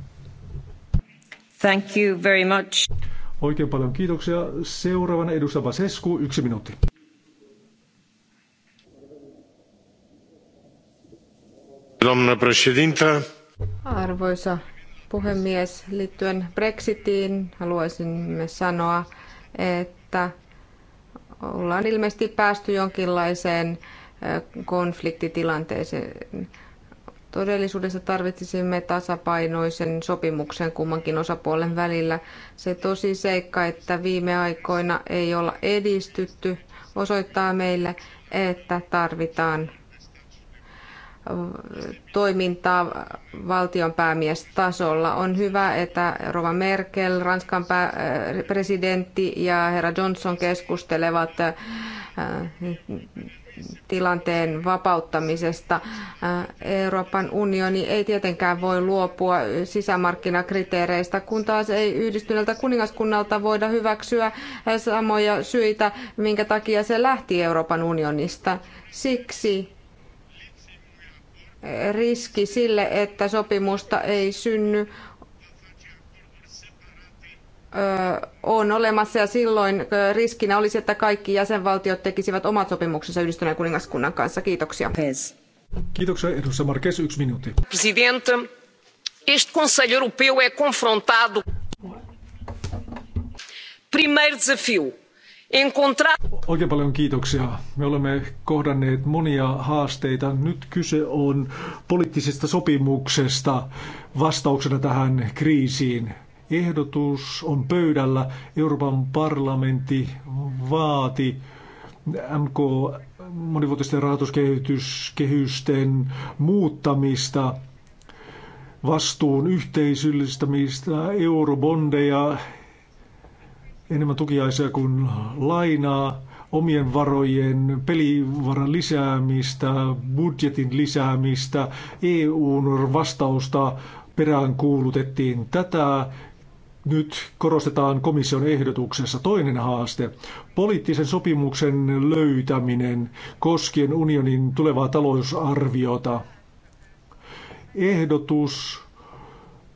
Speaker 5: Thank you very much. Oikein paljon kiitoksia. Seuraavana edustaja Basescu, yksi minuutti.
Speaker 3: Arvoisa puhemies. Liittyen Brexitiin haluaisin sanoa, että ollaan ilmeisesti päästy jonkinlaiseen konfliktitilanteeseen. Todellisuudessa tarvitsisimme tasapainoisen sopimuksen kummankin osapuolen välillä. Se tosi seikka, että viime aikoina ei olla edistytty, osoittaa meille, että tarvitaan toimintaa valtion päämiestasolla. On hyvä, että Rova Merkel, Ranskan äh, presidentti ja herra Johnson keskustelevat äh, tilanteen vapauttamisesta. Äh, Euroopan unioni ei tietenkään voi luopua sisämarkkinakriteereistä, kun taas ei yhdistyneeltä kuningaskunnalta voida hyväksyä samoja syitä, minkä takia se lähti Euroopan unionista. Siksi riski sille, että sopimusta ei synny, on olemassa ja silloin riskinä olisi, että kaikki jäsenvaltiot tekisivät omat sopimuksensa yhdistyneen kuningaskunnan kanssa. Kiitoksia.
Speaker 5: Kiitoksia edustaja Marques, yksi minuutti.
Speaker 3: Presidente, este Conselho Europeu é confrontado. Primeiro desafio,
Speaker 5: Oikein paljon kiitoksia. Me olemme kohdanneet monia haasteita. Nyt kyse on poliittisesta sopimuksesta vastauksena tähän kriisiin. Ehdotus on pöydällä. Euroopan parlamentti vaati MK monivuotisten rahoituskehysten muuttamista, vastuun yhteisöllistämistä, eurobondeja, enemmän tukiaisia kuin lainaa, omien varojen pelivaran lisäämistä, budjetin lisäämistä, EUn vastausta perään kuulutettiin. tätä. Nyt korostetaan komission ehdotuksessa toinen haaste, poliittisen sopimuksen löytäminen koskien unionin tulevaa talousarviota. Ehdotus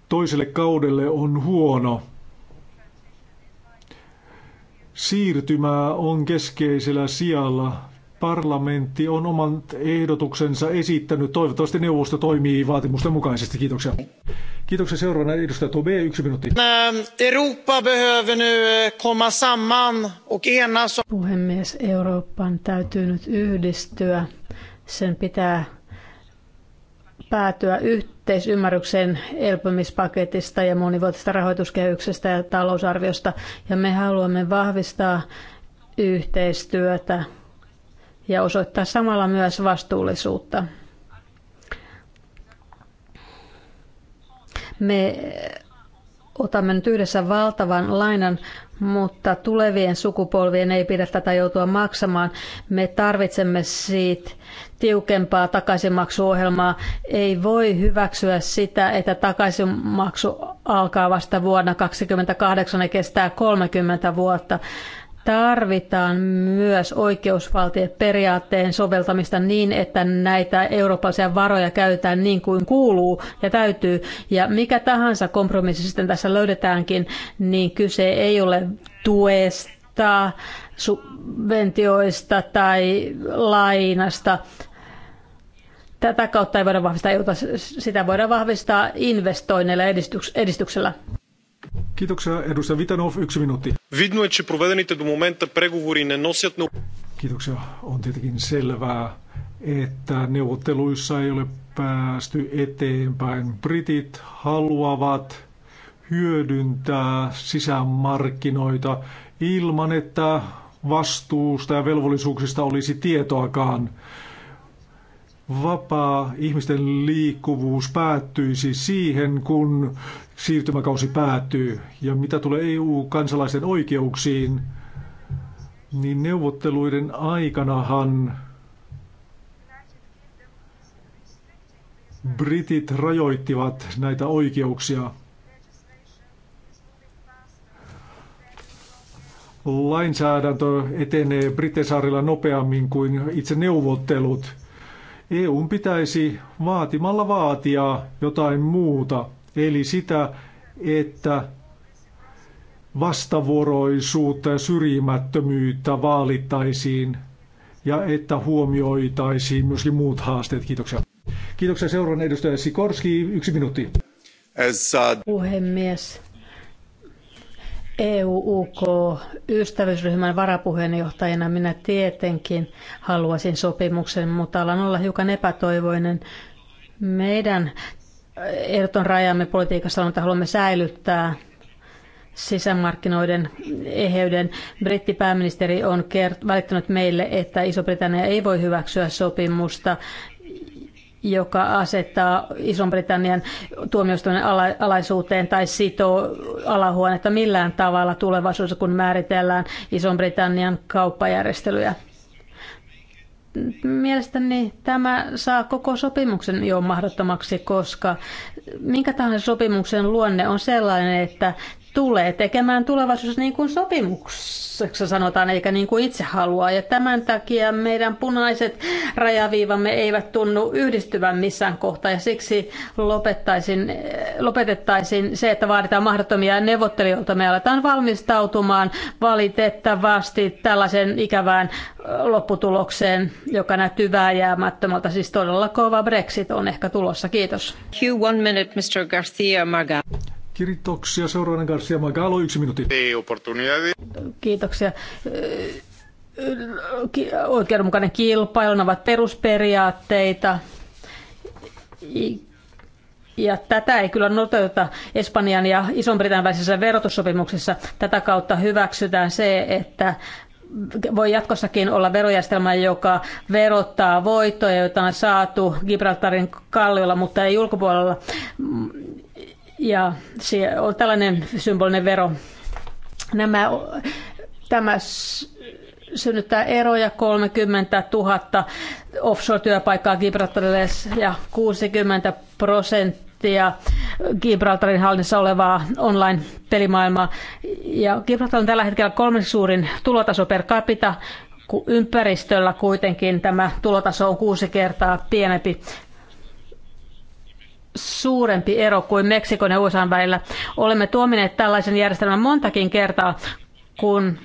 Speaker 5: toiselle kaudelle on huono siirtymää on keskeisellä sijalla. Parlamentti on oman ehdotuksensa esittänyt. Toivottavasti neuvosto toimii vaatimusten mukaisesti. Kiitoksia. Kiitoksia seuraavana edustaja Tobe, yksi minuutti. Ähm,
Speaker 4: Eurooppa behöver nu eh, komma samman och enas. Puhemies, Euroopan täytyy nyt yhdistyä. Sen pitää päätyä yhteisymmärrykseen elpymispaketista ja monivuotisesta rahoituskehyksestä ja talousarviosta. Ja me haluamme vahvistaa yhteistyötä ja osoittaa samalla myös vastuullisuutta. Me otamme nyt yhdessä valtavan lainan, mutta tulevien sukupolvien ei pidä tätä joutua maksamaan. Me tarvitsemme siitä tiukempaa takaisinmaksuohjelmaa. Ei voi hyväksyä sitä, että takaisinmaksu alkaa vasta vuonna 2028 ja kestää 30 vuotta tarvitaan myös oikeusvaltioperiaatteen soveltamista niin, että näitä eurooppalaisia varoja käytetään niin kuin kuuluu ja täytyy. Ja mikä tahansa kompromissi sitten tässä löydetäänkin, niin kyse ei ole tuesta, subventioista tai lainasta. Tätä kautta ei voida vahvistaa EUta, sitä voidaan vahvistaa investoinneilla edistyksellä.
Speaker 5: Kiitoksia edustaja Vitanov, yksi minuutti. Видно е, че проведените до момента преговори не носят... Kiitoksia. On tietenkin selvää, että neuvotteluissa ei ole päästy eteenpäin. Britit haluavat hyödyntää sisämarkkinoita ilman, että vastuusta ja velvollisuuksista olisi tietoakaan. Vapaa ihmisten liikkuvuus päättyisi siihen, kun siirtymäkausi päättyy. Ja mitä tulee EU-kansalaisten oikeuksiin, niin neuvotteluiden aikanahan britit rajoittivat näitä oikeuksia. Lainsäädäntö etenee Britesaarilla nopeammin kuin itse neuvottelut. EUn pitäisi vaatimalla vaatia jotain muuta. Eli sitä, että vastavuoroisuutta ja syrjimättömyyttä vaalittaisiin ja että huomioitaisiin myöskin muut haasteet. Kiitoksia. Kiitoksia seuraavan edustaja Sikorski. Yksi minuutti. Uh, Puhemies.
Speaker 4: EU-UK-ystävyysryhmän varapuheenjohtajana minä tietenkin haluaisin sopimuksen, mutta alan olla hiukan epätoivoinen. Meidän ehdoton rajamme politiikassa on, että haluamme säilyttää sisämarkkinoiden eheyden. Brittipääministeri on kert- välittänyt meille, että Iso-Britannia ei voi hyväksyä sopimusta, joka asettaa Ison-Britannian tuomioistuimen ala- alaisuuteen tai sitoo alahuonetta millään tavalla tulevaisuudessa, kun määritellään Ison-Britannian kauppajärjestelyjä. Mielestäni tämä saa koko sopimuksen jo mahdottomaksi, koska minkä tahansa sopimuksen luonne on sellainen, että tulee tekemään tulevaisuudessa niin kuin sopimuksessa sanotaan, eikä niin kuin itse haluaa. Ja tämän takia meidän punaiset rajaviivamme eivät tunnu yhdistyvän missään kohtaa. Ja siksi lopettaisin, lopetettaisiin se, että vaaditaan mahdottomia neuvottelijoita. Me aletaan valmistautumaan valitettavasti tällaisen ikävään lopputulokseen, joka näyttää vääjäämättömältä. Siis todella kova Brexit on ehkä tulossa. Kiitos.
Speaker 5: Q, one minute, Mr. Garcia Marga. Kiitoksia. Seuraavana Garcia Magalo, yksi minuutti.
Speaker 4: Kiitoksia oikeudenmukainen kilpailu, ovat perusperiaatteita. Ja tätä ei kyllä noteuta Espanjan ja Ison-Britannian välisessä verotussopimuksessa. Tätä kautta hyväksytään se, että voi jatkossakin olla verojärjestelmä, joka verottaa voittoja, joita on saatu Gibraltarin kalliolla, mutta ei ulkopuolella ja on tällainen symbolinen vero. Nämä, tämä synnyttää eroja 30 000 offshore-työpaikkaa Gibraltarille ja 60 prosenttia Gibraltarin hallinnassa olevaa online-pelimaailmaa. Ja Gibraltar on tällä hetkellä kolmen suurin tulotaso per capita, kun ympäristöllä kuitenkin tämä tulotaso on kuusi kertaa pienempi suurempi ero kuin Meksikon ja USA välillä. Olemme tuomineet tällaisen järjestelmän montakin kertaa, kun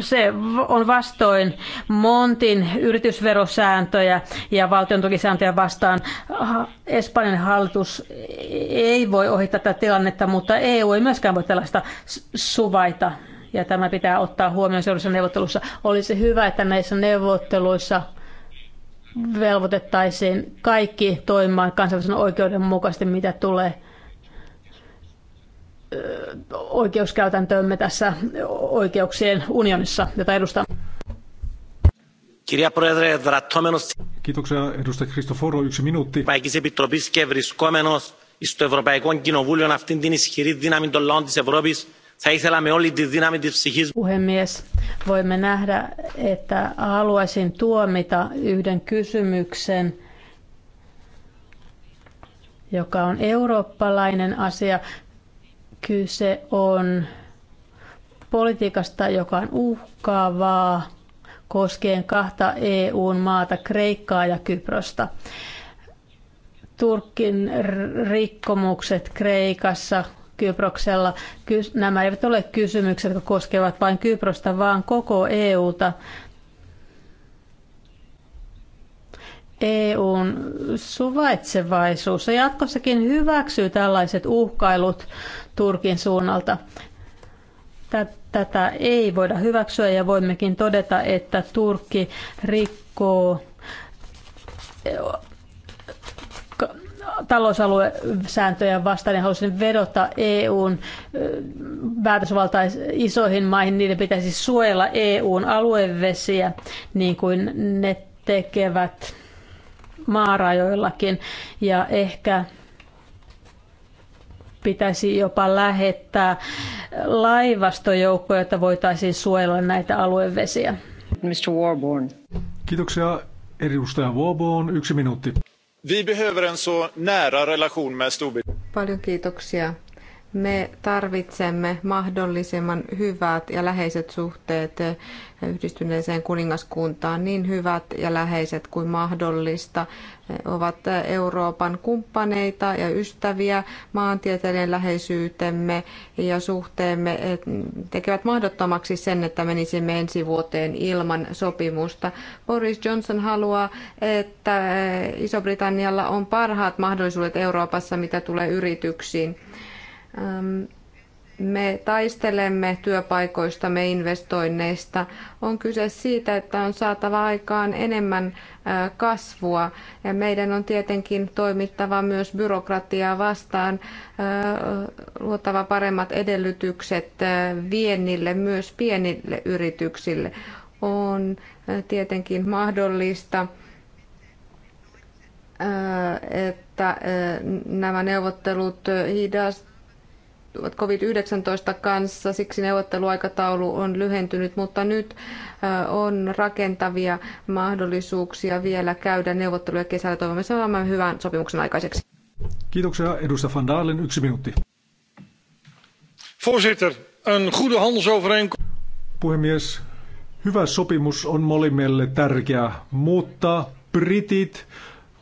Speaker 4: se on vastoin Montin yritysverosääntöjä ja valtion tukisääntöjä vastaan. Espanjan hallitus ei voi ohittaa tätä tilannetta, mutta EU ei myöskään voi tällaista suvaita. Ja tämä pitää ottaa huomioon seuraavassa neuvottelussa. Olisi hyvä, että näissä neuvotteluissa – velvoitettaisiin kaikki toimimaan kansainvälisen oikeuden mukaisesti, mitä tulee oikeuskäytäntöömme tässä oikeuksien unionissa, jota edustan.
Speaker 5: Kiitoksia edustaja Kristoforo, yksi minuutti. Παϊκής Επιτροπής και βρισκόμενος στο Ευρωπαϊκό Κοινοβούλιο αυτήν την ισχυρή δύναμη των λαών
Speaker 4: Puhemies, voimme nähdä, että haluaisin tuomita yhden kysymyksen, joka on eurooppalainen asia. Kyse on politiikasta, joka on uhkaavaa koskien kahta EUn maata, Kreikkaa ja Kyprosta. Turkin rikkomukset Kreikassa Kyproksella. Nämä eivät ole kysymykset, jotka koskevat vain Kyprosta, vaan koko EUta. EUn suvaitsevaisuus ja jatkossakin hyväksyy tällaiset uhkailut Turkin suunnalta. Tätä ei voida hyväksyä ja voimmekin todeta, että Turkki rikkoo talousaluesääntöjen vastaan ja halusin vedota EUn päätösvaltaisiin isoihin maihin. Niiden pitäisi suojella EUn aluevesiä niin kuin ne tekevät maarajoillakin ja ehkä pitäisi jopa lähettää laivastojoukkoja, jotta voitaisiin suojella näitä aluevesiä.
Speaker 5: Mr. Warborn. Kiitoksia edustaja Warborn. Yksi minuutti. Vi behöver en så nära relation med Storbritannien.
Speaker 3: Paljon kiitoksia. Me tarvitsemme mahdollisimman hyvät ja läheiset suhteet eh, yhdistyneeseen kuningaskuntaan, niin hyvät ja läheiset kuin mahdollista ovat Euroopan kumppaneita ja ystäviä. Maantieteellinen läheisyytemme ja suhteemme tekevät mahdottomaksi sen, että menisimme ensi vuoteen ilman sopimusta. Boris Johnson haluaa, että Iso-Britannialla on parhaat mahdollisuudet Euroopassa, mitä tulee yrityksiin me taistelemme työpaikoista, me investoinneista. On kyse siitä, että on saatava aikaan enemmän kasvua ja meidän on tietenkin toimittava myös byrokratiaa vastaan, luotava paremmat edellytykset viennille, myös pienille yrityksille. On tietenkin mahdollista että nämä neuvottelut hidastuvat ovat COVID-19 kanssa, siksi neuvotteluaikataulu on lyhentynyt, mutta nyt on rakentavia mahdollisuuksia vielä käydä neuvotteluja kesällä. Toivomme saamaan hyvän sopimuksen aikaiseksi.
Speaker 5: Kiitoksia edustaja Van Dalen. Yksi minuutti. Voorzitter, een goede handelsovereenkomst. Puhemies, hyvä sopimus on molemmille tärkeä, mutta britit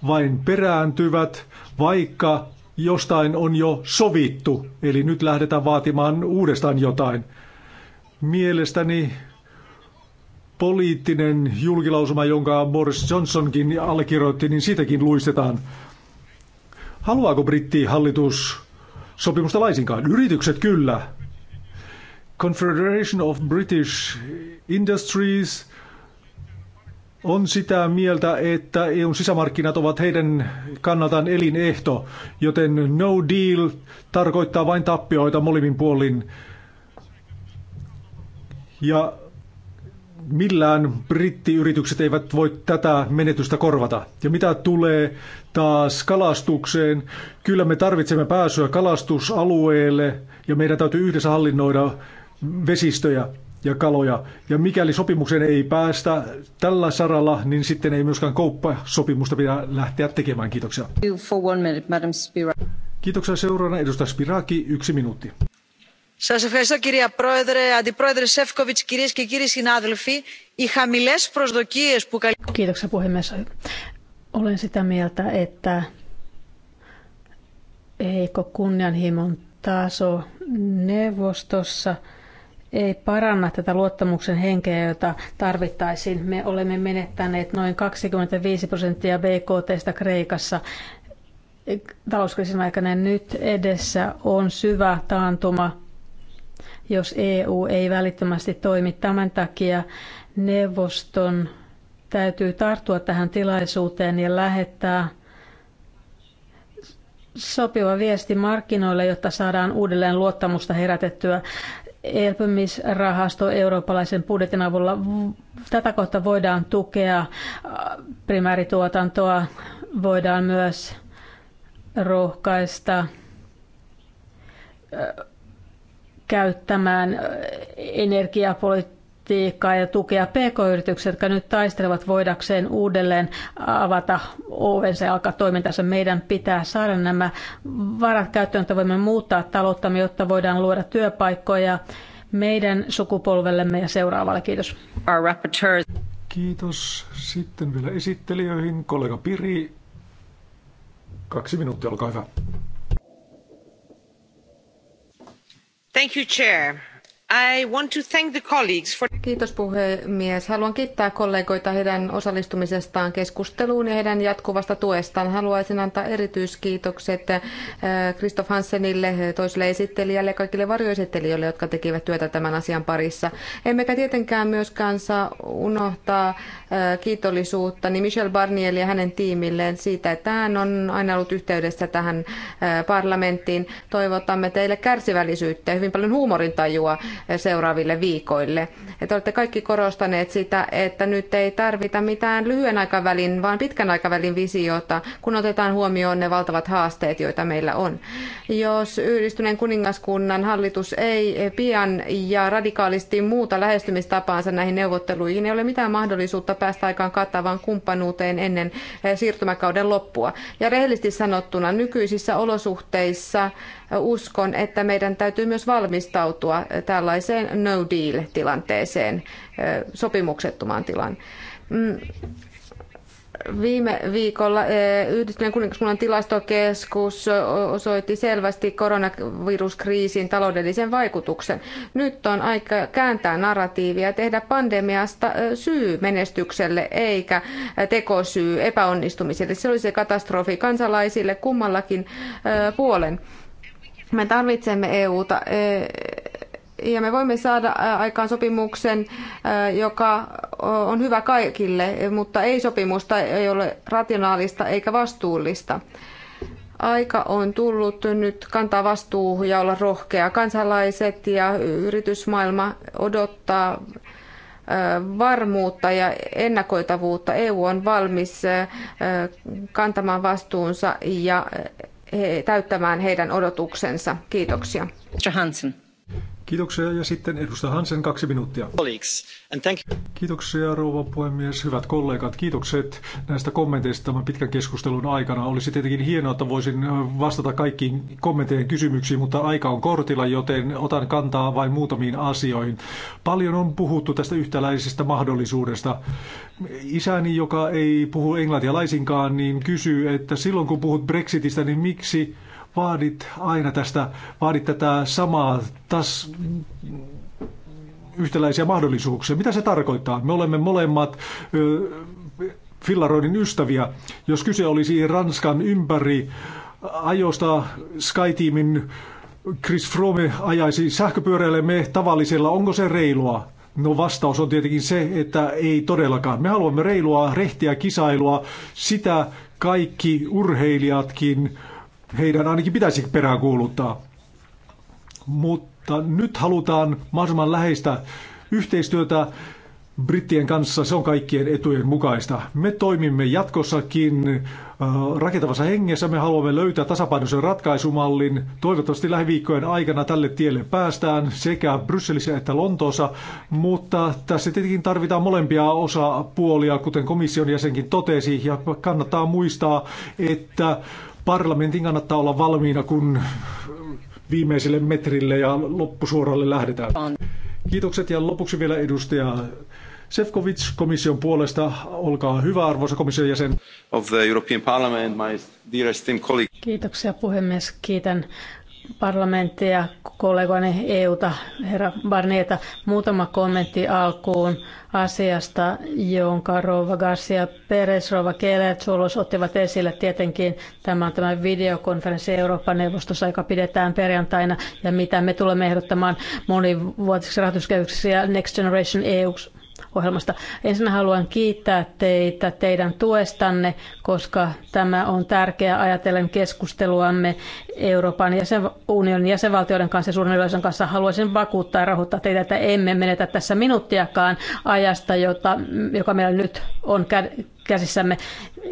Speaker 5: vain perääntyvät, vaikka jostain on jo sovittu, eli nyt lähdetään vaatimaan uudestaan jotain. Mielestäni poliittinen julkilausuma, jonka Boris Johnsonkin allekirjoitti, niin siitäkin luistetaan. Haluaako hallitus sopimusta laisinkaan? Yritykset kyllä. Confederation of British Industries – on sitä mieltä, että EUn sisämarkkinat ovat heidän kannaltaan elinehto, joten no deal tarkoittaa vain tappioita molemmin puolin. Ja millään brittiyritykset eivät voi tätä menetystä korvata. Ja mitä tulee taas kalastukseen, kyllä me tarvitsemme pääsyä kalastusalueelle ja meidän täytyy yhdessä hallinnoida vesistöjä ja kaloja. Ja mikäli sopimuksen ei päästä tällä saralla, niin sitten ei myöskään kouppasopimusta pidä lähteä tekemään. Kiitoksia. Kiitoksia seuraavana edustaja Spiraki, yksi minuutti.
Speaker 4: Σας ευχαριστώ
Speaker 3: κυρία Πρόεδρε, Αντιπρόεδρε Σεύκοβιτς, κυρίες και κύριοι συνάδελφοι. Οι χαμηλές προσδοκίες
Speaker 4: που... Kiitoksia puhemies. Olen sitä mieltä, että heikko kunnianhimon taso neuvostossa – ei paranna tätä luottamuksen henkeä, jota tarvittaisiin. Me olemme menettäneet noin 25 prosenttia BKTstä Kreikassa talouskriisin aikana. Nyt edessä on syvä taantuma, jos EU ei välittömästi toimi. Tämän takia neuvoston täytyy tarttua tähän tilaisuuteen ja lähettää sopiva viesti markkinoille, jotta saadaan uudelleen luottamusta herätettyä elpymisrahasto eurooppalaisen budjetin avulla. Tätä kohta voidaan tukea primäärituotantoa, voidaan myös rohkaista käyttämään energiapolitiikkaa politiikkaa ja tukea pk-yrityksiä, jotka nyt taistelevat voidakseen uudelleen avata ovensa ja alkaa toimintansa. Meidän pitää saada nämä varat käyttöön, että voimme muuttaa talouttamme, jotta voidaan luoda työpaikkoja meidän sukupolvellemme ja seuraavalle. Kiitos.
Speaker 5: Kiitos. Sitten vielä esittelijöihin. Kollega Piri, kaksi minuuttia, olkaa hyvä.
Speaker 3: Thank you, Chair. Kiitos puhemies. Haluan kiittää kollegoita heidän osallistumisestaan keskusteluun ja heidän jatkuvasta tuestaan. Haluaisin antaa erityiskiitokset Kristoff äh, Hansenille, toiselle esittelijälle ja kaikille varjoesittelijöille, jotka tekivät työtä tämän asian parissa. Emmekä tietenkään myöskään saa unohtaa äh, kiitollisuutta niin Michel Barnierille ja hänen tiimilleen siitä, että hän on aina ollut yhteydessä tähän äh, parlamenttiin. Toivotamme teille kärsivällisyyttä ja hyvin paljon huumorintajua seuraaville viikoille. Et olette kaikki korostaneet sitä, että nyt ei tarvita mitään lyhyen aikavälin, vaan pitkän aikavälin visiota, kun otetaan huomioon ne valtavat haasteet, joita meillä on. Jos yhdistyneen kuningaskunnan hallitus ei pian ja radikaalisti muuta lähestymistapaansa näihin neuvotteluihin, ei ole mitään mahdollisuutta päästä aikaan kattavaan kumppanuuteen ennen eh, siirtymäkauden loppua. Ja rehellisesti sanottuna nykyisissä olosuhteissa uskon, että meidän täytyy myös valmistautua tällaiseen no deal-tilanteeseen, sopimuksettomaan tilaan. Mm, viime viikolla Yhdistyneen kuningaskunnan tilastokeskus osoitti selvästi koronaviruskriisin taloudellisen vaikutuksen. Nyt on aika kääntää narratiivia ja tehdä pandemiasta syy menestykselle eikä tekosyy epäonnistumiselle. Se olisi katastrofi kansalaisille kummallakin puolen. Me tarvitsemme EUta e, ja me voimme saada aikaan sopimuksen, joka on hyvä kaikille, mutta ei sopimusta, ei ole rationaalista eikä vastuullista. Aika on tullut nyt kantaa vastuu ja olla rohkea. Kansalaiset ja yritysmaailma odottaa varmuutta ja ennakoitavuutta. EU on valmis kantamaan vastuunsa ja täyttämään heidän odotuksensa. Kiitoksia.
Speaker 5: Hansen. Kiitoksia ja sitten edustaja Hansen kaksi minuuttia. Kiitoksia rouva puhemies, hyvät kollegat, kiitokset näistä kommenteista tämän pitkän keskustelun aikana. Olisi tietenkin hienoa, että voisin vastata kaikkiin kommenteihin kysymyksiin, mutta aika on kortilla, joten otan kantaa vain muutamiin asioihin. Paljon on puhuttu tästä yhtäläisestä mahdollisuudesta. Isäni, joka ei puhu englantia laisinkaan, niin kysyy, että silloin kun puhut Brexitistä, niin miksi vaadit aina tästä, vaadit tätä samaa tas, yhtäläisiä mahdollisuuksia. Mitä se tarkoittaa? Me olemme molemmat ö, Fillaroidin ystäviä. Jos kyse olisi Ranskan ympäri ajoista SkyTeamin Chris Froome ajaisi sähköpyöräille me tavallisella, onko se reilua? No vastaus on tietenkin se, että ei todellakaan. Me haluamme reilua, rehtiä kisailua. Sitä kaikki urheilijatkin heidän ainakin pitäisi kuuluttaa. Mutta nyt halutaan mahdollisimman läheistä yhteistyötä brittien kanssa. Se on kaikkien etujen mukaista. Me toimimme jatkossakin äh, rakentavassa hengessä. Me haluamme löytää tasapainoisen ratkaisumallin. Toivottavasti lähiviikkojen aikana tälle tielle päästään sekä Brysselissä että Lontoossa, mutta tässä tietenkin tarvitaan molempia osapuolia, kuten komission jäsenkin totesi, ja kannattaa muistaa, että parlamentin kannattaa olla valmiina, kun viimeiselle metrille ja loppusuoralle lähdetään. Kiitokset ja lopuksi vielä edustaja Sefcovic komission puolesta. Olkaa hyvä, arvoisa komission jäsen. Of the European Parliament, my colleague.
Speaker 4: Kiitoksia puhemies. Kiitän parlamenttia, kollegani EUta, herra Barnieta, muutama kommentti alkuun asiasta, jonka Rova Garcia Perez, Rova Keller, Zulos ottivat esille. Tietenkin tämä on tämä videokonferenssi Euroopan neuvostossa, joka pidetään perjantaina, ja mitä me tulemme ehdottamaan monivuotisiksi rahoituskehykseksi ja Next Generation EUksi ohjelmasta. Ensin haluan kiittää teitä teidän tuestanne, koska tämä on tärkeä ajatellen keskusteluamme Euroopan jäsen, unionin jäsenvaltioiden kanssa ja suuren yleisön kanssa. Haluaisin vakuuttaa ja rahoittaa teitä, että emme menetä tässä minuuttiakaan ajasta, jota, joka meillä nyt on käsissämme.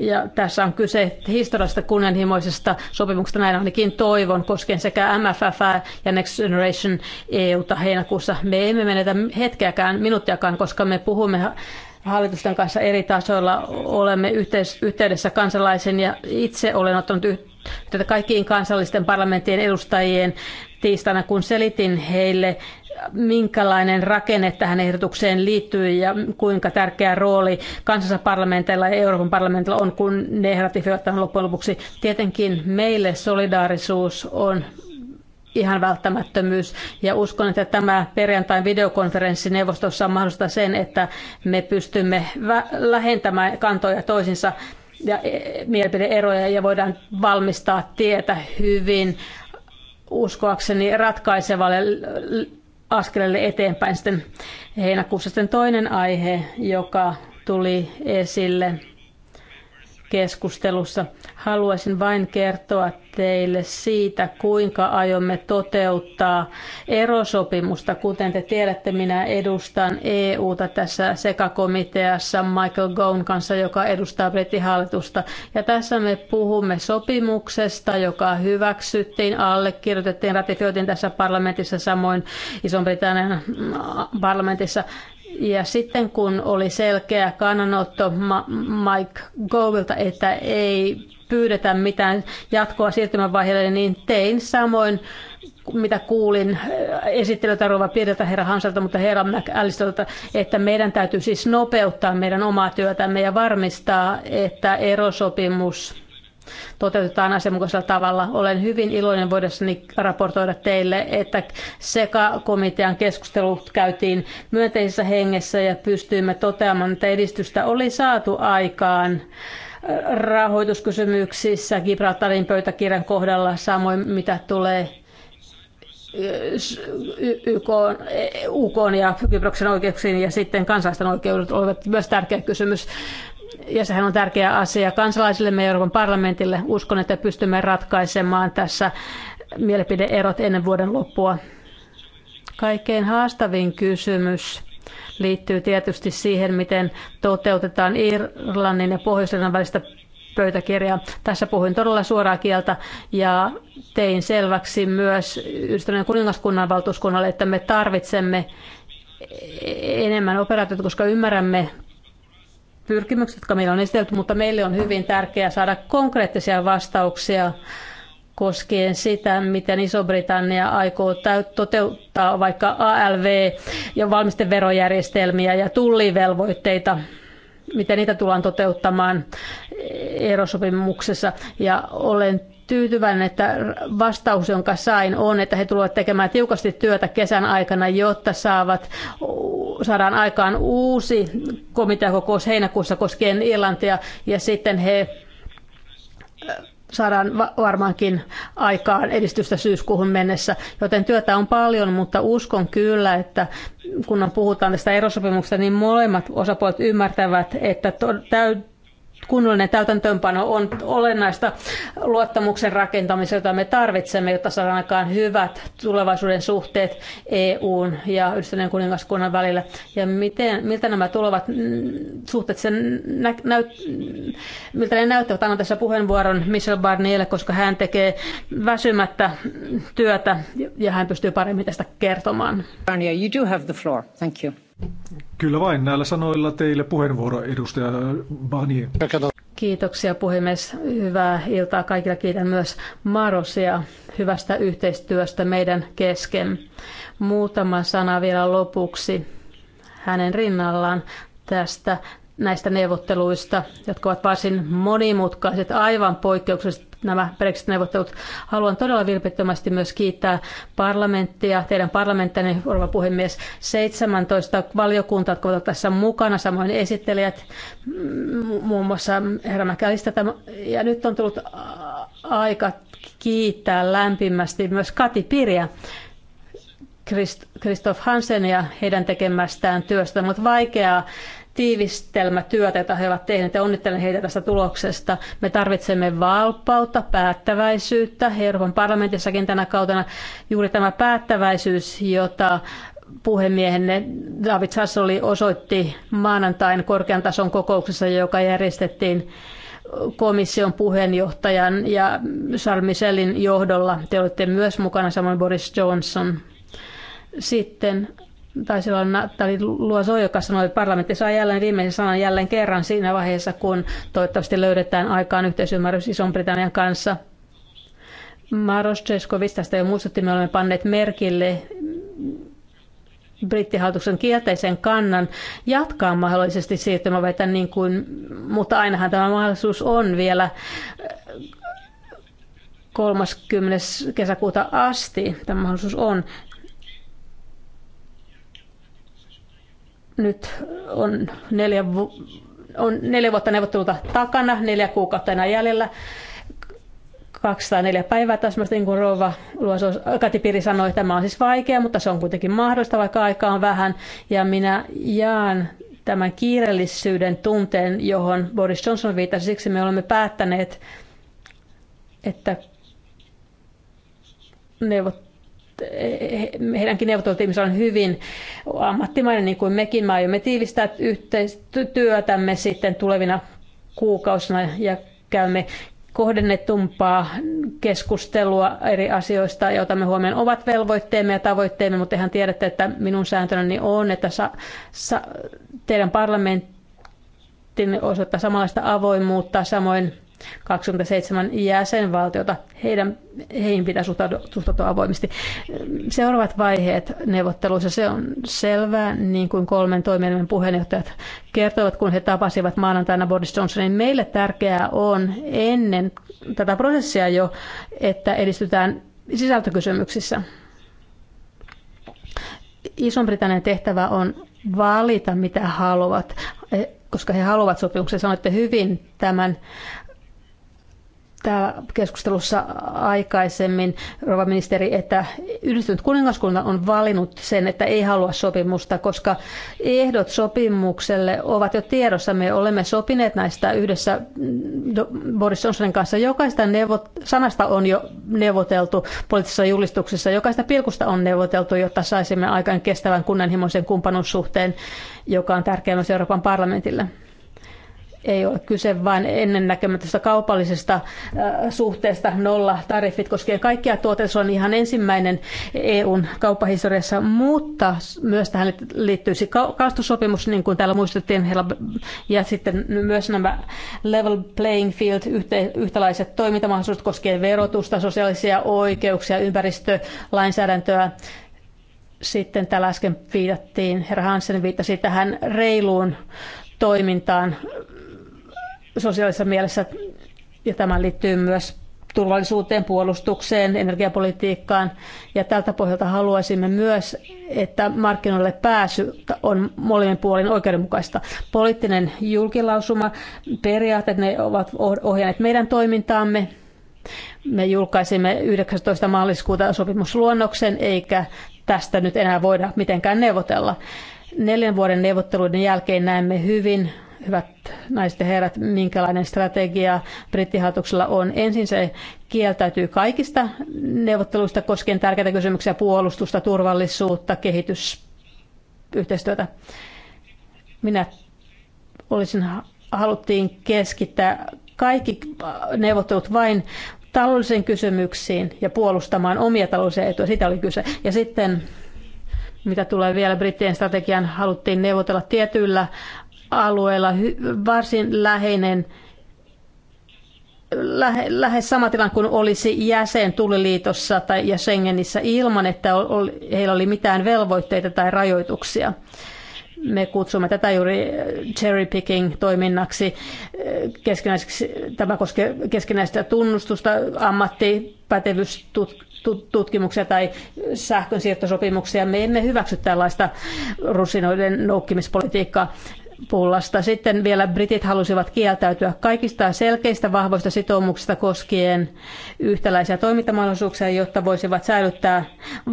Speaker 4: Ja tässä on kyse historiallisesta kunnianhimoisesta sopimuksesta, näin ainakin toivon, koskien sekä MFF ja Next Generation EUta heinäkuussa. Me emme menetä hetkeäkään, minuuttiakaan, koska me puhumme hallitusten kanssa eri tasoilla, olemme yhteis- yhteydessä kansalaisen ja itse olen ottanut yhteyttä kaikkiin kansallisten parlamenttien edustajien tiistaina, kun selitin heille minkälainen rakenne tähän ehdotukseen liittyy ja kuinka tärkeä rooli kansallisella ja Euroopan parlamentilla on, kun ne ratifioivat tämän loppujen lopuksi. Tietenkin meille solidaarisuus on ihan välttämättömyys. Ja uskon, että tämä perjantain videokonferenssi neuvostossa on mahdollista sen, että me pystymme lähentämään kantoja toisinsa ja e, mielipideeroja ja voidaan valmistaa tietä hyvin uskoakseni ratkaisevalle askeleelle eteenpäin sitten heinäkuussa. Sitten toinen aihe, joka tuli esille keskustelussa. Haluaisin vain kertoa teille siitä, kuinka aiomme toteuttaa erosopimusta. Kuten te tiedätte, minä edustan EUta tässä sekakomiteassa Michael Gown kanssa, joka edustaa Britihallitusta. Ja tässä me puhumme sopimuksesta, joka hyväksyttiin, allekirjoitettiin, ratifioitiin tässä parlamentissa, samoin Ison-Britannian mm, parlamentissa. Ja sitten kun oli selkeä kannanotto Mike Govilta, että ei pyydetä mitään jatkoa siirtymävaiheelle, niin tein samoin mitä kuulin äh, esittelytä Rova Piedeltä herra Hanselta, mutta herra McAllisterilta, että meidän täytyy siis nopeuttaa meidän omaa työtämme ja varmistaa, että erosopimus toteutetaan asianmukaisella tavalla. Olen hyvin iloinen voidessani raportoida teille, että SEKA-komitean keskustelut käytiin myönteisessä hengessä ja pystyimme toteamaan, että edistystä oli saatu aikaan rahoituskysymyksissä Gibraltarin pöytäkirjan kohdalla, samoin mitä tulee YK, UK ja Kyproksen oikeuksiin ja sitten kansalaisten oikeudet olivat myös tärkeä kysymys ja sehän on tärkeä asia kansalaisille meidän Euroopan parlamentille. Uskon, että pystymme ratkaisemaan tässä mielipideerot ennen vuoden loppua. Kaikkein haastavin kysymys liittyy tietysti siihen, miten toteutetaan Irlannin ja pohjois välistä pöytäkirjaa. Tässä puhuin todella suoraa kieltä ja tein selväksi myös Yhdistyneen kuningaskunnan valtuuskunnalle, että me tarvitsemme enemmän operaatiota, koska ymmärrämme pyrkimykset, jotka meillä on esitelty, mutta meille on hyvin tärkeää saada konkreettisia vastauksia koskien sitä, miten Iso-Britannia aikoo toteuttaa vaikka ALV- ja valmisteverojärjestelmiä ja tullivelvoitteita, miten niitä tullaan toteuttamaan erosopimuksessa. Ja olen tyytyväinen, että vastaus, jonka sain, on, että he tulevat tekemään tiukasti työtä kesän aikana, jotta saavat, saadaan aikaan uusi komiteakokous heinäkuussa koskien Irlantia, ja sitten he saadaan varmaankin aikaan edistystä syyskuuhun mennessä. Joten työtä on paljon, mutta uskon kyllä, että kun puhutaan tästä erosopimuksesta, niin molemmat osapuolet ymmärtävät, että kunnollinen täytäntöönpano on olennaista luottamuksen rakentamista, jota me tarvitsemme, jotta saadaan aikaan hyvät tulevaisuuden suhteet EUn ja Yhdistyneen kuningaskunnan välillä. Ja miten, miltä nämä tulevat mm, suhteet sen nä, näyt, miltä ne näyttävät? Annan tässä puheenvuoron Michel Barnierille, koska hän tekee väsymättä työtä ja hän pystyy paremmin tästä kertomaan. Barnier, you do have the floor. Thank you.
Speaker 5: Kyllä vain näillä sanoilla teille puheenvuoro, edustaja Bani.
Speaker 4: Kiitoksia puhemies. Hyvää iltaa kaikille. Kiitän myös Marosia hyvästä yhteistyöstä meidän kesken. Muutama sana vielä lopuksi hänen rinnallaan tästä näistä neuvotteluista, jotka ovat varsin monimutkaiset, aivan poikkeukselliset nämä Brexit-neuvottelut. Haluan todella vilpittömästi myös kiittää parlamenttia, teidän parlamenttani, rouva puhemies, 17 valiokuntaa, jotka ovat tässä mukana, samoin esittelijät, muun muassa herra Mäkälistä. Ja nyt on tullut aika kiittää lämpimästi myös Kati Pirja, Kristoff Hansen ja heidän tekemästään työstä, mutta vaikeaa tiivistelmätyötä, jota he ovat tehneet ja onnittelen heitä tästä tuloksesta. Me tarvitsemme valppautta, päättäväisyyttä. Euroopan parlamentissakin tänä kautena juuri tämä päättäväisyys, jota puhemiehenne David Sassoli osoitti maanantain korkean tason kokouksessa, joka järjestettiin komission puheenjohtajan ja Charles Michelin johdolla. Te olette myös mukana, samoin Boris Johnson. Sitten taisi olla Natali Luoso, joka sanoi, että parlamentti saa jälleen viimeisen sanan jälleen kerran siinä vaiheessa, kun toivottavasti löydetään aikaan yhteisymmärrys iso britannian kanssa. Maros Czeskovic tästä jo muistutti, me olemme panneet merkille brittihallituksen kielteisen kannan jatkaa mahdollisesti siirtymäväitä, niin kuin, mutta ainahan tämä mahdollisuus on vielä 30. kesäkuuta asti. Tämä mahdollisuus on. Nyt on neljä, on neljä vuotta neuvotteluta takana, neljä kuukautta enää jäljellä. 204 päivää täsmästi, niin kuin Rova Luosos, Katipiri sanoi, tämä on siis vaikea, mutta se on kuitenkin mahdollista, vaikka aikaa on vähän. Ja minä jaan tämän kiireellisyyden tunteen, johon Boris Johnson viittasi. Siksi me olemme päättäneet, että neuvottelut heidänkin neuvottelutiiminsä on hyvin ammattimainen, niin kuin mekin. Me aiomme tiivistää yhteistyötämme sitten tulevina kuukausina ja käymme kohdennetumpaa keskustelua eri asioista ja otamme huomioon ovat velvoitteemme ja tavoitteemme, mutta ihan tiedätte, että minun sääntönäni on, että sa, sa, teidän parlamentin osoittaa samanlaista avoimuutta, samoin 27 jäsenvaltiota. Heidän, heihin pitää suhtautua, suhtautua avoimesti. Seuraavat vaiheet neuvotteluissa, se on selvää, niin kuin kolmen toimielimen puheenjohtajat kertoivat, kun he tapasivat maanantaina Boris Johnsonin. Meille tärkeää on ennen tätä prosessia jo, että edistytään sisältökysymyksissä. iso britannian tehtävä on valita, mitä haluavat, koska he haluavat sopimuksen. Sanoitte hyvin tämän täällä keskustelussa aikaisemmin, rouva ministeri, että yhdistynyt kuningaskunta on valinnut sen, että ei halua sopimusta, koska ehdot sopimukselle ovat jo tiedossa. Me olemme sopineet näistä yhdessä mm, Boris Johnsonin kanssa. Jokaista neuvot- sanasta on jo neuvoteltu poliittisessa julistuksessa. Jokaista pilkusta on neuvoteltu, jotta saisimme aikaan kestävän kunnianhimoisen kumppanuussuhteen, joka on tärkeä myös Euroopan parlamentille ei ole kyse vain ennennäkemättömästä kaupallisesta äh, suhteesta. Nolla tariffit koskee kaikkia tuotteita. Se on ihan ensimmäinen EUn kauppahistoriassa, mutta myös tähän liittyisi kastosopimus, niin kuin täällä muistettiin, ja sitten myös nämä level playing field, yhtäläiset toimintamahdollisuudet koskien verotusta, sosiaalisia oikeuksia, ympäristölainsäädäntöä sitten täällä äsken viitattiin, herra Hansen viittasi tähän reiluun toimintaan sosiaalisessa mielessä, ja tämä liittyy myös turvallisuuteen, puolustukseen, energiapolitiikkaan. Ja tältä pohjalta haluaisimme myös, että markkinoille pääsy on molemmin puolin oikeudenmukaista. Poliittinen julkilausuma, periaatteet, ne ovat ohjanneet meidän toimintaamme. Me julkaisimme 19. maaliskuuta sopimusluonnoksen, eikä tästä nyt enää voida mitenkään neuvotella. Neljän vuoden neuvotteluiden jälkeen näemme hyvin hyvät naiset ja herrat, minkälainen strategia brittihallituksella on. Ensin se kieltäytyy kaikista neuvotteluista koskien tärkeitä kysymyksiä, puolustusta, turvallisuutta, kehitysyhteistyötä. Minä olisin, haluttiin keskittää kaikki neuvottelut vain taloudellisiin kysymyksiin ja puolustamaan omia taloudellisia etuja. Siitä oli kyse. Ja sitten mitä tulee vielä brittien strategian, haluttiin neuvotella tietyillä alueella varsin läheinen lähe, lähes sama tilanne kuin olisi jäsen tuliliitossa tai ja Schengenissä ilman, että oli, heillä oli mitään velvoitteita tai rajoituksia. Me kutsumme tätä juuri äh, cherry picking toiminnaksi. Äh, tämä koskee keskinäistä tunnustusta, ammattipätevyystutkimuksia tai sähkönsiirtosopimuksia. Me emme hyväksy tällaista rusinoiden noukkimispolitiikkaa pullasta. Sitten vielä britit halusivat kieltäytyä kaikista selkeistä vahvoista sitoumuksista koskien yhtäläisiä toimintamahdollisuuksia, jotta voisivat säilyttää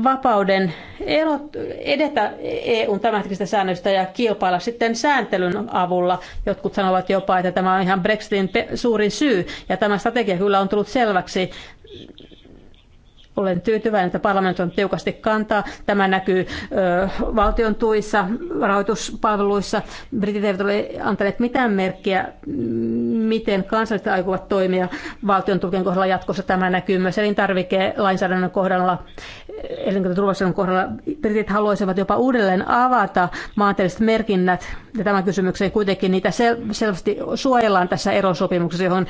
Speaker 4: vapauden erot, edetä EUn tämänhetkisistä säännöistä ja kilpailla sitten sääntelyn avulla. Jotkut sanovat jopa, että tämä on ihan Brexitin suurin syy, ja tämä strategia kyllä on tullut selväksi olen tyytyväinen, että parlamentti on tiukasti kantaa. Tämä näkyy ö, valtion tuissa, rahoituspalveluissa. Britit eivät ole antaneet mitään merkkiä, miten kansalliset aikovat toimia valtion tukien kohdalla jatkossa. Tämä näkyy myös elintarvikelainsäädännön kohdalla elinkeinoturvallisuuden kohdalla britit haluaisivat jopa uudelleen avata maantieteelliset merkinnät, ja tämän kysymykseen kuitenkin niitä sel- selvästi suojellaan tässä erosopimuksessa, johon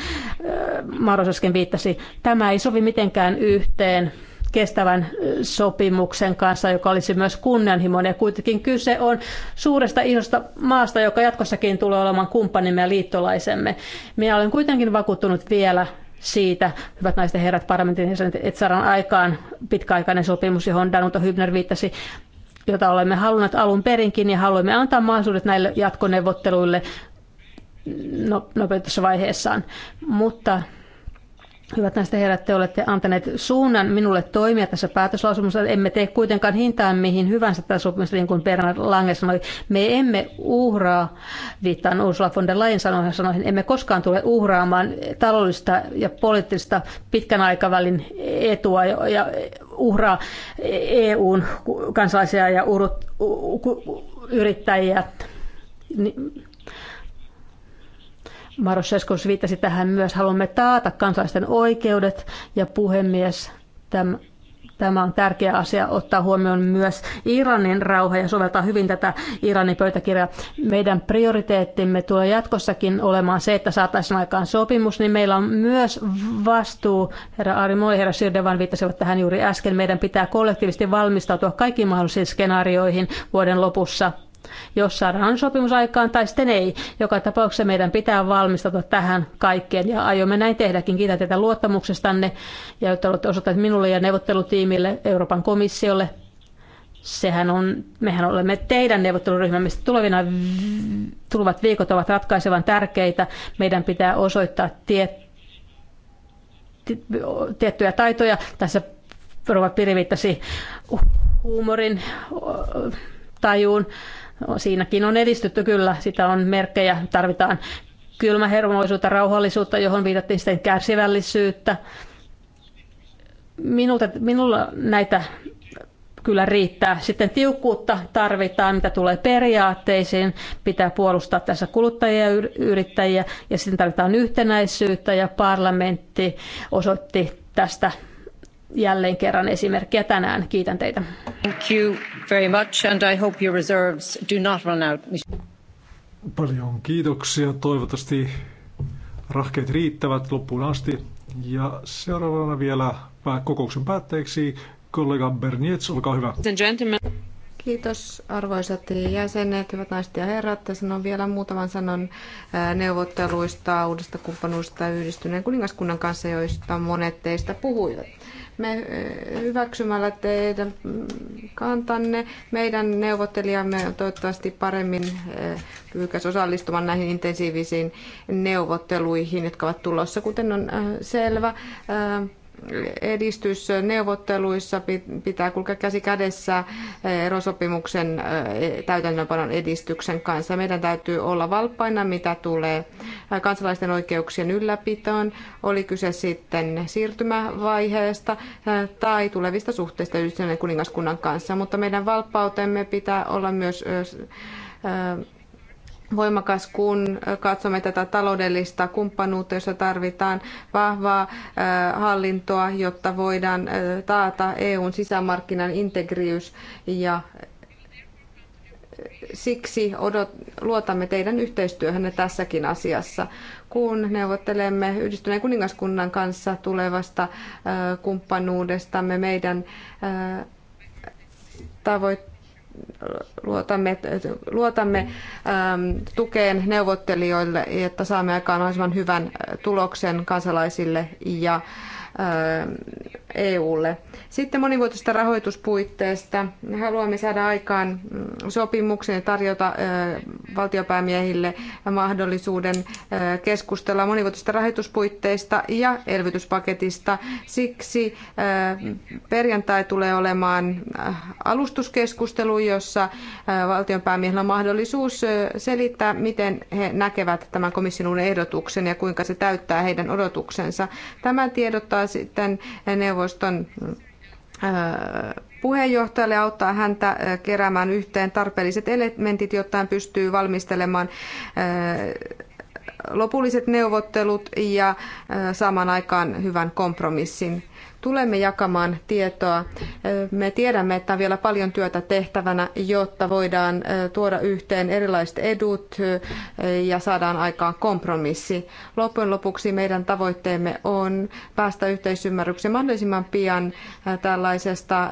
Speaker 4: äh, Maros äsken viittasi. Tämä ei sovi mitenkään yhteen kestävän äh, sopimuksen kanssa, joka olisi myös kunnianhimoinen. Ja kuitenkin kyse on suuresta isosta maasta, joka jatkossakin tulee olemaan kumppanimme ja liittolaisemme. Minä olen kuitenkin vakuuttunut vielä siitä, hyvät naiset ja herrat parlamentin jäsenet, että saadaan aikaan pitkäaikainen sopimus, johon Danuto Hybner viittasi, jota olemme halunneet alun perinkin ja haluamme antaa mahdollisuudet näille jatkoneuvotteluille no, nopeutussa vaiheessaan. Mutta Hyvät näistä herrat, te olette antaneet suunnan minulle toimia tässä päätöslausumassa. Emme tee kuitenkaan hintaan mihin hyvänsä tätä sopimusta, niin kuin Bernard Lange sanoi. Me emme uhraa, viittaan Ursula von der Leyen sanoihin, emme koskaan tule uhraamaan taloudellista ja poliittista pitkän aikavälin etua ja uhraa EUn kansalaisia ja urut, u, u, u, yrittäjiä. Maros viittasi tähän myös, haluamme taata kansalaisten oikeudet ja puhemies, täm, Tämä on tärkeä asia ottaa huomioon myös Iranin rauha ja soveltaa hyvin tätä Iranin pöytäkirjaa. Meidän prioriteettimme tulee jatkossakin olemaan se, että saataisiin aikaan sopimus, niin meillä on myös vastuu, herra Ari Moi, herra Sirdevan viittasivat tähän juuri äsken, meidän pitää kollektiivisesti valmistautua kaikkiin mahdollisiin skenaarioihin vuoden lopussa jos saadaan sopimus aikaan tai sitten ei. Joka tapauksessa meidän pitää valmistautua tähän kaikkeen ja aiomme näin tehdäkin. Kiitän teitä luottamuksestanne ja että olette osoittaneet minulle ja neuvottelutiimille Euroopan komissiolle. Sehän on, mehän olemme teidän neuvotteluryhmämme. Tulevina tulevat viikot ovat ratkaisevan tärkeitä. Meidän pitää osoittaa tie, tiettyjä taitoja. Tässä Rova Piri viittasi huumorin tajuun No, siinäkin on edistytty kyllä, sitä on merkkejä, tarvitaan kylmähermoisuutta, rauhallisuutta, johon viitattiin sitten kärsivällisyyttä. Minulta, minulla näitä kyllä riittää. Sitten tiukkuutta tarvitaan, mitä tulee periaatteisiin. Pitää puolustaa tässä kuluttajia ja yrittäjiä. Ja sitten tarvitaan yhtenäisyyttä ja parlamentti osoitti tästä jälleen kerran esimerkkiä tänään. Kiitän teitä. Thank you very much and I hope your reserves do not run out.
Speaker 5: Paljon kiitoksia. Toivottavasti rahkeet riittävät loppuun asti. Ja seuraavana vielä kokouksen päätteeksi kollega Bernietz, olkaa hyvä.
Speaker 3: Kiitos arvoisat jäsenet, hyvät naiset ja herrat. tässä on vielä muutaman sanon neuvotteluista, uudesta kumppanuudesta yhdistyneen kuningaskunnan kanssa, joista monet teistä puhuivat me eh, hyväksymällä teidän kantanne. Meidän neuvottelijamme on toivottavasti paremmin eh, pyykäs osallistumaan näihin intensiivisiin neuvotteluihin, jotka ovat tulossa, kuten on eh, selvä edistys neuvotteluissa pitää kulkea käsi kädessä eh, erosopimuksen eh, täytäntöönpanon edistyksen kanssa. Meidän täytyy olla valppaina, mitä tulee eh, kansalaisten oikeuksien ylläpitoon, oli kyse sitten siirtymävaiheesta tai tulevista suhteista yhdistyneen kuningaskunnan kanssa, mutta meidän valppautemme pitää olla myös voimakas, kun katsomme tätä taloudellista kumppanuutta, jossa tarvitaan vahvaa äh, hallintoa, jotta voidaan äh, taata EUn sisämarkkinan integriys ja äh, siksi odot, luotamme teidän yhteistyöhönne tässäkin asiassa. Kun neuvottelemme yhdistyneen kuningaskunnan kanssa tulevasta kumppanuudestamme, meidän tavoit luotamme, luotamme ähm, tukeen neuvottelijoille, että saamme aikaan mahdollisimman hyvän äh, tuloksen kansalaisille ja ähm, EUlle. Sitten monivuotisesta rahoituspuitteesta. Haluamme saada aikaan mm, sopimuksen ja tarjota valtiopäämiehille mahdollisuuden keskustella monivuotisesta rahoituspuitteista ja elvytyspaketista. Siksi perjantai tulee olemaan äh, alustuskeskustelu, jossa valtionpäämiehillä on mahdollisuus selittää, miten he näkevät tämän komission ehdotuksen ja kuinka se täyttää heidän odotuksensa. Tämä tiedottaa sitten neuvostolle neuvoston puheenjohtajalle ja auttaa häntä keräämään yhteen tarpeelliset elementit, jotta hän pystyy valmistelemaan lopulliset neuvottelut ja saamaan aikaan hyvän kompromissin tulemme jakamaan tietoa. Me tiedämme, että on vielä paljon työtä tehtävänä, jotta voidaan tuoda yhteen erilaiset edut ja saadaan aikaan kompromissi. Loppujen lopuksi meidän tavoitteemme on päästä yhteisymmärrykseen mahdollisimman pian tällaisesta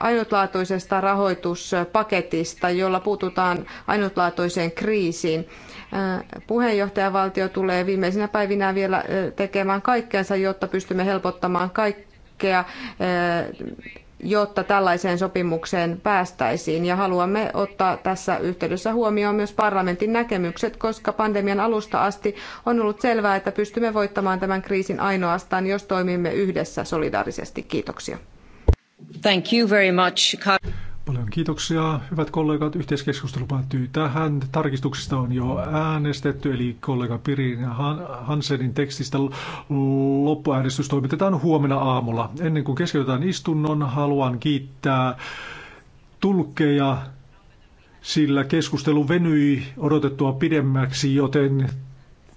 Speaker 3: ainutlaatuisesta rahoituspaketista, jolla puututaan ainutlaatuiseen kriisiin. Puheenjohtajavaltio tulee viimeisinä päivinä vielä tekemään kaikkensa, jotta pystymme helpottamaan kaikkia tukea eh, jotta tällaiseen sopimukseen päästäisiin. Ja haluamme ottaa tässä yhteydessä huomioon myös parlamentin näkemykset, koska pandemian alusta asti on ollut selvää, että pystymme voittamaan tämän kriisin ainoastaan, jos toimimme yhdessä solidaarisesti. Kiitoksia.
Speaker 5: Thank you very much. Paljon kiitoksia, hyvät kollegat. Yhteiskeskustelu päättyy tähän. Tarkistuksista on jo äänestetty, eli kollega Pirin ja Hansenin tekstistä loppuäänestys toimitetaan huomenna aamulla. Ennen kuin keskeytetään istunnon, haluan kiittää tulkkeja, sillä keskustelu venyi odotettua pidemmäksi, joten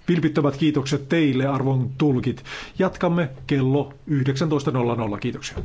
Speaker 5: vilpittömät kiitokset teille, arvon tulkit. Jatkamme kello 19.00. Kiitoksia.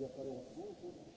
Speaker 5: Sovjetunionen.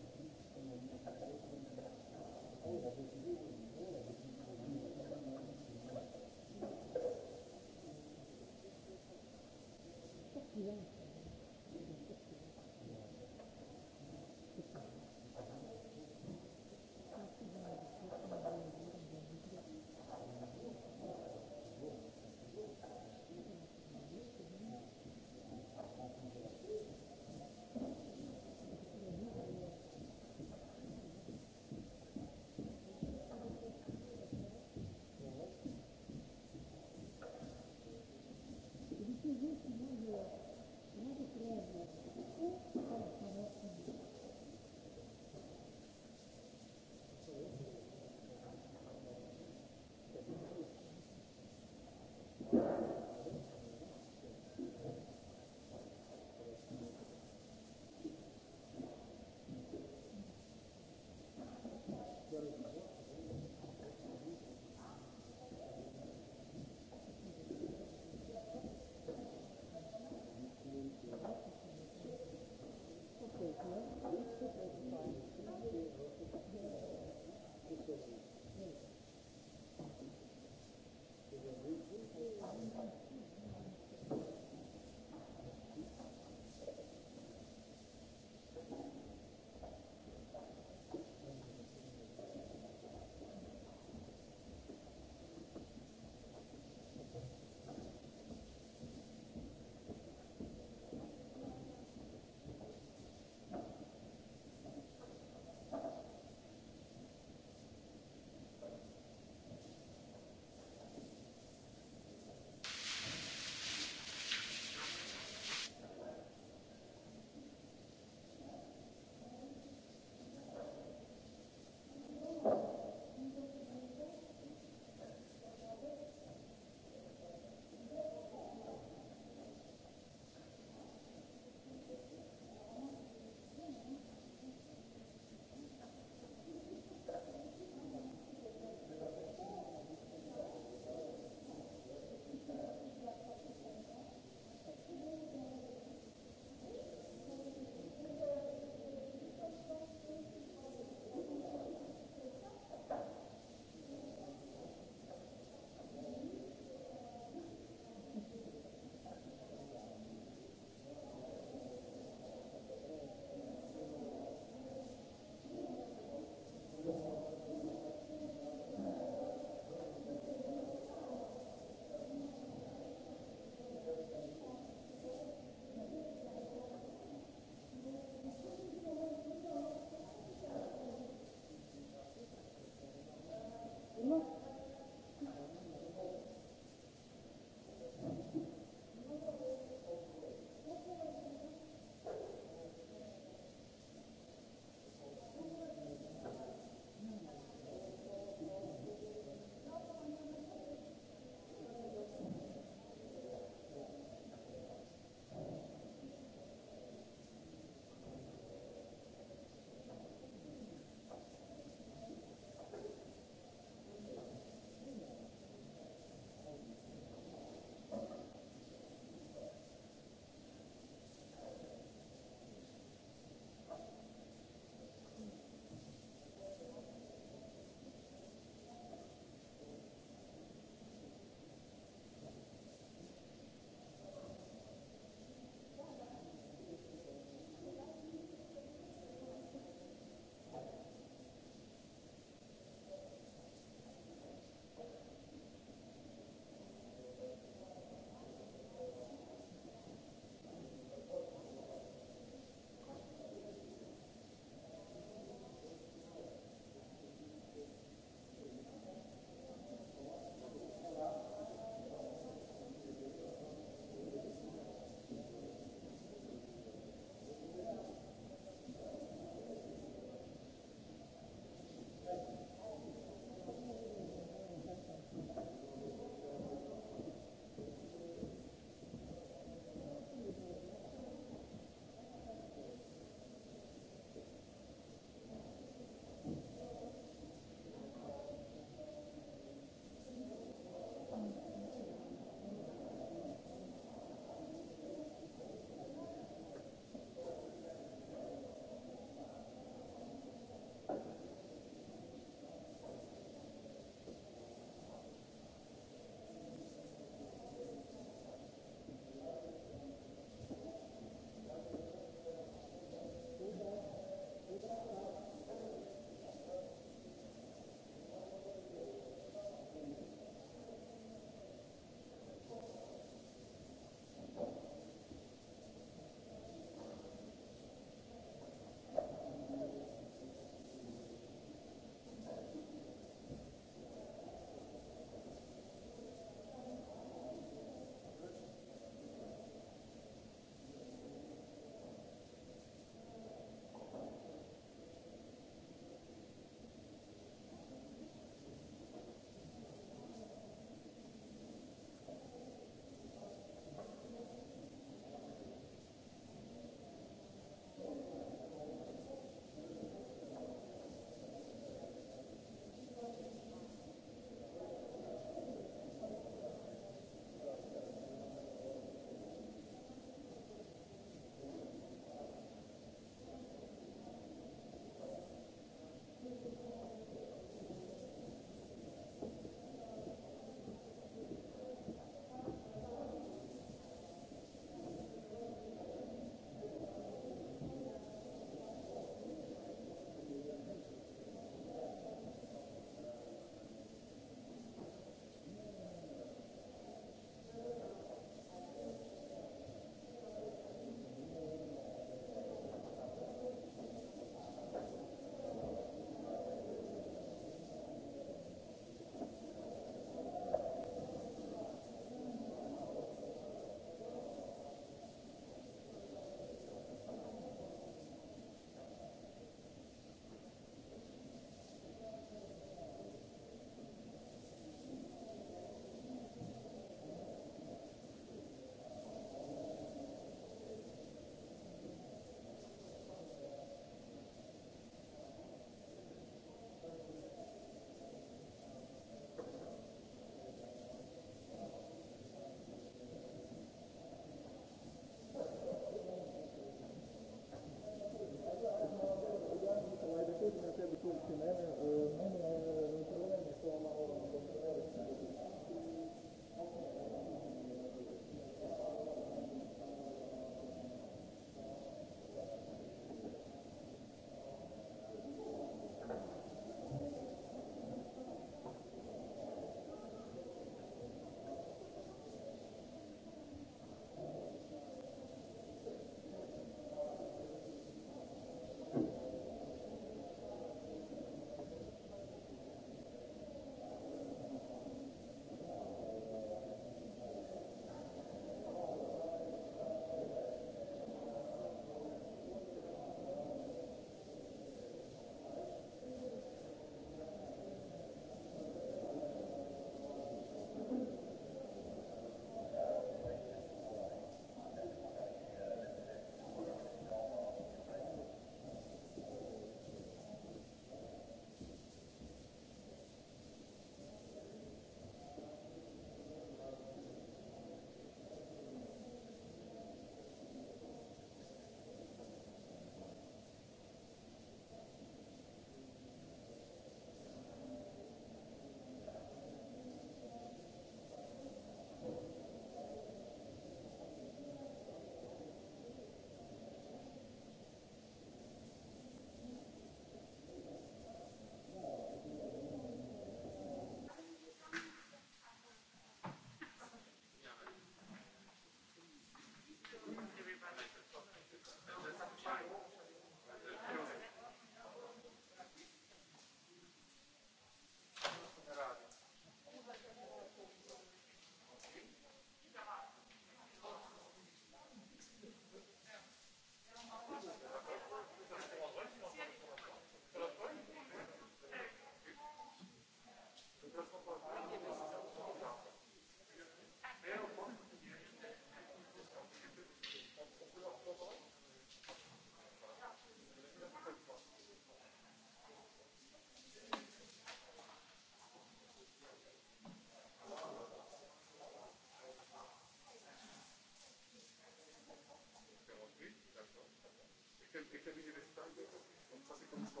Speaker 1: Mr. Vice Presidente, non so se conosco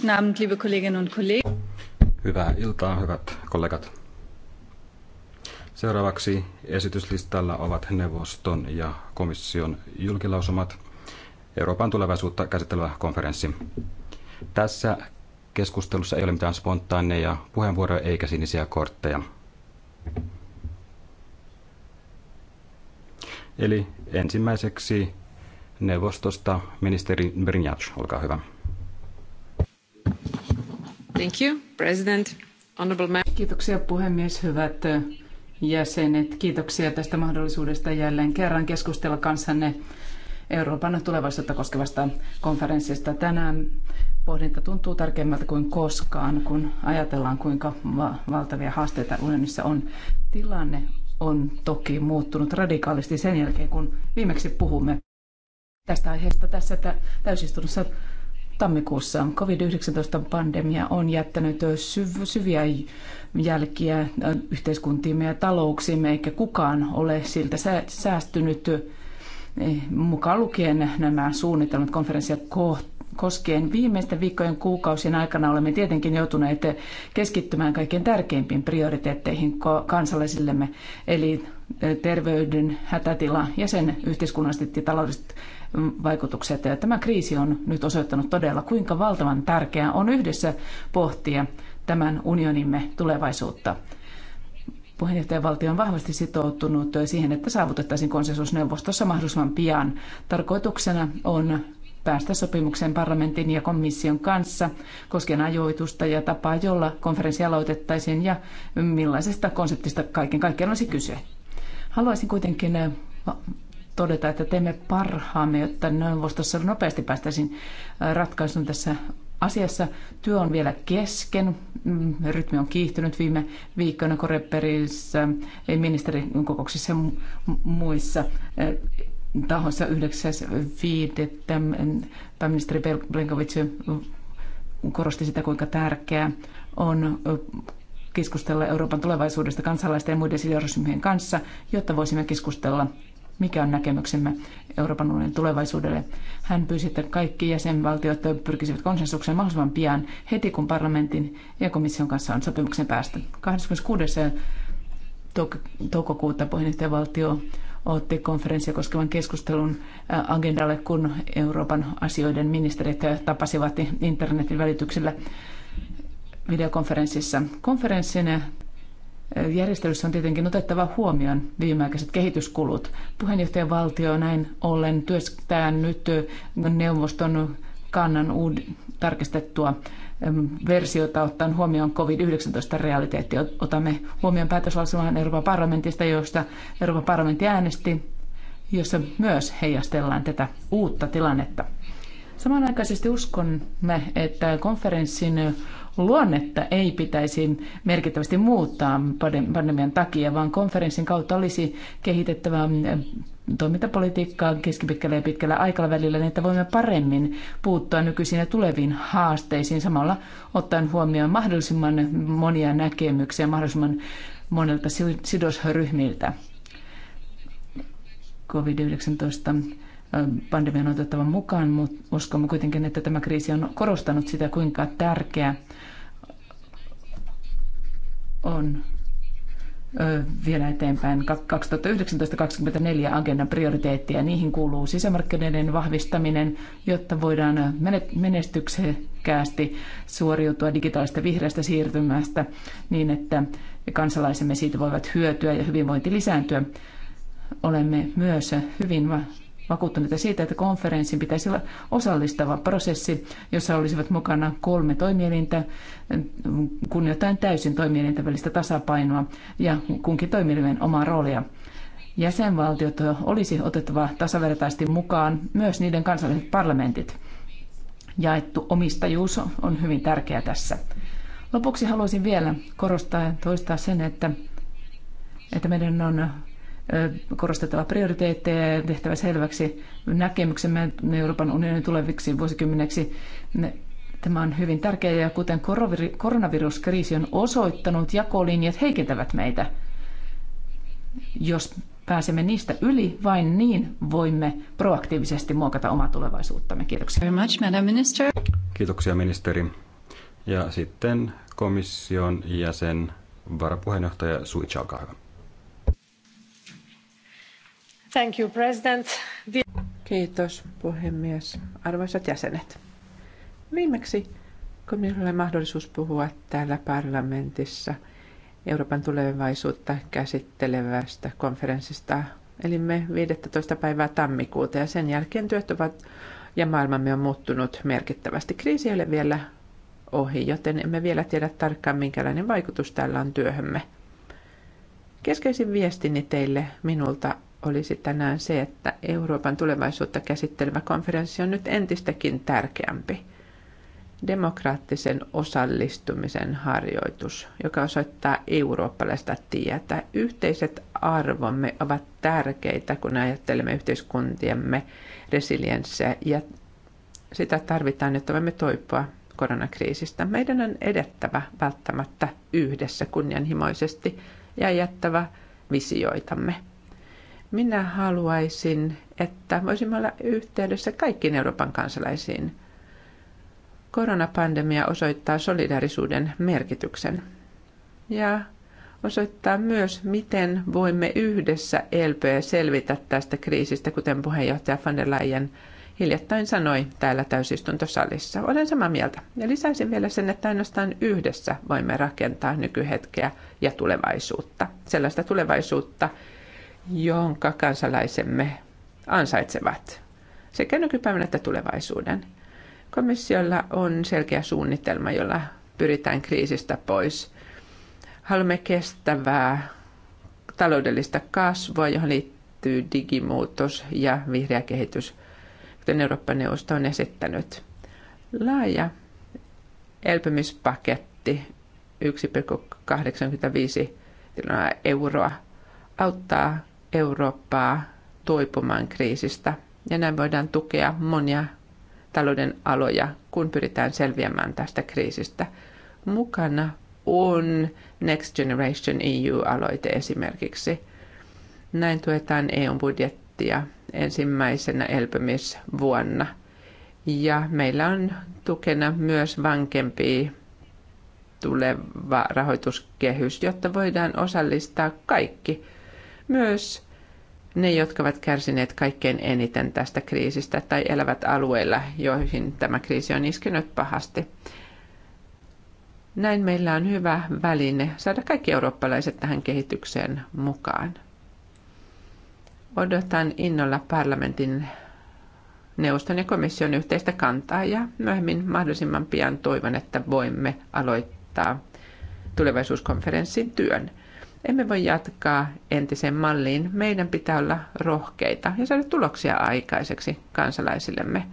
Speaker 1: Guten Abend, liebe Kolleginnen und Kollegen.
Speaker 6: Hyvää iltaa, hyvät kollegat. Seuraavaksi esityslistalla ovat neuvoston ja komission julkilausumat Euroopan tulevaisuutta käsittelevä konferenssi. Tässä keskustelussa ei ole mitään spontaaneja puheenvuoroja eikä sinisiä kortteja. Eli ensimmäiseksi neuvostosta ministeri Brignac, olkaa hyvä.
Speaker 8: Kiitoksia puhemies, hyvät äh, jäsenet. Kiitoksia tästä mahdollisuudesta jälleen kerran keskustella kanssanne Euroopan tulevaisuutta koskevasta konferenssista. Tänään pohdinta tuntuu tärkeimmältä kuin koskaan, kun ajatellaan kuinka valtavia haasteita unionissa on. Tilanne on toki muuttunut radikaalisti sen jälkeen, kun viimeksi puhumme tästä aiheesta tässä täysistunnossa tammikuussa. COVID-19-pandemia on jättänyt syv- syviä jälkiä yhteiskuntiimme ja talouksiimme, eikä kukaan ole siltä säästynyt e, mukaan lukien nämä suunnitelmat konferenssia koskien. Viimeisten viikkojen kuukausien aikana olemme tietenkin joutuneet keskittymään kaikkein tärkeimpiin prioriteetteihin kansalaisillemme, eli terveyden hätätila ja sen yhteiskunnalliset ja taloudelliset vaikutukset. Ja tämä kriisi on nyt osoittanut todella, kuinka valtavan tärkeää on yhdessä pohtia tämän unionimme tulevaisuutta. Puheenjohtajavaltio on vahvasti sitoutunut siihen, että saavutettaisiin konsensusneuvostossa mahdollisimman pian. Tarkoituksena on päästä sopimukseen parlamentin ja komission kanssa koskien ajoitusta ja tapaa, jolla konferenssi aloitettaisiin ja millaisesta konseptista kaiken kaikkiaan olisi kyse. Haluaisin kuitenkin todeta, että teemme parhaamme, jotta neuvostossa nopeasti päästäisiin äh, ratkaisun tässä asiassa. Työ on vielä kesken. Mm, rytmi on kiihtynyt viime viikkoina Koreperissä, ministerin kokouksissa muissa äh, tahoissa 9.5. Mm, pääministeri Blenkovic korosti sitä, kuinka tärkeää on keskustella Euroopan tulevaisuudesta kansalaisten ja muiden sidosryhmien kanssa, jotta voisimme keskustella mikä on näkemyksemme Euroopan unionin tulevaisuudelle. Hän pyysi, että kaikki jäsenvaltiot pyrkisivät konsensukseen mahdollisimman pian heti, kun parlamentin ja komission kanssa on sopimuksen päästä. 26. toukokuuta puheenjohtajavaltio otti konferenssia koskevan keskustelun äh, agendalle, kun Euroopan asioiden ministerit tapasivat internetin välityksellä videokonferenssissa. Konferenssin Järjestelyssä on tietenkin otettava huomioon viimeaikaiset kehityskulut. valtio näin ollen työstää nyt neuvoston kannan uud- tarkistettua versiota ottaen huomioon COVID-19 realiteetti. Otamme huomioon päätöslauselman Euroopan parlamentista, josta Euroopan parlamentti äänesti, jossa myös heijastellaan tätä uutta tilannetta. Samanaikaisesti uskomme, että konferenssin luonnetta ei pitäisi merkittävästi muuttaa pandemian takia, vaan konferenssin kautta olisi kehitettävä mm, toimintapolitiikkaa keskipitkällä ja pitkällä aikavälillä, niin että voimme paremmin puuttua nykyisiin ja tuleviin haasteisiin samalla ottaen huomioon mahdollisimman monia näkemyksiä mahdollisimman monelta sidosryhmiltä. COVID-19 pandemian on otettava mukaan, mutta uskomme kuitenkin, että tämä kriisi on korostanut sitä, kuinka tärkeä on vielä eteenpäin 2019-2024 agendan prioriteettia. Niihin kuuluu sisämarkkinoiden vahvistaminen, jotta voidaan menestyksekkäästi suoriutua digitaalista vihreästä siirtymästä niin, että kansalaisemme siitä voivat hyötyä ja hyvinvointi lisääntyä. Olemme myös hyvin vakuuttuneita siitä, että konferenssin pitäisi olla osallistava prosessi, jossa olisivat mukana kolme toimielintä, kunnioittain täysin toimielintä välistä tasapainoa ja kunkin toimielimen omaa roolia. Jäsenvaltiot olisi otettava tasavertaisesti mukaan myös niiden kansalliset parlamentit. Jaettu omistajuus on hyvin tärkeä tässä. Lopuksi haluaisin vielä korostaa ja toistaa sen, että, että meidän on korostettava prioriteetteja ja tehtävä selväksi näkemyksemme Euroopan unionin tuleviksi vuosikymmeneksi. Tämä on hyvin tärkeää ja kuten koronaviruskriisi on osoittanut, jakolinjat heikentävät meitä. Jos pääsemme niistä yli, vain niin voimme proaktiivisesti muokata omaa tulevaisuuttamme. Kiitoksia. Very much, Madam Minister.
Speaker 6: Kiitoksia ministeri. Ja sitten komission jäsen varapuheenjohtaja Suitsa, olkaa hyvä.
Speaker 7: Thank you, President. Kiitos, puhemies. Arvoisat jäsenet. Viimeksi, kun minulla oli mahdollisuus puhua täällä parlamentissa Euroopan tulevaisuutta käsittelevästä konferenssista, elimme 15. päivää tammikuuta ja sen jälkeen työt ovat ja maailmamme on muuttunut merkittävästi. Kriisi ei ole vielä ohi, joten emme vielä tiedä tarkkaan, minkälainen vaikutus tällä on työhömme. Keskeisin viestini teille minulta olisi tänään se, että Euroopan tulevaisuutta käsittelevä konferenssi on nyt entistäkin tärkeämpi. Demokraattisen osallistumisen harjoitus, joka osoittaa eurooppalaista tietä. Yhteiset arvomme ovat tärkeitä, kun ajattelemme yhteiskuntiemme resilienssiä ja sitä tarvitaan, jotta voimme toipua koronakriisistä. Meidän on edettävä välttämättä yhdessä kunnianhimoisesti ja jättävä visioitamme – minä haluaisin, että voisimme olla yhteydessä kaikkiin Euroopan kansalaisiin. Koronapandemia osoittaa solidarisuuden merkityksen ja osoittaa myös, miten voimme yhdessä elpyä ja selvitä tästä kriisistä, kuten puheenjohtaja van der Leyen hiljattain sanoi täällä täysistuntosalissa. Olen samaa mieltä. Ja lisäisin vielä sen, että ainoastaan yhdessä voimme rakentaa nykyhetkeä ja tulevaisuutta. Sellaista tulevaisuutta, jonka kansalaisemme ansaitsevat sekä nykypäivänä että tulevaisuuden. Komissiolla on selkeä suunnitelma, jolla pyritään kriisistä pois. Haluamme kestävää taloudellista kasvua, johon liittyy digimuutos ja vihreä kehitys, kuten Eurooppa-neuvosto on esittänyt. Laaja elpymispaketti 1,85 euroa auttaa Eurooppaa toipumaan kriisistä. Ja näin voidaan tukea monia talouden aloja, kun pyritään selviämään tästä kriisistä. Mukana on Next Generation EU-aloite esimerkiksi. Näin tuetaan EU-budjettia ensimmäisenä elpymisvuonna. Ja meillä on tukena myös vankempi tuleva rahoituskehys, jotta voidaan osallistaa kaikki – myös ne, jotka ovat kärsineet kaikkein eniten tästä kriisistä tai elävät alueilla, joihin tämä kriisi on iskenyt pahasti. Näin meillä on hyvä väline saada kaikki eurooppalaiset tähän kehitykseen mukaan. Odotan innolla parlamentin neuvoston ja komission yhteistä kantaa ja myöhemmin mahdollisimman pian toivon, että voimme aloittaa tulevaisuuskonferenssin työn. Emme voi jatkaa entiseen malliin. Meidän pitää olla rohkeita ja saada tuloksia aikaiseksi kansalaisillemme.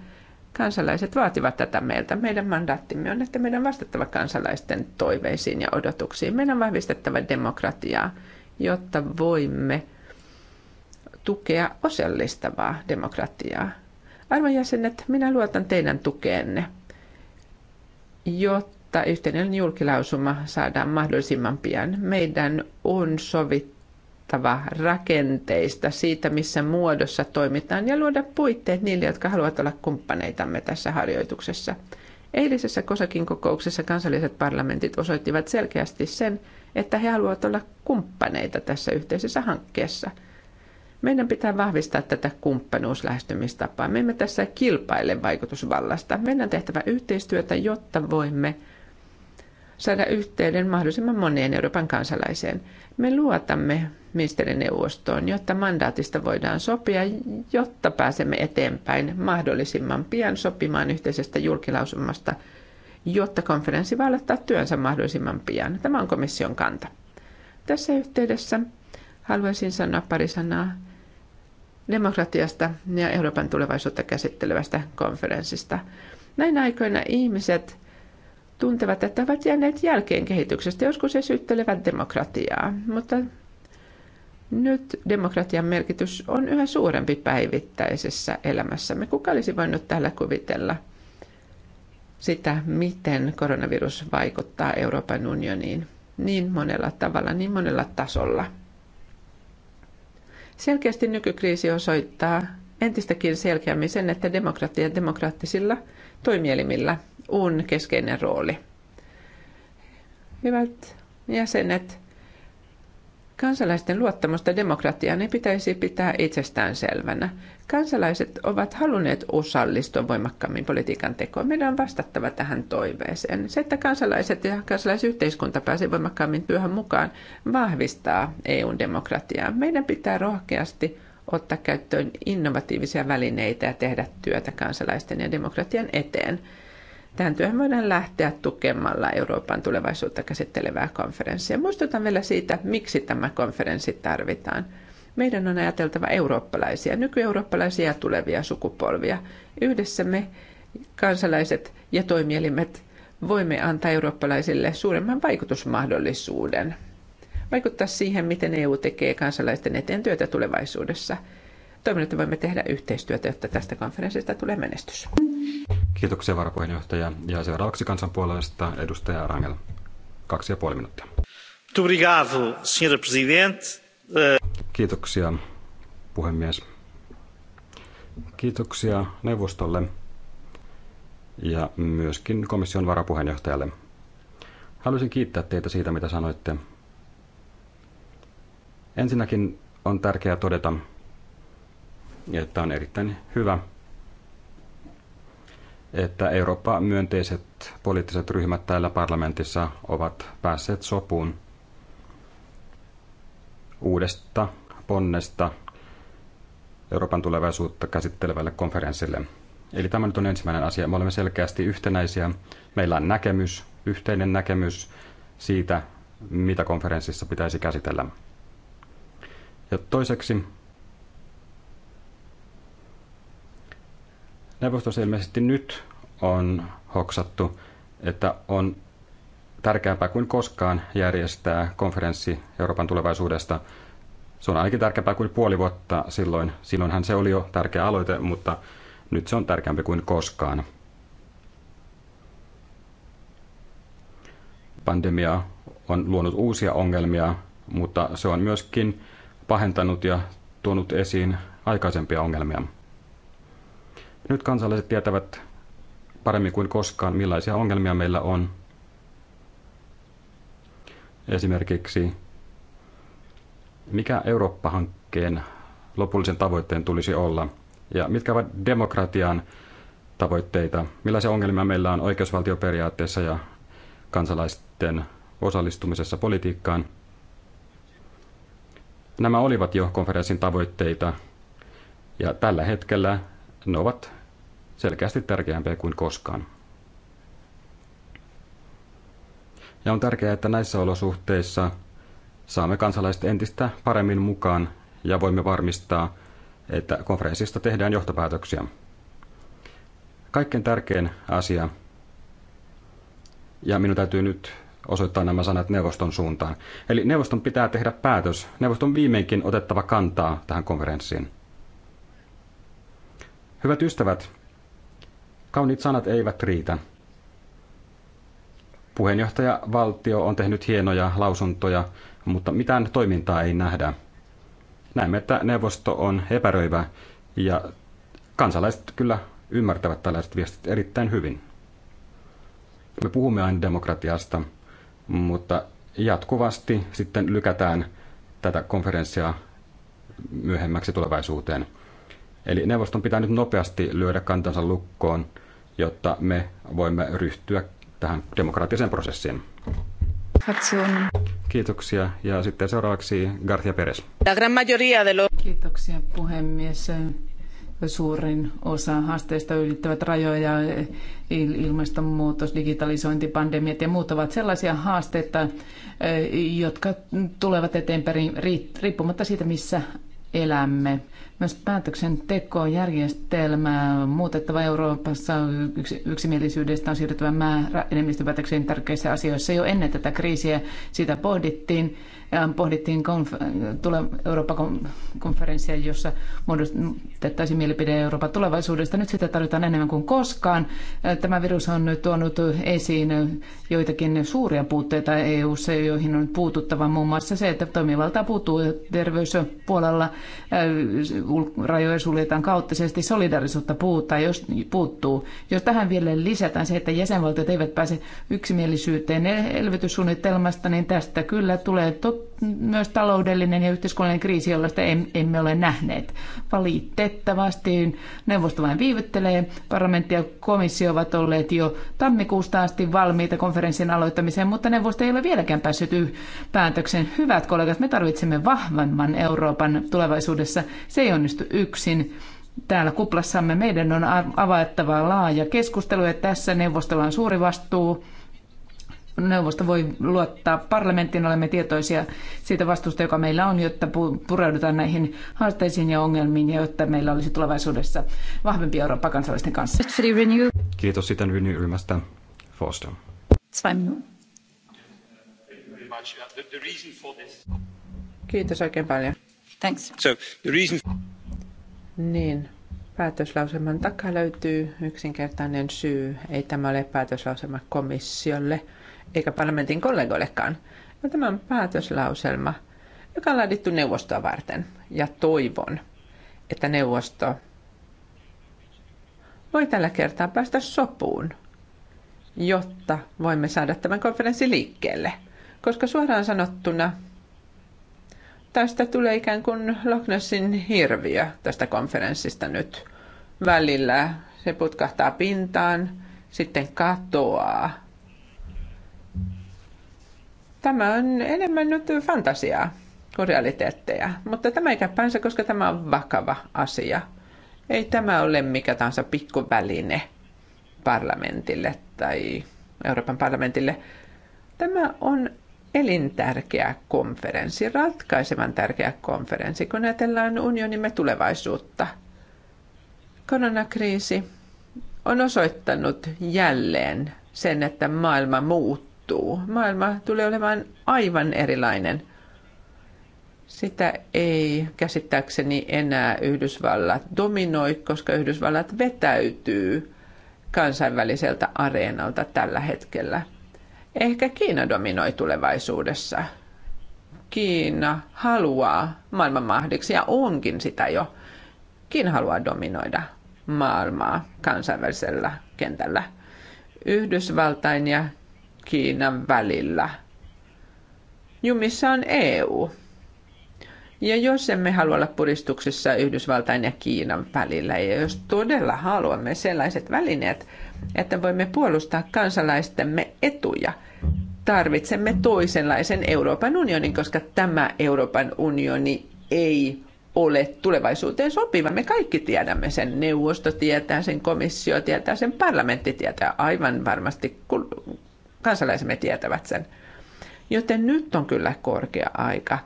Speaker 7: Kansalaiset vaativat tätä meiltä. Meidän mandaattimme on, että meidän on vastattava kansalaisten toiveisiin ja odotuksiin. Meidän on vahvistettava demokratiaa, jotta voimme tukea osallistavaa demokratiaa. Arvon jäsenet, minä luotan teidän tukeenne, jotta jotta yhteinen julkilausuma saadaan mahdollisimman pian. Meidän on sovittava rakenteista, siitä missä muodossa toimitaan ja luoda puitteet niille, jotka haluavat olla kumppaneitamme tässä harjoituksessa. Eilisessä Kosakin kokouksessa kansalliset parlamentit osoittivat selkeästi sen, että he haluavat olla kumppaneita tässä yhteisessä hankkeessa. Meidän pitää vahvistaa tätä kumppanuuslähestymistapaa. Me emme tässä kilpaile vaikutusvallasta. Meidän on tehtävä yhteistyötä, jotta voimme saada yhteyden mahdollisimman moneen Euroopan kansalaiseen. Me luotamme ministerineuvostoon, jotta mandaatista voidaan sopia, jotta pääsemme eteenpäin mahdollisimman pian sopimaan yhteisestä julkilausumasta, jotta konferenssi voi aloittaa työnsä mahdollisimman pian. Tämä on komission kanta. Tässä yhteydessä haluaisin sanoa pari sanaa demokratiasta ja Euroopan tulevaisuutta käsittelevästä konferenssista. Näin aikoina ihmiset – tuntevat, että ovat jääneet jälkeen kehityksestä. Joskus he syyttelevät demokratiaa, mutta nyt demokratian merkitys on yhä suurempi päivittäisessä elämässämme. Kuka olisi voinut täällä kuvitella sitä, miten koronavirus vaikuttaa Euroopan unioniin niin monella tavalla, niin monella tasolla? Selkeästi nykykriisi osoittaa entistäkin selkeämmin sen, että demokratia demokraattisilla – toimielimillä on keskeinen rooli. Hyvät jäsenet, kansalaisten luottamusta demokratiaan ei pitäisi pitää itsestäänselvänä. Kansalaiset ovat halunneet osallistua voimakkaammin politiikan tekoon. Meidän on vastattava tähän toiveeseen. Se, että kansalaiset ja kansalaisyhteiskunta pääsevät voimakkaammin työhön mukaan, vahvistaa EUn demokratiaa. Meidän pitää rohkeasti ottaa käyttöön innovatiivisia välineitä ja tehdä työtä kansalaisten ja demokratian eteen. Tähän työhön voidaan lähteä tukemalla Euroopan tulevaisuutta käsittelevää konferenssia. Muistutan vielä siitä, miksi tämä konferenssi tarvitaan. Meidän on ajateltava eurooppalaisia, nykyeurooppalaisia ja tulevia sukupolvia. Yhdessä me, kansalaiset ja toimielimet, voimme antaa eurooppalaisille suuremman vaikutusmahdollisuuden – vaikuttaa siihen, miten EU tekee kansalaisten eteen työtä tulevaisuudessa. Toivon, että voimme tehdä yhteistyötä, jotta tästä konferenssista tulee menestys.
Speaker 6: Kiitoksia varapuheenjohtaja. Ja seuraavaksi kansan puolesta edustaja Rangel. Kaksi ja puoli minuuttia.
Speaker 2: Obrigado, senhora presidente.
Speaker 6: Kiitoksia, puhemies. Kiitoksia neuvostolle ja myöskin komission varapuheenjohtajalle. Haluaisin kiittää teitä siitä, mitä sanoitte Ensinnäkin on tärkeää todeta, että on erittäin hyvä, että Eurooppa-myönteiset poliittiset ryhmät täällä parlamentissa ovat päässeet sopuun uudesta ponnesta Euroopan tulevaisuutta käsittelevälle konferenssille. Eli tämä nyt on ensimmäinen asia. Me olemme selkeästi yhtenäisiä. Meillä on näkemys, yhteinen näkemys siitä, mitä konferenssissa pitäisi käsitellä. Ja toiseksi neuvostossa ilmeisesti nyt on hoksattu, että on tärkeämpää kuin koskaan järjestää konferenssi Euroopan tulevaisuudesta. Se on ainakin tärkeämpää kuin puoli vuotta silloin. Silloinhan se oli jo tärkeä aloite, mutta nyt se on tärkeämpi kuin koskaan. Pandemia on luonut uusia ongelmia, mutta se on myöskin pahentanut ja tuonut esiin aikaisempia ongelmia. Nyt kansalaiset tietävät paremmin kuin koskaan, millaisia ongelmia meillä on. Esimerkiksi, mikä Eurooppa-hankkeen lopullisen tavoitteen tulisi olla ja mitkä ovat demokratian tavoitteita, millaisia ongelmia meillä on oikeusvaltioperiaatteessa ja kansalaisten osallistumisessa politiikkaan – Nämä olivat jo konferenssin tavoitteita ja tällä hetkellä ne ovat selkeästi tärkeämpiä kuin koskaan. Ja on tärkeää, että näissä olosuhteissa saamme kansalaiset entistä paremmin mukaan ja voimme varmistaa, että konferenssista tehdään johtopäätöksiä. Kaikkein tärkein asia, ja minun täytyy nyt osoittaa nämä sanat neuvoston suuntaan. Eli neuvoston pitää tehdä päätös. Neuvoston viimeinkin otettava kantaa tähän konferenssiin. Hyvät ystävät, kauniit sanat eivät riitä. Puheenjohtaja valtio on tehnyt hienoja lausuntoja, mutta mitään toimintaa ei nähdä. Näemme, että neuvosto on epäröivä ja kansalaiset kyllä ymmärtävät tällaiset viestit erittäin hyvin. Me puhumme aina demokratiasta – mutta jatkuvasti sitten lykätään tätä konferenssia myöhemmäksi tulevaisuuteen. Eli neuvoston pitää nyt nopeasti lyödä kantansa lukkoon, jotta me voimme ryhtyä tähän demokraattiseen prosessiin. Kiitoksia. Ja sitten seuraavaksi Garcia Perez.
Speaker 8: Kiitoksia puhemies suurin osa haasteista ylittävät rajoja, ilmastonmuutos, digitalisointi, pandemiat ja muut ovat sellaisia haasteita, eh, jotka tulevat eteenpäin riippumatta siitä, missä elämme. Myös päätöksentekojärjestelmää on muutettava Euroopassa. Yksimielisyydestä on siirryttävä määrä enemmistöpäätöksiin tärkeissä asioissa jo ennen tätä kriisiä. Sitä pohdittiin pohdittiin konf- tule- Eurooppa-konferenssia, jossa muodostettaisiin mielipide Euroopan tulevaisuudesta. Nyt sitä tarvitaan enemmän kuin koskaan. Tämä virus on nyt tuonut esiin joitakin suuria puutteita EU-ssa, joihin on puututtava muun muassa se, että toimivaltaa puuttuu terveyspuolella, rajoja suljetaan kauttisesti, solidarisuutta puuttaa, jos puuttuu. Jos tähän vielä lisätään se, että jäsenvaltiot eivät pääse yksimielisyyteen elvytyssuunnitelmasta, niin tästä kyllä tulee totta myös taloudellinen ja yhteiskunnallinen kriisi, jollaista emme ole nähneet. Valitettavasti neuvosto vain viivyttelee. Parlamentti ja komissio ovat olleet jo tammikuusta asti valmiita konferenssin aloittamiseen, mutta neuvosto ei ole vieläkään päässyt päätöksen. Hyvät kollegat, me tarvitsemme vahvemman Euroopan tulevaisuudessa. Se ei onnistu yksin täällä kuplassamme meidän on avattava laaja keskustelu ja tässä neuvostolla on suuri vastuu neuvosto voi luottaa parlamenttiin. Olemme tietoisia siitä vastuusta, joka meillä on, jotta pureudutaan näihin haasteisiin ja ongelmiin ja jotta meillä olisi tulevaisuudessa vahvempi Eurooppa kansalaisten kanssa.
Speaker 6: Kiitos sitten Renew-ryhmästä. Foster.
Speaker 7: Kiitos oikein paljon.
Speaker 6: Thanks. So, the
Speaker 2: reason...
Speaker 7: Niin, päätöslauselman takaa löytyy yksinkertainen syy. Ei tämä ole päätöslauselma komissiolle – eikä parlamentin kollegoillekaan. No, tämä on päätöslauselma, joka on laadittu neuvostoa varten. Ja toivon, että neuvosto voi tällä kertaa päästä sopuun, jotta voimme saada tämän konferenssin liikkeelle. Koska suoraan sanottuna tästä tulee ikään kuin Loch Nessin hirviö tästä konferenssista nyt. Välillä se putkahtaa pintaan, sitten katoaa Tämä on enemmän nyt fantasiaa kuin realiteetteja, mutta tämä ei käy päänsä, koska tämä on vakava asia. Ei tämä ole mikä tahansa pikkuväline parlamentille tai Euroopan parlamentille. Tämä on elintärkeä konferenssi, ratkaisevan tärkeä konferenssi, kun ajatellaan unionimme tulevaisuutta. Koronakriisi on osoittanut jälleen sen, että maailma muuttuu muuttuu. Maailma tulee olemaan aivan erilainen. Sitä ei käsittääkseni enää Yhdysvallat dominoi, koska Yhdysvallat vetäytyy kansainväliseltä areenalta tällä hetkellä. Ehkä Kiina dominoi tulevaisuudessa. Kiina haluaa maailmanmahdiksi ja onkin sitä jo. Kiina haluaa dominoida maailmaa kansainvälisellä kentällä. Yhdysvaltain ja Kiinan välillä. Jumissa on EU. Ja jos emme halua olla puristuksessa Yhdysvaltain ja Kiinan välillä, ja jos todella haluamme sellaiset välineet, että voimme puolustaa kansalaistemme etuja, tarvitsemme toisenlaisen Euroopan unionin, koska tämä Euroopan unioni ei ole tulevaisuuteen sopiva. Me kaikki tiedämme sen. Neuvosto tietää sen, komissio tietää sen, parlamentti tietää aivan varmasti kansalaisemme tietävät sen. Joten nyt on kyllä korkea aika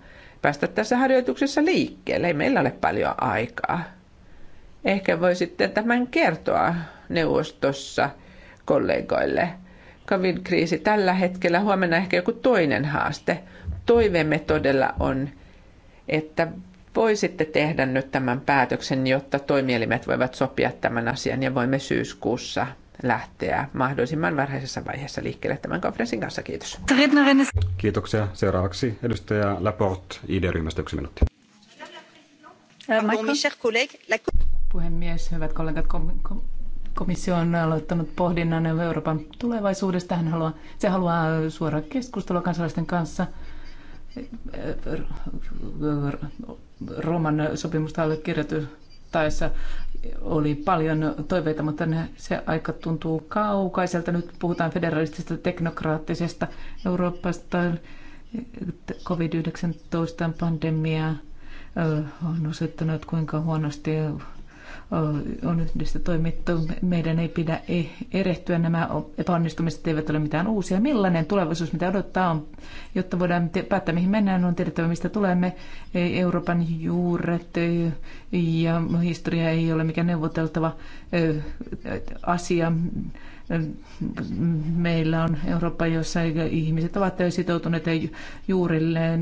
Speaker 7: päästä tässä harjoituksessa liikkeelle. Ei meillä ole paljon aikaa. Ehkä voisitte tämän kertoa neuvostossa kollegoille. Covid-kriisi tällä hetkellä, huomenna ehkä joku toinen haaste. Toiveemme todella on, että voisitte tehdä nyt tämän päätöksen, jotta toimielimet voivat sopia tämän asian ja voimme syyskuussa lähteä mahdollisimman varhaisessa vaiheessa liikkeelle tämän konferenssin kanssa. Kiitos.
Speaker 6: Kiitoksia. Seuraavaksi edustaja Laporte ID-ryhmästä yksi minuutti.
Speaker 7: Euh,
Speaker 8: Puhemies, hyvät kollegat, kom- kom- komissio on aloittanut pohdinnan Euroopan tulevaisuudesta. Hän haluaa, se haluaa suoraa keskustelua kansalaisten kanssa. Äh, äh, Rooman sopimusta allekirjoitettaessa oli paljon toiveita, mutta se aika tuntuu kaukaiselta. Nyt puhutaan federalistisesta, teknokraattisesta Euroopasta, COVID-19 pandemia on osoittanut, kuinka huonosti on yhdessä toimittu. Meidän ei pidä e- erehtyä. Nämä epäonnistumiset eivät ole mitään uusia. Millainen tulevaisuus, mitä odottaa on, jotta voidaan päättää, mihin mennään, on tiedettävä, mistä tulemme. Euroopan juuret ja historia ei ole mikään neuvoteltava asia. Meillä on Eurooppa, jossa ihmiset ovat sitoutuneet juurilleen.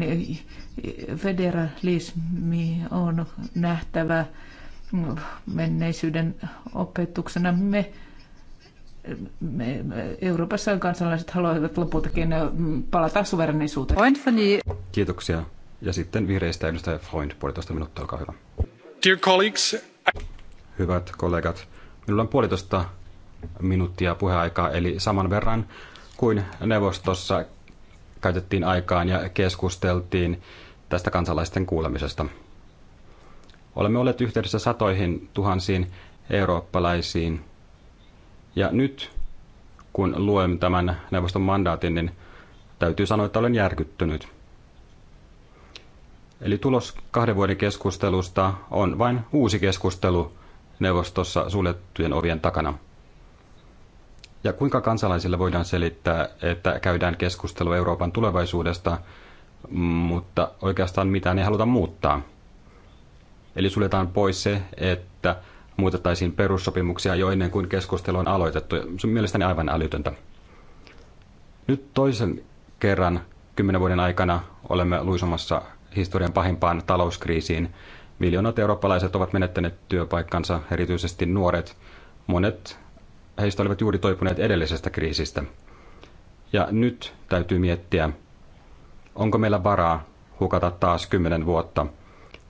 Speaker 8: Federalismi on nähtävä menneisyyden opetuksena. Me, me, me Euroopassa kansalaiset haluavat lopultakin palata suverenisuuteen.
Speaker 6: Kiitoksia. Ja sitten vihreistä edustaja Freund, puolitoista minuuttia, olkaa hyvä. Dear colleagues. Hyvät kollegat, minulla on puolitoista minuuttia puheaikaa, eli saman verran kuin neuvostossa käytettiin aikaan ja keskusteltiin tästä kansalaisten kuulemisesta. Olemme olleet yhteydessä satoihin tuhansiin eurooppalaisiin. Ja nyt, kun luen tämän neuvoston mandaatin, niin täytyy sanoa, että olen järkyttynyt. Eli tulos kahden vuoden keskustelusta on vain uusi keskustelu neuvostossa suljettujen ovien takana. Ja kuinka kansalaisille voidaan selittää, että käydään keskustelua Euroopan tulevaisuudesta, mutta oikeastaan mitään ei haluta muuttaa? Eli suljetaan pois se, että muutettaisiin perussopimuksia jo ennen kuin keskustelu on aloitettu. Se on mielestäni aivan älytöntä. Nyt toisen kerran kymmenen vuoden aikana olemme luisumassa historian pahimpaan talouskriisiin. Miljoonat eurooppalaiset ovat menettäneet työpaikkansa, erityisesti nuoret. Monet heistä olivat juuri toipuneet edellisestä kriisistä. Ja nyt täytyy miettiä, onko meillä varaa hukata taas kymmenen vuotta,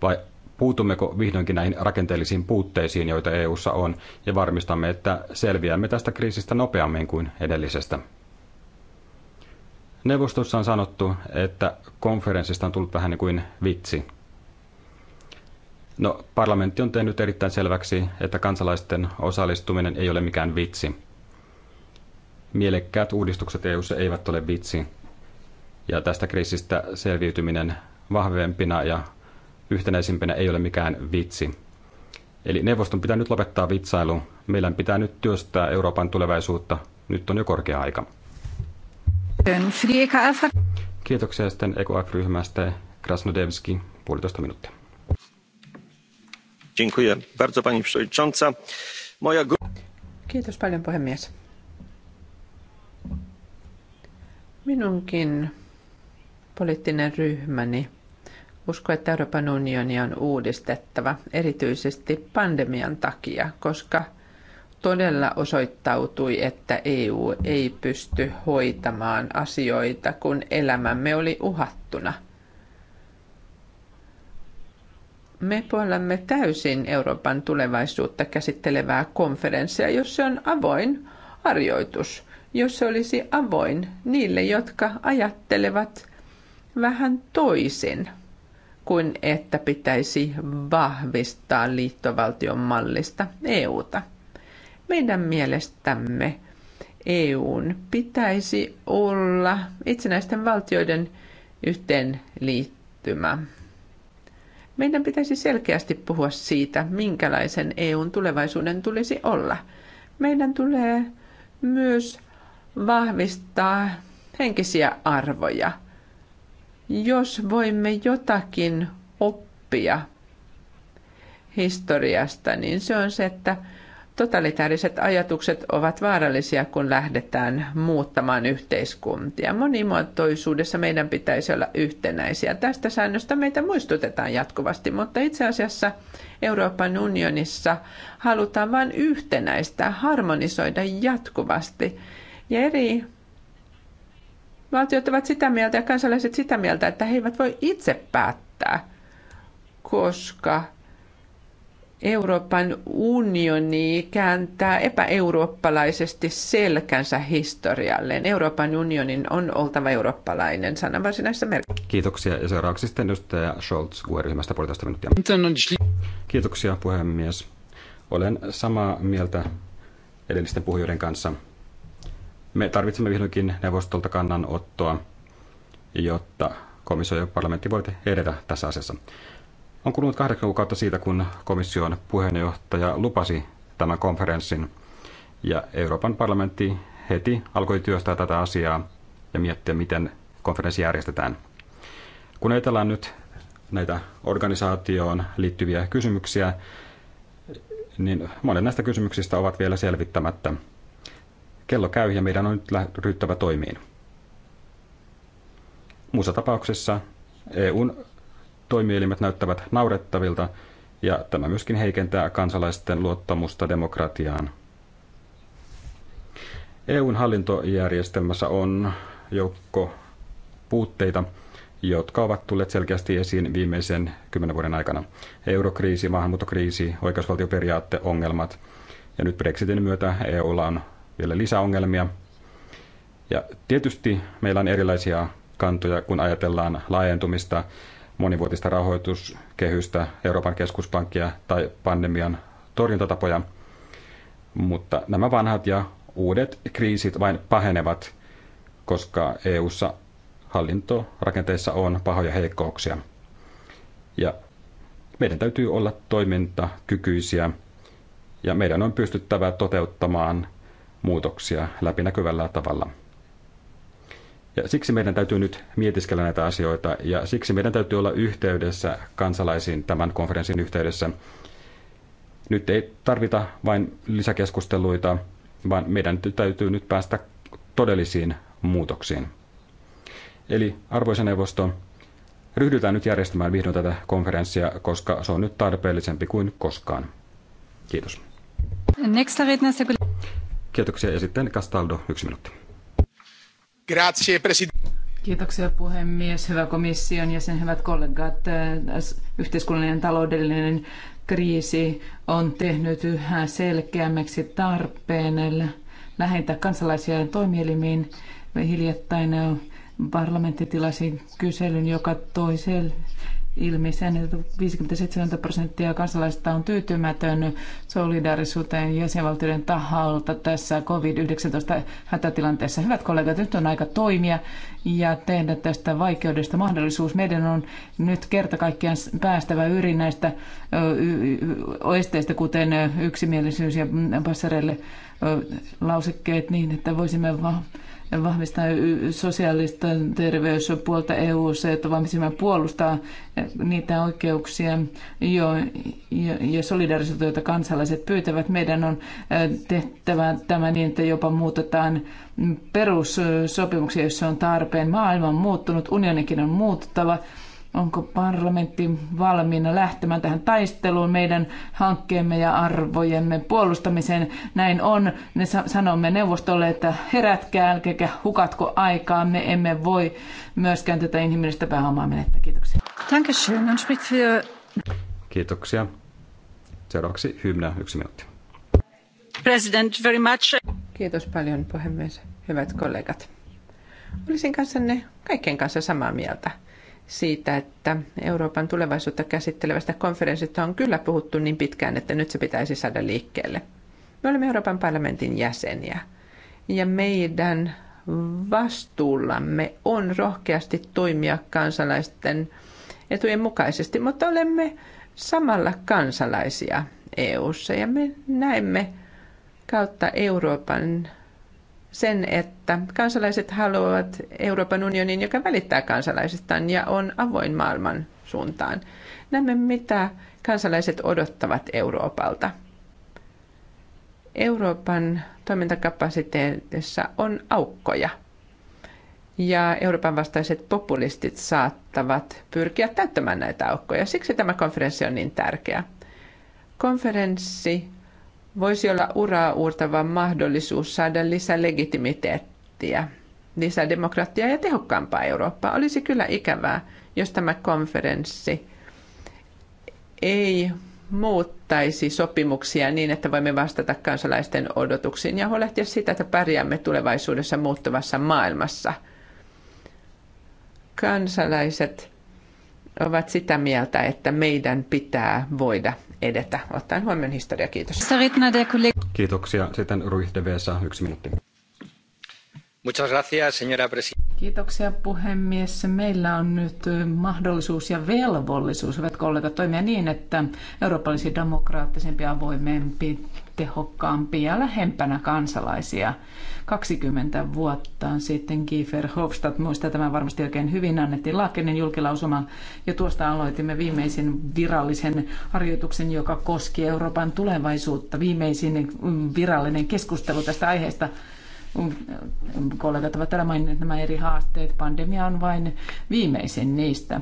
Speaker 6: vai puutummeko vihdoinkin näihin rakenteellisiin puutteisiin, joita EU:ssa on, ja varmistamme, että selviämme tästä kriisistä nopeammin kuin edellisestä. Neuvostossa on sanottu, että konferenssista on tullut vähän niin kuin vitsi. No, parlamentti on tehnyt erittäin selväksi, että kansalaisten osallistuminen ei ole mikään vitsi. Mielekkäät uudistukset EU:ssa eivät ole vitsi. Ja tästä kriisistä selviytyminen vahvempina ja yhtenäisimpänä ei ole mikään vitsi. Eli neuvoston pitää nyt lopettaa vitsailu. Meidän pitää nyt työstää Euroopan tulevaisuutta. Nyt on jo korkea aika. Kiitoksia sitten EKF-ryhmästä Krasnodevski, puolitoista minuuttia. Dziękuję bardzo pani Moja...
Speaker 7: Kiitos paljon puhemies. Minunkin poliittinen ryhmäni usko, että Euroopan unioni on uudistettava, erityisesti pandemian takia, koska todella osoittautui, että EU ei pysty hoitamaan asioita, kun elämämme oli uhattuna. Me puolemme täysin Euroopan tulevaisuutta käsittelevää konferenssia, jos se on avoin harjoitus, jos se olisi avoin niille, jotka ajattelevat vähän toisin – kuin että pitäisi vahvistaa liittovaltion mallista EUta. Meidän mielestämme EUn pitäisi olla itsenäisten valtioiden yhteenliittymä. Meidän pitäisi selkeästi puhua siitä, minkälaisen EUn tulevaisuuden tulisi olla. Meidän tulee myös vahvistaa henkisiä arvoja – jos voimme jotakin oppia historiasta, niin se on se, että totalitaariset ajatukset ovat vaarallisia, kun lähdetään muuttamaan yhteiskuntia. Monimuotoisuudessa meidän pitäisi olla yhtenäisiä. Tästä säännöstä meitä muistutetaan jatkuvasti, mutta itse asiassa Euroopan unionissa halutaan vain yhtenäistä, harmonisoida jatkuvasti. Ja eri Valtiot ovat sitä mieltä ja kansalaiset sitä mieltä, että he eivät voi itse päättää, koska Euroopan unioni kääntää epäeurooppalaisesti selkänsä historialleen. Euroopan unionin on oltava eurooppalainen sanan varsinaisessa
Speaker 6: merkityksessä. Kiitoksia ja seuraavaksi sitten edustaja Scholz QE-ryhmästä puolitoista minuuttia. Kiitoksia puhemies. Olen samaa mieltä edellisten puhujoiden kanssa. Me tarvitsemme vihdoinkin neuvostolta kannanottoa, jotta komissio ja parlamentti voivat edetä tässä asiassa. On kulunut kahdeksan kuukautta siitä, kun komission puheenjohtaja lupasi tämän konferenssin, ja Euroopan parlamentti heti alkoi työstää tätä asiaa ja miettiä, miten konferenssi järjestetään. Kun ajatellaan nyt näitä organisaatioon liittyviä kysymyksiä, niin monet näistä kysymyksistä ovat vielä selvittämättä kello käy ja meidän on nyt ryhtyvä toimiin. Muussa tapauksessa EUn toimielimet näyttävät naurettavilta ja tämä myöskin heikentää kansalaisten luottamusta demokratiaan. EUn hallintojärjestelmässä on joukko puutteita, jotka ovat tulleet selkeästi esiin viimeisen kymmenen vuoden aikana. Eurokriisi, maahanmuuttokriisi, oikeusvaltioperiaatteongelmat ja nyt Brexitin myötä EUlla on vielä lisäongelmia. Ja tietysti meillä on erilaisia kantoja, kun ajatellaan laajentumista, monivuotista rahoituskehystä, Euroopan keskuspankkia tai pandemian torjuntatapoja. Mutta nämä vanhat ja uudet kriisit vain pahenevat, koska EU:ssa hallintorakenteissa on pahoja heikkouksia. Ja meidän täytyy olla toimintakykyisiä ja meidän on pystyttävä toteuttamaan muutoksia läpinäkyvällä tavalla. Ja siksi meidän täytyy nyt mietiskellä näitä asioita ja siksi meidän täytyy olla yhteydessä kansalaisiin tämän konferenssin yhteydessä. Nyt ei tarvita vain lisäkeskusteluita, vaan meidän täytyy nyt päästä todellisiin muutoksiin. Eli arvoisa neuvosto, ryhdytään nyt järjestämään vihdoin tätä konferenssia, koska se on nyt tarpeellisempi kuin koskaan. Kiitos. Kiitoksia ja sitten Castaldo, yksi minuutti.
Speaker 5: Grazie, presidente.
Speaker 8: Kiitoksia puhemies, hyvä komission ja sen hyvät kollegat. Äh, yhteiskunnallinen taloudellinen kriisi on tehnyt yhä selkeämmäksi tarpeen lähentää kansalaisia toimielimiin. Hiljattain äh, parlamentti tilasi kyselyn, joka toiselle ilmi sen, että 57 prosenttia kansalaisista on tyytymätön solidaarisuuteen jäsenvaltioiden taholta tässä COVID-19-hätätilanteessa. Hyvät kollegat, nyt on aika toimia ja tehdä tästä vaikeudesta mahdollisuus. Meidän on nyt kerta kaikkiaan päästävä yri näistä oisteista, kuten yksimielisyys ja passerelle lausekkeet niin, että voisimme vaan vahvistaa sosiaalista terveyspuolta EU-ssa, jotta voisimme puolustaa eh, niitä oikeuksia jo, jo, ja solidarisuutta, joita kansalaiset pyytävät. Meidän on eh, tehtävä tämä niin, että jopa muutetaan perussopimuksia, eh, jos se on tarpeen. Maailma on muuttunut, unionikin on muuttava Onko parlamentti valmiina lähtemään tähän taisteluun meidän hankkeemme ja arvojemme puolustamiseen? Näin on. Me sanomme neuvostolle, että herätkää, älkääkä hukatko aikaa. Me emme voi myöskään tätä inhimillistä pääomaa menettää. Kiitoksia.
Speaker 6: Kiitoksia. Seuraavaksi Hymnä, yksi minuutti.
Speaker 7: President, very much. Kiitos paljon puhemies. Hyvät kollegat. Olisin kanssanne kaikkien kanssa samaa mieltä – siitä, että Euroopan tulevaisuutta käsittelevästä konferenssista on kyllä puhuttu niin pitkään, että nyt se pitäisi saada liikkeelle. Me olemme Euroopan parlamentin jäseniä ja meidän vastuullamme on rohkeasti toimia kansalaisten etujen mukaisesti, mutta olemme samalla kansalaisia EU:ssa ja me näemme kautta Euroopan sen, että kansalaiset haluavat Euroopan unionin, joka välittää kansalaisistaan ja on avoin maailman suuntaan. Näemme, mitä kansalaiset odottavat Euroopalta. Euroopan toimintakapasiteetissa on aukkoja. Ja Euroopan vastaiset populistit saattavat pyrkiä täyttämään näitä aukkoja. Siksi tämä konferenssi on niin tärkeä. Konferenssi voisi olla uraa uurtava mahdollisuus saada lisää legitimiteettiä, lisää demokratiaa ja tehokkaampaa Eurooppaa. Olisi kyllä ikävää, jos tämä konferenssi ei muuttaisi sopimuksia niin, että voimme vastata kansalaisten odotuksiin ja huolehtia siitä, että pärjäämme tulevaisuudessa muuttuvassa maailmassa. Kansalaiset ovat sitä mieltä, että meidän pitää voida edetä, ottaen huomioon historia. Kiitos.
Speaker 6: Kiitoksia. Sitten Ruiz de Vesa, yksi minuutti.
Speaker 2: Muchas gracias, señora
Speaker 8: Kiitoksia
Speaker 7: puhemies. Meillä
Speaker 8: on nyt mahdollisuus ja velvollisuus, hyvät kollegat, toimia niin, että Eurooppa olisi demokraattisempi, avoimempi, tehokkaampia ja lähempänä kansalaisia. 20 vuotta sitten Kiefer Hofstadt muistaa tämän varmasti oikein hyvin, annettiin Laakkenin julkilausuma ja tuosta aloitimme viimeisen virallisen harjoituksen, joka koski Euroopan tulevaisuutta. Viimeisin virallinen keskustelu tästä aiheesta kollegat ovat täällä maininneet nämä eri haasteet. Pandemia on vain viimeisin niistä.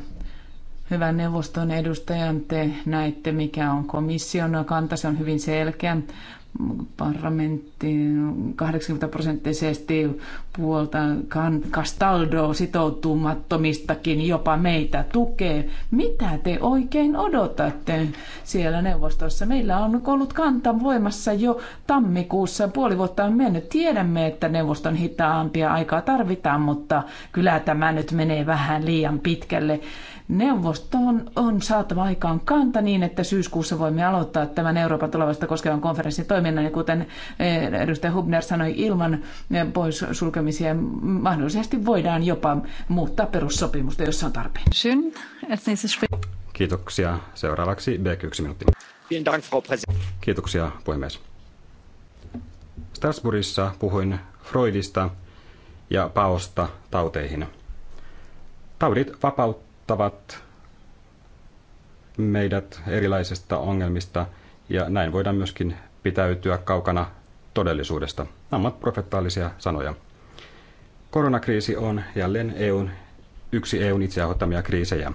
Speaker 8: Hyvän neuvoston edustajan, te näitte, mikä on komission kanta. Se on hyvin selkeä. Parlamentti 80 prosenttisesti puolta Castaldo sitoutumattomistakin jopa meitä tukee. Mitä te oikein odotatte siellä neuvostossa? Meillä on ollut kanta voimassa jo tammikuussa. Puoli vuotta on mennyt. Tiedämme, että neuvoston hitaampia aikaa tarvitaan, mutta kyllä tämä nyt menee vähän liian pitkälle. Neuvosto on saatava aikaan kanta niin, että syyskuussa voimme aloittaa tämän Euroopan tulevasta koskevan konferenssin toiminnan. Ja kuten eh, edustaja Hubner sanoi, ilman eh, pois sulkemisia mahdollisesti voidaan jopa muuttaa perussopimusta,
Speaker 7: jos se on tarpeen.
Speaker 6: Kiitoksia. Seuraavaksi B1 minuutti. Kiitoksia, puhemies. Strasbourgissa puhuin Freudista ja paosta tauteihin. Taudit vapautta erottavat meidät erilaisista ongelmista ja näin voidaan myöskin pitäytyä kaukana todellisuudesta. Nämä ovat profettaalisia sanoja. Koronakriisi on jälleen EUn, yksi EUn itse aiheuttamia kriisejä.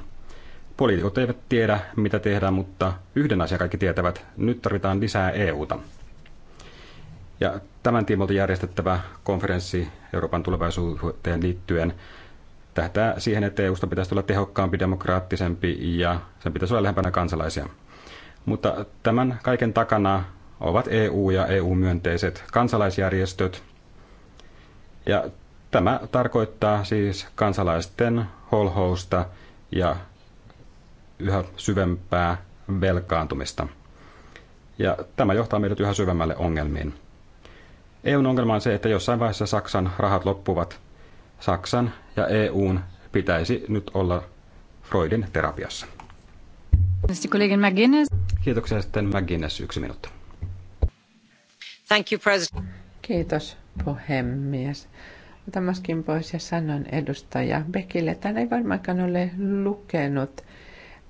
Speaker 6: Poliitikot eivät tiedä, mitä tehdään, mutta yhden asian kaikki tietävät. Nyt tarvitaan lisää EUta. Ja tämän tiimolta järjestettävä konferenssi Euroopan tulevaisuuteen liittyen tähtää siihen, että EUsta pitäisi tulla tehokkaampi, demokraattisempi ja sen pitäisi olla lähempänä kansalaisia. Mutta tämän kaiken takana ovat EU ja EU-myönteiset kansalaisjärjestöt. Ja tämä tarkoittaa siis kansalaisten holhousta ja yhä syvempää velkaantumista. Ja tämä johtaa meidät yhä syvemmälle ongelmiin. EUn ongelma on se, että jossain vaiheessa Saksan rahat loppuvat Saksan ja EUn pitäisi nyt olla Freudin terapiassa. Kiitoksia sitten McGuinness, yksi minuutti.
Speaker 7: Thank you, president. Kiitos, puhemies. Tämäskin pois ja sanon edustaja Bekille, Tämä ei varmaankaan ole lukenut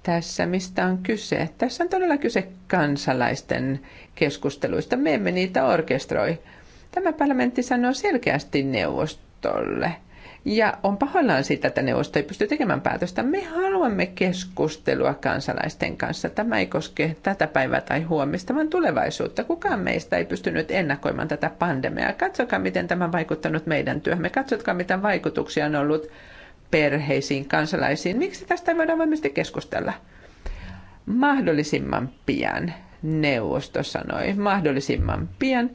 Speaker 7: tässä, mistä on kyse. Tässä on todella kyse kansalaisten keskusteluista. Me emme niitä orkestroi. Tämä parlamentti sanoo selkeästi neuvostolle – ja on pahoillaan siitä, että neuvosto ei pysty tekemään päätöstä. Me haluamme keskustelua kansalaisten kanssa. Tämä ei koske tätä päivää tai huomista, vaan tulevaisuutta. Kukaan meistä ei pystynyt ennakoimaan tätä pandemiaa. Katsokaa, miten tämä on vaikuttanut meidän työhömme. Katsokaa, mitä vaikutuksia on ollut perheisiin, kansalaisiin. Miksi tästä ei voida varmasti keskustella? Mahdollisimman pian, neuvosto sanoi. Mahdollisimman pian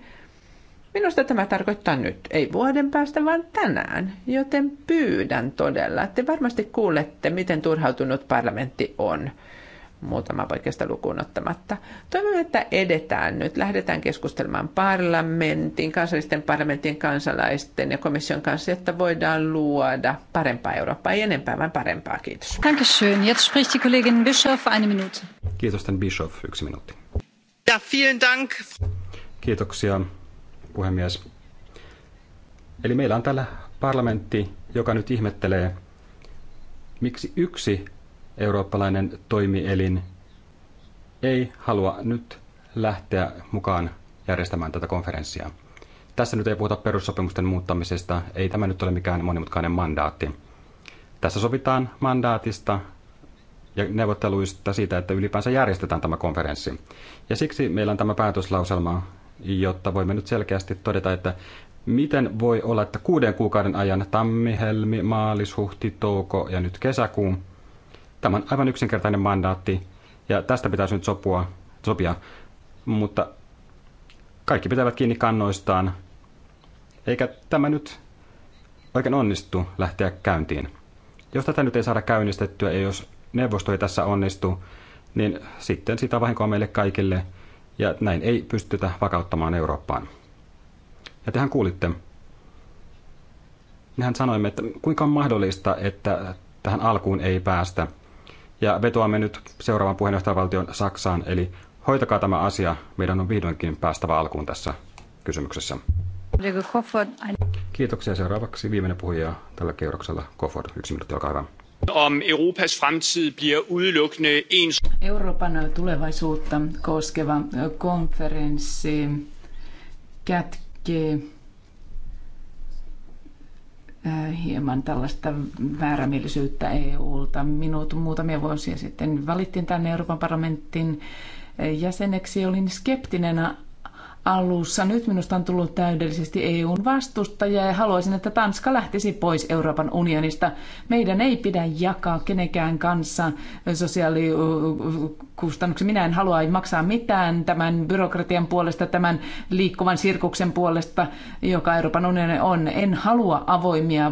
Speaker 7: Minusta tämä tarkoittaa nyt, ei vuoden päästä, vaan tänään. Joten pyydän todella, että varmasti kuulette, miten turhautunut parlamentti on muutama poikkeusta lukuun ottamatta. Toivon, että edetään nyt. Lähdetään keskustelemaan parlamentin, kansallisten parlamentin kansalaisten ja komission kanssa, että voidaan luoda parempaa Eurooppaa. Ei enempää, vaan parempaa.
Speaker 6: Kiitos.
Speaker 2: Dankeschön. Jetzt spricht die Kollegin eine Minute.
Speaker 6: Kiitos, Bischoff. Yksi minuutti.
Speaker 2: Ja, vielen Dank.
Speaker 6: Kiitoksia puhemies. Eli meillä on täällä parlamentti, joka nyt ihmettelee, miksi yksi eurooppalainen toimielin ei halua nyt lähteä mukaan järjestämään tätä konferenssia. Tässä nyt ei puhuta perussopimusten muuttamisesta, ei tämä nyt ole mikään monimutkainen mandaatti. Tässä sovitaan mandaatista ja neuvotteluista siitä, että ylipäänsä järjestetään tämä konferenssi. Ja siksi meillä on tämä päätöslauselma, jotta voimme nyt selkeästi todeta, että miten voi olla, että kuuden kuukauden ajan tammi, helmi, maalis, huhti, touko ja nyt kesäkuun. Tämä on aivan yksinkertainen mandaatti ja tästä pitäisi nyt sopua, sopia, mutta kaikki pitävät kiinni kannoistaan, eikä tämä nyt oikein onnistu lähteä käyntiin. Jos tätä nyt ei saada käynnistettyä ja jos neuvosto ei tässä onnistu, niin sitten sitä vahinkoa meille kaikille – ja näin ei pystytä vakauttamaan Eurooppaan. Ja tehän kuulitte, mehän sanoimme, että kuinka on mahdollista, että tähän alkuun ei päästä. Ja vetoamme nyt seuraavan puheenjohtajavaltion Saksaan, eli hoitakaa tämä asia, meidän on vihdoinkin päästävä alkuun tässä kysymyksessä. Kiitoksia. Seuraavaksi viimeinen puhuja tällä kierroksella, Kofod. Yksi minuutti, olkaa hyvä.
Speaker 8: Euroopan tulevaisuutta koskeva konferenssi kätkee hieman tällaista väärämielisyyttä EUlta. Minut muutamia vuosia sitten valittiin tänne Euroopan parlamentin jäseneksi. Olin skeptinen alussa. Nyt minusta on tullut täydellisesti EUn vastustaja ja haluaisin, että Tanska lähtisi pois Euroopan unionista. Meidän ei pidä jakaa kenenkään kanssa sosiaalikustannuksia. Minä en halua maksaa mitään tämän byrokratian puolesta, tämän liikkuvan sirkuksen puolesta, joka Euroopan unioni on. En halua avoimia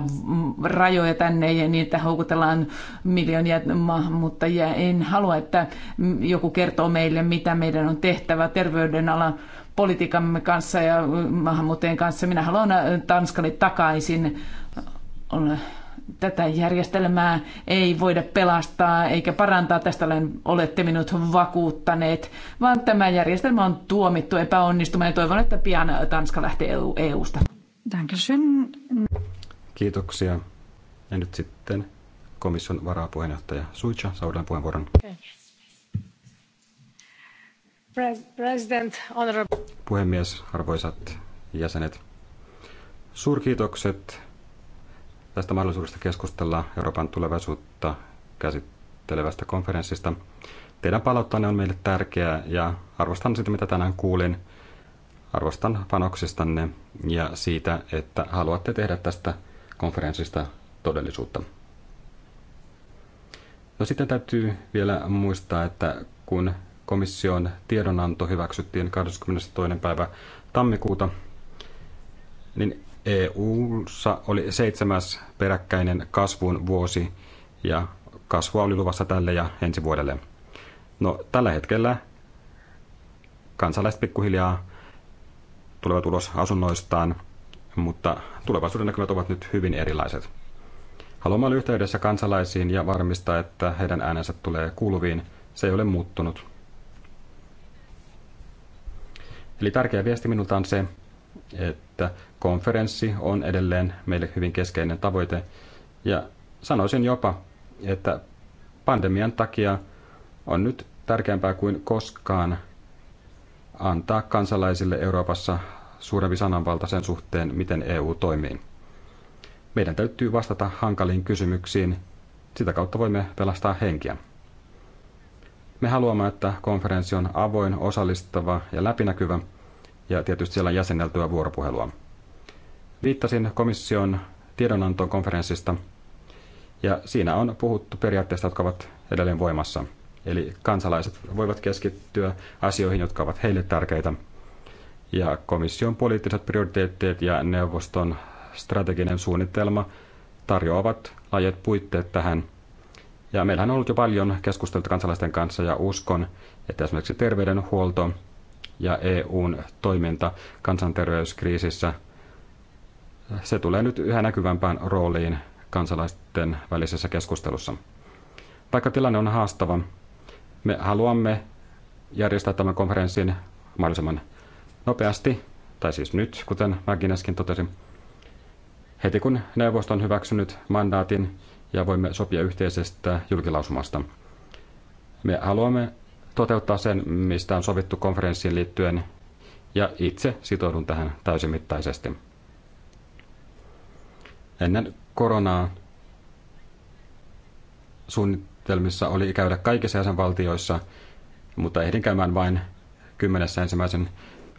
Speaker 8: rajoja tänne ja niin, että houkutellaan miljoonia maahanmuuttajia. En halua, että joku kertoo meille, mitä meidän on tehtävä terveydenala politiikamme kanssa ja maahanmuuttajien kanssa. Minä haluan äh, Tanskalle takaisin. Tätä järjestelmää ei voida pelastaa eikä parantaa, tästä olette minut vakuuttaneet, vaan tämä järjestelmä on tuomittu epäonnistumaan ja toivon, että pian Tanska lähtee EU- EU-sta.
Speaker 6: Kiitoksia. Ja nyt sitten komission varapuheenjohtaja Suitsa, saadaan puheenvuoron. Okay. Puhemies, arvoisat jäsenet. Suurkiitokset tästä mahdollisuudesta keskustella Euroopan tulevaisuutta käsittelevästä konferenssista. Teidän palauttanne on meille tärkeää ja arvostan sitä, mitä tänään kuulin. Arvostan panoksistanne ja siitä, että haluatte tehdä tästä konferenssista todellisuutta. No sitten täytyy vielä muistaa, että kun komission tiedonanto hyväksyttiin 22. päivä tammikuuta, niin EUssa oli seitsemäs peräkkäinen kasvun vuosi ja kasvua oli luvassa tälle ja ensi vuodelle. No tällä hetkellä kansalaiset pikkuhiljaa tulevat ulos asunnoistaan, mutta tulevaisuuden näkymät ovat nyt hyvin erilaiset. Haluamme olla yhteydessä kansalaisiin ja varmistaa, että heidän äänensä tulee kuuluviin. Se ei ole muuttunut. Eli tärkeä viesti minulta on se, että konferenssi on edelleen meille hyvin keskeinen tavoite. Ja sanoisin jopa, että pandemian takia on nyt tärkeämpää kuin koskaan antaa kansalaisille Euroopassa suurempi sananvalta sen suhteen, miten EU toimii. Meidän täytyy vastata hankaliin kysymyksiin. Sitä kautta voimme pelastaa henkiä. Me haluamme, että konferenssi on avoin, osallistava ja läpinäkyvä, ja tietysti siellä on jäsenneltyä vuoropuhelua. Viittasin komission tiedonantoon konferenssista, ja siinä on puhuttu periaatteista, jotka ovat edelleen voimassa. Eli kansalaiset voivat keskittyä asioihin, jotka ovat heille tärkeitä. Ja komission poliittiset prioriteetteet ja neuvoston strateginen suunnitelma tarjoavat lajet puitteet tähän – ja meillähän on ollut jo paljon keskusteltu kansalaisten kanssa ja uskon, että esimerkiksi terveydenhuolto ja EUn toiminta kansanterveyskriisissä, se tulee nyt yhä näkyvämpään rooliin kansalaisten välisessä keskustelussa. Vaikka tilanne on haastava, me haluamme järjestää tämän konferenssin mahdollisimman nopeasti, tai siis nyt, kuten mäkin äsken totesin. Heti kun neuvosto on hyväksynyt mandaatin, ja voimme sopia yhteisestä julkilausumasta. Me haluamme toteuttaa sen, mistä on sovittu konferenssiin liittyen, ja itse sitoudun tähän täysimittaisesti. Ennen koronaa suunnitelmissa oli käydä kaikissa jäsenvaltioissa, mutta ehdin käymään vain kymmenessä ensimmäisen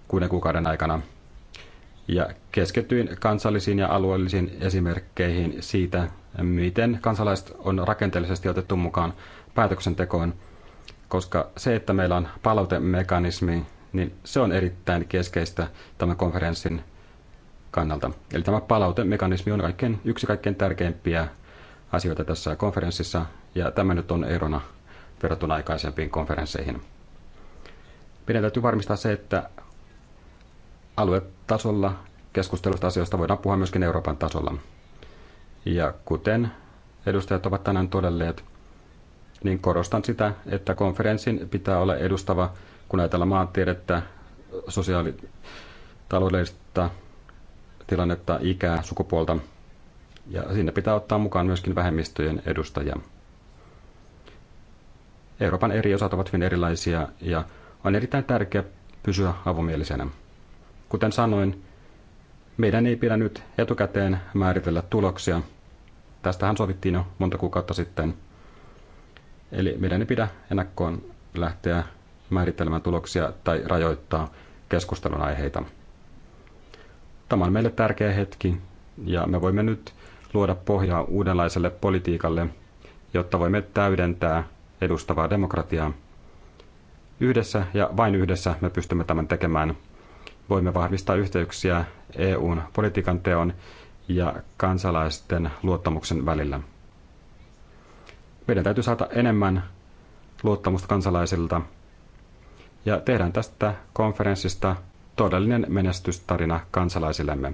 Speaker 6: kuuden kuukauden aikana. Ja keskityin kansallisiin ja alueellisiin esimerkkeihin siitä, miten kansalaiset on rakenteellisesti otettu mukaan päätöksentekoon, koska se, että meillä on palautemekanismi, niin se on erittäin keskeistä tämän konferenssin kannalta. Eli tämä palautemekanismi on kaikkein, yksi kaikkein tärkeimpiä asioita tässä konferenssissa, ja tämä nyt on erona verrattuna aikaisempiin konferensseihin. Meidän täytyy varmistaa se, että aluetasolla keskustelusta asioista voidaan puhua myöskin Euroopan tasolla. Ja kuten edustajat ovat tänään todelleet, niin korostan sitä, että konferenssin pitää olla edustava, kun ajatellaan maantiedettä, sosiaalitaloudellista tilannetta, ikää, sukupuolta. Ja sinne pitää ottaa mukaan myöskin vähemmistöjen edustajia. Euroopan eri osat ovat hyvin erilaisia ja on erittäin tärkeää pysyä avomielisenä. Kuten sanoin, meidän ei pidä nyt etukäteen määritellä tuloksia – Tästähän sovittiin jo monta kuukautta sitten. Eli meidän ei pidä ennakkoon lähteä määrittelemään tuloksia tai rajoittaa keskustelun aiheita. Tämä on meille tärkeä hetki ja me voimme nyt luoda pohjaa uudenlaiselle politiikalle, jotta voimme täydentää edustavaa demokratiaa. Yhdessä ja vain yhdessä me pystymme tämän tekemään. Voimme vahvistaa yhteyksiä EUn politiikan teon ja kansalaisten luottamuksen välillä. Meidän täytyy saada enemmän luottamusta kansalaisilta ja tehdään tästä konferenssista todellinen menestystarina kansalaisillemme.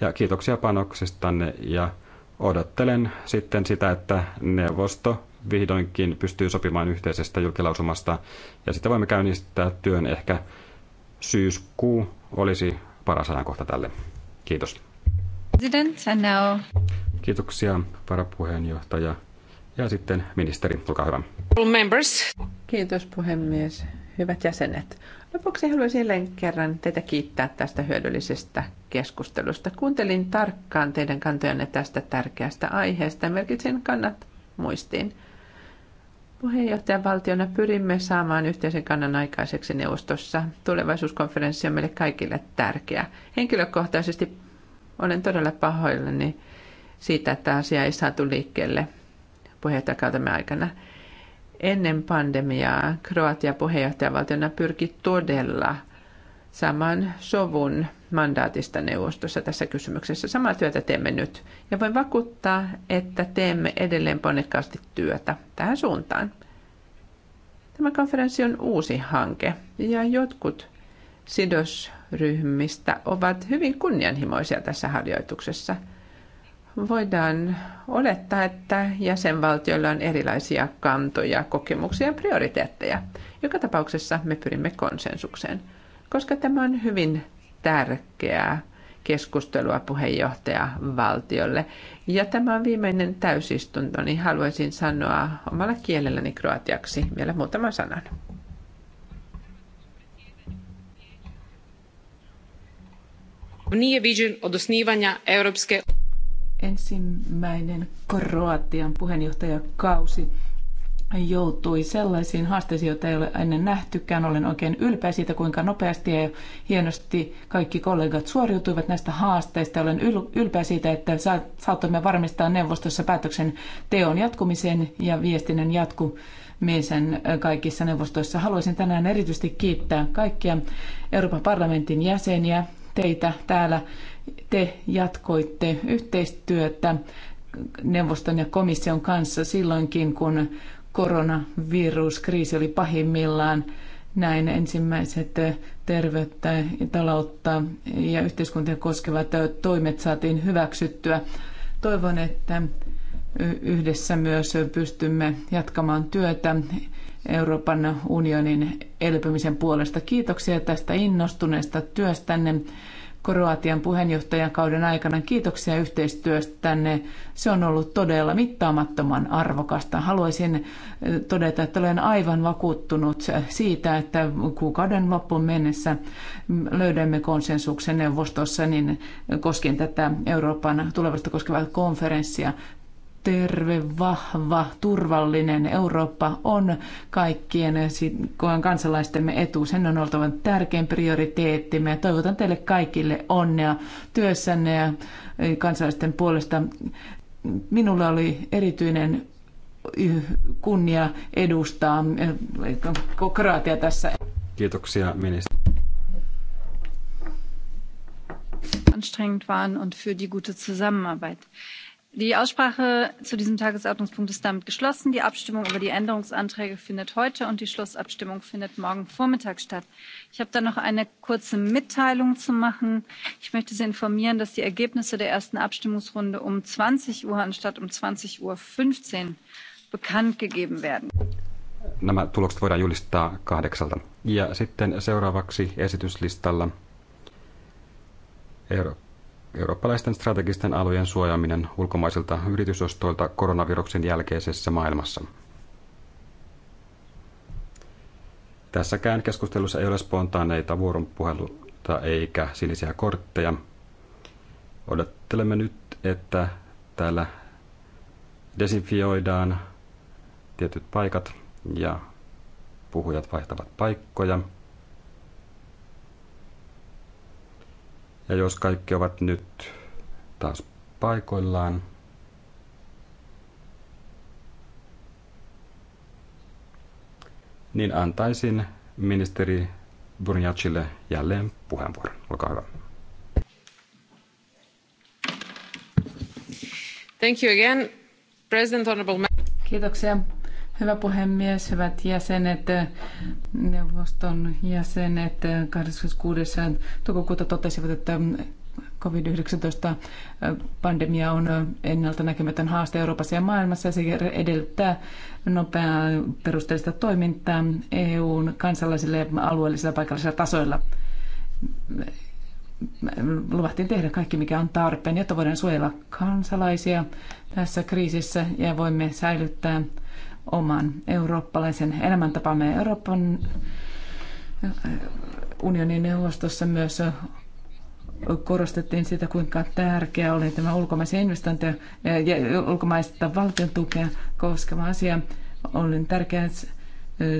Speaker 6: Ja kiitoksia panoksistanne ja odottelen sitten sitä, että neuvosto vihdoinkin pystyy sopimaan yhteisestä julkilausumasta ja sitten voimme käynnistää työn ehkä syyskuu olisi paras ajankohta tälle. Kiitos.
Speaker 7: President, and now...
Speaker 6: Kiitoksia varapuheenjohtaja ja sitten ministeri, olkaa hyvä.
Speaker 7: Members. Kiitos puhemies, hyvät jäsenet. Lopuksi haluaisin jälleen kerran teitä kiittää tästä hyödyllisestä keskustelusta. Kuuntelin tarkkaan teidän kantojanne tästä tärkeästä aiheesta ja merkitsin kannat muistiin. Puheenjohtajan valtiona pyrimme saamaan yhteisen kannan aikaiseksi neuvostossa. Tulevaisuuskonferenssi on meille kaikille tärkeä. Henkilökohtaisesti olen todella pahoillani siitä, että asia ei saatu liikkeelle puheenjohtajakautemme aikana. Ennen pandemiaa Kroatia puheenjohtajavaltiona pyrki todella saman sovun mandaatista neuvostossa tässä kysymyksessä. Samaa työtä teemme nyt ja voin vakuuttaa, että teemme edelleen ponnekkaasti työtä tähän suuntaan. Tämä konferenssi on uusi hanke ja jotkut sidos ryhmistä ovat hyvin kunnianhimoisia tässä harjoituksessa. Voidaan olettaa, että jäsenvaltioilla on erilaisia kantoja, kokemuksia ja prioriteetteja. Joka tapauksessa me pyrimme konsensukseen, koska tämä on hyvin tärkeää keskustelua puheenjohtaja valtiolle. Ja tämä on viimeinen täysistunto, niin haluaisin sanoa omalla kielelläni kroatiaksi vielä muutaman sanan.
Speaker 3: nije viđen od osnivanja Europske...
Speaker 8: Ensimmäinen Kroatian puheenjohtajakausi joutui sellaisiin haasteisiin, joita ei ole ennen nähtykään. Olen oikein ylpeä siitä, kuinka nopeasti ja hienosti kaikki kollegat suoriutuivat näistä haasteista. Olen ylpeä siitä, että saattoimme varmistaa neuvostossa päätöksen teon jatkumisen ja viestinnän jatkumisen äh, kaikissa neuvostoissa. Haluaisin tänään erityisesti kiittää kaikkia Euroopan parlamentin jäseniä teitä täällä. Te jatkoitte yhteistyötä neuvoston ja komission kanssa silloinkin, kun koronaviruskriisi oli pahimmillaan. Näin ensimmäiset terveyttä, taloutta ja yhteiskuntia koskevat toimet saatiin hyväksyttyä. Toivon, että yhdessä myös pystymme jatkamaan työtä Euroopan unionin elpymisen puolesta. Kiitoksia tästä innostuneesta työstänne Kroatian kauden aikana. Kiitoksia yhteistyöstänne. Se on ollut todella mittaamattoman arvokasta. Haluaisin todeta, että olen aivan vakuuttunut siitä, että kuukauden loppuun mennessä löydämme konsensuksen neuvostossa niin koskien tätä Euroopan tulevasta koskevaa konferenssia terve, vahva, turvallinen Eurooppa on kaikkien kansalaistemme etu. Sen on oltava tärkein prioriteetti Me Toivotan teille kaikille onnea työssänne ja e, kansalaisten puolesta. Minulla oli erityinen kunnia edustaa e, Kroatia tässä.
Speaker 6: Kiitoksia ministeri.
Speaker 1: anstrengend waren und für
Speaker 2: die gute Zusammenarbeit die aussprache zu diesem tagesordnungspunkt ist damit geschlossen. die abstimmung über die änderungsanträge findet heute und die schlussabstimmung findet morgen vormittag statt. ich habe da noch eine kurze mitteilung zu machen ich möchte sie informieren dass die ergebnisse der ersten abstimmungsrunde um 20 uhr anstatt um. 20.15 Uhr bekannt gegeben werden.
Speaker 6: Nämä tulokset voidaan julistaa kahdeksalta. Ja sitten seuraavaksi esityslistalla Euro- eurooppalaisten strategisten alojen suojaaminen ulkomaisilta yritysostoilta koronaviruksen jälkeisessä maailmassa. Tässäkään keskustelussa ei ole spontaaneita vuoropuheluita eikä sinisiä kortteja. Odottelemme nyt, että täällä desinfioidaan tietyt paikat ja puhujat vaihtavat paikkoja. Ja jos kaikki ovat nyt taas paikoillaan, niin antaisin ministeri Burnjacille jälleen puheenvuoron. Olkaa hyvä.
Speaker 8: Thank you again, President Honorable Kiitoksia Hyvä puhemies, hyvät jäsenet, neuvoston jäsenet 26. toukokuuta totesivat, että COVID-19-pandemia on ennalta näkemätön haaste Euroopassa ja maailmassa ja se edellyttää nopeaa perusteellista toimintaa EUn kansallisilla ja alueellisilla paikallisilla tasoilla. Luvattiin tehdä kaikki, mikä on tarpeen, jotta voidaan suojella kansalaisia tässä kriisissä ja voimme säilyttää oman eurooppalaisen elämäntapamme. Euroopan eh, unionin neuvostossa myös korostettiin sitä, kuinka tärkeä oli tämä ulkomaisia investointeja eh, ja ulkomaista valtion tukea koskeva asia. Oli tärkeää eh,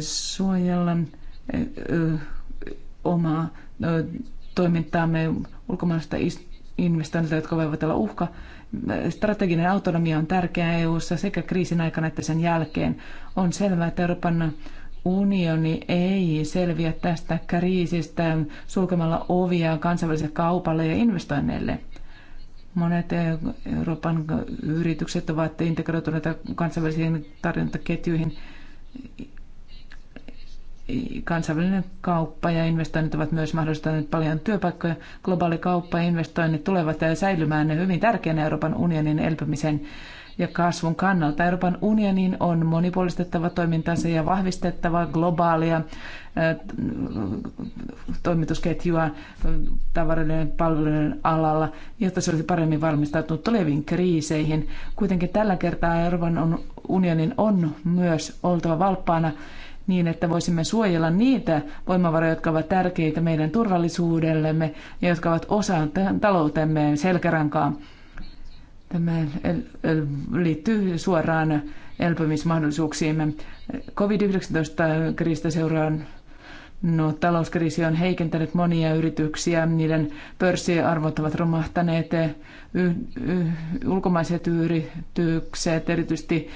Speaker 8: suojella omaa toimintaamme ulkomaista investoinnilta, jotka voivat olla uhka Strateginen autonomia on tärkeää EU:ssa sekä kriisin aikana että sen jälkeen. On selvää, että Euroopan unioni ei selviä tästä kriisistä sulkemalla ovia kansainväliselle kaupalle ja investoinneille. Monet Euroopan yritykset ovat integroituneita kansainvälisiin tarjontaketjuihin Kansainvälinen kauppa ja investoinnit ovat myös mahdollistaneet paljon työpaikkoja. Globaali kauppa ja investoinnit tulevat säilymään hyvin tärkeänä Euroopan unionin elpymisen ja kasvun kannalta. Euroopan unionin on monipuolistettava toimintansa ja vahvistettava globaalia toimitusketjua tavaroiden ja palveluiden alalla, jotta se olisi paremmin valmistautunut tuleviin kriiseihin. Kuitenkin tällä kertaa Euroopan unionin on myös oltava valppaana niin, että voisimme suojella niitä voimavaroja, jotka ovat tärkeitä meidän turvallisuudellemme ja jotka ovat osa taloutemme selkärankaa. Tämä liittyy suoraan elpymismahdollisuuksiimme. COVID-19-kriisistä seuraan No, talouskriisi on heikentänyt monia yrityksiä, niiden pörssiarvot ovat romahtaneet ulkomaiset yritykset, erityisesti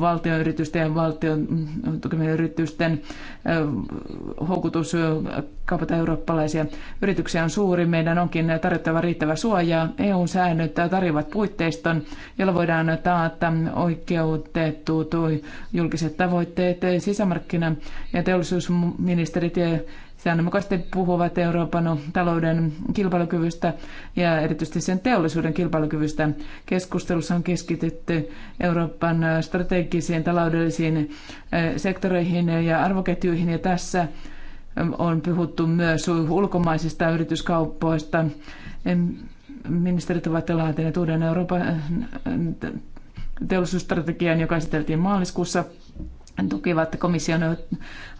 Speaker 8: valtion yritysten ja valtion mm, tukemien yritysten houkutus kaupata eurooppalaisia yrityksiä on suuri. Meidän onkin tarjottava riittävä suojaa. EU-säännöt tarjoavat puitteiston, jolla voidaan taata oikeutettu julkiset tavoitteet. Sisämarkkina- ja teollisuusministerit säännönmukaisesti puhuvat Euroopan talouden kilpailukyvystä ja erityisesti sen teollisuuden kilpailukyvystä. Keskustelussa on keskitytty Euroopan strategisiin taloudellisiin eh, sektoreihin ja arvoketjuihin ja tässä eh, on puhuttu myös ulkomaisista yrityskauppoista. Ministerit ovat laatineet uuden Euroopan eh, teollisuusstrategian, joka esiteltiin maaliskuussa tukivat komission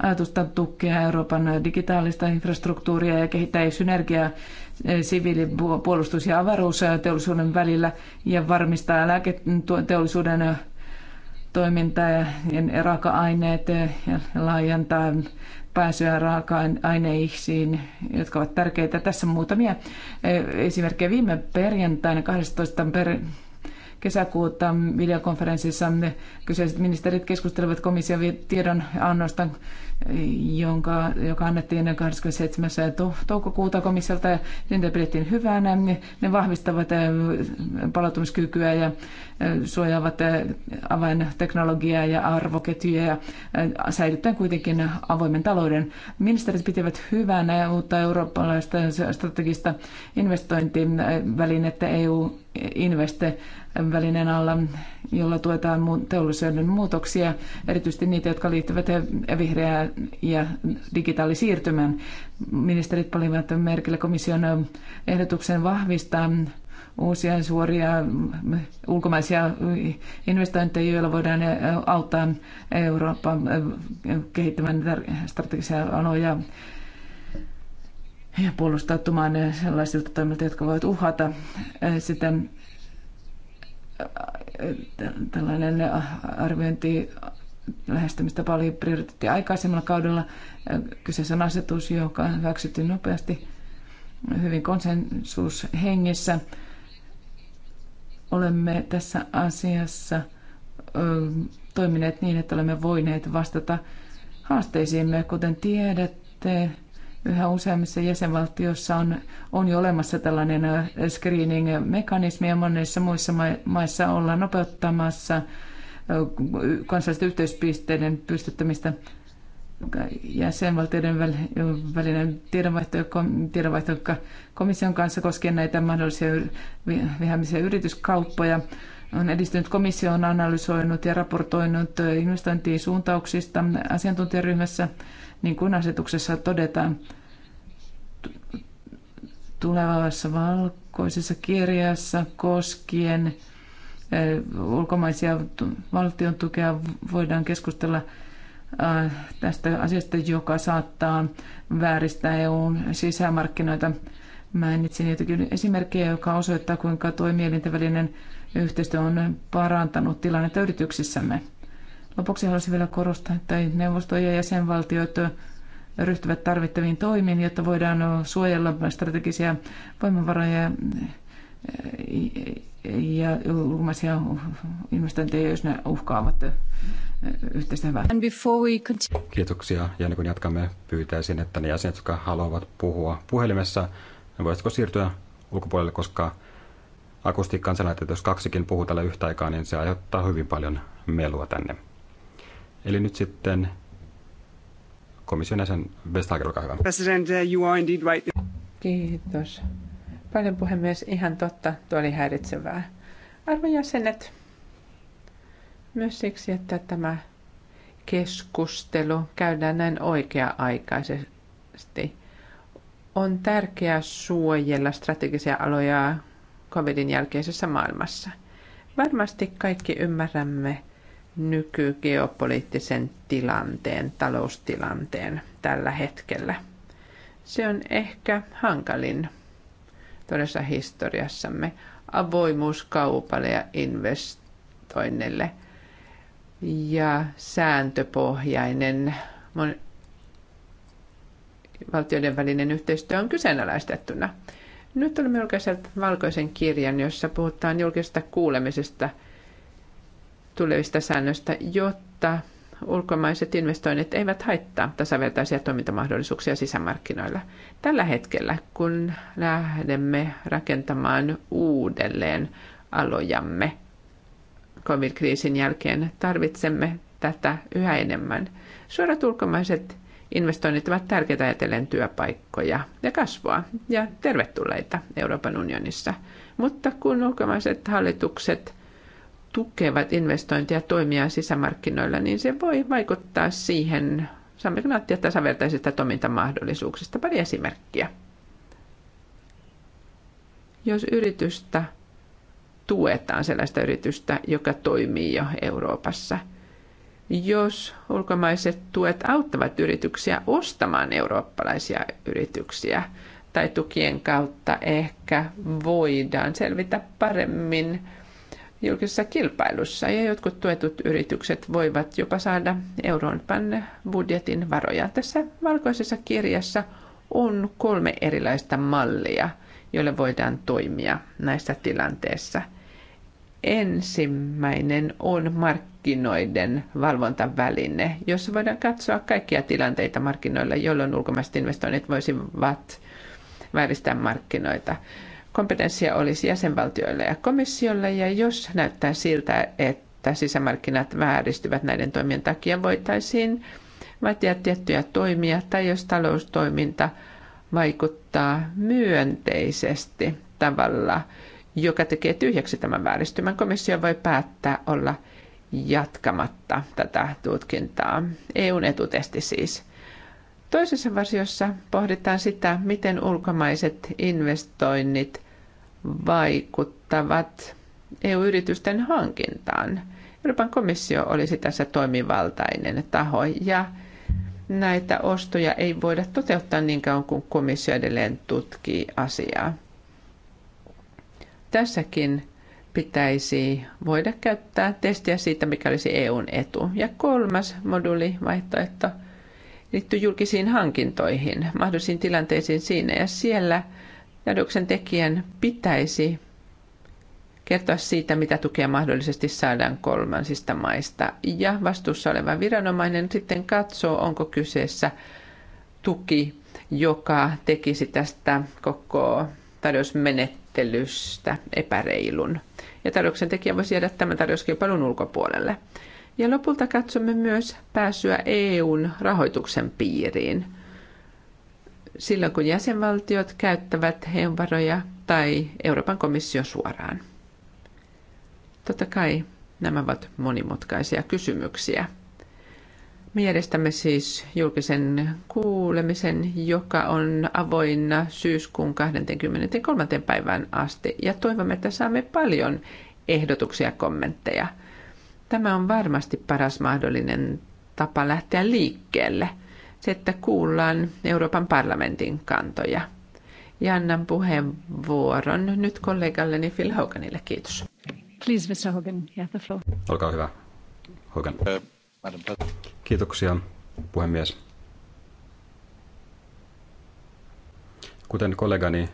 Speaker 8: ajatusta tukea Euroopan digitaalista infrastruktuuria ja kehittää synergiaa eh, siviilipuolustus- ja avaruusteollisuuden välillä ja varmistaa lääketeollisuuden toimintaa ja raaka-aineet ja laajentaa pääsyä raaka-aineisiin, jotka ovat tärkeitä. Tässä muutamia eh, esimerkkejä. Viime perjantaina 12. Per- kesäkuuta videokonferenssissa kyseiset ministerit keskustelivat komission tiedonannosta, jonka, joka annettiin 27. toukokuuta komissiolta. Niitä pidettiin hyvänä. Ne vahvistavat palautumiskykyä ja suojaavat eh, avainteknologiaa ja arvoketjuja ja eh, säilyttäen kuitenkin avoimen talouden. Ministerit pitivät hyvänä uutta eurooppalaista strategista investointivälinettä EU Investe välinen alla, jolla tuetaan teollisuuden muutoksia, erityisesti niitä, jotka liittyvät vihreään ja digitaalisiirtymään. Ministerit palivat merkille komission ehdotuksen vahvistaa uusia suoria mm, ulkomaisia investointeja, joilla voidaan eh, auttaa Euroopan eh, kehittämään strategisia aloja ja puolustautumaan sellaisilta toimilta, jotka voivat uhata eh, sitä tällainen arviointi lähestymistä oli prioriteetti aikaisemmalla kaudella. Kyseessä on asetus, joka hyväksyttiin nopeasti hyvin konsensushengessä. hengessä olemme tässä asiassa toimineet niin, että olemme voineet vastata haasteisiimme. Kuten tiedätte, yhä useammissa jäsenvaltioissa on, on jo olemassa tällainen screening-mekanismi ja monissa muissa maissa ollaan nopeuttamassa kansallisten yhteyspisteiden pystyttämistä jäsenvaltioiden välinen tiedonvaihto, tiedonvaihto komission kanssa koskien näitä mahdollisia vihaamisia yrityskauppoja. On edistynyt komissio on analysoinut ja raportoinut suuntauksista asiantuntijaryhmässä, niin kuin asetuksessa todetaan tulevassa valkoisessa kirjassa koskien eh, ulkomaisia valtion tukea voidaan keskustella Äh, tästä asiasta, joka saattaa vääristää EUn sisämarkkinoita. Mainitsin jotakin esimerkkejä, joka osoittaa, kuinka toimielinten välinen yhteistyö on parantanut tilannetta yrityksissämme. Lopuksi haluaisin vielä korostaa, että neuvosto ja jäsenvaltiot ryhtyvät tarvittaviin toimiin, jotta voidaan suojella strategisia voimavaroja ja ulkomaisia investointeja, jos ne uhkaavat
Speaker 6: yhteistä hyvää. Kiitoksia. Ja niin kun jatkamme, pyytäisin, että ne jäsenet, jotka haluavat puhua puhelimessa, voisitko siirtyä ulkopuolelle, koska akustiikkaan sellainen, että jos kaksikin puhuu tällä yhtä aikaa, niin se aiheuttaa hyvin paljon melua tänne. Eli nyt sitten komission jäsen Vestager, olkaa hyvä.
Speaker 7: President, uh,
Speaker 2: you are indeed right.
Speaker 7: Kiitos. Paljon puhemies, ihan totta, tuo oli häiritsevää. Arvon jäsenet, myös siksi, että tämä keskustelu käydään näin oikea-aikaisesti. On tärkeää suojella strategisia aloja covidin jälkeisessä maailmassa. Varmasti kaikki ymmärrämme nykygeopoliittisen tilanteen, taloustilanteen tällä hetkellä. Se on ehkä hankalin todessa historiassamme avoimuus kaupalle ja investoinneille – ja sääntöpohjainen valtioiden välinen yhteistyö on kyseenalaistettuna. Nyt olemme julkaiset valkoisen kirjan, jossa puhutaan julkisesta kuulemisesta tulevista säännöistä, jotta ulkomaiset investoinnit eivät haittaa tasavertaisia toimintamahdollisuuksia sisämarkkinoilla. Tällä hetkellä, kun lähdemme rakentamaan uudelleen alojamme, covid-kriisin jälkeen. Tarvitsemme tätä yhä enemmän. Suorat ulkomaiset investoinnit ovat tärkeitä ajatellen työpaikkoja ja kasvua ja tervetulleita Euroopan unionissa. Mutta kun ulkomaiset hallitukset tukevat investointia toimia sisämarkkinoilla, niin se voi vaikuttaa siihen, saammeko nauttia tasavertaisista toimintamahdollisuuksista. Pari esimerkkiä. Jos yritystä tuetaan sellaista yritystä, joka toimii jo Euroopassa. Jos ulkomaiset tuet auttavat yrityksiä ostamaan eurooppalaisia yrityksiä, tai tukien kautta ehkä voidaan selvitä paremmin julkisessa kilpailussa ja jotkut tuetut yritykset voivat jopa saada Euroopan budjetin varoja. Tässä valkoisessa kirjassa on kolme erilaista mallia, joille voidaan toimia näissä tilanteissa. Ensimmäinen on markkinoiden valvontaväline, jossa voidaan katsoa kaikkia tilanteita markkinoilla, jolloin ulkomaiset investoinnit voisivat vääristää markkinoita. Kompetenssia olisi jäsenvaltioille ja komissiolle, ja jos näyttää siltä, että sisämarkkinat vääristyvät näiden toimien takia, voitaisiin vaatia tiettyjä toimia, tai jos taloustoiminta vaikuttaa myönteisesti tavalla – joka tekee tyhjäksi tämän vääristymän. Komissio voi päättää olla jatkamatta tätä tutkintaa. EUn etutesti siis. Toisessa versiossa pohditaan sitä, miten ulkomaiset investoinnit vaikuttavat EU-yritysten hankintaan. Euroopan komissio olisi tässä toimivaltainen taho ja näitä ostoja ei voida toteuttaa niin kauan kuin komissio edelleen tutkii asiaa. Tässäkin pitäisi voida käyttää testiä siitä, mikä olisi EUn etu. Ja kolmas moduli vaihtoehto liittyy julkisiin hankintoihin, mahdollisiin tilanteisiin siinä. Ja siellä jadoksen tekijän pitäisi kertoa siitä, mitä tukea mahdollisesti saadaan kolmansista maista. Ja vastuussa oleva viranomainen sitten katsoo, onko kyseessä tuki, joka tekisi tästä koko tarjousmenettelystä sääntelystä epäreilun. Ja tarjouksen tekijä voisi jäädä tämän tarjouskilpailun ulkopuolelle. Ja lopulta katsomme myös pääsyä EUn rahoituksen piiriin. Silloin kun jäsenvaltiot käyttävät EUn varoja tai Euroopan komissio suoraan. Totta kai nämä ovat monimutkaisia kysymyksiä me järjestämme siis julkisen kuulemisen, joka on avoinna syyskuun 23. päivään asti. Ja toivomme, että saamme paljon ehdotuksia ja kommentteja. Tämä on varmasti paras mahdollinen tapa lähteä liikkeelle. Se, että kuullaan Euroopan parlamentin kantoja. Ja annan puheenvuoron nyt kollegalleni Phil Hoganille. Kiitos. Please, Mr. Hogan, you have the floor.
Speaker 6: Olkaa hyvä, Hogan. Uh, Kiitoksia, puhemies. Kuten kollegani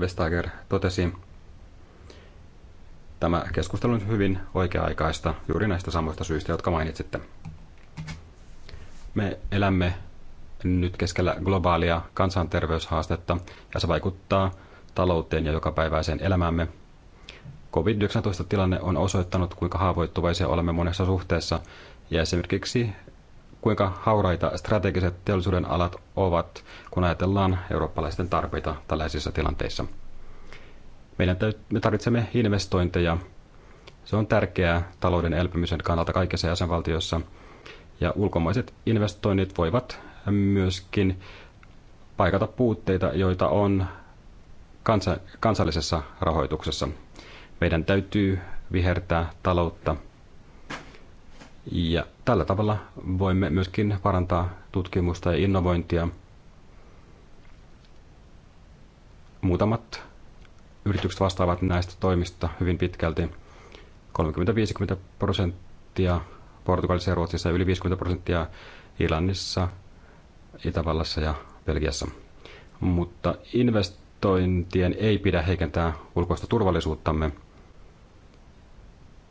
Speaker 6: Vestager totesi, tämä keskustelu on hyvin oikea-aikaista juuri näistä samoista syistä, jotka mainitsitte. Me elämme nyt keskellä globaalia kansanterveyshaastetta ja se vaikuttaa talouteen ja jokapäiväiseen elämäämme. COVID-19-tilanne on osoittanut, kuinka haavoittuvaisia olemme monessa suhteessa ja esimerkiksi kuinka hauraita strategiset teollisuuden alat ovat, kun ajatellaan eurooppalaisten tarpeita tällaisissa tilanteissa. Meidän täyt- me tarvitsemme investointeja. Se on tärkeää talouden elpymisen kannalta kaikissa jäsenvaltioissa. Ja ulkomaiset investoinnit voivat myöskin paikata puutteita, joita on kansa- kansallisessa rahoituksessa. Meidän täytyy vihertää taloutta – ja tällä tavalla voimme myöskin parantaa tutkimusta ja innovointia. Muutamat yritykset vastaavat näistä toimista hyvin pitkälti. 30-50 prosenttia Portugalissa ja Ruotsissa ja yli 50 prosenttia Irlannissa, Itävallassa ja Belgiassa. Mutta investointien ei pidä heikentää ulkoista turvallisuuttamme.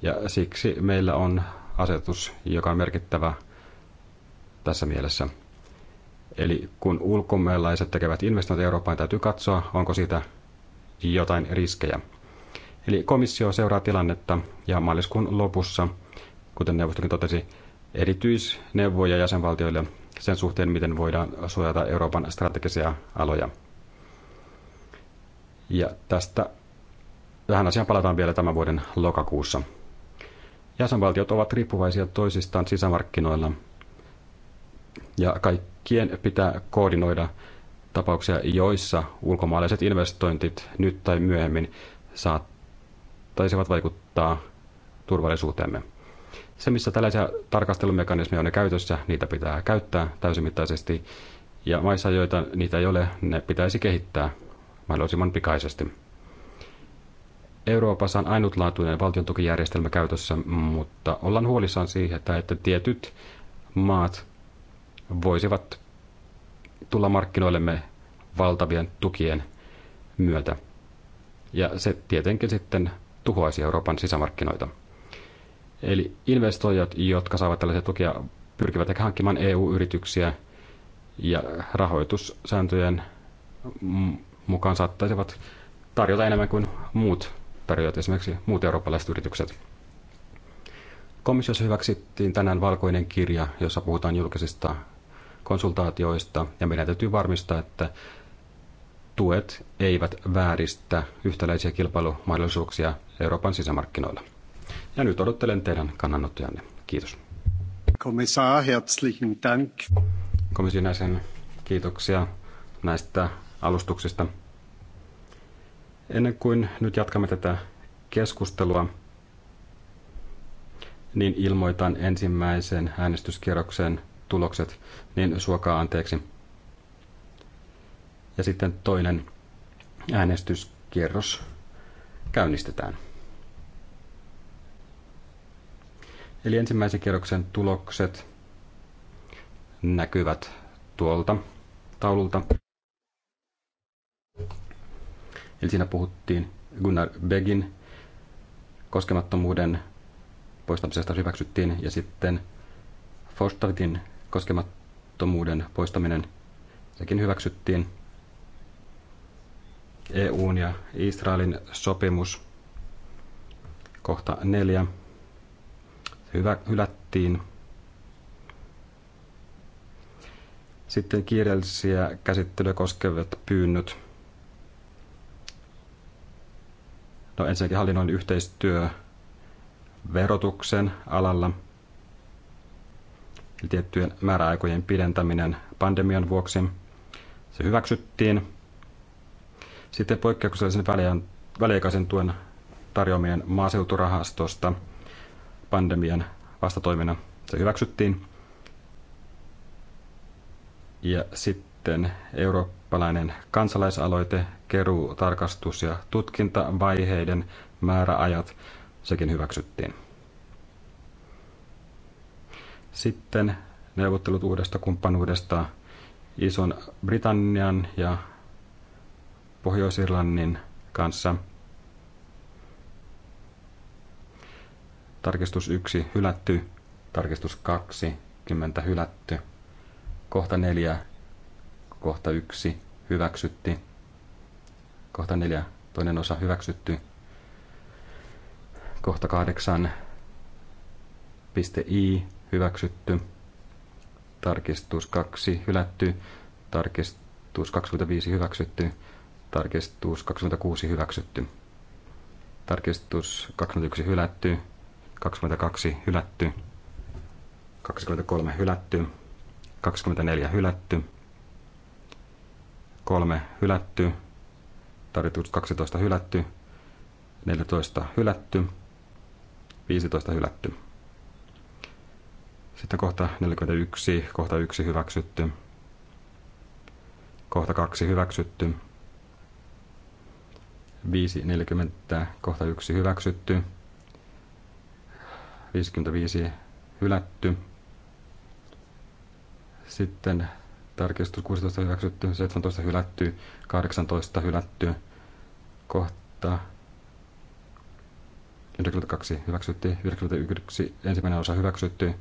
Speaker 6: Ja siksi meillä on asetus, joka on merkittävä tässä mielessä. Eli kun ulkomaalaiset tekevät investointeja Eurooppaan, täytyy katsoa, onko siitä jotain riskejä. Eli komissio seuraa tilannetta ja maaliskuun lopussa, kuten neuvostokin totesi, erityisneuvoja jäsenvaltioille sen suhteen, miten voidaan suojata Euroopan strategisia aloja. Ja tästä tähän asiaan palataan vielä tämän vuoden lokakuussa. Jäsenvaltiot ovat riippuvaisia toisistaan sisämarkkinoilla ja kaikkien pitää koordinoida tapauksia, joissa ulkomaalaiset investointit nyt tai myöhemmin saattaisivat vaikuttaa turvallisuuteemme. Se, missä tällaisia tarkastelumekanismeja on käytössä, niitä pitää käyttää täysimittaisesti, ja maissa, joita niitä ei ole, ne pitäisi kehittää mahdollisimman pikaisesti. Euroopassa on ainutlaatuinen valtiontukijärjestelmä käytössä, mutta ollaan huolissaan siihen, että, että tietyt maat voisivat tulla markkinoillemme valtavien tukien myötä. Ja se tietenkin sitten tuhoaisi Euroopan sisämarkkinoita. Eli investoijat, jotka saavat tällaisia tukia, pyrkivät ehkä hankkimaan EU-yrityksiä ja rahoitussääntöjen mukaan saattaisivat tarjota enemmän kuin muut tarjoavat esimerkiksi muut eurooppalaiset yritykset. Komissiossa hyväksyttiin tänään valkoinen kirja, jossa puhutaan julkisista konsultaatioista, ja meidän täytyy varmistaa, että tuet eivät vääristä yhtäläisiä kilpailumahdollisuuksia Euroopan sisämarkkinoilla. Ja nyt odottelen teidän kannanottojanne. Kiitos.
Speaker 5: Komissaar, herzlichen Dank.
Speaker 6: Komission kiitoksia näistä alustuksista. Ennen kuin nyt jatkamme tätä keskustelua, niin ilmoitan ensimmäisen äänestyskierroksen tulokset, niin suokaa anteeksi. Ja sitten toinen äänestyskierros käynnistetään. Eli ensimmäisen kierroksen tulokset näkyvät tuolta taululta. Eli siinä puhuttiin Gunnar Begin koskemattomuuden poistamisesta hyväksyttiin ja sitten Forstadtin koskemattomuuden poistaminen sekin hyväksyttiin. EUn ja Israelin sopimus kohta neljä. hyvä, hylättiin. Sitten kiireellisiä käsittelyä koskevat pyynnöt. No ensinnäkin hallinnoin yhteistyö verotuksen alalla, eli tiettyjen määräaikojen pidentäminen pandemian vuoksi. Se hyväksyttiin. Sitten poikkeuksellisen väliaikaisen tuen tarjoaminen maaseuturahastosta pandemian vastatoimena. Se hyväksyttiin. Ja sitten eurooppalainen kansalaisaloite keruu, tarkastus ja tutkintavaiheiden määräajat, sekin hyväksyttiin. Sitten neuvottelut uudesta kumppanuudesta Ison Britannian ja Pohjois-Irlannin kanssa. Tarkistus 1 hylätty, tarkistus 20 hylätty, kohta 4, kohta 1 hyväksytti kohta neljä, toinen osa hyväksytty. Kohta kahdeksan, piste I, hyväksytty. Tarkistus 2, hylätty. Tarkistus 25, hyväksytty. Tarkistus 26, hyväksytty. Tarkistus 21, hylätty. 22, hylätty. 23, hylätty. 24, hylätty. 3, hylätty tarjotus 12 hylätty, 14 hylätty, 15 hylätty. Sitten kohta 41, kohta 1 hyväksytty, kohta 2 hyväksytty, 5.40, kohta 1 hyväksytty, 55 hylätty. Sitten Tarkistus 16 hyväksytty, 17 hylätty, 18 hylätty, kohta 92 hyväksytty, 91 ensimmäinen osa hyväksytty,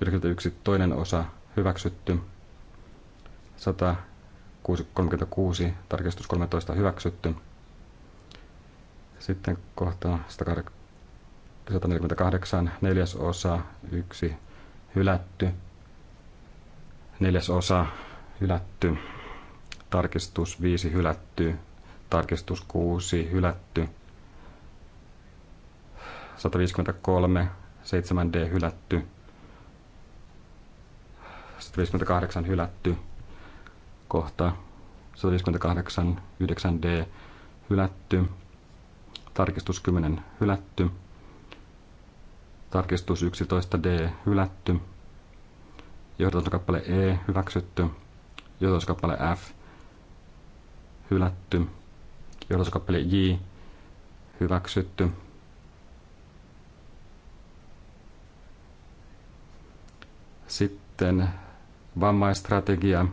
Speaker 6: 91 toinen osa hyväksytty, 136 tarkistus 13 hyväksytty, sitten kohta 148 neljäs osa 1 hylätty, neljäs osa hylätty, tarkistus viisi hylätty, tarkistus kuusi hylätty, 153 7D hylätty, 158 hylätty, kohta 158 9D hylätty, tarkistus 10 hylätty, tarkistus 11D hylätty, Johdantokappale E hyväksytty. Johdantokappale F hylätty. Johdantokappale J hyväksytty. Sitten vammaistrategia.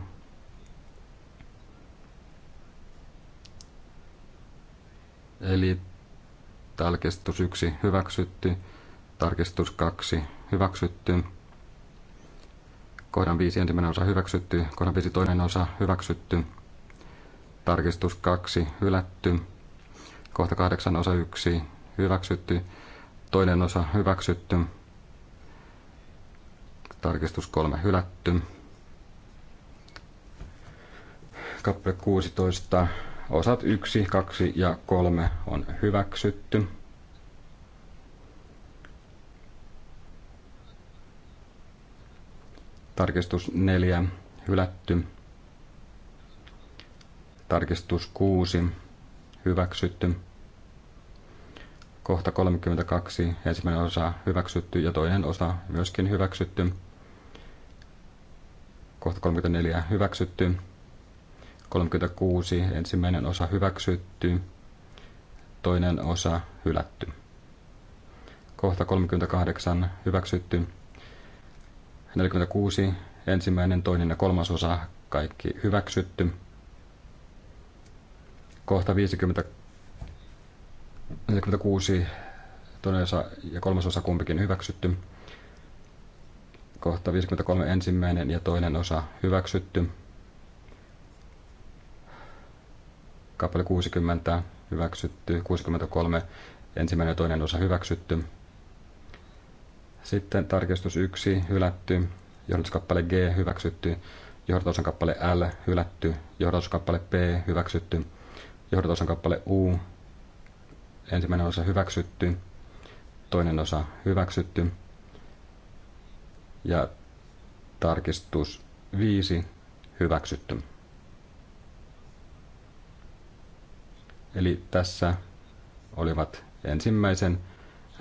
Speaker 6: Eli tarkistus 1 hyväksytty, tarkistus 2 hyväksytty, Kohdan 5 ensimmäinen osa hyväksytty. Kohdan 5 toinen osa hyväksytty. Tarkistus 2 hylätty. Kohta 8 osa 1 hyväksytty. Toinen osa hyväksytty. Tarkistus 3 hylätty. Kappale 16 osat 1, 2 ja 3 on hyväksytty. Tarkistus 4 hylätty. Tarkistus 6 hyväksytty. Kohta 32 ensimmäinen osa hyväksytty ja toinen osa myöskin hyväksytty. Kohta 34 hyväksytty. 36 ensimmäinen osa hyväksytty. Toinen osa hylätty. Kohta 38 hyväksytty 46, ensimmäinen, toinen ja kolmas osa, kaikki hyväksytty. Kohta 50, 46, toinen osa ja kolmas osa kumpikin hyväksytty. Kohta 53, ensimmäinen ja toinen osa hyväksytty. Kappale 60 hyväksytty, 63 ensimmäinen ja toinen osa hyväksytty. Sitten tarkistus 1 hylätty, johdatuskappale G hyväksytty, Johdatuksen kappale L hylätty, Johdatuksen kappale P hyväksytty, Johdatuksen kappale U ensimmäinen osa hyväksytty, toinen osa hyväksytty ja tarkistus 5 hyväksytty. Eli tässä olivat ensimmäisen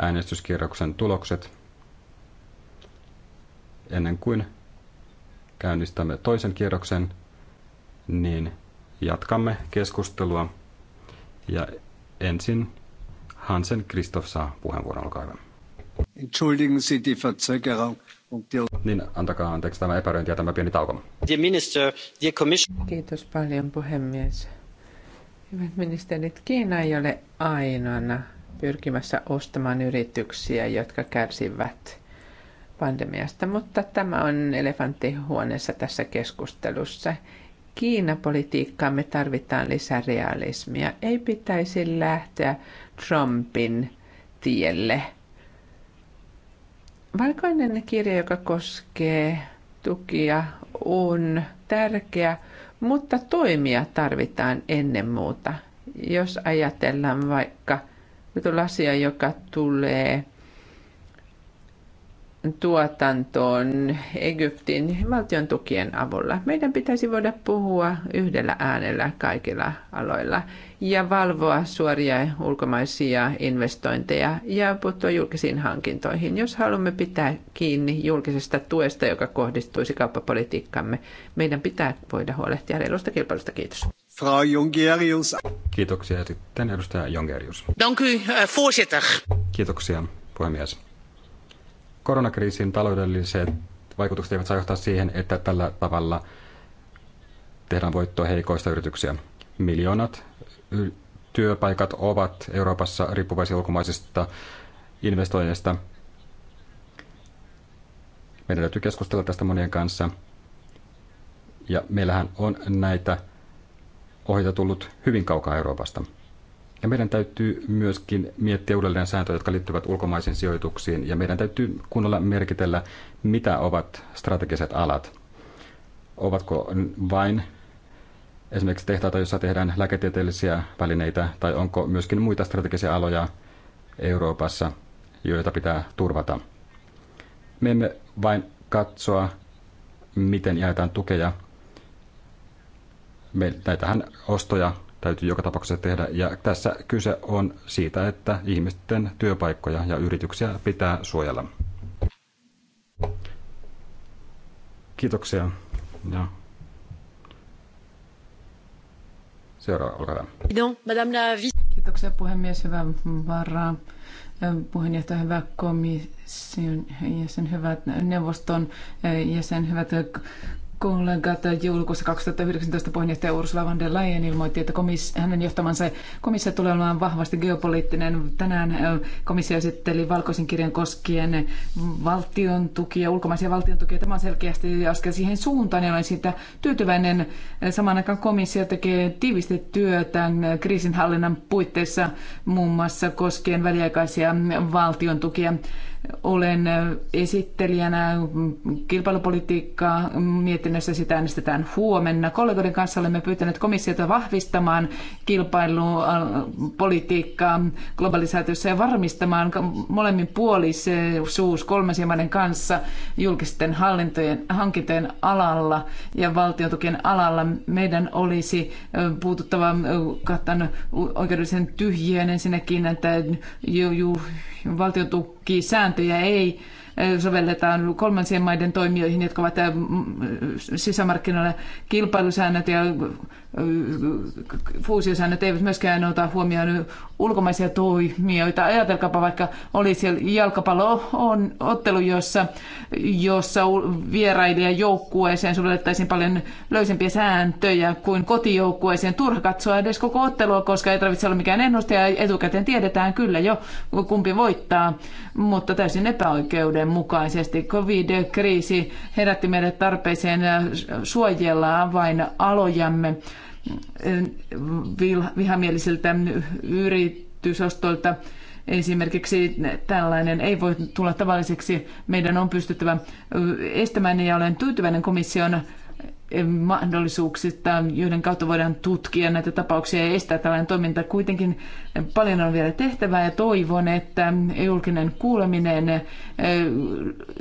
Speaker 6: äänestyskierroksen tulokset ennen kuin käynnistämme toisen kierroksen, niin jatkamme keskustelua. Ja ensin Hansen Kristoff saa puheenvuoron, olkaa hyvä.
Speaker 5: Entschuldigen Sie die Verzögerung.
Speaker 6: Niin, antakaa anteeksi tämä epäröinti ja tämä pieni tauko. minister, dear commission...
Speaker 7: Kiitos paljon puhemies. Hyvät ministerit, Kiina ei ole ainoana pyrkimässä ostamaan yrityksiä, jotka kärsivät pandemiasta, mutta tämä on elefanttihuoneessa tässä keskustelussa. me tarvitaan lisää realismia. Ei pitäisi lähteä Trumpin tielle. Valkoinen kirja, joka koskee tukia, on tärkeä, mutta toimia tarvitaan ennen muuta. Jos ajatellaan vaikka jotain asia, joka tulee tuotantoon Egyptin valtion tukien avulla. Meidän pitäisi voida puhua yhdellä äänellä kaikilla aloilla ja valvoa suoria ulkomaisia investointeja ja puuttua julkisiin hankintoihin. Jos haluamme pitää kiinni julkisesta tuesta, joka kohdistuisi kauppapolitiikkamme, meidän pitää voida huolehtia reilusta
Speaker 6: kilpailusta. Kiitos.
Speaker 5: Frau Jongerius.
Speaker 6: Kiitoksia. Sitten edustaja Jongerius.
Speaker 5: Dank u, eh, voorzitter.
Speaker 6: Kiitoksia, puhemies koronakriisin taloudelliset vaikutukset eivät saa johtaa siihen, että tällä tavalla tehdään voittoa heikoista yrityksiä. Miljoonat työpaikat ovat Euroopassa riippuvaisia ulkomaisista investoinneista. Meidän täytyy keskustella tästä monien kanssa. Ja meillähän on näitä ohjeita tullut hyvin kaukaa Euroopasta. Ja meidän täytyy myöskin miettiä uudelleen sääntöjä, jotka liittyvät ulkomaisiin sijoituksiin, ja meidän täytyy kunnolla merkitellä, mitä ovat strategiset alat. Ovatko vain esimerkiksi tehtaita, joissa tehdään lääketieteellisiä välineitä, tai onko myöskin muita strategisia aloja Euroopassa, joita pitää turvata. Me emme vain katsoa, miten jaetaan tukea. Me, näitähän ostoja täytyy joka tapauksessa tehdä. Ja tässä kyse on siitä, että ihmisten työpaikkoja ja yrityksiä pitää suojella. Kiitoksia. Ja. Seuraava, olkaa
Speaker 8: hyvä. Kiitoksia puhemies, hyvää varaa. Puheenjohtaja, hyvä komission jäsen, hyvät neuvoston eh, jäsen, hyvät kollegat joulukuussa 2019 puheenjohtaja Ursula von der Leyen ilmoitti, että komis, hänen johtamansa komissio tulee olemaan vahvasti geopoliittinen. Tänään komissio esitteli valkoisen kirjan koskien valtion tukia, ulkomaisia valtion tukia. Tämä on selkeästi askel siihen suuntaan ja olen siitä tyytyväinen. Samaan aikaan komissio tekee tiivisti työtä kriisinhallinnan puitteissa muun muassa koskien väliaikaisia valtion tukia. Olen esittelijänä kilpailupolitiikkaa mietinnössä, sitä äänestetään huomenna. Kollegoiden kanssa olemme pyytäneet komissiota vahvistamaan kilpailupolitiikkaa globalisaatiossa ja varmistamaan molemmin puolisuus kolmansien maiden kanssa julkisten hallintojen, hankintojen alalla ja valtiontukien alalla. Meidän olisi puututtava kattan oikeudellisen tyhjien ensinnäkin, että ju, ju, valtiotukisääntöjä ei eh, sovelletaan kolmansien maiden toimijoihin, jotka ovat eh, sisämarkkinoilla kilpailusäännöt ja fuusiosäännöt eivät myöskään ota huomioon ulkomaisia toimijoita. Ajatelkaapa vaikka olisi jalkapallo on ottelu, jossa, jossa joukkueeseen sovellettaisiin paljon löysempiä sääntöjä kuin kotijoukkueeseen. Turha katsoa edes koko ottelua, koska ei tarvitse olla mikään ennustaja. Etukäteen tiedetään kyllä jo, kumpi voittaa, mutta täysin epäoikeudenmukaisesti. Covid-kriisi herätti meidät tarpeeseen suojella vain alojamme vihamielisiltä yritysostoilta. Esimerkiksi tällainen ei voi tulla tavalliseksi. Meidän on pystyttävä estämään ja olen tyytyväinen komission mahdollisuuksista, joiden kautta voidaan tutkia näitä tapauksia ja estää tällainen toiminta. Kuitenkin Paljon on vielä tehtävää ja toivon, että julkinen kuuleminen, eh,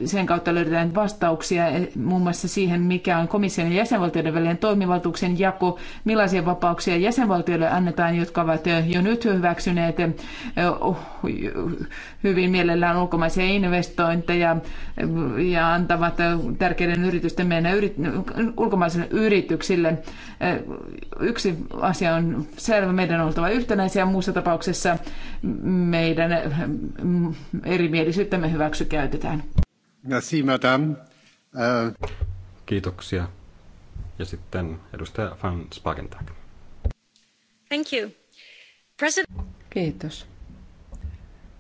Speaker 8: sen kautta löydetään vastauksia eh, muun muassa siihen, mikä on komission ja jäsenvaltioiden välinen toimivaltuuksien jako, millaisia vapauksia jäsenvaltioille annetaan, jotka ovat eh, jo nyt hyväksyneet oh, hyvin mielellään ulkomaisia investointeja ja antavat tärkeiden yritysten mennä yrit, ulkomaisille yrityksille. Yksi asia on selvä, meidän on oltava yhtenäisiä, muussa tapauksessa meidän mm, erimielisyyttämme hyväksy käytetään.
Speaker 6: Merci, madame. Euh, Kiitoksia. Ja sitten edustaja Van Spagentag.
Speaker 7: Thank you. President... Kiitos.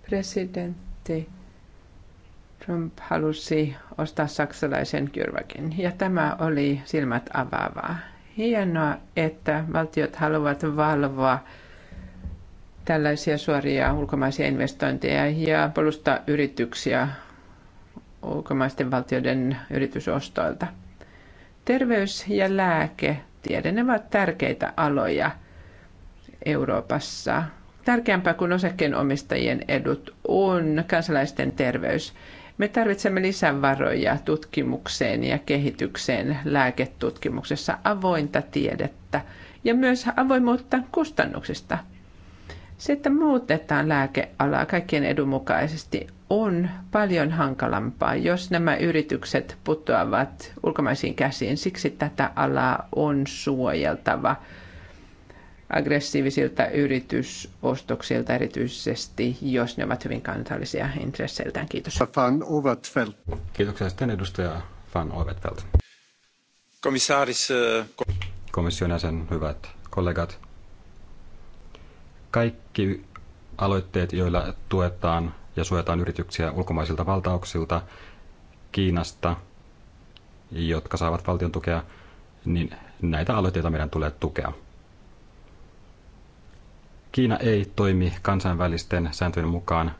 Speaker 7: Presidentti Trump halusi ostaa saksalaisen kyrväkin, ja tämä oli silmät avaavaa. Hienoa, että valtiot haluavat valvoa tällaisia suoria ulkomaisia investointeja ja puolustaa yrityksiä ulkomaisten valtioiden yritysostoilta. Terveys ja lääke ne ovat tärkeitä aloja Euroopassa. Tärkeämpää kuin osakkeenomistajien edut on kansalaisten terveys. Me tarvitsemme lisävaroja tutkimukseen ja kehitykseen lääketutkimuksessa avointa tiedettä ja myös avoimuutta kustannuksista – sitten muutetaan lääkealaa kaikkien edun mukaisesti on paljon hankalampaa, jos nämä yritykset putoavat ulkomaisiin käsiin. Siksi tätä alaa on suojeltava aggressiivisilta yritysostoksilta erityisesti, jos ne ovat hyvin kansallisia intresseiltään. Kiitos. Van Overtveld.
Speaker 6: Kiitoksia sitten edustaja Van Overtveld. Komissaaris, äh, komission jäsen, hyvät kollegat. Kaikki aloitteet, joilla tuetaan ja suojataan yrityksiä ulkomaisilta valtauksilta Kiinasta, jotka saavat valtion tukea, niin näitä aloitteita meidän tulee tukea. Kiina ei toimi kansainvälisten sääntöjen mukaan.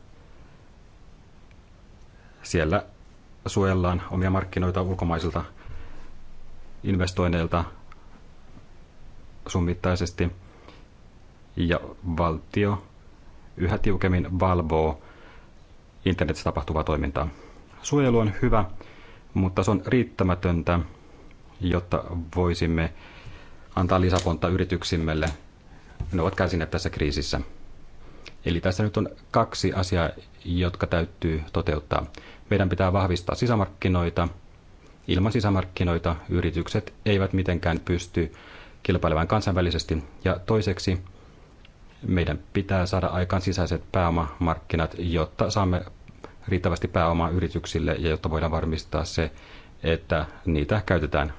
Speaker 6: Siellä suojellaan omia markkinoita ulkomaisilta investoinneilta summittaisesti – ja valtio yhä tiukemmin valvoo internetissä tapahtuvaa toimintaa. Suojelu on hyvä, mutta se on riittämätöntä, jotta voisimme antaa lisäpontta yrityksimmelle. Ne ovat käsineet tässä kriisissä. Eli tässä nyt on kaksi asiaa, jotka täytyy toteuttaa. Meidän pitää vahvistaa sisämarkkinoita. Ilman sisämarkkinoita yritykset eivät mitenkään pysty kilpailemaan kansainvälisesti. Ja toiseksi meidän pitää saada aikaan sisäiset pääomamarkkinat, jotta saamme riittävästi pääomaa yrityksille ja jotta voidaan varmistaa se, että niitä käytetään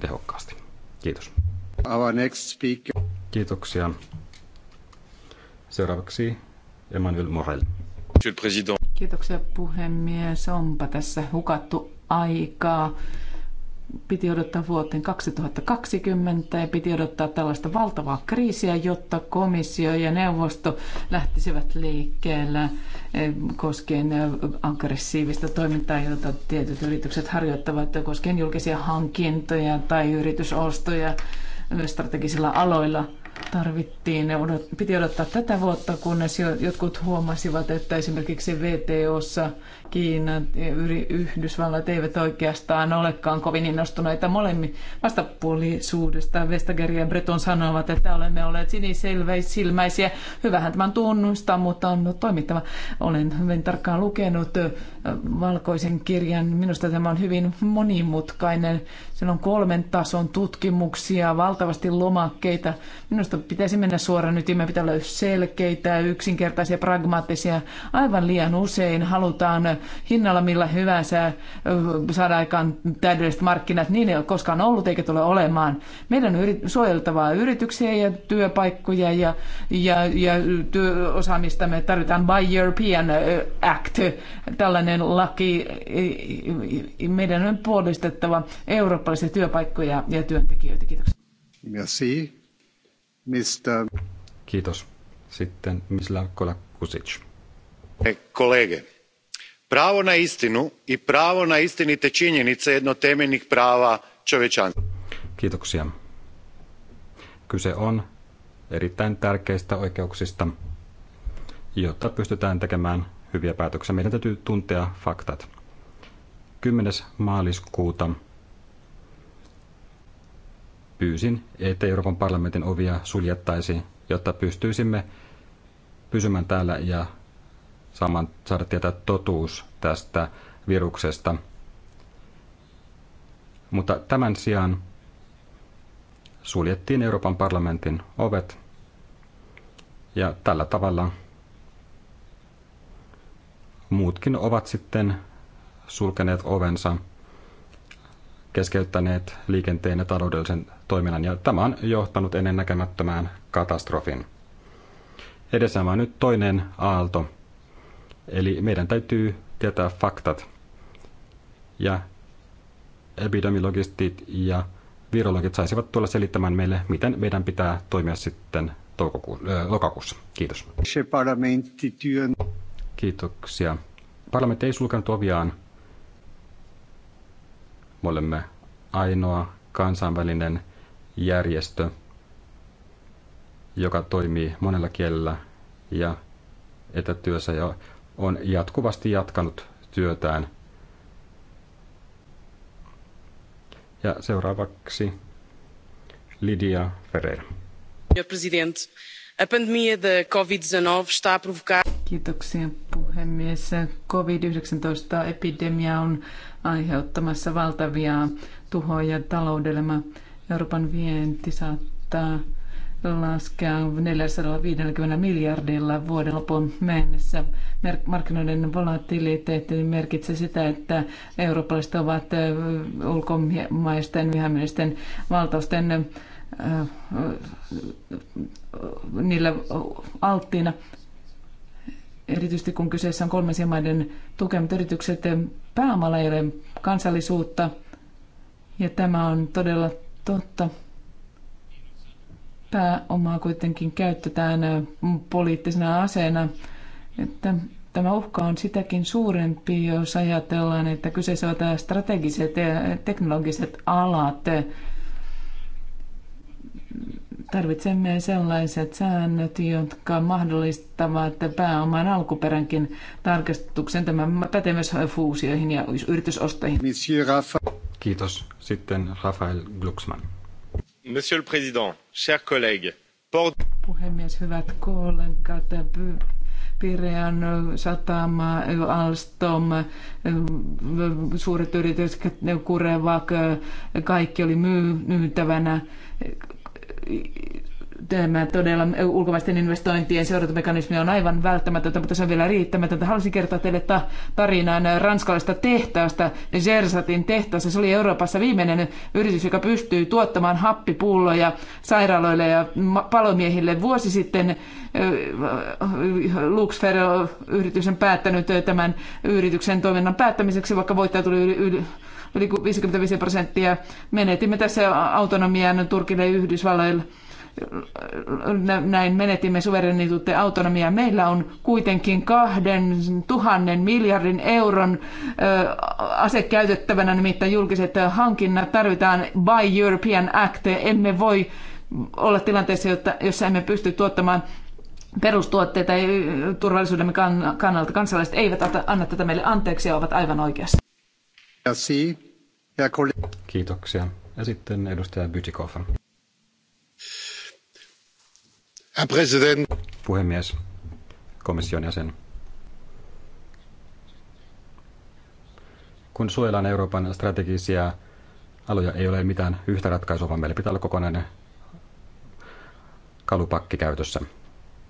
Speaker 6: tehokkaasti. Kiitos. Our next speaker. Kiitoksia. Seuraavaksi Emmanuel Morel.
Speaker 8: Kiitoksia puhemies. Onpa tässä hukattu aikaa piti odottaa vuoteen 2020 ja piti odottaa tällaista valtavaa kriisiä, jotta komissio ja neuvosto lähtisivät liikkeelle eh, koskien eh, aggressiivista toimintaa, jota tietyt yritykset harjoittavat koskien julkisia hankintoja tai yritysostoja eh, strategisilla aloilla. Tarvittiin, piti odottaa tätä vuotta, kunnes jotkut huomasivat, että esimerkiksi VTOssa Kiina ja Yhdysvallat eivät oikeastaan olekaan kovin innostuneita molemmin vastapuolisuudesta. Vestager ja Breton sanovat, että olemme olleet sinisilmäisiä. Hyvähän tämän tunnustaa, mutta on toimittava. Olen hyvin tarkkaan lukenut valkoisen kirjan. Minusta tämä on hyvin monimutkainen. Siellä on kolmen tason tutkimuksia, valtavasti lomakkeita. Minusta pitäisi mennä suoraan Meidän Pitää olla selkeitä, yksinkertaisia, pragmaattisia. Aivan liian usein halutaan hinnalla millä hyvänsä saada aikaan täydelliset markkinat. Niin ei ole koskaan ollut eikä tule olemaan. Meidän on yrit- suojeltavaa yrityksiä ja työpaikkoja ja, ja, ja työosaamista. Me tarvitaan Buy European Act, tällainen laki. Meidän on puolistettava eurooppalaisia työpaikkoja ja työntekijöitä. Kiitoksia.
Speaker 6: Merci. Mistä... Kiitos. Sitten Misla Kolakusic. Kollege pravo na istinu i pravo na istinite činjenice jedno temeljnih prava čovečanstva. Kiitoksia. Kyse on erittäin tärkeistä oikeuksista, jotta pystytään tekemään hyviä päätöksiä. Meidän täytyy tuntea faktat. 10. maaliskuuta pyysin, että Euroopan parlamentin ovia suljettaisiin, jotta pystyisimme pysymään täällä ja saamaan, saada tietää totuus tästä viruksesta. Mutta tämän sijaan suljettiin Euroopan parlamentin ovet ja tällä tavalla muutkin ovat sitten sulkeneet ovensa, keskeyttäneet liikenteen ja taloudellisen toiminnan ja tämä on johtanut ennen näkemättömään katastrofin. Edessä on nyt toinen aalto – Eli meidän täytyy tietää faktat. Ja epidemiologistit ja virologit saisivat tulla selittämään meille, miten meidän pitää toimia sitten toukoku- äh, lokakuussa. Kiitos. Kiitoksia. Parlamentti ei sulkenut oviaan. Me olemme ainoa kansainvälinen järjestö, joka toimii monella kielellä ja etätyössä ja on jatkuvasti jatkanut työtään. Ja seuraavaksi Lidia Ferreira.
Speaker 8: Kiitoksia puhemies. COVID-19-epidemia on aiheuttamassa valtavia tuhoja taloudelle. Euroopan vienti saattaa laskea 450 miljardilla vuoden lopun mennessä. Markkinoiden volatiliteetti merkitsee sitä, että eurooppalaiset ovat ulkomaisten vihamielisten valtausten niillä alttiina. Erityisesti kun kyseessä on kolmansien maiden tukemat yritykset, pääomalla ei ole kansallisuutta. Ja tämä on todella totta pääomaa kuitenkin käytetään poliittisena aseena. Että tämä uhka on sitäkin suurempi, jos ajatellaan, että kyseessä ovat strategiset ja teknologiset alat. Tarvitsemme sellaiset säännöt, jotka mahdollistavat pääoman alkuperänkin tarkastuksen. Tämä pätee myös fuusioihin ja yritysostoihin.
Speaker 6: Kiitos. Sitten Rafael Glucksmann.
Speaker 1: Monsieur le Président,
Speaker 2: chers collègues, port...
Speaker 8: Puhemies, hyvät kollegat, Pirean satama, Alstom, suuret yritykset, Kurevak, kaikki oli myytävänä tämä todella ulkomaisten investointien seurantamekanismi on aivan välttämätöntä, mutta se on vielä riittämätöntä. Haluaisin kertoa teille tarinan ranskalaisesta tehtaasta, Gersatin tehtaassa. Se oli Euroopassa viimeinen yritys, joka pystyy tuottamaan happipulloja sairaaloille ja palomiehille. Vuosi sitten eh, Luxfer-yritys on päättänyt eh, tämän yrityksen toiminnan päättämiseksi, vaikka voittaja tuli yli, yli yli 55 prosenttia. Menetimme tässä autonomian Turkille ja Yhdysvalloille näin menetimme suverenituutta ja Meillä on kuitenkin kahden tuhannen miljardin euron ase käytettävänä, nimittäin julkiset hankinnat tarvitaan by European Act. Emme voi olla tilanteessa, jossa emme pysty tuottamaan perustuotteita turvallisuudemme kannalta. Kansalaiset eivät anna tätä meille anteeksi ja ovat aivan oikeassa.
Speaker 6: Kiitoksia. Ja sitten edustaja Bytikofer.
Speaker 2: President.
Speaker 6: Puhemies, komission jäsen. Kun suojellaan Euroopan strategisia aloja, ei ole mitään yhtä ratkaisua, vaan meillä pitää olla kokonainen kalupakki käytössä.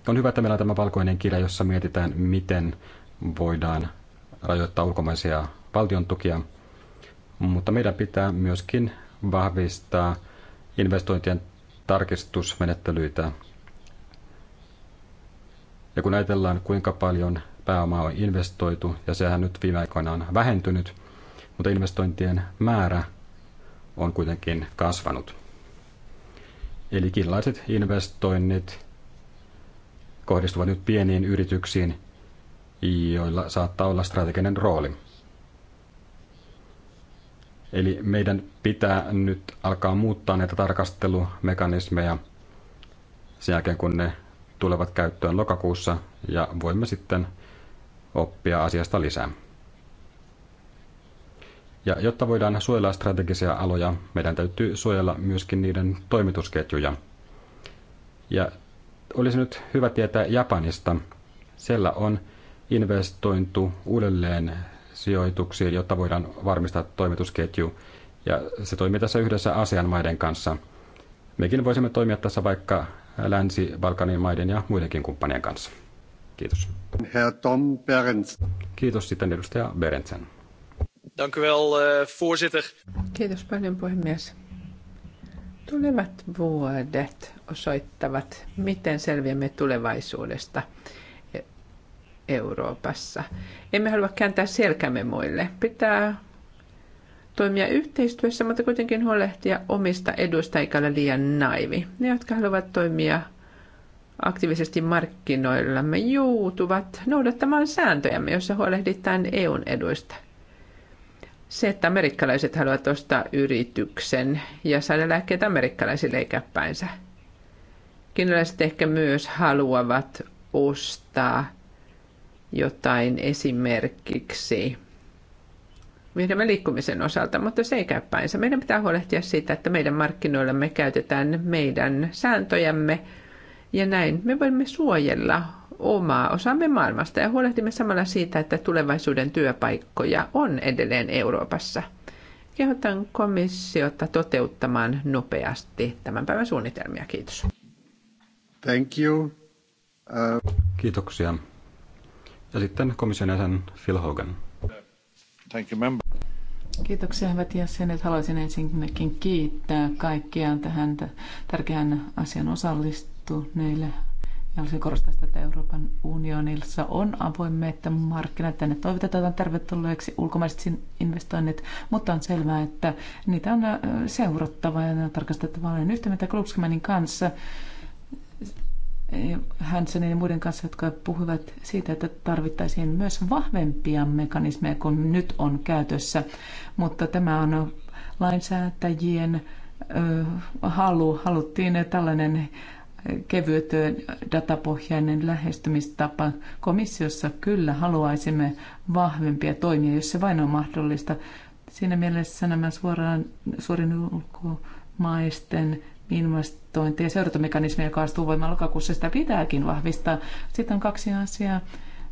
Speaker 6: On hyvä, että meillä on tämä valkoinen kirja, jossa mietitään, miten voidaan rajoittaa ulkomaisia valtion tukia, mutta meidän pitää myöskin vahvistaa investointien tarkistusmenettelyitä ja kun ajatellaan, kuinka paljon pääomaa on investoitu, ja sehän nyt viime aikoina on vähentynyt, mutta investointien määrä on kuitenkin kasvanut. Eli kiinalaiset investoinnit kohdistuvat nyt pieniin yrityksiin, joilla saattaa olla strateginen rooli. Eli meidän pitää nyt alkaa muuttaa näitä tarkastelumekanismeja sen jälkeen, kun ne tulevat käyttöön lokakuussa ja voimme sitten oppia asiasta lisää. Ja jotta voidaan suojella strategisia aloja, meidän täytyy suojella myöskin niiden toimitusketjuja. Ja olisi nyt hyvä tietää Japanista. Siellä on investointu uudelleen sijoituksiin, jotta voidaan varmistaa toimitusketju. Ja se toimii tässä yhdessä asianmaiden kanssa. Mekin voisimme toimia tässä vaikka Länsi-Balkanin maiden ja muidenkin kumppanien kanssa. Kiitos. Herr Tom Berends. Kiitos sitten edustaja Berendsen.
Speaker 5: Eh,
Speaker 7: Kiitos paljon puhemies. Tulevat vuodet osoittavat, miten selviämme tulevaisuudesta Euroopassa. Emme halua kääntää selkämme muille. Pitää toimia yhteistyössä, mutta kuitenkin huolehtia omista eduista eikä ole liian naivi. Ne, jotka haluavat toimia aktiivisesti markkinoillamme, joutuvat noudattamaan sääntöjämme, joissa huolehditaan EUn eduista. Se, että amerikkalaiset haluavat ostaa yrityksen ja saada lääkkeet amerikkalaisille eikä päinsä. Kiinalaiset ehkä myös haluavat ostaa jotain esimerkiksi meidän liikkumisen osalta, mutta se ei käy päinsä. Meidän pitää huolehtia siitä, että meidän markkinoillamme käytetään meidän sääntöjämme ja näin me voimme suojella omaa osamme maailmasta ja huolehtimme samalla siitä, että tulevaisuuden työpaikkoja on edelleen Euroopassa. Kehotan komissiota toteuttamaan nopeasti tämän päivän suunnitelmia. Kiitos.
Speaker 6: Thank you. Uh... Kiitoksia. Ja sitten komission jäsen Phil Hogan. Thank you, member.
Speaker 8: Kiitoksia hyvät jäsenet. Haluaisin ensinnäkin kiittää kaikkia tähän tärkeän asian osallistuneille. Ja haluaisin korostaa sitä, että Euroopan unionissa on avoimme, että markkinat tänne toivotetaan tervetulleeksi ulkomaiset investoinnit, mutta on selvää, että niitä on seurattava ja tarkastettava. Olen yhtä mitä Klubskmanin kanssa Hansenin ja muiden kanssa, jotka puhuvat siitä, että tarvittaisiin myös vahvempia mekanismeja kuin nyt on käytössä. Mutta tämä on lainsäätäjien halu. Haluttiin tällainen kevyt datapohjainen lähestymistapa. Komissiossa kyllä haluaisimme vahvempia toimia, jos se vain on mahdollista. Siinä mielessä nämä suoraan, suorin ulkomaisten investointi- ja seurantamekanismi, joka astuu voimaan lokakuussa, sitä pitääkin vahvistaa. Sitten on kaksi asiaa,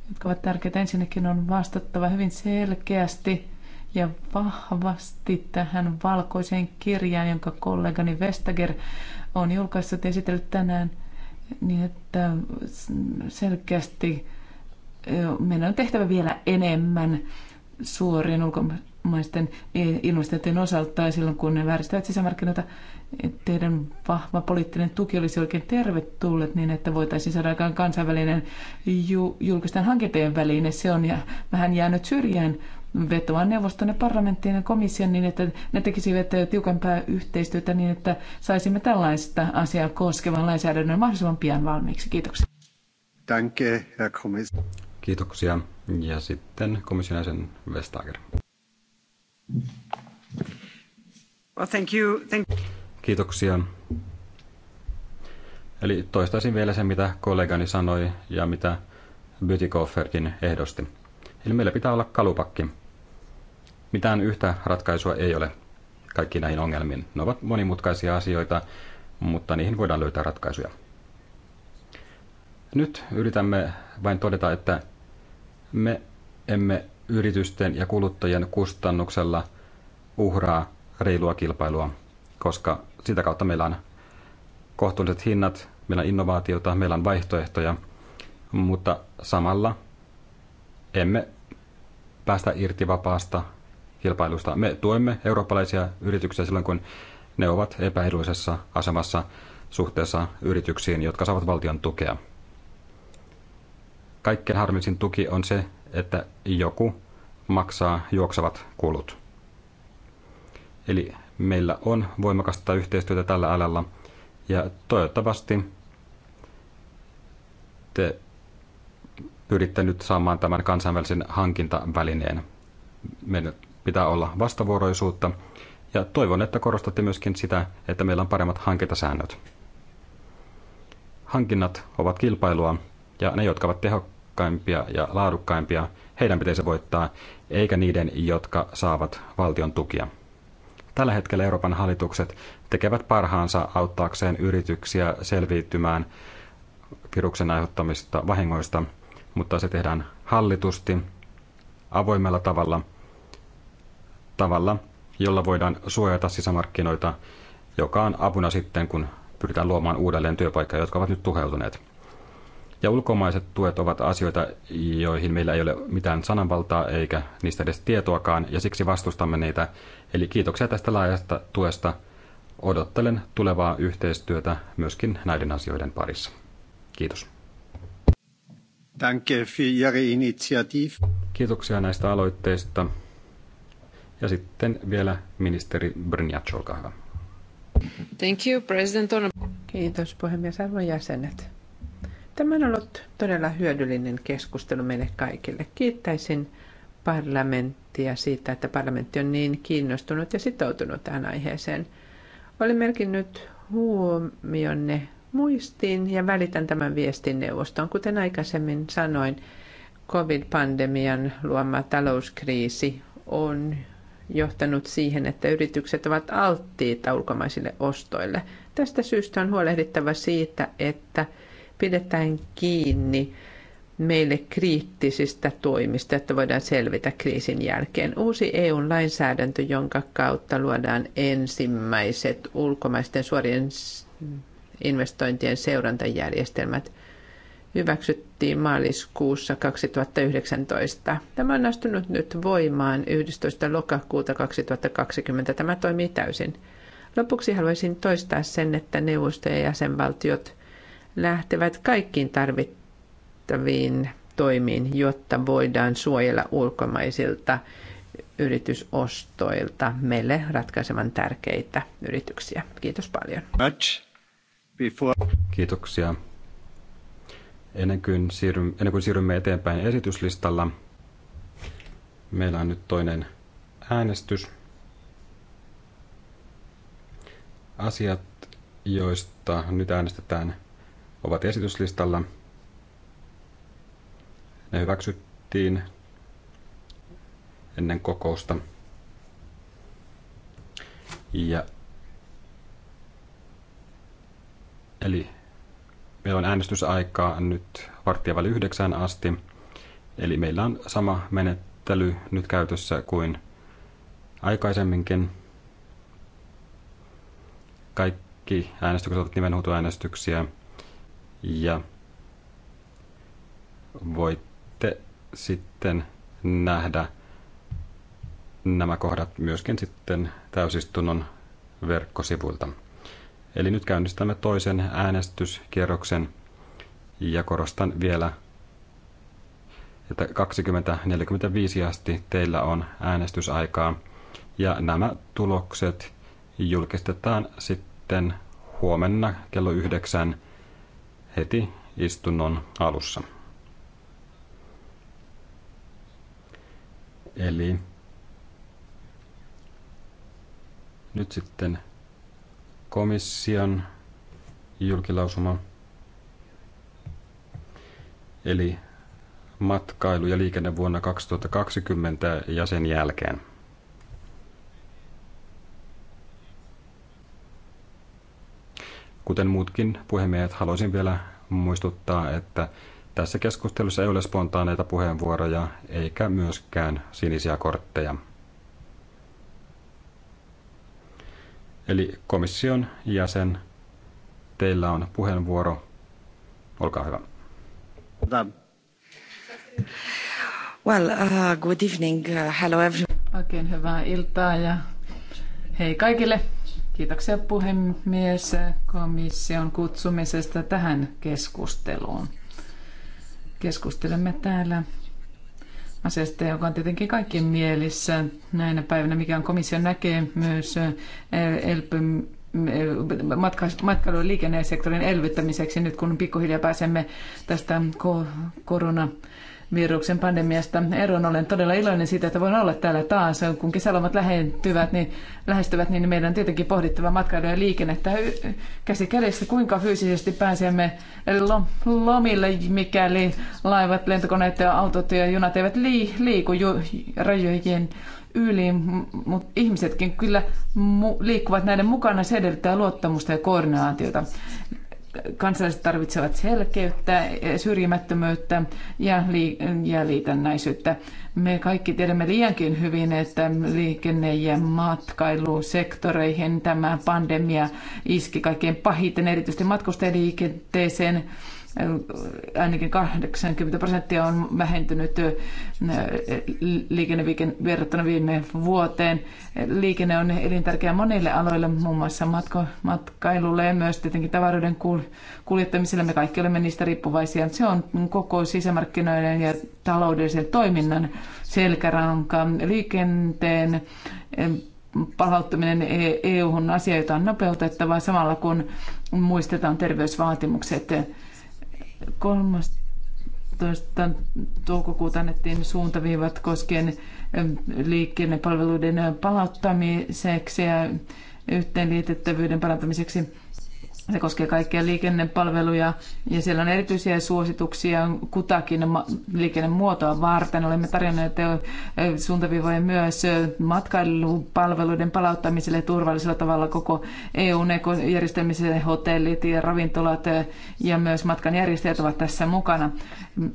Speaker 8: jotka ovat tärkeitä. Ensinnäkin on vastattava hyvin selkeästi ja vahvasti tähän valkoiseen kirjaan, jonka kollegani Vestager on julkaissut ja esitellyt tänään, niin että selkeästi meidän on tehtävä vielä enemmän suorien ulkomaisten ulkomaisten e, investointien osalta silloin, kun ne vääristävät sisämarkkinoita. Teidän vahva poliittinen tuki olisi oikein tervetullut niin, että voitaisiin saada aikaan kansainvälinen ju- julkisten hankintojen väline. Se on ja vähän jäänyt syrjään vetoan neuvoston ja parlamenttien ja komission niin, että ne tekisivät tiukempaa yhteistyötä niin, että saisimme tällaista asiaa koskevan lainsäädännön mahdollisimman pian valmiiksi. Kiitoksia.
Speaker 6: Danke, Herr Kiitoksia. Ja sitten komission jäsen Vestager. Well, thank you. Thank... Kiitoksia. Eli toistaisin vielä sen, mitä kollegani sanoi ja mitä Bytikofferkin ehdosti. Eli meillä pitää olla kalupakki. Mitään yhtä ratkaisua ei ole kaikkiin näihin ongelmiin. Ne ovat monimutkaisia asioita, mutta niihin voidaan löytää ratkaisuja. Nyt yritämme vain todeta, että me emme yritysten ja kuluttajien kustannuksella uhraa reilua kilpailua, koska sitä kautta meillä on kohtuulliset hinnat, meillä on innovaatiota, meillä on vaihtoehtoja, mutta samalla emme päästä irti vapaasta kilpailusta. Me tuemme eurooppalaisia yrityksiä silloin, kun ne ovat epäedullisessa asemassa suhteessa yrityksiin, jotka saavat valtion tukea. Kaikkein harmisin tuki on se, että joku maksaa juoksevat kulut. Eli meillä on voimakasta yhteistyötä tällä alalla ja toivottavasti te pyritte nyt saamaan tämän kansainvälisen hankintavälineen. Meidän pitää olla vastavuoroisuutta ja toivon, että korostatte myöskin sitä, että meillä on paremmat hankintasäännöt. Hankinnat ovat kilpailua ja ne, jotka ovat tehokkaita, tehokkaimpia ja laadukkaimpia, heidän pitäisi voittaa, eikä niiden, jotka saavat valtion tukia. Tällä hetkellä Euroopan hallitukset tekevät parhaansa auttaakseen yrityksiä selviytymään viruksen aiheuttamista vahingoista, mutta se tehdään hallitusti, avoimella tavalla, tavalla, jolla voidaan suojata sisämarkkinoita, joka on apuna sitten, kun pyritään luomaan uudelleen työpaikkoja, jotka ovat nyt tuheutuneet. Ja ulkomaiset tuet ovat asioita, joihin meillä ei ole mitään sananvaltaa eikä niistä edes tietoakaan, ja siksi vastustamme niitä. Eli kiitoksia tästä laajasta tuesta. Odottelen tulevaa yhteistyötä myöskin näiden asioiden parissa. Kiitos.
Speaker 5: Danke für Ihre
Speaker 6: Kiitoksia näistä aloitteista. Ja sitten vielä ministeri Brynjac, olkaa hyvä.
Speaker 7: Thank you, President. Kiitos puhemies arvon jäsenet. Tämä on ollut todella hyödyllinen keskustelu meille kaikille. Kiittäisin parlamenttia siitä, että parlamentti on niin kiinnostunut ja sitoutunut tähän aiheeseen. Olen merkinnyt huomionne muistiin ja välitän tämän viestin neuvostoon. Kuten aikaisemmin sanoin, COVID-pandemian luoma talouskriisi on johtanut siihen, että yritykset ovat alttiita ulkomaisille ostoille. Tästä syystä on huolehdittava siitä, että – pidetään kiinni meille kriittisistä toimista, että voidaan selvitä kriisin jälkeen. Uusi EU-lainsäädäntö, jonka kautta luodaan ensimmäiset ulkomaisten suorien investointien seurantajärjestelmät, hyväksyttiin maaliskuussa 2019. Tämä on astunut nyt voimaan 11. lokakuuta 2020. Tämä toimii täysin. Lopuksi haluaisin toistaa sen, että neuvosto ja jäsenvaltiot – lähtevät kaikkiin tarvittaviin toimiin, jotta voidaan suojella ulkomaisilta yritysostoilta meille ratkaisevan tärkeitä yrityksiä. Kiitos paljon.
Speaker 6: Kiitoksia. Ennen kuin, siirrymme, ennen kuin siirrymme eteenpäin esityslistalla, meillä on nyt toinen äänestys. Asiat, joista nyt äänestetään – ovat esityslistalla. Ne hyväksyttiin ennen kokousta. Ja eli meillä on äänestysaikaa nyt varttia väli yhdeksään asti. Eli meillä on sama menettely nyt käytössä kuin aikaisemminkin. Kaikki äänestykset ovat nimenhuutoäänestyksiä. äänestyksiä ja voitte sitten nähdä nämä kohdat myöskin sitten täysistunnon verkkosivuilta. Eli nyt käynnistämme toisen äänestyskierroksen ja korostan vielä, että 20.45 asti teillä on äänestysaikaa ja nämä tulokset julkistetaan sitten huomenna kello 9 heti istunnon alussa. Eli nyt sitten komission julkilausuma. Eli matkailu ja liikenne vuonna 2020 ja sen jälkeen. Kuten muutkin puhemiehet, haluaisin vielä muistuttaa, että tässä keskustelussa ei ole spontaaneita puheenvuoroja eikä myöskään sinisiä kortteja. Eli komission jäsen, teillä on puheenvuoro. Olkaa hyvä. Well, uh, good evening. Uh, hello everyone. Oikein hyvää iltaa ja
Speaker 8: hei kaikille. Kiitoksia puhemies komission kutsumisesta tähän keskusteluun. Keskustelemme täällä asiasta, joka on tietenkin kaikkien mielissä näinä päivinä, mikä on komission näkemys elpym- ja liikennesektorin elvyttämiseksi nyt kun pikkuhiljaa pääsemme tästä korona viruksen pandemiasta eroon. Olen todella iloinen siitä, että voin olla täällä taas. Kun kesälomat lähentyvät, niin, lähestyvät, niin meidän on tietenkin pohdittava matkailu ja liikennettä käsi kädessä, kuinka fyysisesti pääsemme lomille, mikäli laivat, lentokoneet ja autot ja junat eivät liiku rajojen yli, mutta ihmisetkin kyllä liikkuvat näiden mukana. Se edellyttää luottamusta ja koordinaatiota kansalaiset tarvitsevat selkeyttä, syrjimättömyyttä ja, li- ja liitännäisyyttä. Me kaikki tiedämme liiankin hyvin, että liikenne- ja matkailusektoreihin tämä pandemia iski kaikkein pahiten, erityisesti matkustajaliikenteeseen ainakin 80 prosenttia on vähentynyt eh, liikenneviikin verrattuna viime vuoteen. Liikenne on elintärkeä monille aloille, muun muassa matko, matkailulle ja myös tietenkin tavaroiden kuljettamiselle. Me kaikki olemme niistä riippuvaisia. Se on koko sisämarkkinoiden ja taloudellisen toiminnan selkäranka. Liikenteen eh, palauttaminen EU-hun e asia, jota on nopeutettava samalla kun muistetaan terveysvaatimukset 13. toukokuuta annettiin suuntaviivat koskien ähm, liikennepalveluiden palauttamiseksi ja yhteenliitettävyyden parantamiseksi se koskee kaikkia liikennepalveluja ja siellä on erityisiä suosituksia kutakin liikennemuotoa varten. Olemme tarjonneet suuntaviivoja myös matkailupalveluiden palauttamiselle turvallisella tavalla koko EUn järjestelmissä hotellit ja ravintolat ja myös matkanjärjestäjät ovat tässä mukana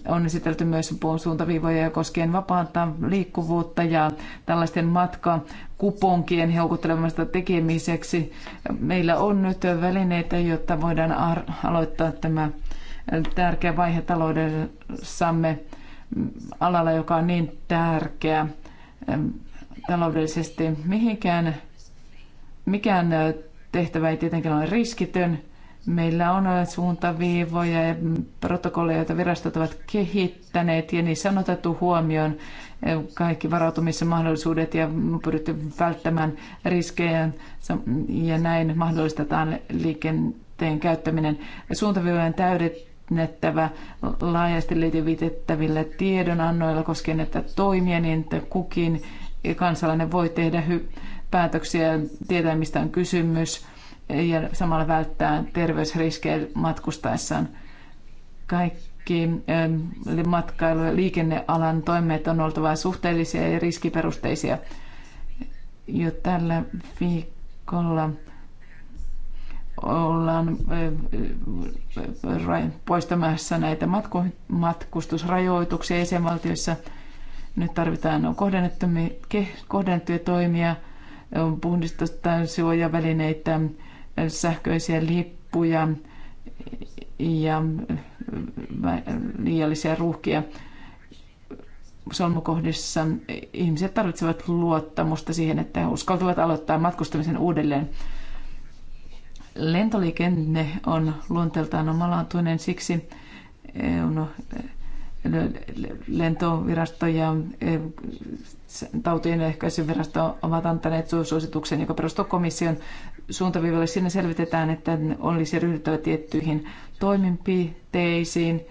Speaker 8: on esitelty myös suuntaviivoja koskien vapaata liikkuvuutta ja tällaisten matkakuponkien houkuttelemasta tekemiseksi. Meillä on nyt välineitä, jotta voidaan aloittaa tämä tärkeä vaihe taloudessamme alalla, joka on niin tärkeä taloudellisesti. Mihinkään, mikään tehtävä ei tietenkään ole riskitön Meillä on suuntaviivoja ja protokolleja, joita virastot ovat kehittäneet ja niissä on otettu huomioon kaikki mahdollisuudet ja pyritty välttämään riskejä ja näin mahdollistetaan liikenteen käyttäminen. Suuntaviivojen täydennettävä laajasti liiteviitettävillä tiedonannoilla koskien näitä toimia, niin että kukin kansalainen voi tehdä päätöksiä, tietää mistä on kysymys ja samalla välttää terveysriskejä matkustaessaan. Kaikki ähm, matkailu- ja liikennealan toimet on oltava suhteellisia ja riskiperusteisia. Jo tällä viikolla ollaan äh, äh, poistamassa näitä matkustusrajoituksia jäsenvaltioissa. Nyt tarvitaan kohdennettuja toimia, puhdistusta, suojavälineitä, välineitä sähköisiä lippuja ja liiallisia ruuhkia solmukohdissa. Ihmiset tarvitsevat luottamusta siihen, että he uskaltavat aloittaa matkustamisen uudelleen. Lentoliikenne on luonteeltaan omalaatuinen, siksi e lentovirasto ja e tautien ehkäisyvirasto ovat antaneet suosituksen, joka perustuu komission suuntaviivalle. Siinä selvitetään, että olisi ryhdyttävä tiettyihin toimenpiteisiin.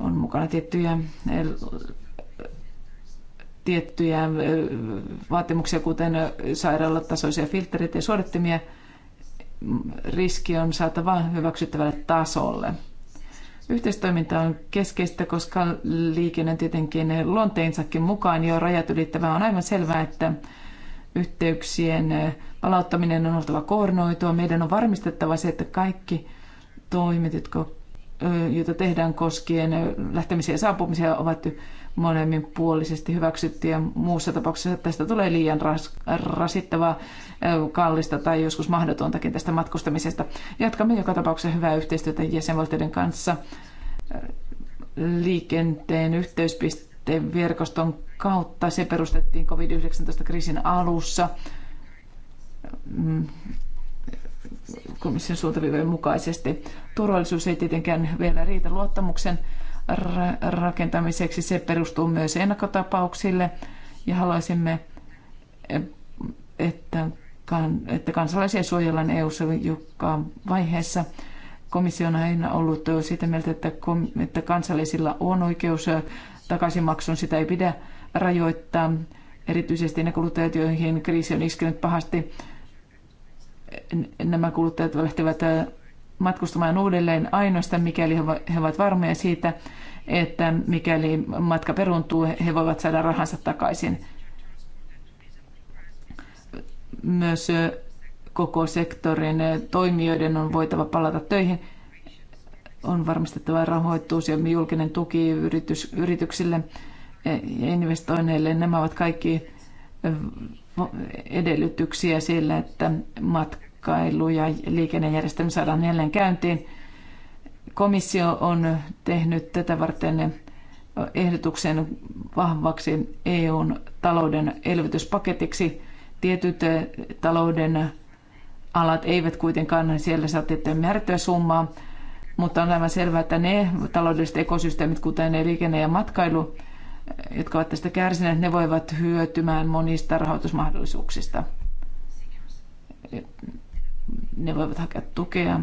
Speaker 8: On mukana tiettyjä tiettyjä vaatimuksia, kuten sairaalatasoisia filtreitä ja suodattimia, riski on saatava hyväksyttävälle tasolle. Yhteistoiminta on keskeistä, koska liikenne tietenkin luonteensakin mukaan jo rajat ylittävää on aivan selvää, että yhteyksien palauttaminen on oltava koordinoitua. Meidän on varmistettava se, että kaikki toimet, jotka, joita tehdään koskien lähtemisiä ja saapumisia, ovat molemminpuolisesti puolisesti hyväksytty ja muussa tapauksessa tästä tulee liian ras, rasittavaa, kallista tai joskus mahdotontakin tästä matkustamisesta. Jatkamme joka tapauksessa hyvää yhteistyötä jäsenvaltioiden kanssa liikenteen yhteyspisteverkoston kautta. Se perustettiin COVID-19-kriisin alussa mm, komission suuntaviivojen mukaisesti. Turvallisuus ei tietenkään vielä riitä luottamuksen rakentamiseksi. Se perustuu myös ennakkotapauksille ja haluaisimme, eh, että, kan- että kansalaisia suojellaan EU-ssa joka vaiheessa. Komission on aina ollut sitä mieltä, että, kom- että kansallisilla on oikeus takaisinmaksuun. Sitä ei pidä rajoittaa, erityisesti ne kuluttajat, joihin kriisi on iskenyt pahasti nämä kuluttajat lähtevät matkustamaan uudelleen ainoastaan, mikäli he ovat varmoja siitä, että mikäli matka peruntuu, he voivat saada rahansa takaisin. Myös koko sektorin toimijoiden on voitava palata töihin. On varmistettava rahoitus ja julkinen tuki yritys, yrityksille e, ja investoinneille. Nämä ovat kaikki edellytyksiä sille, että matka matkailu- ja liikennejärjestelmä saadaan jälleen käyntiin. Komissio on tehnyt tätä varten ehdotuksen vahvaksi EUn talouden elvytyspaketiksi. Tietyt talouden alat eivät kuitenkaan siellä saa tiettyä määrättyä summaa, mutta on aivan selvää, että ne taloudelliset ekosysteemit, kuten liikenne ja matkailu, jotka ovat tästä kärsineet, ne voivat hyötymään monista rahoitusmahdollisuuksista ne voivat hakea tukea,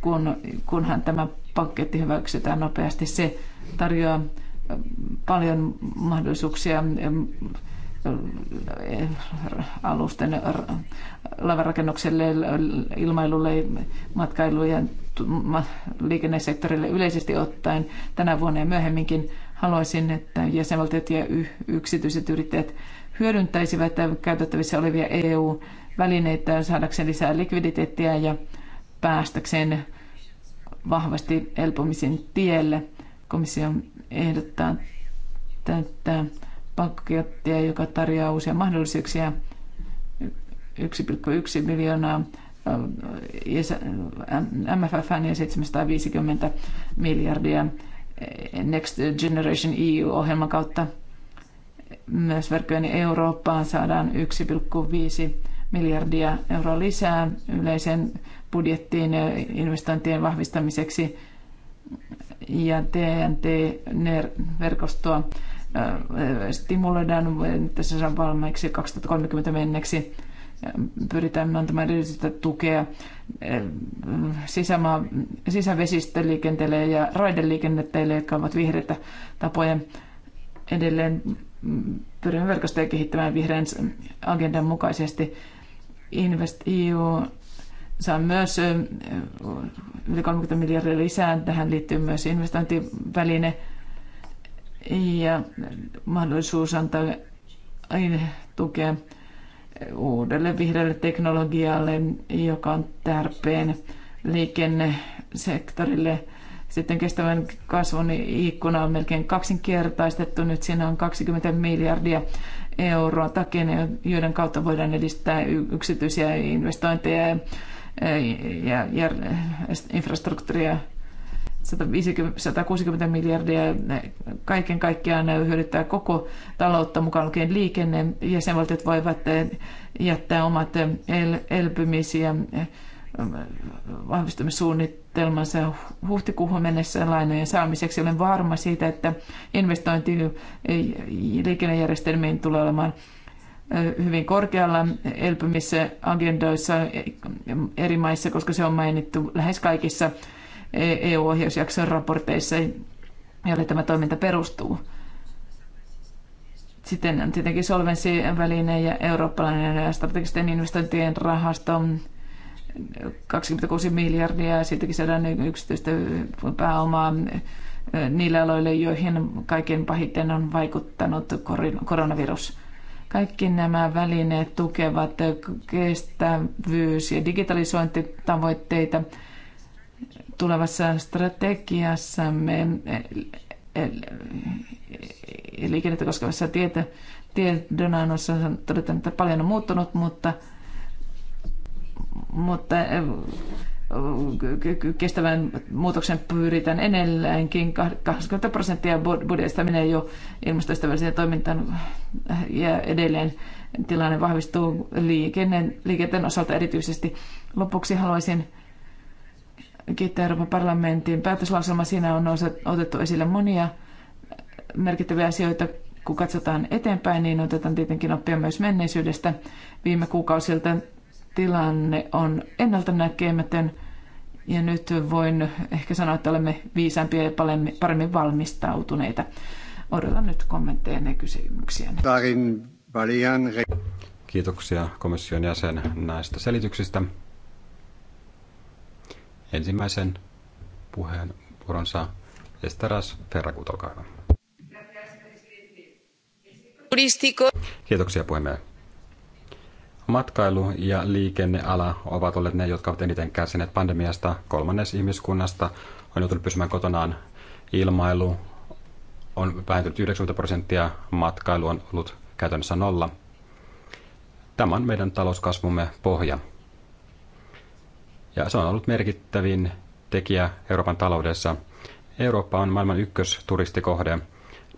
Speaker 8: kun, kunhan tämä paketti hyväksytään nopeasti. Se tarjoaa ähm, paljon mahdollisuuksia ähm, äh, alusten lavarakennukselle, ilmailulle, matkailulle ja liikennesektorille yleisesti ottaen tänä vuonna ja myöhemminkin haluaisin, että jäsenvaltiot ja yksityiset yrittäjät hyödyntäisivät käytettävissä olevia EU- välineitä saadakseen lisää likviditeettiä ja päästäkseen vahvasti elpumisen tielle. Komissio ehdottaa tätä pakettia, joka tarjoaa uusia mahdollisuuksia 1,1 miljoonaa MFF äh, ja 750 äh, miljardia Next Generation EU-ohjelman kautta. Myös verkkojen Eurooppaan saadaan 1,5 miljardia euroa lisää yleiseen budjettiin investointien vahvistamiseksi ja TNT-verkostoa äh, stimuloidaan, että se saa valmiiksi 2030 menneksi. Pyritään antamaan erityistä tukea äh, sisämaa, sisävesistöliikenteelle ja raideliikenneteille, jotka ovat vihreitä tapoja edelleen mm, pyrimme verkostoja kehittämään vihreän agendan mukaisesti. Invest EU saa myös yli 30 miljardia lisää. Tähän liittyy myös investointiväline ja mahdollisuus antaa tukea uudelle vihreälle teknologialle, joka on tarpeen liikennesektorille. Sitten kestävän kasvun ikkuna on melkein kaksinkertaistettu. Nyt siinä on 20 miljardia euroa takia, joiden kautta voidaan edistää yksityisiä investointeja ja, ja, ja infrastruktuuria 160 miljardia kaiken kaikkiaan hyödyttää koko taloutta, mukaan lukien liikenne. Jäsenvaltiot voivat jättää omat el- elpymisiä vahvistumissuunnitelmansa huhtikuuhun mennessä lainojen saamiseksi. Olen varma siitä, että investointi liikennejärjestelmiin tulee olemaan hyvin korkealla elpymisagendoissa e- eri maissa, koska se on mainittu lähes kaikissa EU-ohjausjakson e raporteissa, joille tämä toiminta perustuu. Sitten on tietenkin solvenssiväline ja eurooppalainen strategisten investointien rahasto 26 miljardia ja siitäkin saadaan yksityistä pääomaa niille aloille, joihin kaiken pahiten on vaikuttanut koronavirus. Kaikki nämä välineet tukevat kestävyys- ja digitalisointitavoitteita. Tulevassa strategiassamme e, e, e, liikennettä koskevassa tiedonannossa todetaan, että paljon on muuttunut, mutta – mutta eh, kestävän muutoksen pyritään edelleenkin. 20 prosenttia budjetista menee jo ilmastoystävälliseen toimintaan ja edelleen tilanne vahvistuu liikenne, liikenteen osalta erityisesti. Lopuksi haluaisin kiittää Euroopan parlamentin päätöslauselma. Siinä on otettu esille monia merkittäviä asioita. Kun katsotaan eteenpäin, niin otetaan tietenkin oppia myös menneisyydestä viime kuukausilta tilanne on ennalta näkemätön ja nyt voin ehkä sanoa, että olemme viisaampia ja paremmin valmistautuneita. Odotan nyt kommentteja ja kysymyksiä.
Speaker 6: Kiitoksia komission jäsen näistä selityksistä. Ensimmäisen puheenvuoronsa Estaras Ferragut, olkaa hyvä. Kiitoksia puhemies Matkailu ja liikenneala ovat olleet ne, jotka ovat eniten kärsineet pandemiasta. Kolmannes ihmiskunnasta on joutunut pysymään kotonaan. Ilmailu on vähentynyt 90 prosenttia, matkailu on ollut käytännössä nolla. Tämä on meidän talouskasvumme pohja. Ja se on ollut merkittävin tekijä Euroopan taloudessa. Eurooppa on maailman ykkösturistikohde.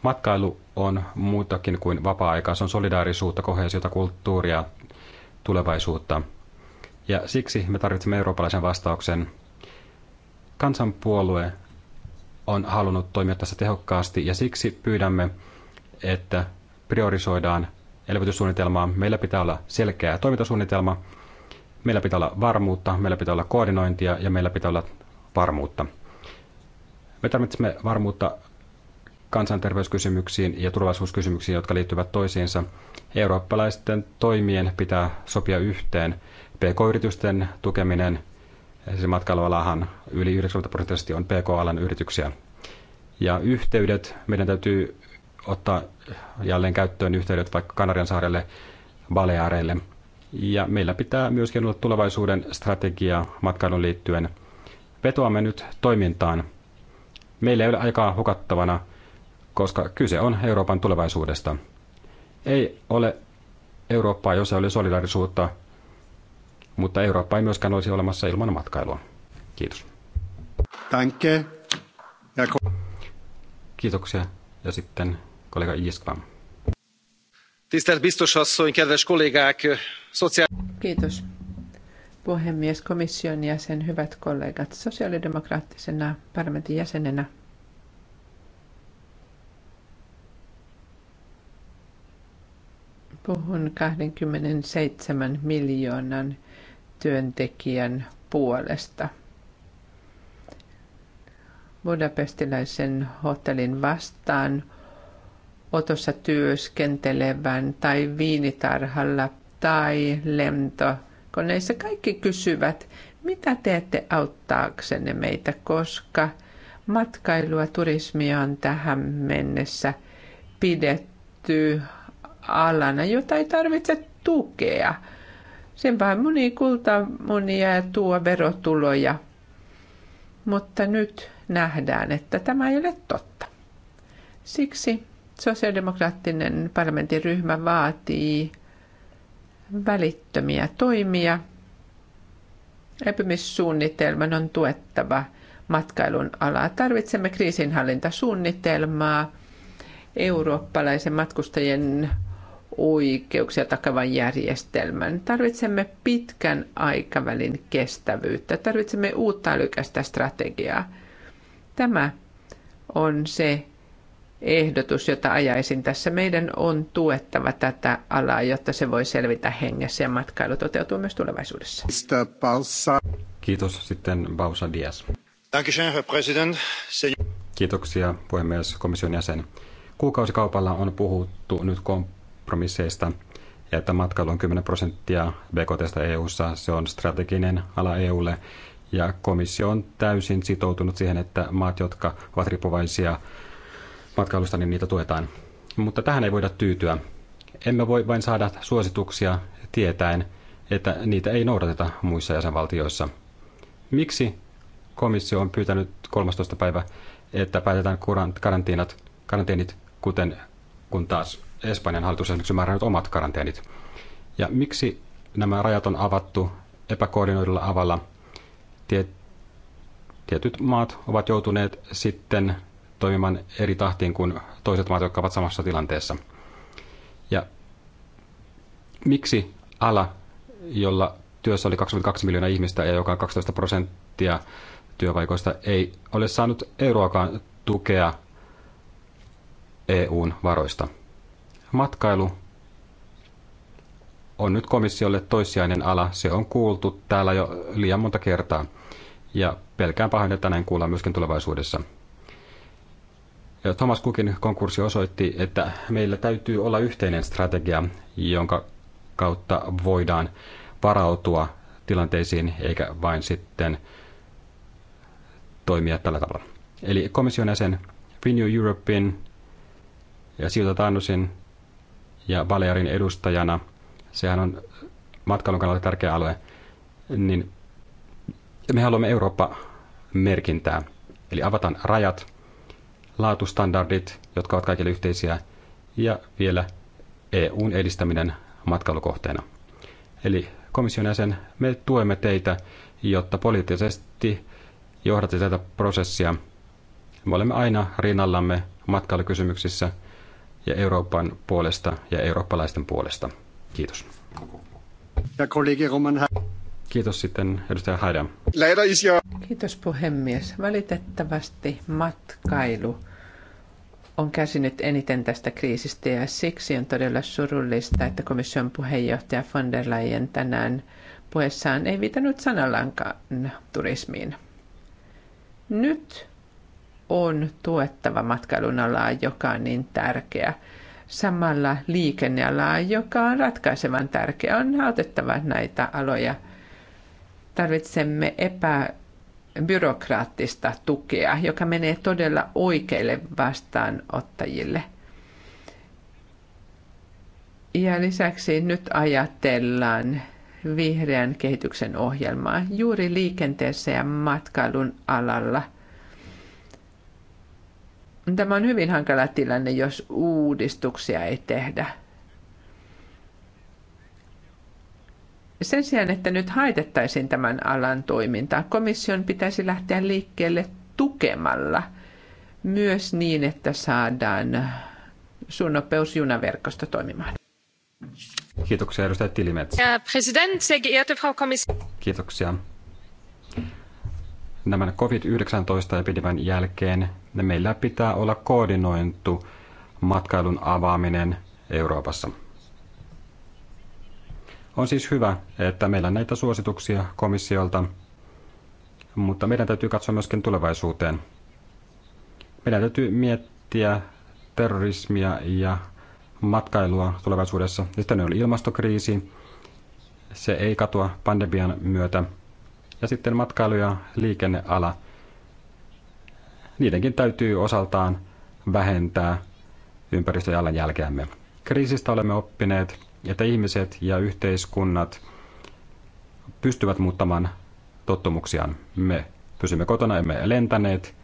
Speaker 6: Matkailu on muutakin kuin vapaa-aikaa. Se on solidaarisuutta, kohesiota, kulttuuria – tulevaisuutta. Ja siksi me tarvitsemme eurooppalaisen vastauksen. Kansanpuolue on halunnut toimia tässä tehokkaasti ja siksi pyydämme, että priorisoidaan elvytyssuunnitelmaa. Meillä pitää olla selkeä toimintasuunnitelma, meillä pitää olla varmuutta, meillä pitää olla koordinointia ja meillä pitää olla varmuutta. Me tarvitsemme varmuutta kansanterveyskysymyksiin ja turvallisuuskysymyksiin, jotka liittyvät toisiinsa – Eurooppalaisten toimien pitää sopia yhteen. PK-yritysten tukeminen, siis matkailualahan yli 90 prosenttisesti on PK-alan yrityksiä. Ja yhteydet, meidän täytyy ottaa jälleen käyttöön yhteydet vaikka Kanarian saarelle, Baleareille. Ja meillä pitää myöskin olla tulevaisuuden strategia matkailun liittyen. Vetoamme nyt toimintaan. Meillä ei ole aikaa hukattavana, koska kyse on Euroopan tulevaisuudesta. Ei ole Eurooppaa, jossa oli solidaarisuutta, mutta Eurooppa ei myöskään olisi olemassa ilman matkailua. Kiitos. Danke. Ja Kiitoksia. Ja sitten kollega Iskvam. Tisztelt biztos kedves kollégák, szociál...
Speaker 7: Kiitos. Puhemies, komission jäsen, hyvät kollegat, sosiaalidemokraattisena parlamentin jäsenenä Puhun 27 miljoonan työntekijän puolesta. Budapestiläisen hotellin vastaan otossa työskentelevän tai viinitarhalla tai lentokoneissa. Kaikki kysyvät, mitä teette auttaaksenne meitä, koska matkailua, turismia on tähän mennessä pidetty alana, no, jota ei tarvitse tukea. vähän moni kulta monia tuo verotuloja. Mutta nyt nähdään, että tämä ei ole totta. Siksi sosiaalidemokraattinen parlamenttiryhmä vaatii välittömiä toimia. Epimissuunnitelman on tuettava matkailun alaa. Tarvitsemme kriisinhallintasuunnitelmaa, eurooppalaisen matkustajien oikeuksia takavan järjestelmän. Tarvitsemme pitkän aikavälin kestävyyttä. Tarvitsemme uutta älykästä strategiaa. Tämä on se ehdotus, jota ajaisin tässä. Meidän on tuettava tätä alaa, jotta se voi selvitä hengessä ja matkailu toteutuu myös tulevaisuudessa.
Speaker 6: Kiitos. Sitten Bausa Dias. Kiitoksia, puhemies, komission jäsen. Kuukausikaupalla on puhuttu nyt komp- kompromisseista ja että matkailu on 10 prosenttia BKTstä EU:ssa. Se on strateginen ala EUlle ja komissio on täysin sitoutunut siihen, että maat, jotka ovat riippuvaisia matkailusta, niin niitä tuetaan. Mutta tähän ei voida tyytyä. Emme voi vain saada suosituksia tietäen, että niitä ei noudateta muissa jäsenvaltioissa. Miksi komissio on pyytänyt 13. päivä, että päätetään karanteenit, kuten kun taas Espanjan hallitus on esimerkiksi määrännyt omat karanteenit. Ja miksi nämä rajat on avattu epäkoordinoidulla avalla? Tietyt maat ovat joutuneet sitten toimimaan eri tahtiin kuin toiset maat, jotka ovat samassa tilanteessa. Ja miksi ala, jolla työssä oli 22 miljoonaa ihmistä ja joka on 12 prosenttia työpaikoista, ei ole saanut euroakaan tukea EUn varoista? Matkailu on nyt komissiolle toissijainen ala. Se on kuultu täällä jo liian monta kertaa. Ja pelkään pahoin, että näin kuullaan myöskin tulevaisuudessa. Ja Thomas Cookin konkurssi osoitti, että meillä täytyy olla yhteinen strategia, jonka kautta voidaan varautua tilanteisiin, eikä vain sitten toimia tällä tavalla. Eli komission jäsen Renew Europein ja Siltatannusin ja Balearin edustajana, sehän on matkailun kannalta tärkeä alue, niin me haluamme Eurooppa-merkintää. Eli avataan rajat, laatustandardit, jotka ovat kaikille yhteisiä, ja vielä EUn edistäminen matkailukohteena. Eli komission jäsen, me tuemme teitä, jotta poliittisesti johdatte tätä prosessia. Me olemme aina rinnallamme matkailukysymyksissä – ja Euroopan puolesta ja eurooppalaisten puolesta. Kiitos. Ja kollegi Roman Kiitos sitten edustaja Haidan.
Speaker 7: Kiitos puhemies. Valitettavasti matkailu on käsinyt eniten tästä kriisistä ja siksi on todella surullista, että komission puheenjohtaja von der Leyen tänään puheessaan ei viitannut sanallankaan turismiin. Nyt on tuettava matkailun alaa, joka on niin tärkeä. Samalla liikennealaa, joka on ratkaisevan tärkeä, on autettava näitä aloja. Tarvitsemme epäbyrokraattista tukea, joka menee todella oikeille vastaanottajille. Ja lisäksi nyt ajatellaan vihreän kehityksen ohjelmaa juuri liikenteessä ja matkailun alalla – Tämä on hyvin hankala tilanne, jos uudistuksia ei tehdä. Sen sijaan, että nyt haitettaisiin tämän alan toimintaa, komission pitäisi lähteä liikkeelle tukemalla myös niin, että saadaan suunnopeusjunaverkosto toimimaan.
Speaker 6: Kiitoksia edustaja Tilimets.
Speaker 3: Herr Präsident, sehr geehrte Frau Kommissarin.
Speaker 6: Kiitoksia tämän COVID-19-epidemian jälkeen niin meillä pitää olla koordinointu matkailun avaaminen Euroopassa. On siis hyvä, että meillä on näitä suosituksia komissiolta, mutta meidän täytyy katsoa myöskin tulevaisuuteen. Meidän täytyy miettiä terrorismia ja matkailua tulevaisuudessa. Sitten on ilmastokriisi. Se ei katoa pandemian myötä – ja sitten matkailu- ja liikenneala. Niidenkin täytyy osaltaan vähentää jälkeämme. Kriisistä olemme oppineet, että ihmiset ja yhteiskunnat pystyvät muuttamaan tottumuksiaan. Me pysymme kotona, emme lentäneet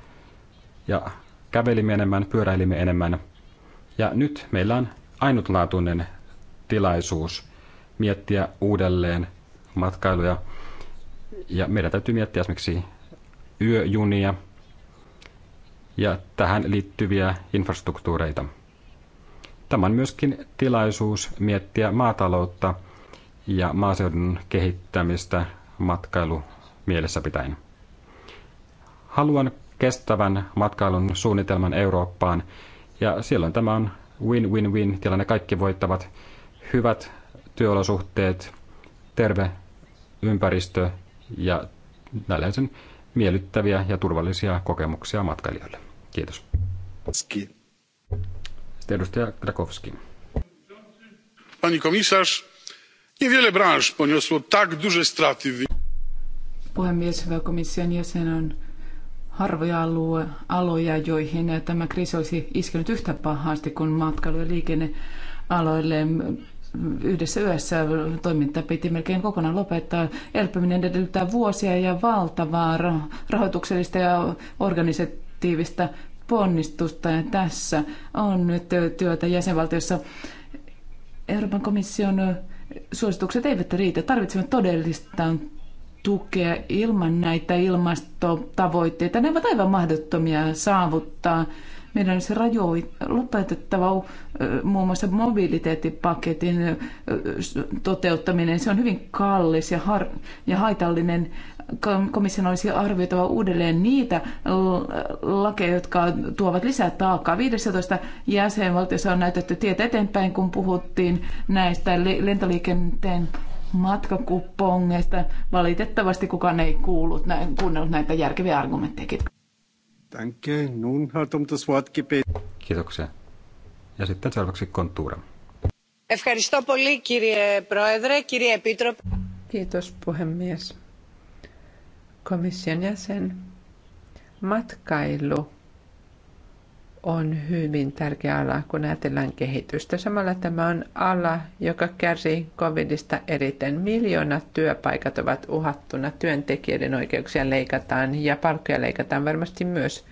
Speaker 6: ja kävelimme enemmän, pyöräilimme enemmän. Ja nyt meillä on ainutlaatuinen tilaisuus miettiä uudelleen matkailuja. ja ja meidän täytyy miettiä esimerkiksi yöjunia ja tähän liittyviä infrastruktuureita. Tämä on myöskin tilaisuus miettiä maataloutta ja maaseudun kehittämistä matkailu mielessä pitäen. Haluan kestävän matkailun suunnitelman Eurooppaan ja silloin tämä on win-win-win tilanne. Kaikki voittavat hyvät työolosuhteet, terve ympäristö ja näläisen miellyttäviä ja turvallisia kokemuksia matkailijoille. Kiitos. Ski. Sitten edustaja Krakowski.
Speaker 2: Pani komisarz, niewiele branż poniosło tak duże straty.
Speaker 8: Puhemies, hyvä komission jäsen on harvoja alue, aloja, joihin tämä kriisi olisi iskenyt yhtä pahasti kuin matkailu- ja liikennealoille yhdessä yössä toiminta piti melkein kokonaan lopettaa. Elpyminen edellyttää vuosia ja valtavaa rahoituksellista ja organisatiivista ponnistusta. Ja tässä on nyt työtä jäsenvaltiossa. Euroopan komission suositukset eivät riitä. Tarvitsemme todellista tukea ilman näitä ilmastotavoitteita. Ne ovat aivan mahdottomia saavuttaa. Meidän se rajoitettava lopetettava muun muassa mobiliteettipaketin toteuttaminen. Se on hyvin kallis ja, har- ja haitallinen. Komission olisi arvioitava uudelleen niitä lakeja, jotka tuovat lisää taakkaa. 15 jäsenvaltiossa on näytetty tietä eteenpäin, kun puhuttiin näistä lentoliikenteen matkakupongeista. Valitettavasti kukaan ei kuullut, kuunnellut näitä järkeviä argumentteja.
Speaker 5: Danke. Nun hat um das Wort gebeten.
Speaker 6: Kiitoksia. Ja sitten seuraavaksi Kontuura.
Speaker 3: Ευχαριστώ πολύ κύριε Πρόεδρε, κύριε Επίτροπε.
Speaker 7: Kiitos puhemies. Komission jäsen. Matkailu on hyvin tärkeä ala, kun ajatellaan kehitystä. Samalla tämä on ala, joka kärsii covidista eriten. Miljoonat työpaikat ovat uhattuna, työntekijöiden oikeuksia leikataan ja palkkoja leikataan varmasti myös.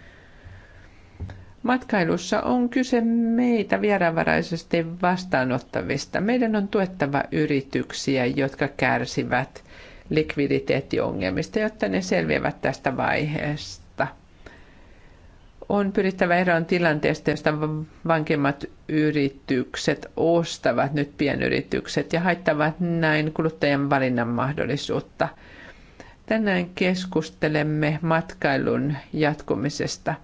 Speaker 7: Matkailussa on kyse meitä vieraanvaraisesti vastaanottavista. Meidän on tuettava yrityksiä, jotka kärsivät likviditeettiongelmista, jotta ne selviävät tästä vaiheesta on pyrittävä eroon tilanteesta, josta vankimmat yritykset ostavat nyt pienyritykset ja haittavat näin kuluttajan valinnan mahdollisuutta. Tänään keskustelemme matkailun jatkumisesta.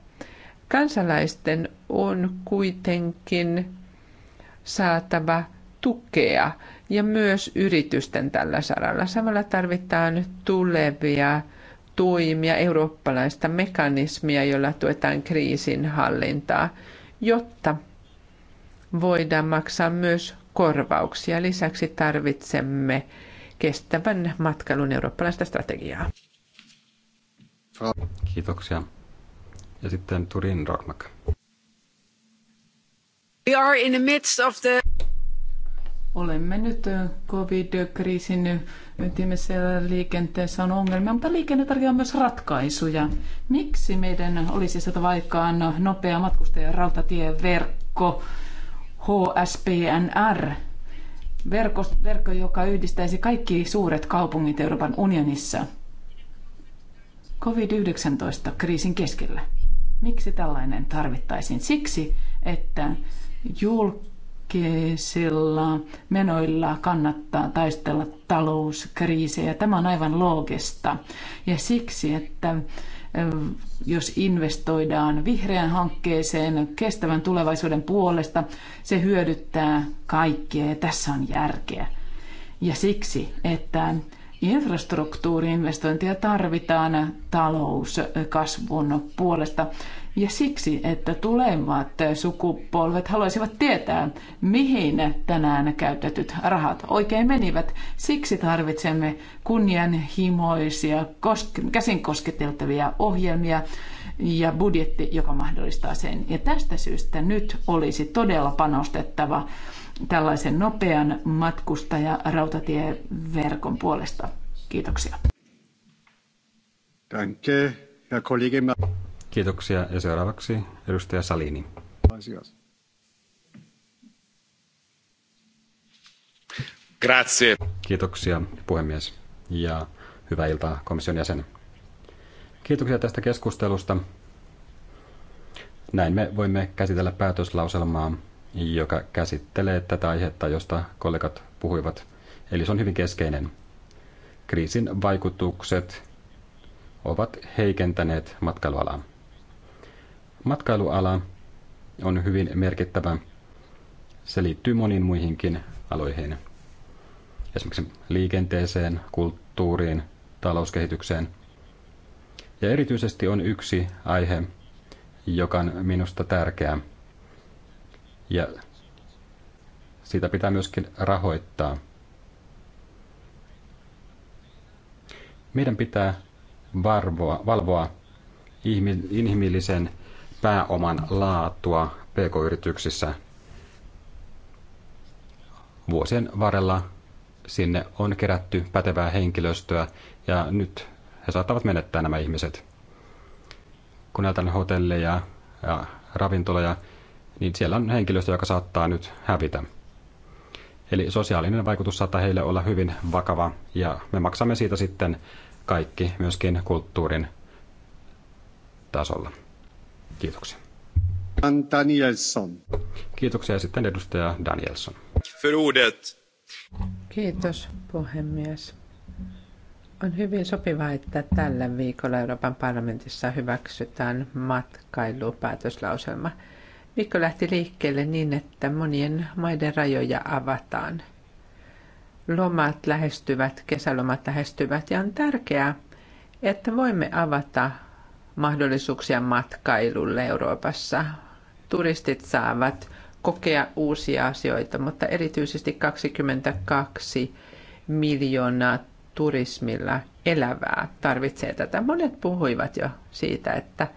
Speaker 7: Kansalaisten on kuitenkin saatava tukea ja myös yritysten tällä saralla. Samalla tarvitaan tulevia toimia, eurooppalaista mekanismia, jolla tuetaan kriisinhallintaa, jotta voidaan maksaa myös korvauksia. Lisäksi tarvitsemme kestävän matkailun eurooppalaista strategiaa.
Speaker 6: Kiitoksia. Ja sitten Turin Rockmack.
Speaker 8: We are in the midst of the... Olemme nyt covid-kriisin ytimessä liikenteessä on ongelmia, mutta liikenne tarjoaa myös ratkaisuja. Miksi meidän olisi saatava aikaan nopea matkustajan rautatieverkko HSPNR? verko, verkko, joka yhdistäisi kaikki suuret kaupungit Euroopan unionissa. COVID-19-kriisin keskellä. Miksi tällainen tarvittaisiin? Siksi, että julkinen julkisilla menoilla kannattaa taistella talouskriisejä. Tämä on aivan loogista. Ja siksi, että jos investoidaan vihreän hankkeeseen kestävän tulevaisuuden puolesta, se hyödyttää kaikkia ja tässä on järkeä. Ja siksi, että infrastruktuuriinvestointia tarvitaan talouskasvun puolesta. Ja siksi, että tulevat sukupolvet haluaisivat tietää, mihin tänään käytetyt rahat oikein menivät. Siksi tarvitsemme kunnianhimoisia, käsin kosketeltavia ohjelmia ja budjetti, joka mahdollistaa sen. Ja tästä syystä nyt olisi todella panostettava tällaisen nopean matkustaja rautatieverkon puolesta.
Speaker 6: Kiitoksia. Danke, Herr Kollege. Kiitoksia ja seuraavaksi edustaja Salini. Grazie. Kiitoksia puhemies ja hyvää iltaa komission jäsen. Kiitoksia tästä keskustelusta. Näin me voimme käsitellä päätöslauselmaa, joka käsittelee tätä aihetta, josta kollegat puhuivat. Eli se on hyvin keskeinen. Kriisin vaikutukset ovat heikentäneet matkailualaa. Matkailuala on hyvin merkittävä. Se liittyy moniin muihinkin aloihin. Esimerkiksi liikenteeseen, kulttuuriin, talouskehitykseen. Ja erityisesti on yksi aihe, joka on minusta tärkeä. Ja sitä pitää myöskin rahoittaa. Meidän pitää varvoa, valvoa inhimillisen pääoman laatua pk-yrityksissä vuosien varrella sinne on kerätty pätevää henkilöstöä ja nyt he saattavat menettää nämä ihmiset. Kun näytän hotelleja ja ravintoloja, niin siellä on henkilöstö, joka saattaa nyt hävitä. Eli sosiaalinen vaikutus saattaa heille olla hyvin vakava ja me maksamme siitä sitten kaikki myöskin kulttuurin tasolla. Kiitoksia.
Speaker 5: Danielsson.
Speaker 6: Kiitoksia ja sitten edustaja Danielsson. För ordet.
Speaker 7: Kiitos puhemies. On hyvin sopivaa, että tällä viikolla Euroopan parlamentissa hyväksytään matkailupäätöslauselma. Viikko lähti liikkeelle niin, että monien maiden rajoja avataan. Lomat lähestyvät, kesälomat lähestyvät ja on tärkeää, että voimme avata mahdollisuuksia matkailulle Euroopassa. Turistit saavat kokea uusia asioita, mutta erityisesti 22 miljoonaa turismilla elävää tarvitsee tätä. Monet puhuivat jo siitä, että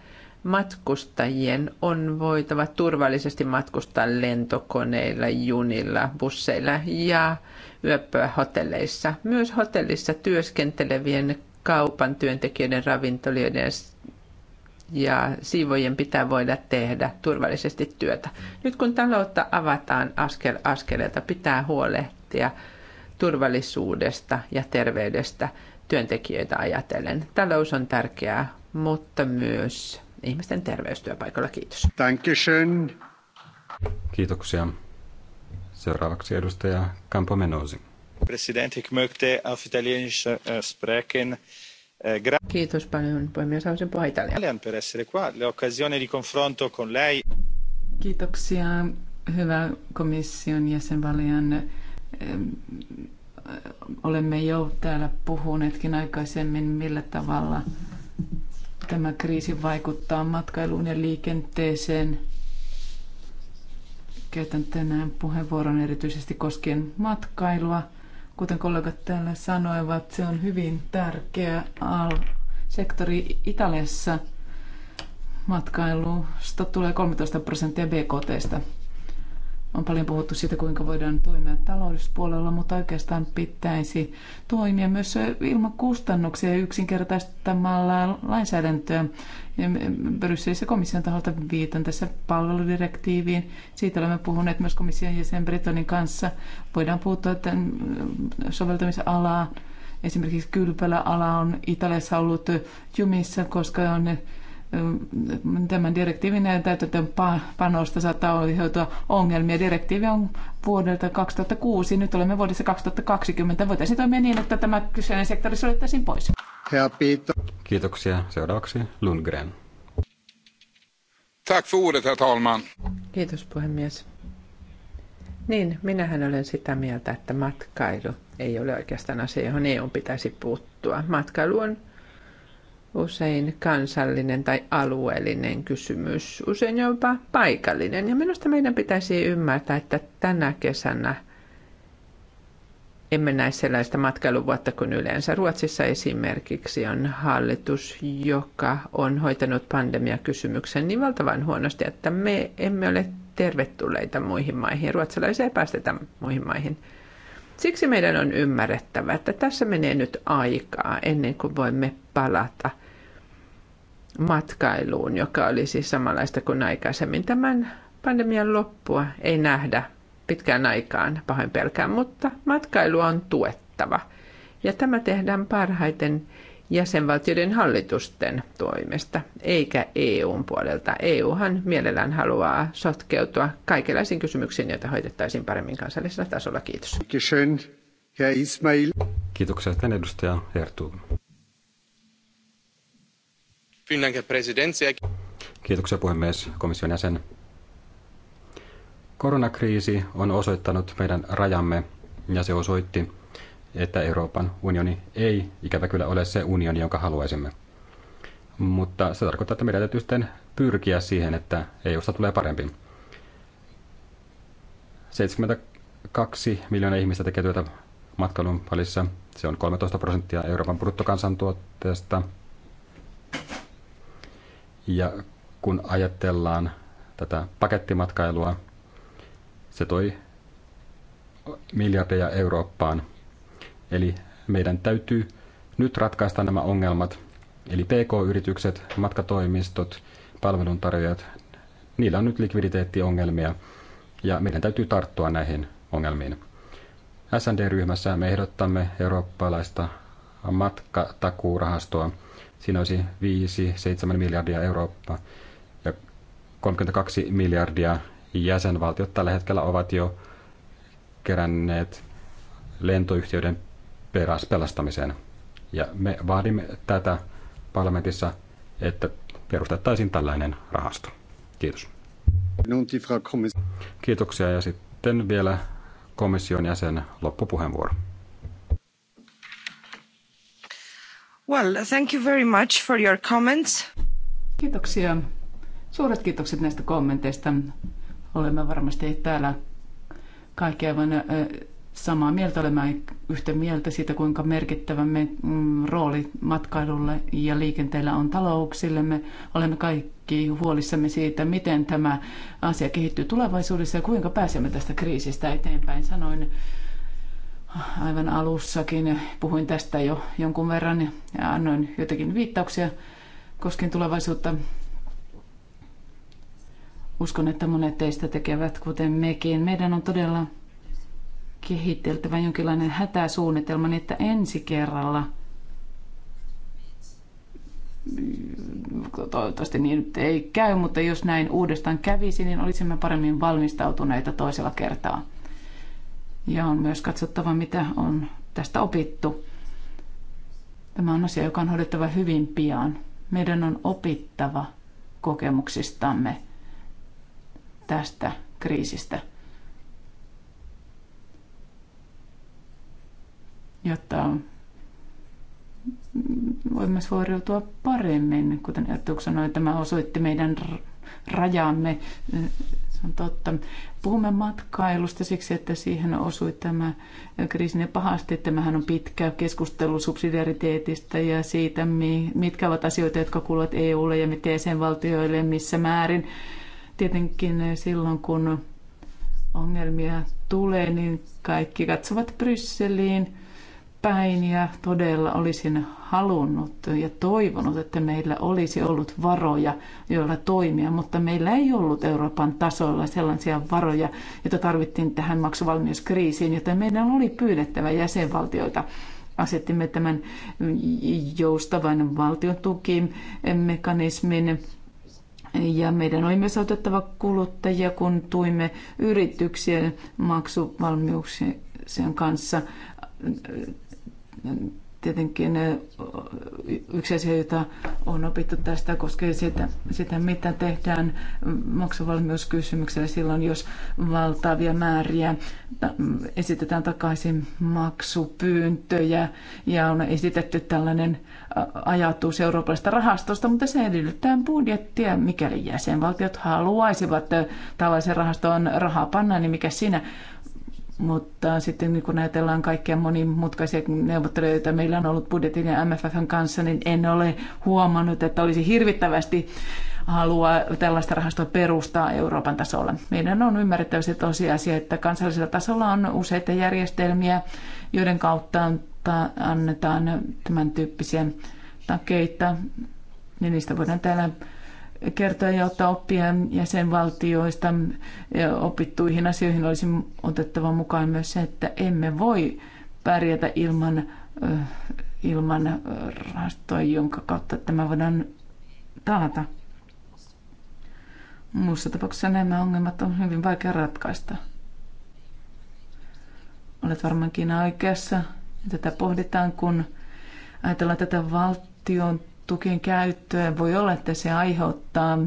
Speaker 7: matkustajien on voitava turvallisesti matkustaa lentokoneilla, junilla, busseilla ja yöpöä hotelleissa. Myös hotellissa työskentelevien kaupan työntekijöiden, ravintolijoiden ja siivojen pitää voida tehdä turvallisesti työtä. Nyt kun taloutta avataan askel askeleelta, pitää huolehtia turvallisuudesta ja terveydestä työntekijöitä ajatellen. Talous on tärkeää, mutta myös ihmisten terveystyöpaikalla. Kiitos.
Speaker 6: Dankeschön. Kiitoksia. Seuraavaksi edustaja Campo Menosi. Presidentti, ich möchte auf Italienisch eh, sprechen. Kiitos paljon,
Speaker 7: puhemies. Haluaisin puhua Italiaa.
Speaker 2: per essere qua, di confronto con lei.
Speaker 8: Kiitoksia, hyvä komission jäsenvalian. Olemme jo täällä puhuneetkin aikaisemmin, millä tavalla tämä kriisi vaikuttaa matkailuun ja liikenteeseen. Käytän tänään puheenvuoron erityisesti koskien matkailua Kuten kollegat täällä sanoivat, se on hyvin tärkeä sektori Italiassa. Matkailusta tulee 13 prosenttia BKTstä. On paljon puhuttu siitä, kuinka voidaan toimia talouspuolella, mutta oikeastaan pitäisi toimia myös ilman kustannuksia yksinkertaistamalla lainsäädäntöä. Brysselissä komission taholta viitan tässä palveludirektiiviin. Siitä olemme puhuneet myös komission jäsen Bretonin kanssa. Voidaan puuttua tämän soveltamisalaan. Esimerkiksi kylpyläala on Italiassa ollut jumissa, koska on tämän direktiivin panosta saattaa aiheutua ongelmia. Direktiivi on vuodelta 2006, nyt olemme vuodessa 2020. Voitaisiin toimia niin, että tämä kyseinen sektori suljettaisiin pois.
Speaker 6: Kiitoksia. Seuraavaksi Lundgren. Tack för ordet, herr talman.
Speaker 7: Kiitos puhemies. Niin, minähän olen sitä mieltä, että matkailu ei ole oikeastaan asia, johon EU pitäisi puuttua. Matkailu on usein kansallinen tai alueellinen kysymys, usein jopa paikallinen. Ja minusta meidän pitäisi ymmärtää, että tänä kesänä emme näe sellaista matkailuvuotta kuin yleensä. Ruotsissa esimerkiksi on hallitus, joka on hoitanut pandemiakysymyksen niin valtavan huonosti, että me emme ole tervetulleita muihin maihin. Ruotsalaisia ei päästetä muihin maihin. Siksi meidän on ymmärrettävä, että tässä menee nyt aikaa ennen kuin voimme palata matkailuun, joka olisi siis samanlaista kuin aikaisemmin. Tämän pandemian loppua ei nähdä pitkään aikaan, pahoin pelkään, mutta matkailu on tuettava. Ja tämä tehdään parhaiten jäsenvaltioiden hallitusten toimesta, eikä EUn puolelta. EUhan mielellään haluaa sotkeutua kaikenlaisiin kysymyksiin, joita hoidettaisiin paremmin kansallisella tasolla. Kiitos.
Speaker 6: Kiitoksia. tämän edustaja Hertug. Kiitoksia puhemies, komission jäsen. Koronakriisi on osoittanut meidän rajamme ja se osoitti, että Euroopan unioni ei ikävä kyllä ole se unioni, jonka haluaisimme. Mutta se tarkoittaa, että meidän täytyy sitten pyrkiä siihen, että EUsta tulee parempi. 72 miljoonaa ihmistä tekee työtä matkailun parissa. Se on 13 prosenttia Euroopan bruttokansantuotteesta. Ja kun ajatellaan tätä pakettimatkailua, se toi miljardeja Eurooppaan. Eli meidän täytyy nyt ratkaista nämä ongelmat. Eli PK-yritykset, matkatoimistot, palveluntarjoajat, niillä on nyt likviditeettiongelmia ja meidän täytyy tarttua näihin ongelmiin. SND-ryhmässä me ehdottamme eurooppalaista matkatakuurahastoa, Siinä olisi 5-7 miljardia Eurooppa ja 32 miljardia jäsenvaltiot tällä hetkellä ovat jo keränneet lentoyhtiöiden peräs pelastamiseen. Ja me vaadimme tätä parlamentissa, että perustettaisiin tällainen rahasto. Kiitos. Kiitoksia ja sitten vielä komission jäsen loppupuheenvuoro.
Speaker 3: Well, thank you very much for your
Speaker 8: comments. Kiitoksia. Suuret kiitokset näistä kommenteista. Olemme varmasti täällä kaikki aivan samaa mieltä. Olemme yhtä mieltä siitä, kuinka merkittävä me, mm, rooli matkailulle ja liikenteellä on talouksillemme. Olemme kaikki huolissamme siitä, miten tämä asia kehittyy tulevaisuudessa ja kuinka pääsemme tästä kriisistä eteenpäin. Sanoin Aivan alussakin puhuin tästä jo jonkun verran ja annoin jotakin viittauksia koskien tulevaisuutta. Uskon, että monet teistä tekevät kuten mekin. Meidän on todella kehiteltävä jonkinlainen hätäsuunnitelma, niin että ensi kerralla – toivottavasti niin nyt ei käy, mutta jos näin uudestaan kävisi, niin olisimme paremmin valmistautuneita toisella kertaa ja on myös katsottava, mitä on tästä opittu. Tämä on asia, joka on hoidettava hyvin pian. Meidän on opittava kokemuksistamme tästä kriisistä, jotta voimme suoriutua paremmin. Kuten Erttu sanoi, tämä osoitti meidän rajamme se on totta. Puhumme matkailusta siksi, että siihen osui tämä ja niin pahasti. Tämähän on pitkä keskustelu subsidiariteetista ja siitä, mitkä ovat asioita, jotka kuuluvat EUlle ja miten sen valtioille ja missä määrin. Tietenkin silloin, kun ongelmia tulee, niin kaikki katsovat Brysseliin – päin ja todella olisin halunnut ja toivonut, että meillä olisi ollut varoja, joilla toimia, mutta meillä ei ollut Euroopan tasolla sellaisia varoja, joita tarvittiin tähän maksuvalmiuskriisiin, joten meidän oli pyydettävä jäsenvaltioita asettimme tämän joustavan valtion tukimekanismin ja meidän oli myös otettava kuluttajia, kun tuimme yrityksien maksuvalmiuksien kanssa tietenkin yksi asia, jota on opittu tästä, koskee sitä, sitä mitä tehdään maksuvalmiuskysymyksellä silloin, jos valtavia määriä esitetään takaisin maksupyyntöjä ja on esitetty tällainen ajatus eurooppalaisesta rahastosta, mutta se edellyttää budjettia, mikäli jäsenvaltiot haluaisivat tällaisen rahaston rahaa panna, niin mikä siinä mutta sitten niin kun ajatellaan kaikkia monimutkaisia neuvotteluja, joita meillä on ollut budjetin ja MFFn kanssa, niin en ole huomannut, että olisi hirvittävästi halua tällaista rahastoa perustaa Euroopan tasolla. Meidän on ymmärrettävä se tosiasia, että kansallisella tasolla on useita järjestelmiä, joiden kautta annetaan tämän tyyppisiä takeita. Ja niistä voidaan täällä kertoja ja ottaa oppia jäsenvaltioista eh, opittuihin asioihin olisi otettava mukaan myös se, että emme voi pärjätä ilman, eh, ilman eh, rahastoa, jonka kautta tämä voidaan taata. Muussa tapauksessa nämä ongelmat on hyvin vaikea ratkaista. Olet varmaankin oikeassa. Tätä pohditaan, kun ajatellaan tätä valtion tukien käyttöä. Voi olla, että se aiheuttaa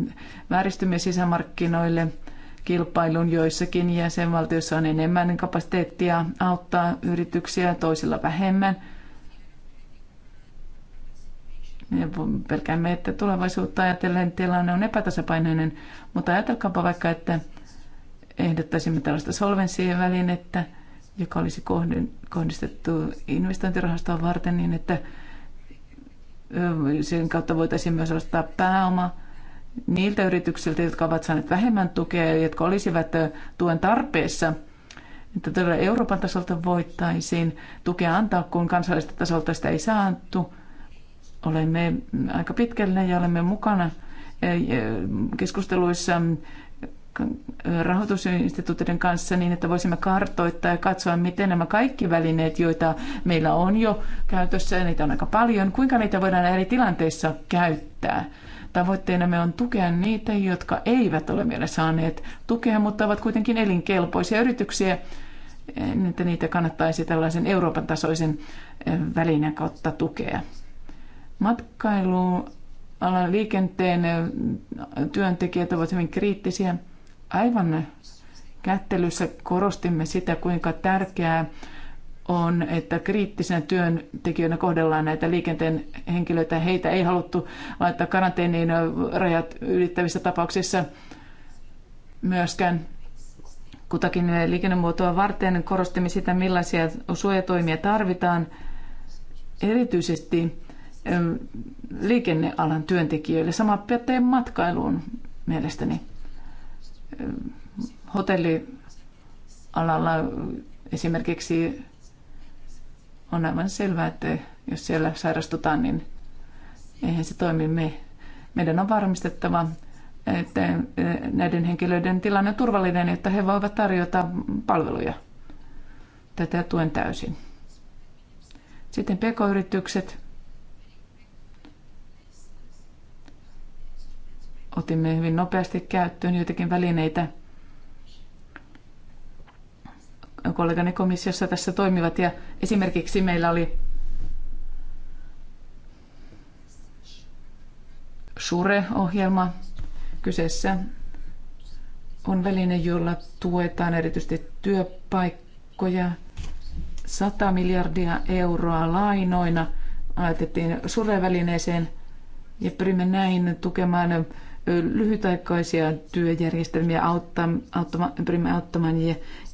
Speaker 8: vääristymiä sisämarkkinoille kilpailun joissakin jäsenvaltioissa on enemmän kapasiteettia auttaa yrityksiä, toisilla vähemmän. Ja pelkäämme, että tulevaisuutta ajatellen tilanne on epätasapainoinen, mutta ajatelkaapa vaikka, että ehdottaisimme tällaista solvenssien välinettä, joka olisi kohdistettu investointirahastoon varten niin, että sen kautta voitaisiin myös ostaa pääoma niiltä yrityksiltä, jotka ovat saaneet vähemmän tukea ja jotka olisivat tuen tarpeessa että todella Euroopan tasolta voittaisiin tukea antaa, kun kansallista tasolta sitä ei saatu. Olemme aika pitkällä ja olemme mukana keskusteluissa rahoitusinstituutioiden kanssa niin, että voisimme kartoittaa ja katsoa, miten nämä kaikki välineet, joita meillä on jo käytössä, ja niitä on aika paljon, kuinka niitä voidaan eri tilanteissa käyttää. Tavoitteena me on tukea niitä, jotka eivät ole vielä saaneet tukea, mutta ovat kuitenkin elinkelpoisia yrityksiä, niin että niitä kannattaisi tällaisen Euroopan tasoisen välineen kautta tukea. Matkailu alan liikenteen työntekijät ovat hyvin kriittisiä aivan kättelyssä korostimme sitä, kuinka tärkeää on, että kriittisen työntekijöinä kohdellaan näitä liikenteen henkilöitä. Heitä ei haluttu laittaa karanteeniin rajat ylittävissä tapauksissa myöskään kutakin liikennemuotoa varten. Korostimme sitä, millaisia suojatoimia tarvitaan erityisesti liikennealan työntekijöille. Sama pätee matkailuun mielestäni hotellialalla esimerkiksi on aivan selvää, että jos siellä sairastutaan, niin eihän se toimi. Me, meidän on varmistettava, että eh, näiden henkilöiden tilanne on turvallinen, että he voivat tarjota palveluja. Tätä tuen täysin. Sitten pk-yritykset. otimme hyvin nopeasti käyttöön joitakin välineitä. Kollegani komissiossa tässä toimivat ja esimerkiksi meillä oli SURE-ohjelma kyseessä on väline, jolla tuetaan erityisesti työpaikkoja. 100 miljardia euroa lainoina laitettiin välineeseen ja pyrimme näin tukemaan lyhytaikaisia työjärjestelmiä auttamaan, auttamaan, pyrimme auttamaan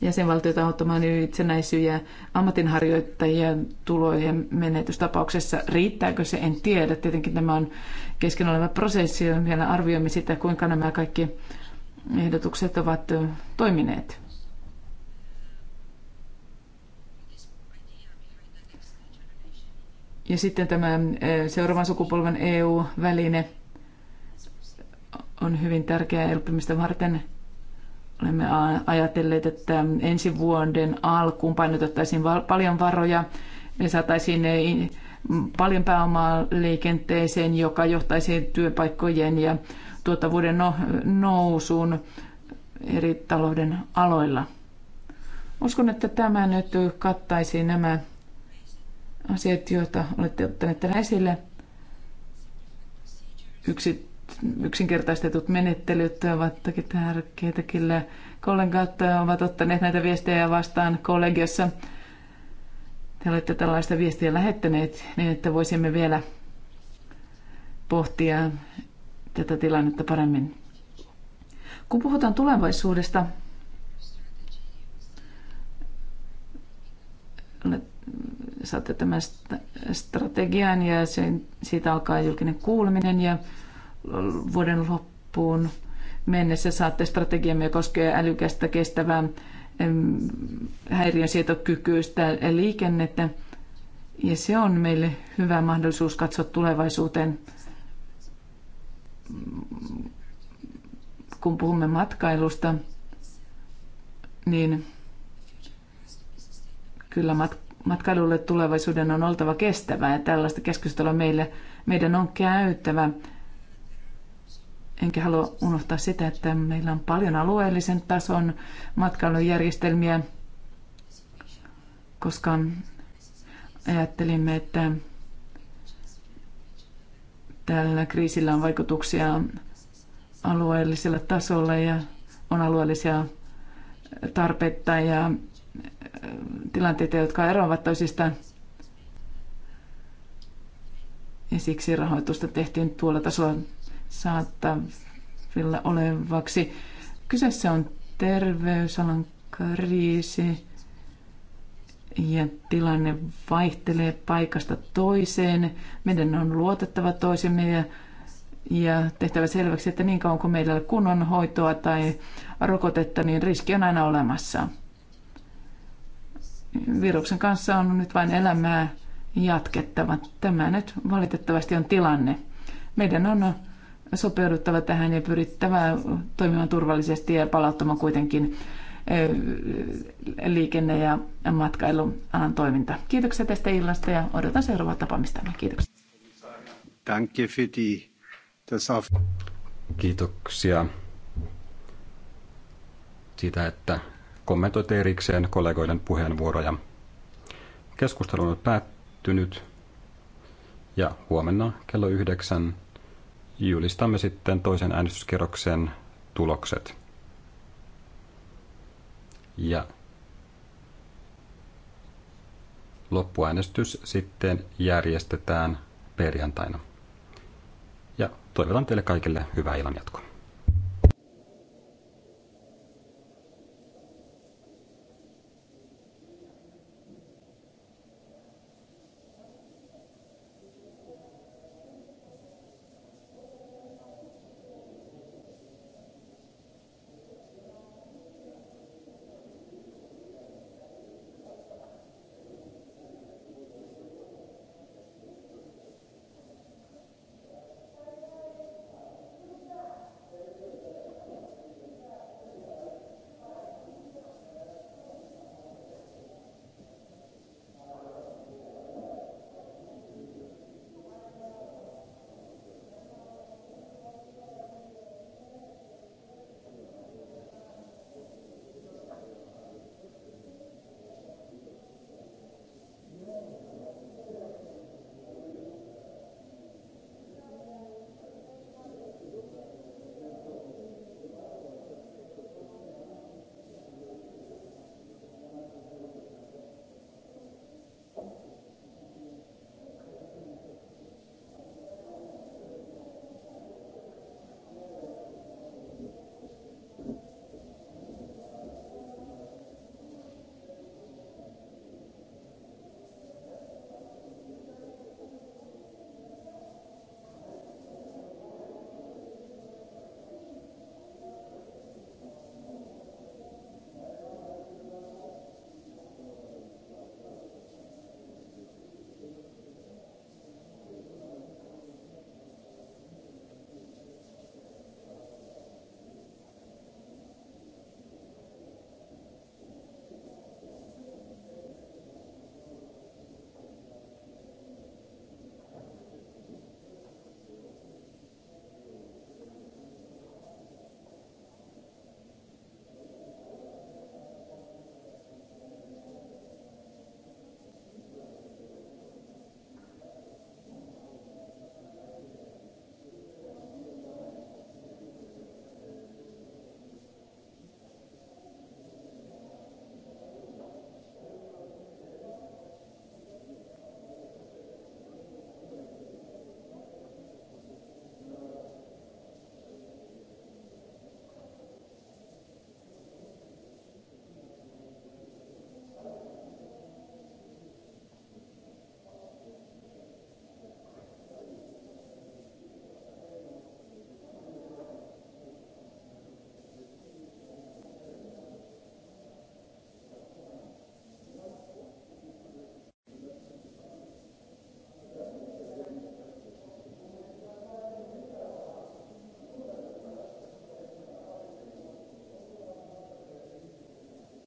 Speaker 8: jäsenvaltioita auttamaan itsenäisyjä ammatinharjoittajien tulojen menetystapauksessa. Riittääkö se? En tiedä. Tietenkin tämä on kesken oleva prosessi ja vielä arvioimme sitä, kuinka nämä kaikki ehdotukset ovat toimineet. Ja sitten tämä seuraavan sukupolven EU-väline – on hyvin tärkeää elpymistä varten. Olemme ajatelleet, että ensi vuoden alkuun painotettaisiin paljon varoja ja saataisiin paljon pääomaa liikenteeseen, joka johtaisi työpaikkojen ja tuottavuuden no- nousuun eri talouden aloilla. Uskon, että tämä nyt kattaisi nämä asiat, joita olette ottaneet tänne esille. Yksi yksinkertaistetut menettelyt ovat tärkeitä. Kyllä kollegat ovat ottaneet näitä viestejä vastaan kollegiossa. Te olette tällaista viestiä lähettäneet niin, että voisimme vielä pohtia tätä tilannetta paremmin. Kun puhutaan tulevaisuudesta, saatte tämän strategian ja sen, siitä alkaa julkinen kuuleminen ja vuoden loppuun mennessä saatte strategiamme koskee älykästä, kestävää häiriönsietokykyistä liikennettä. Ja se on meille hyvä mahdollisuus katsoa tulevaisuuteen, kun puhumme matkailusta, niin kyllä mat- matkailulle tulevaisuuden on oltava kestävää ja tällaista keskustelua meille, meidän on käyttävä enkä halua unohtaa sitä, että meillä on paljon alueellisen tason matkailujärjestelmiä, koska ajattelimme, että tällä kriisillä on vaikutuksia alueellisella tasolla ja on alueellisia tarpeita ja tilanteita, jotka eroavat toisistaan. Ja siksi rahoitusta tehtiin tuolla tasolla saatavilla olevaksi. Kyseessä on terveysalan kriisi ja tilanne vaihtelee paikasta toiseen. Meidän on luotettava toisemme ja, ja tehtävä selväksi, että niin kauan kuin meillä on kunnon hoitoa tai rokotetta, niin riski on aina olemassa. Viruksen kanssa on nyt vain elämää jatkettava. Tämä nyt valitettavasti on tilanne. Meidän on sopeuduttava tähän ja pyrittävä toimimaan turvallisesti ja palauttamaan kuitenkin liikenne- ja matkailualan toiminta. Kiitoksia tästä illasta ja odotan seuraavaa tapaamista. Kiitoksia.
Speaker 6: Danke für die, Kiitoksia siitä, että kommentoitte erikseen kollegoiden puheenvuoroja. Keskustelu on päättynyt ja huomenna kello yhdeksän julistamme sitten toisen äänestyskerroksen tulokset. Ja loppuäänestys sitten järjestetään perjantaina. Ja toivotan teille kaikille hyvää illanjatkoa.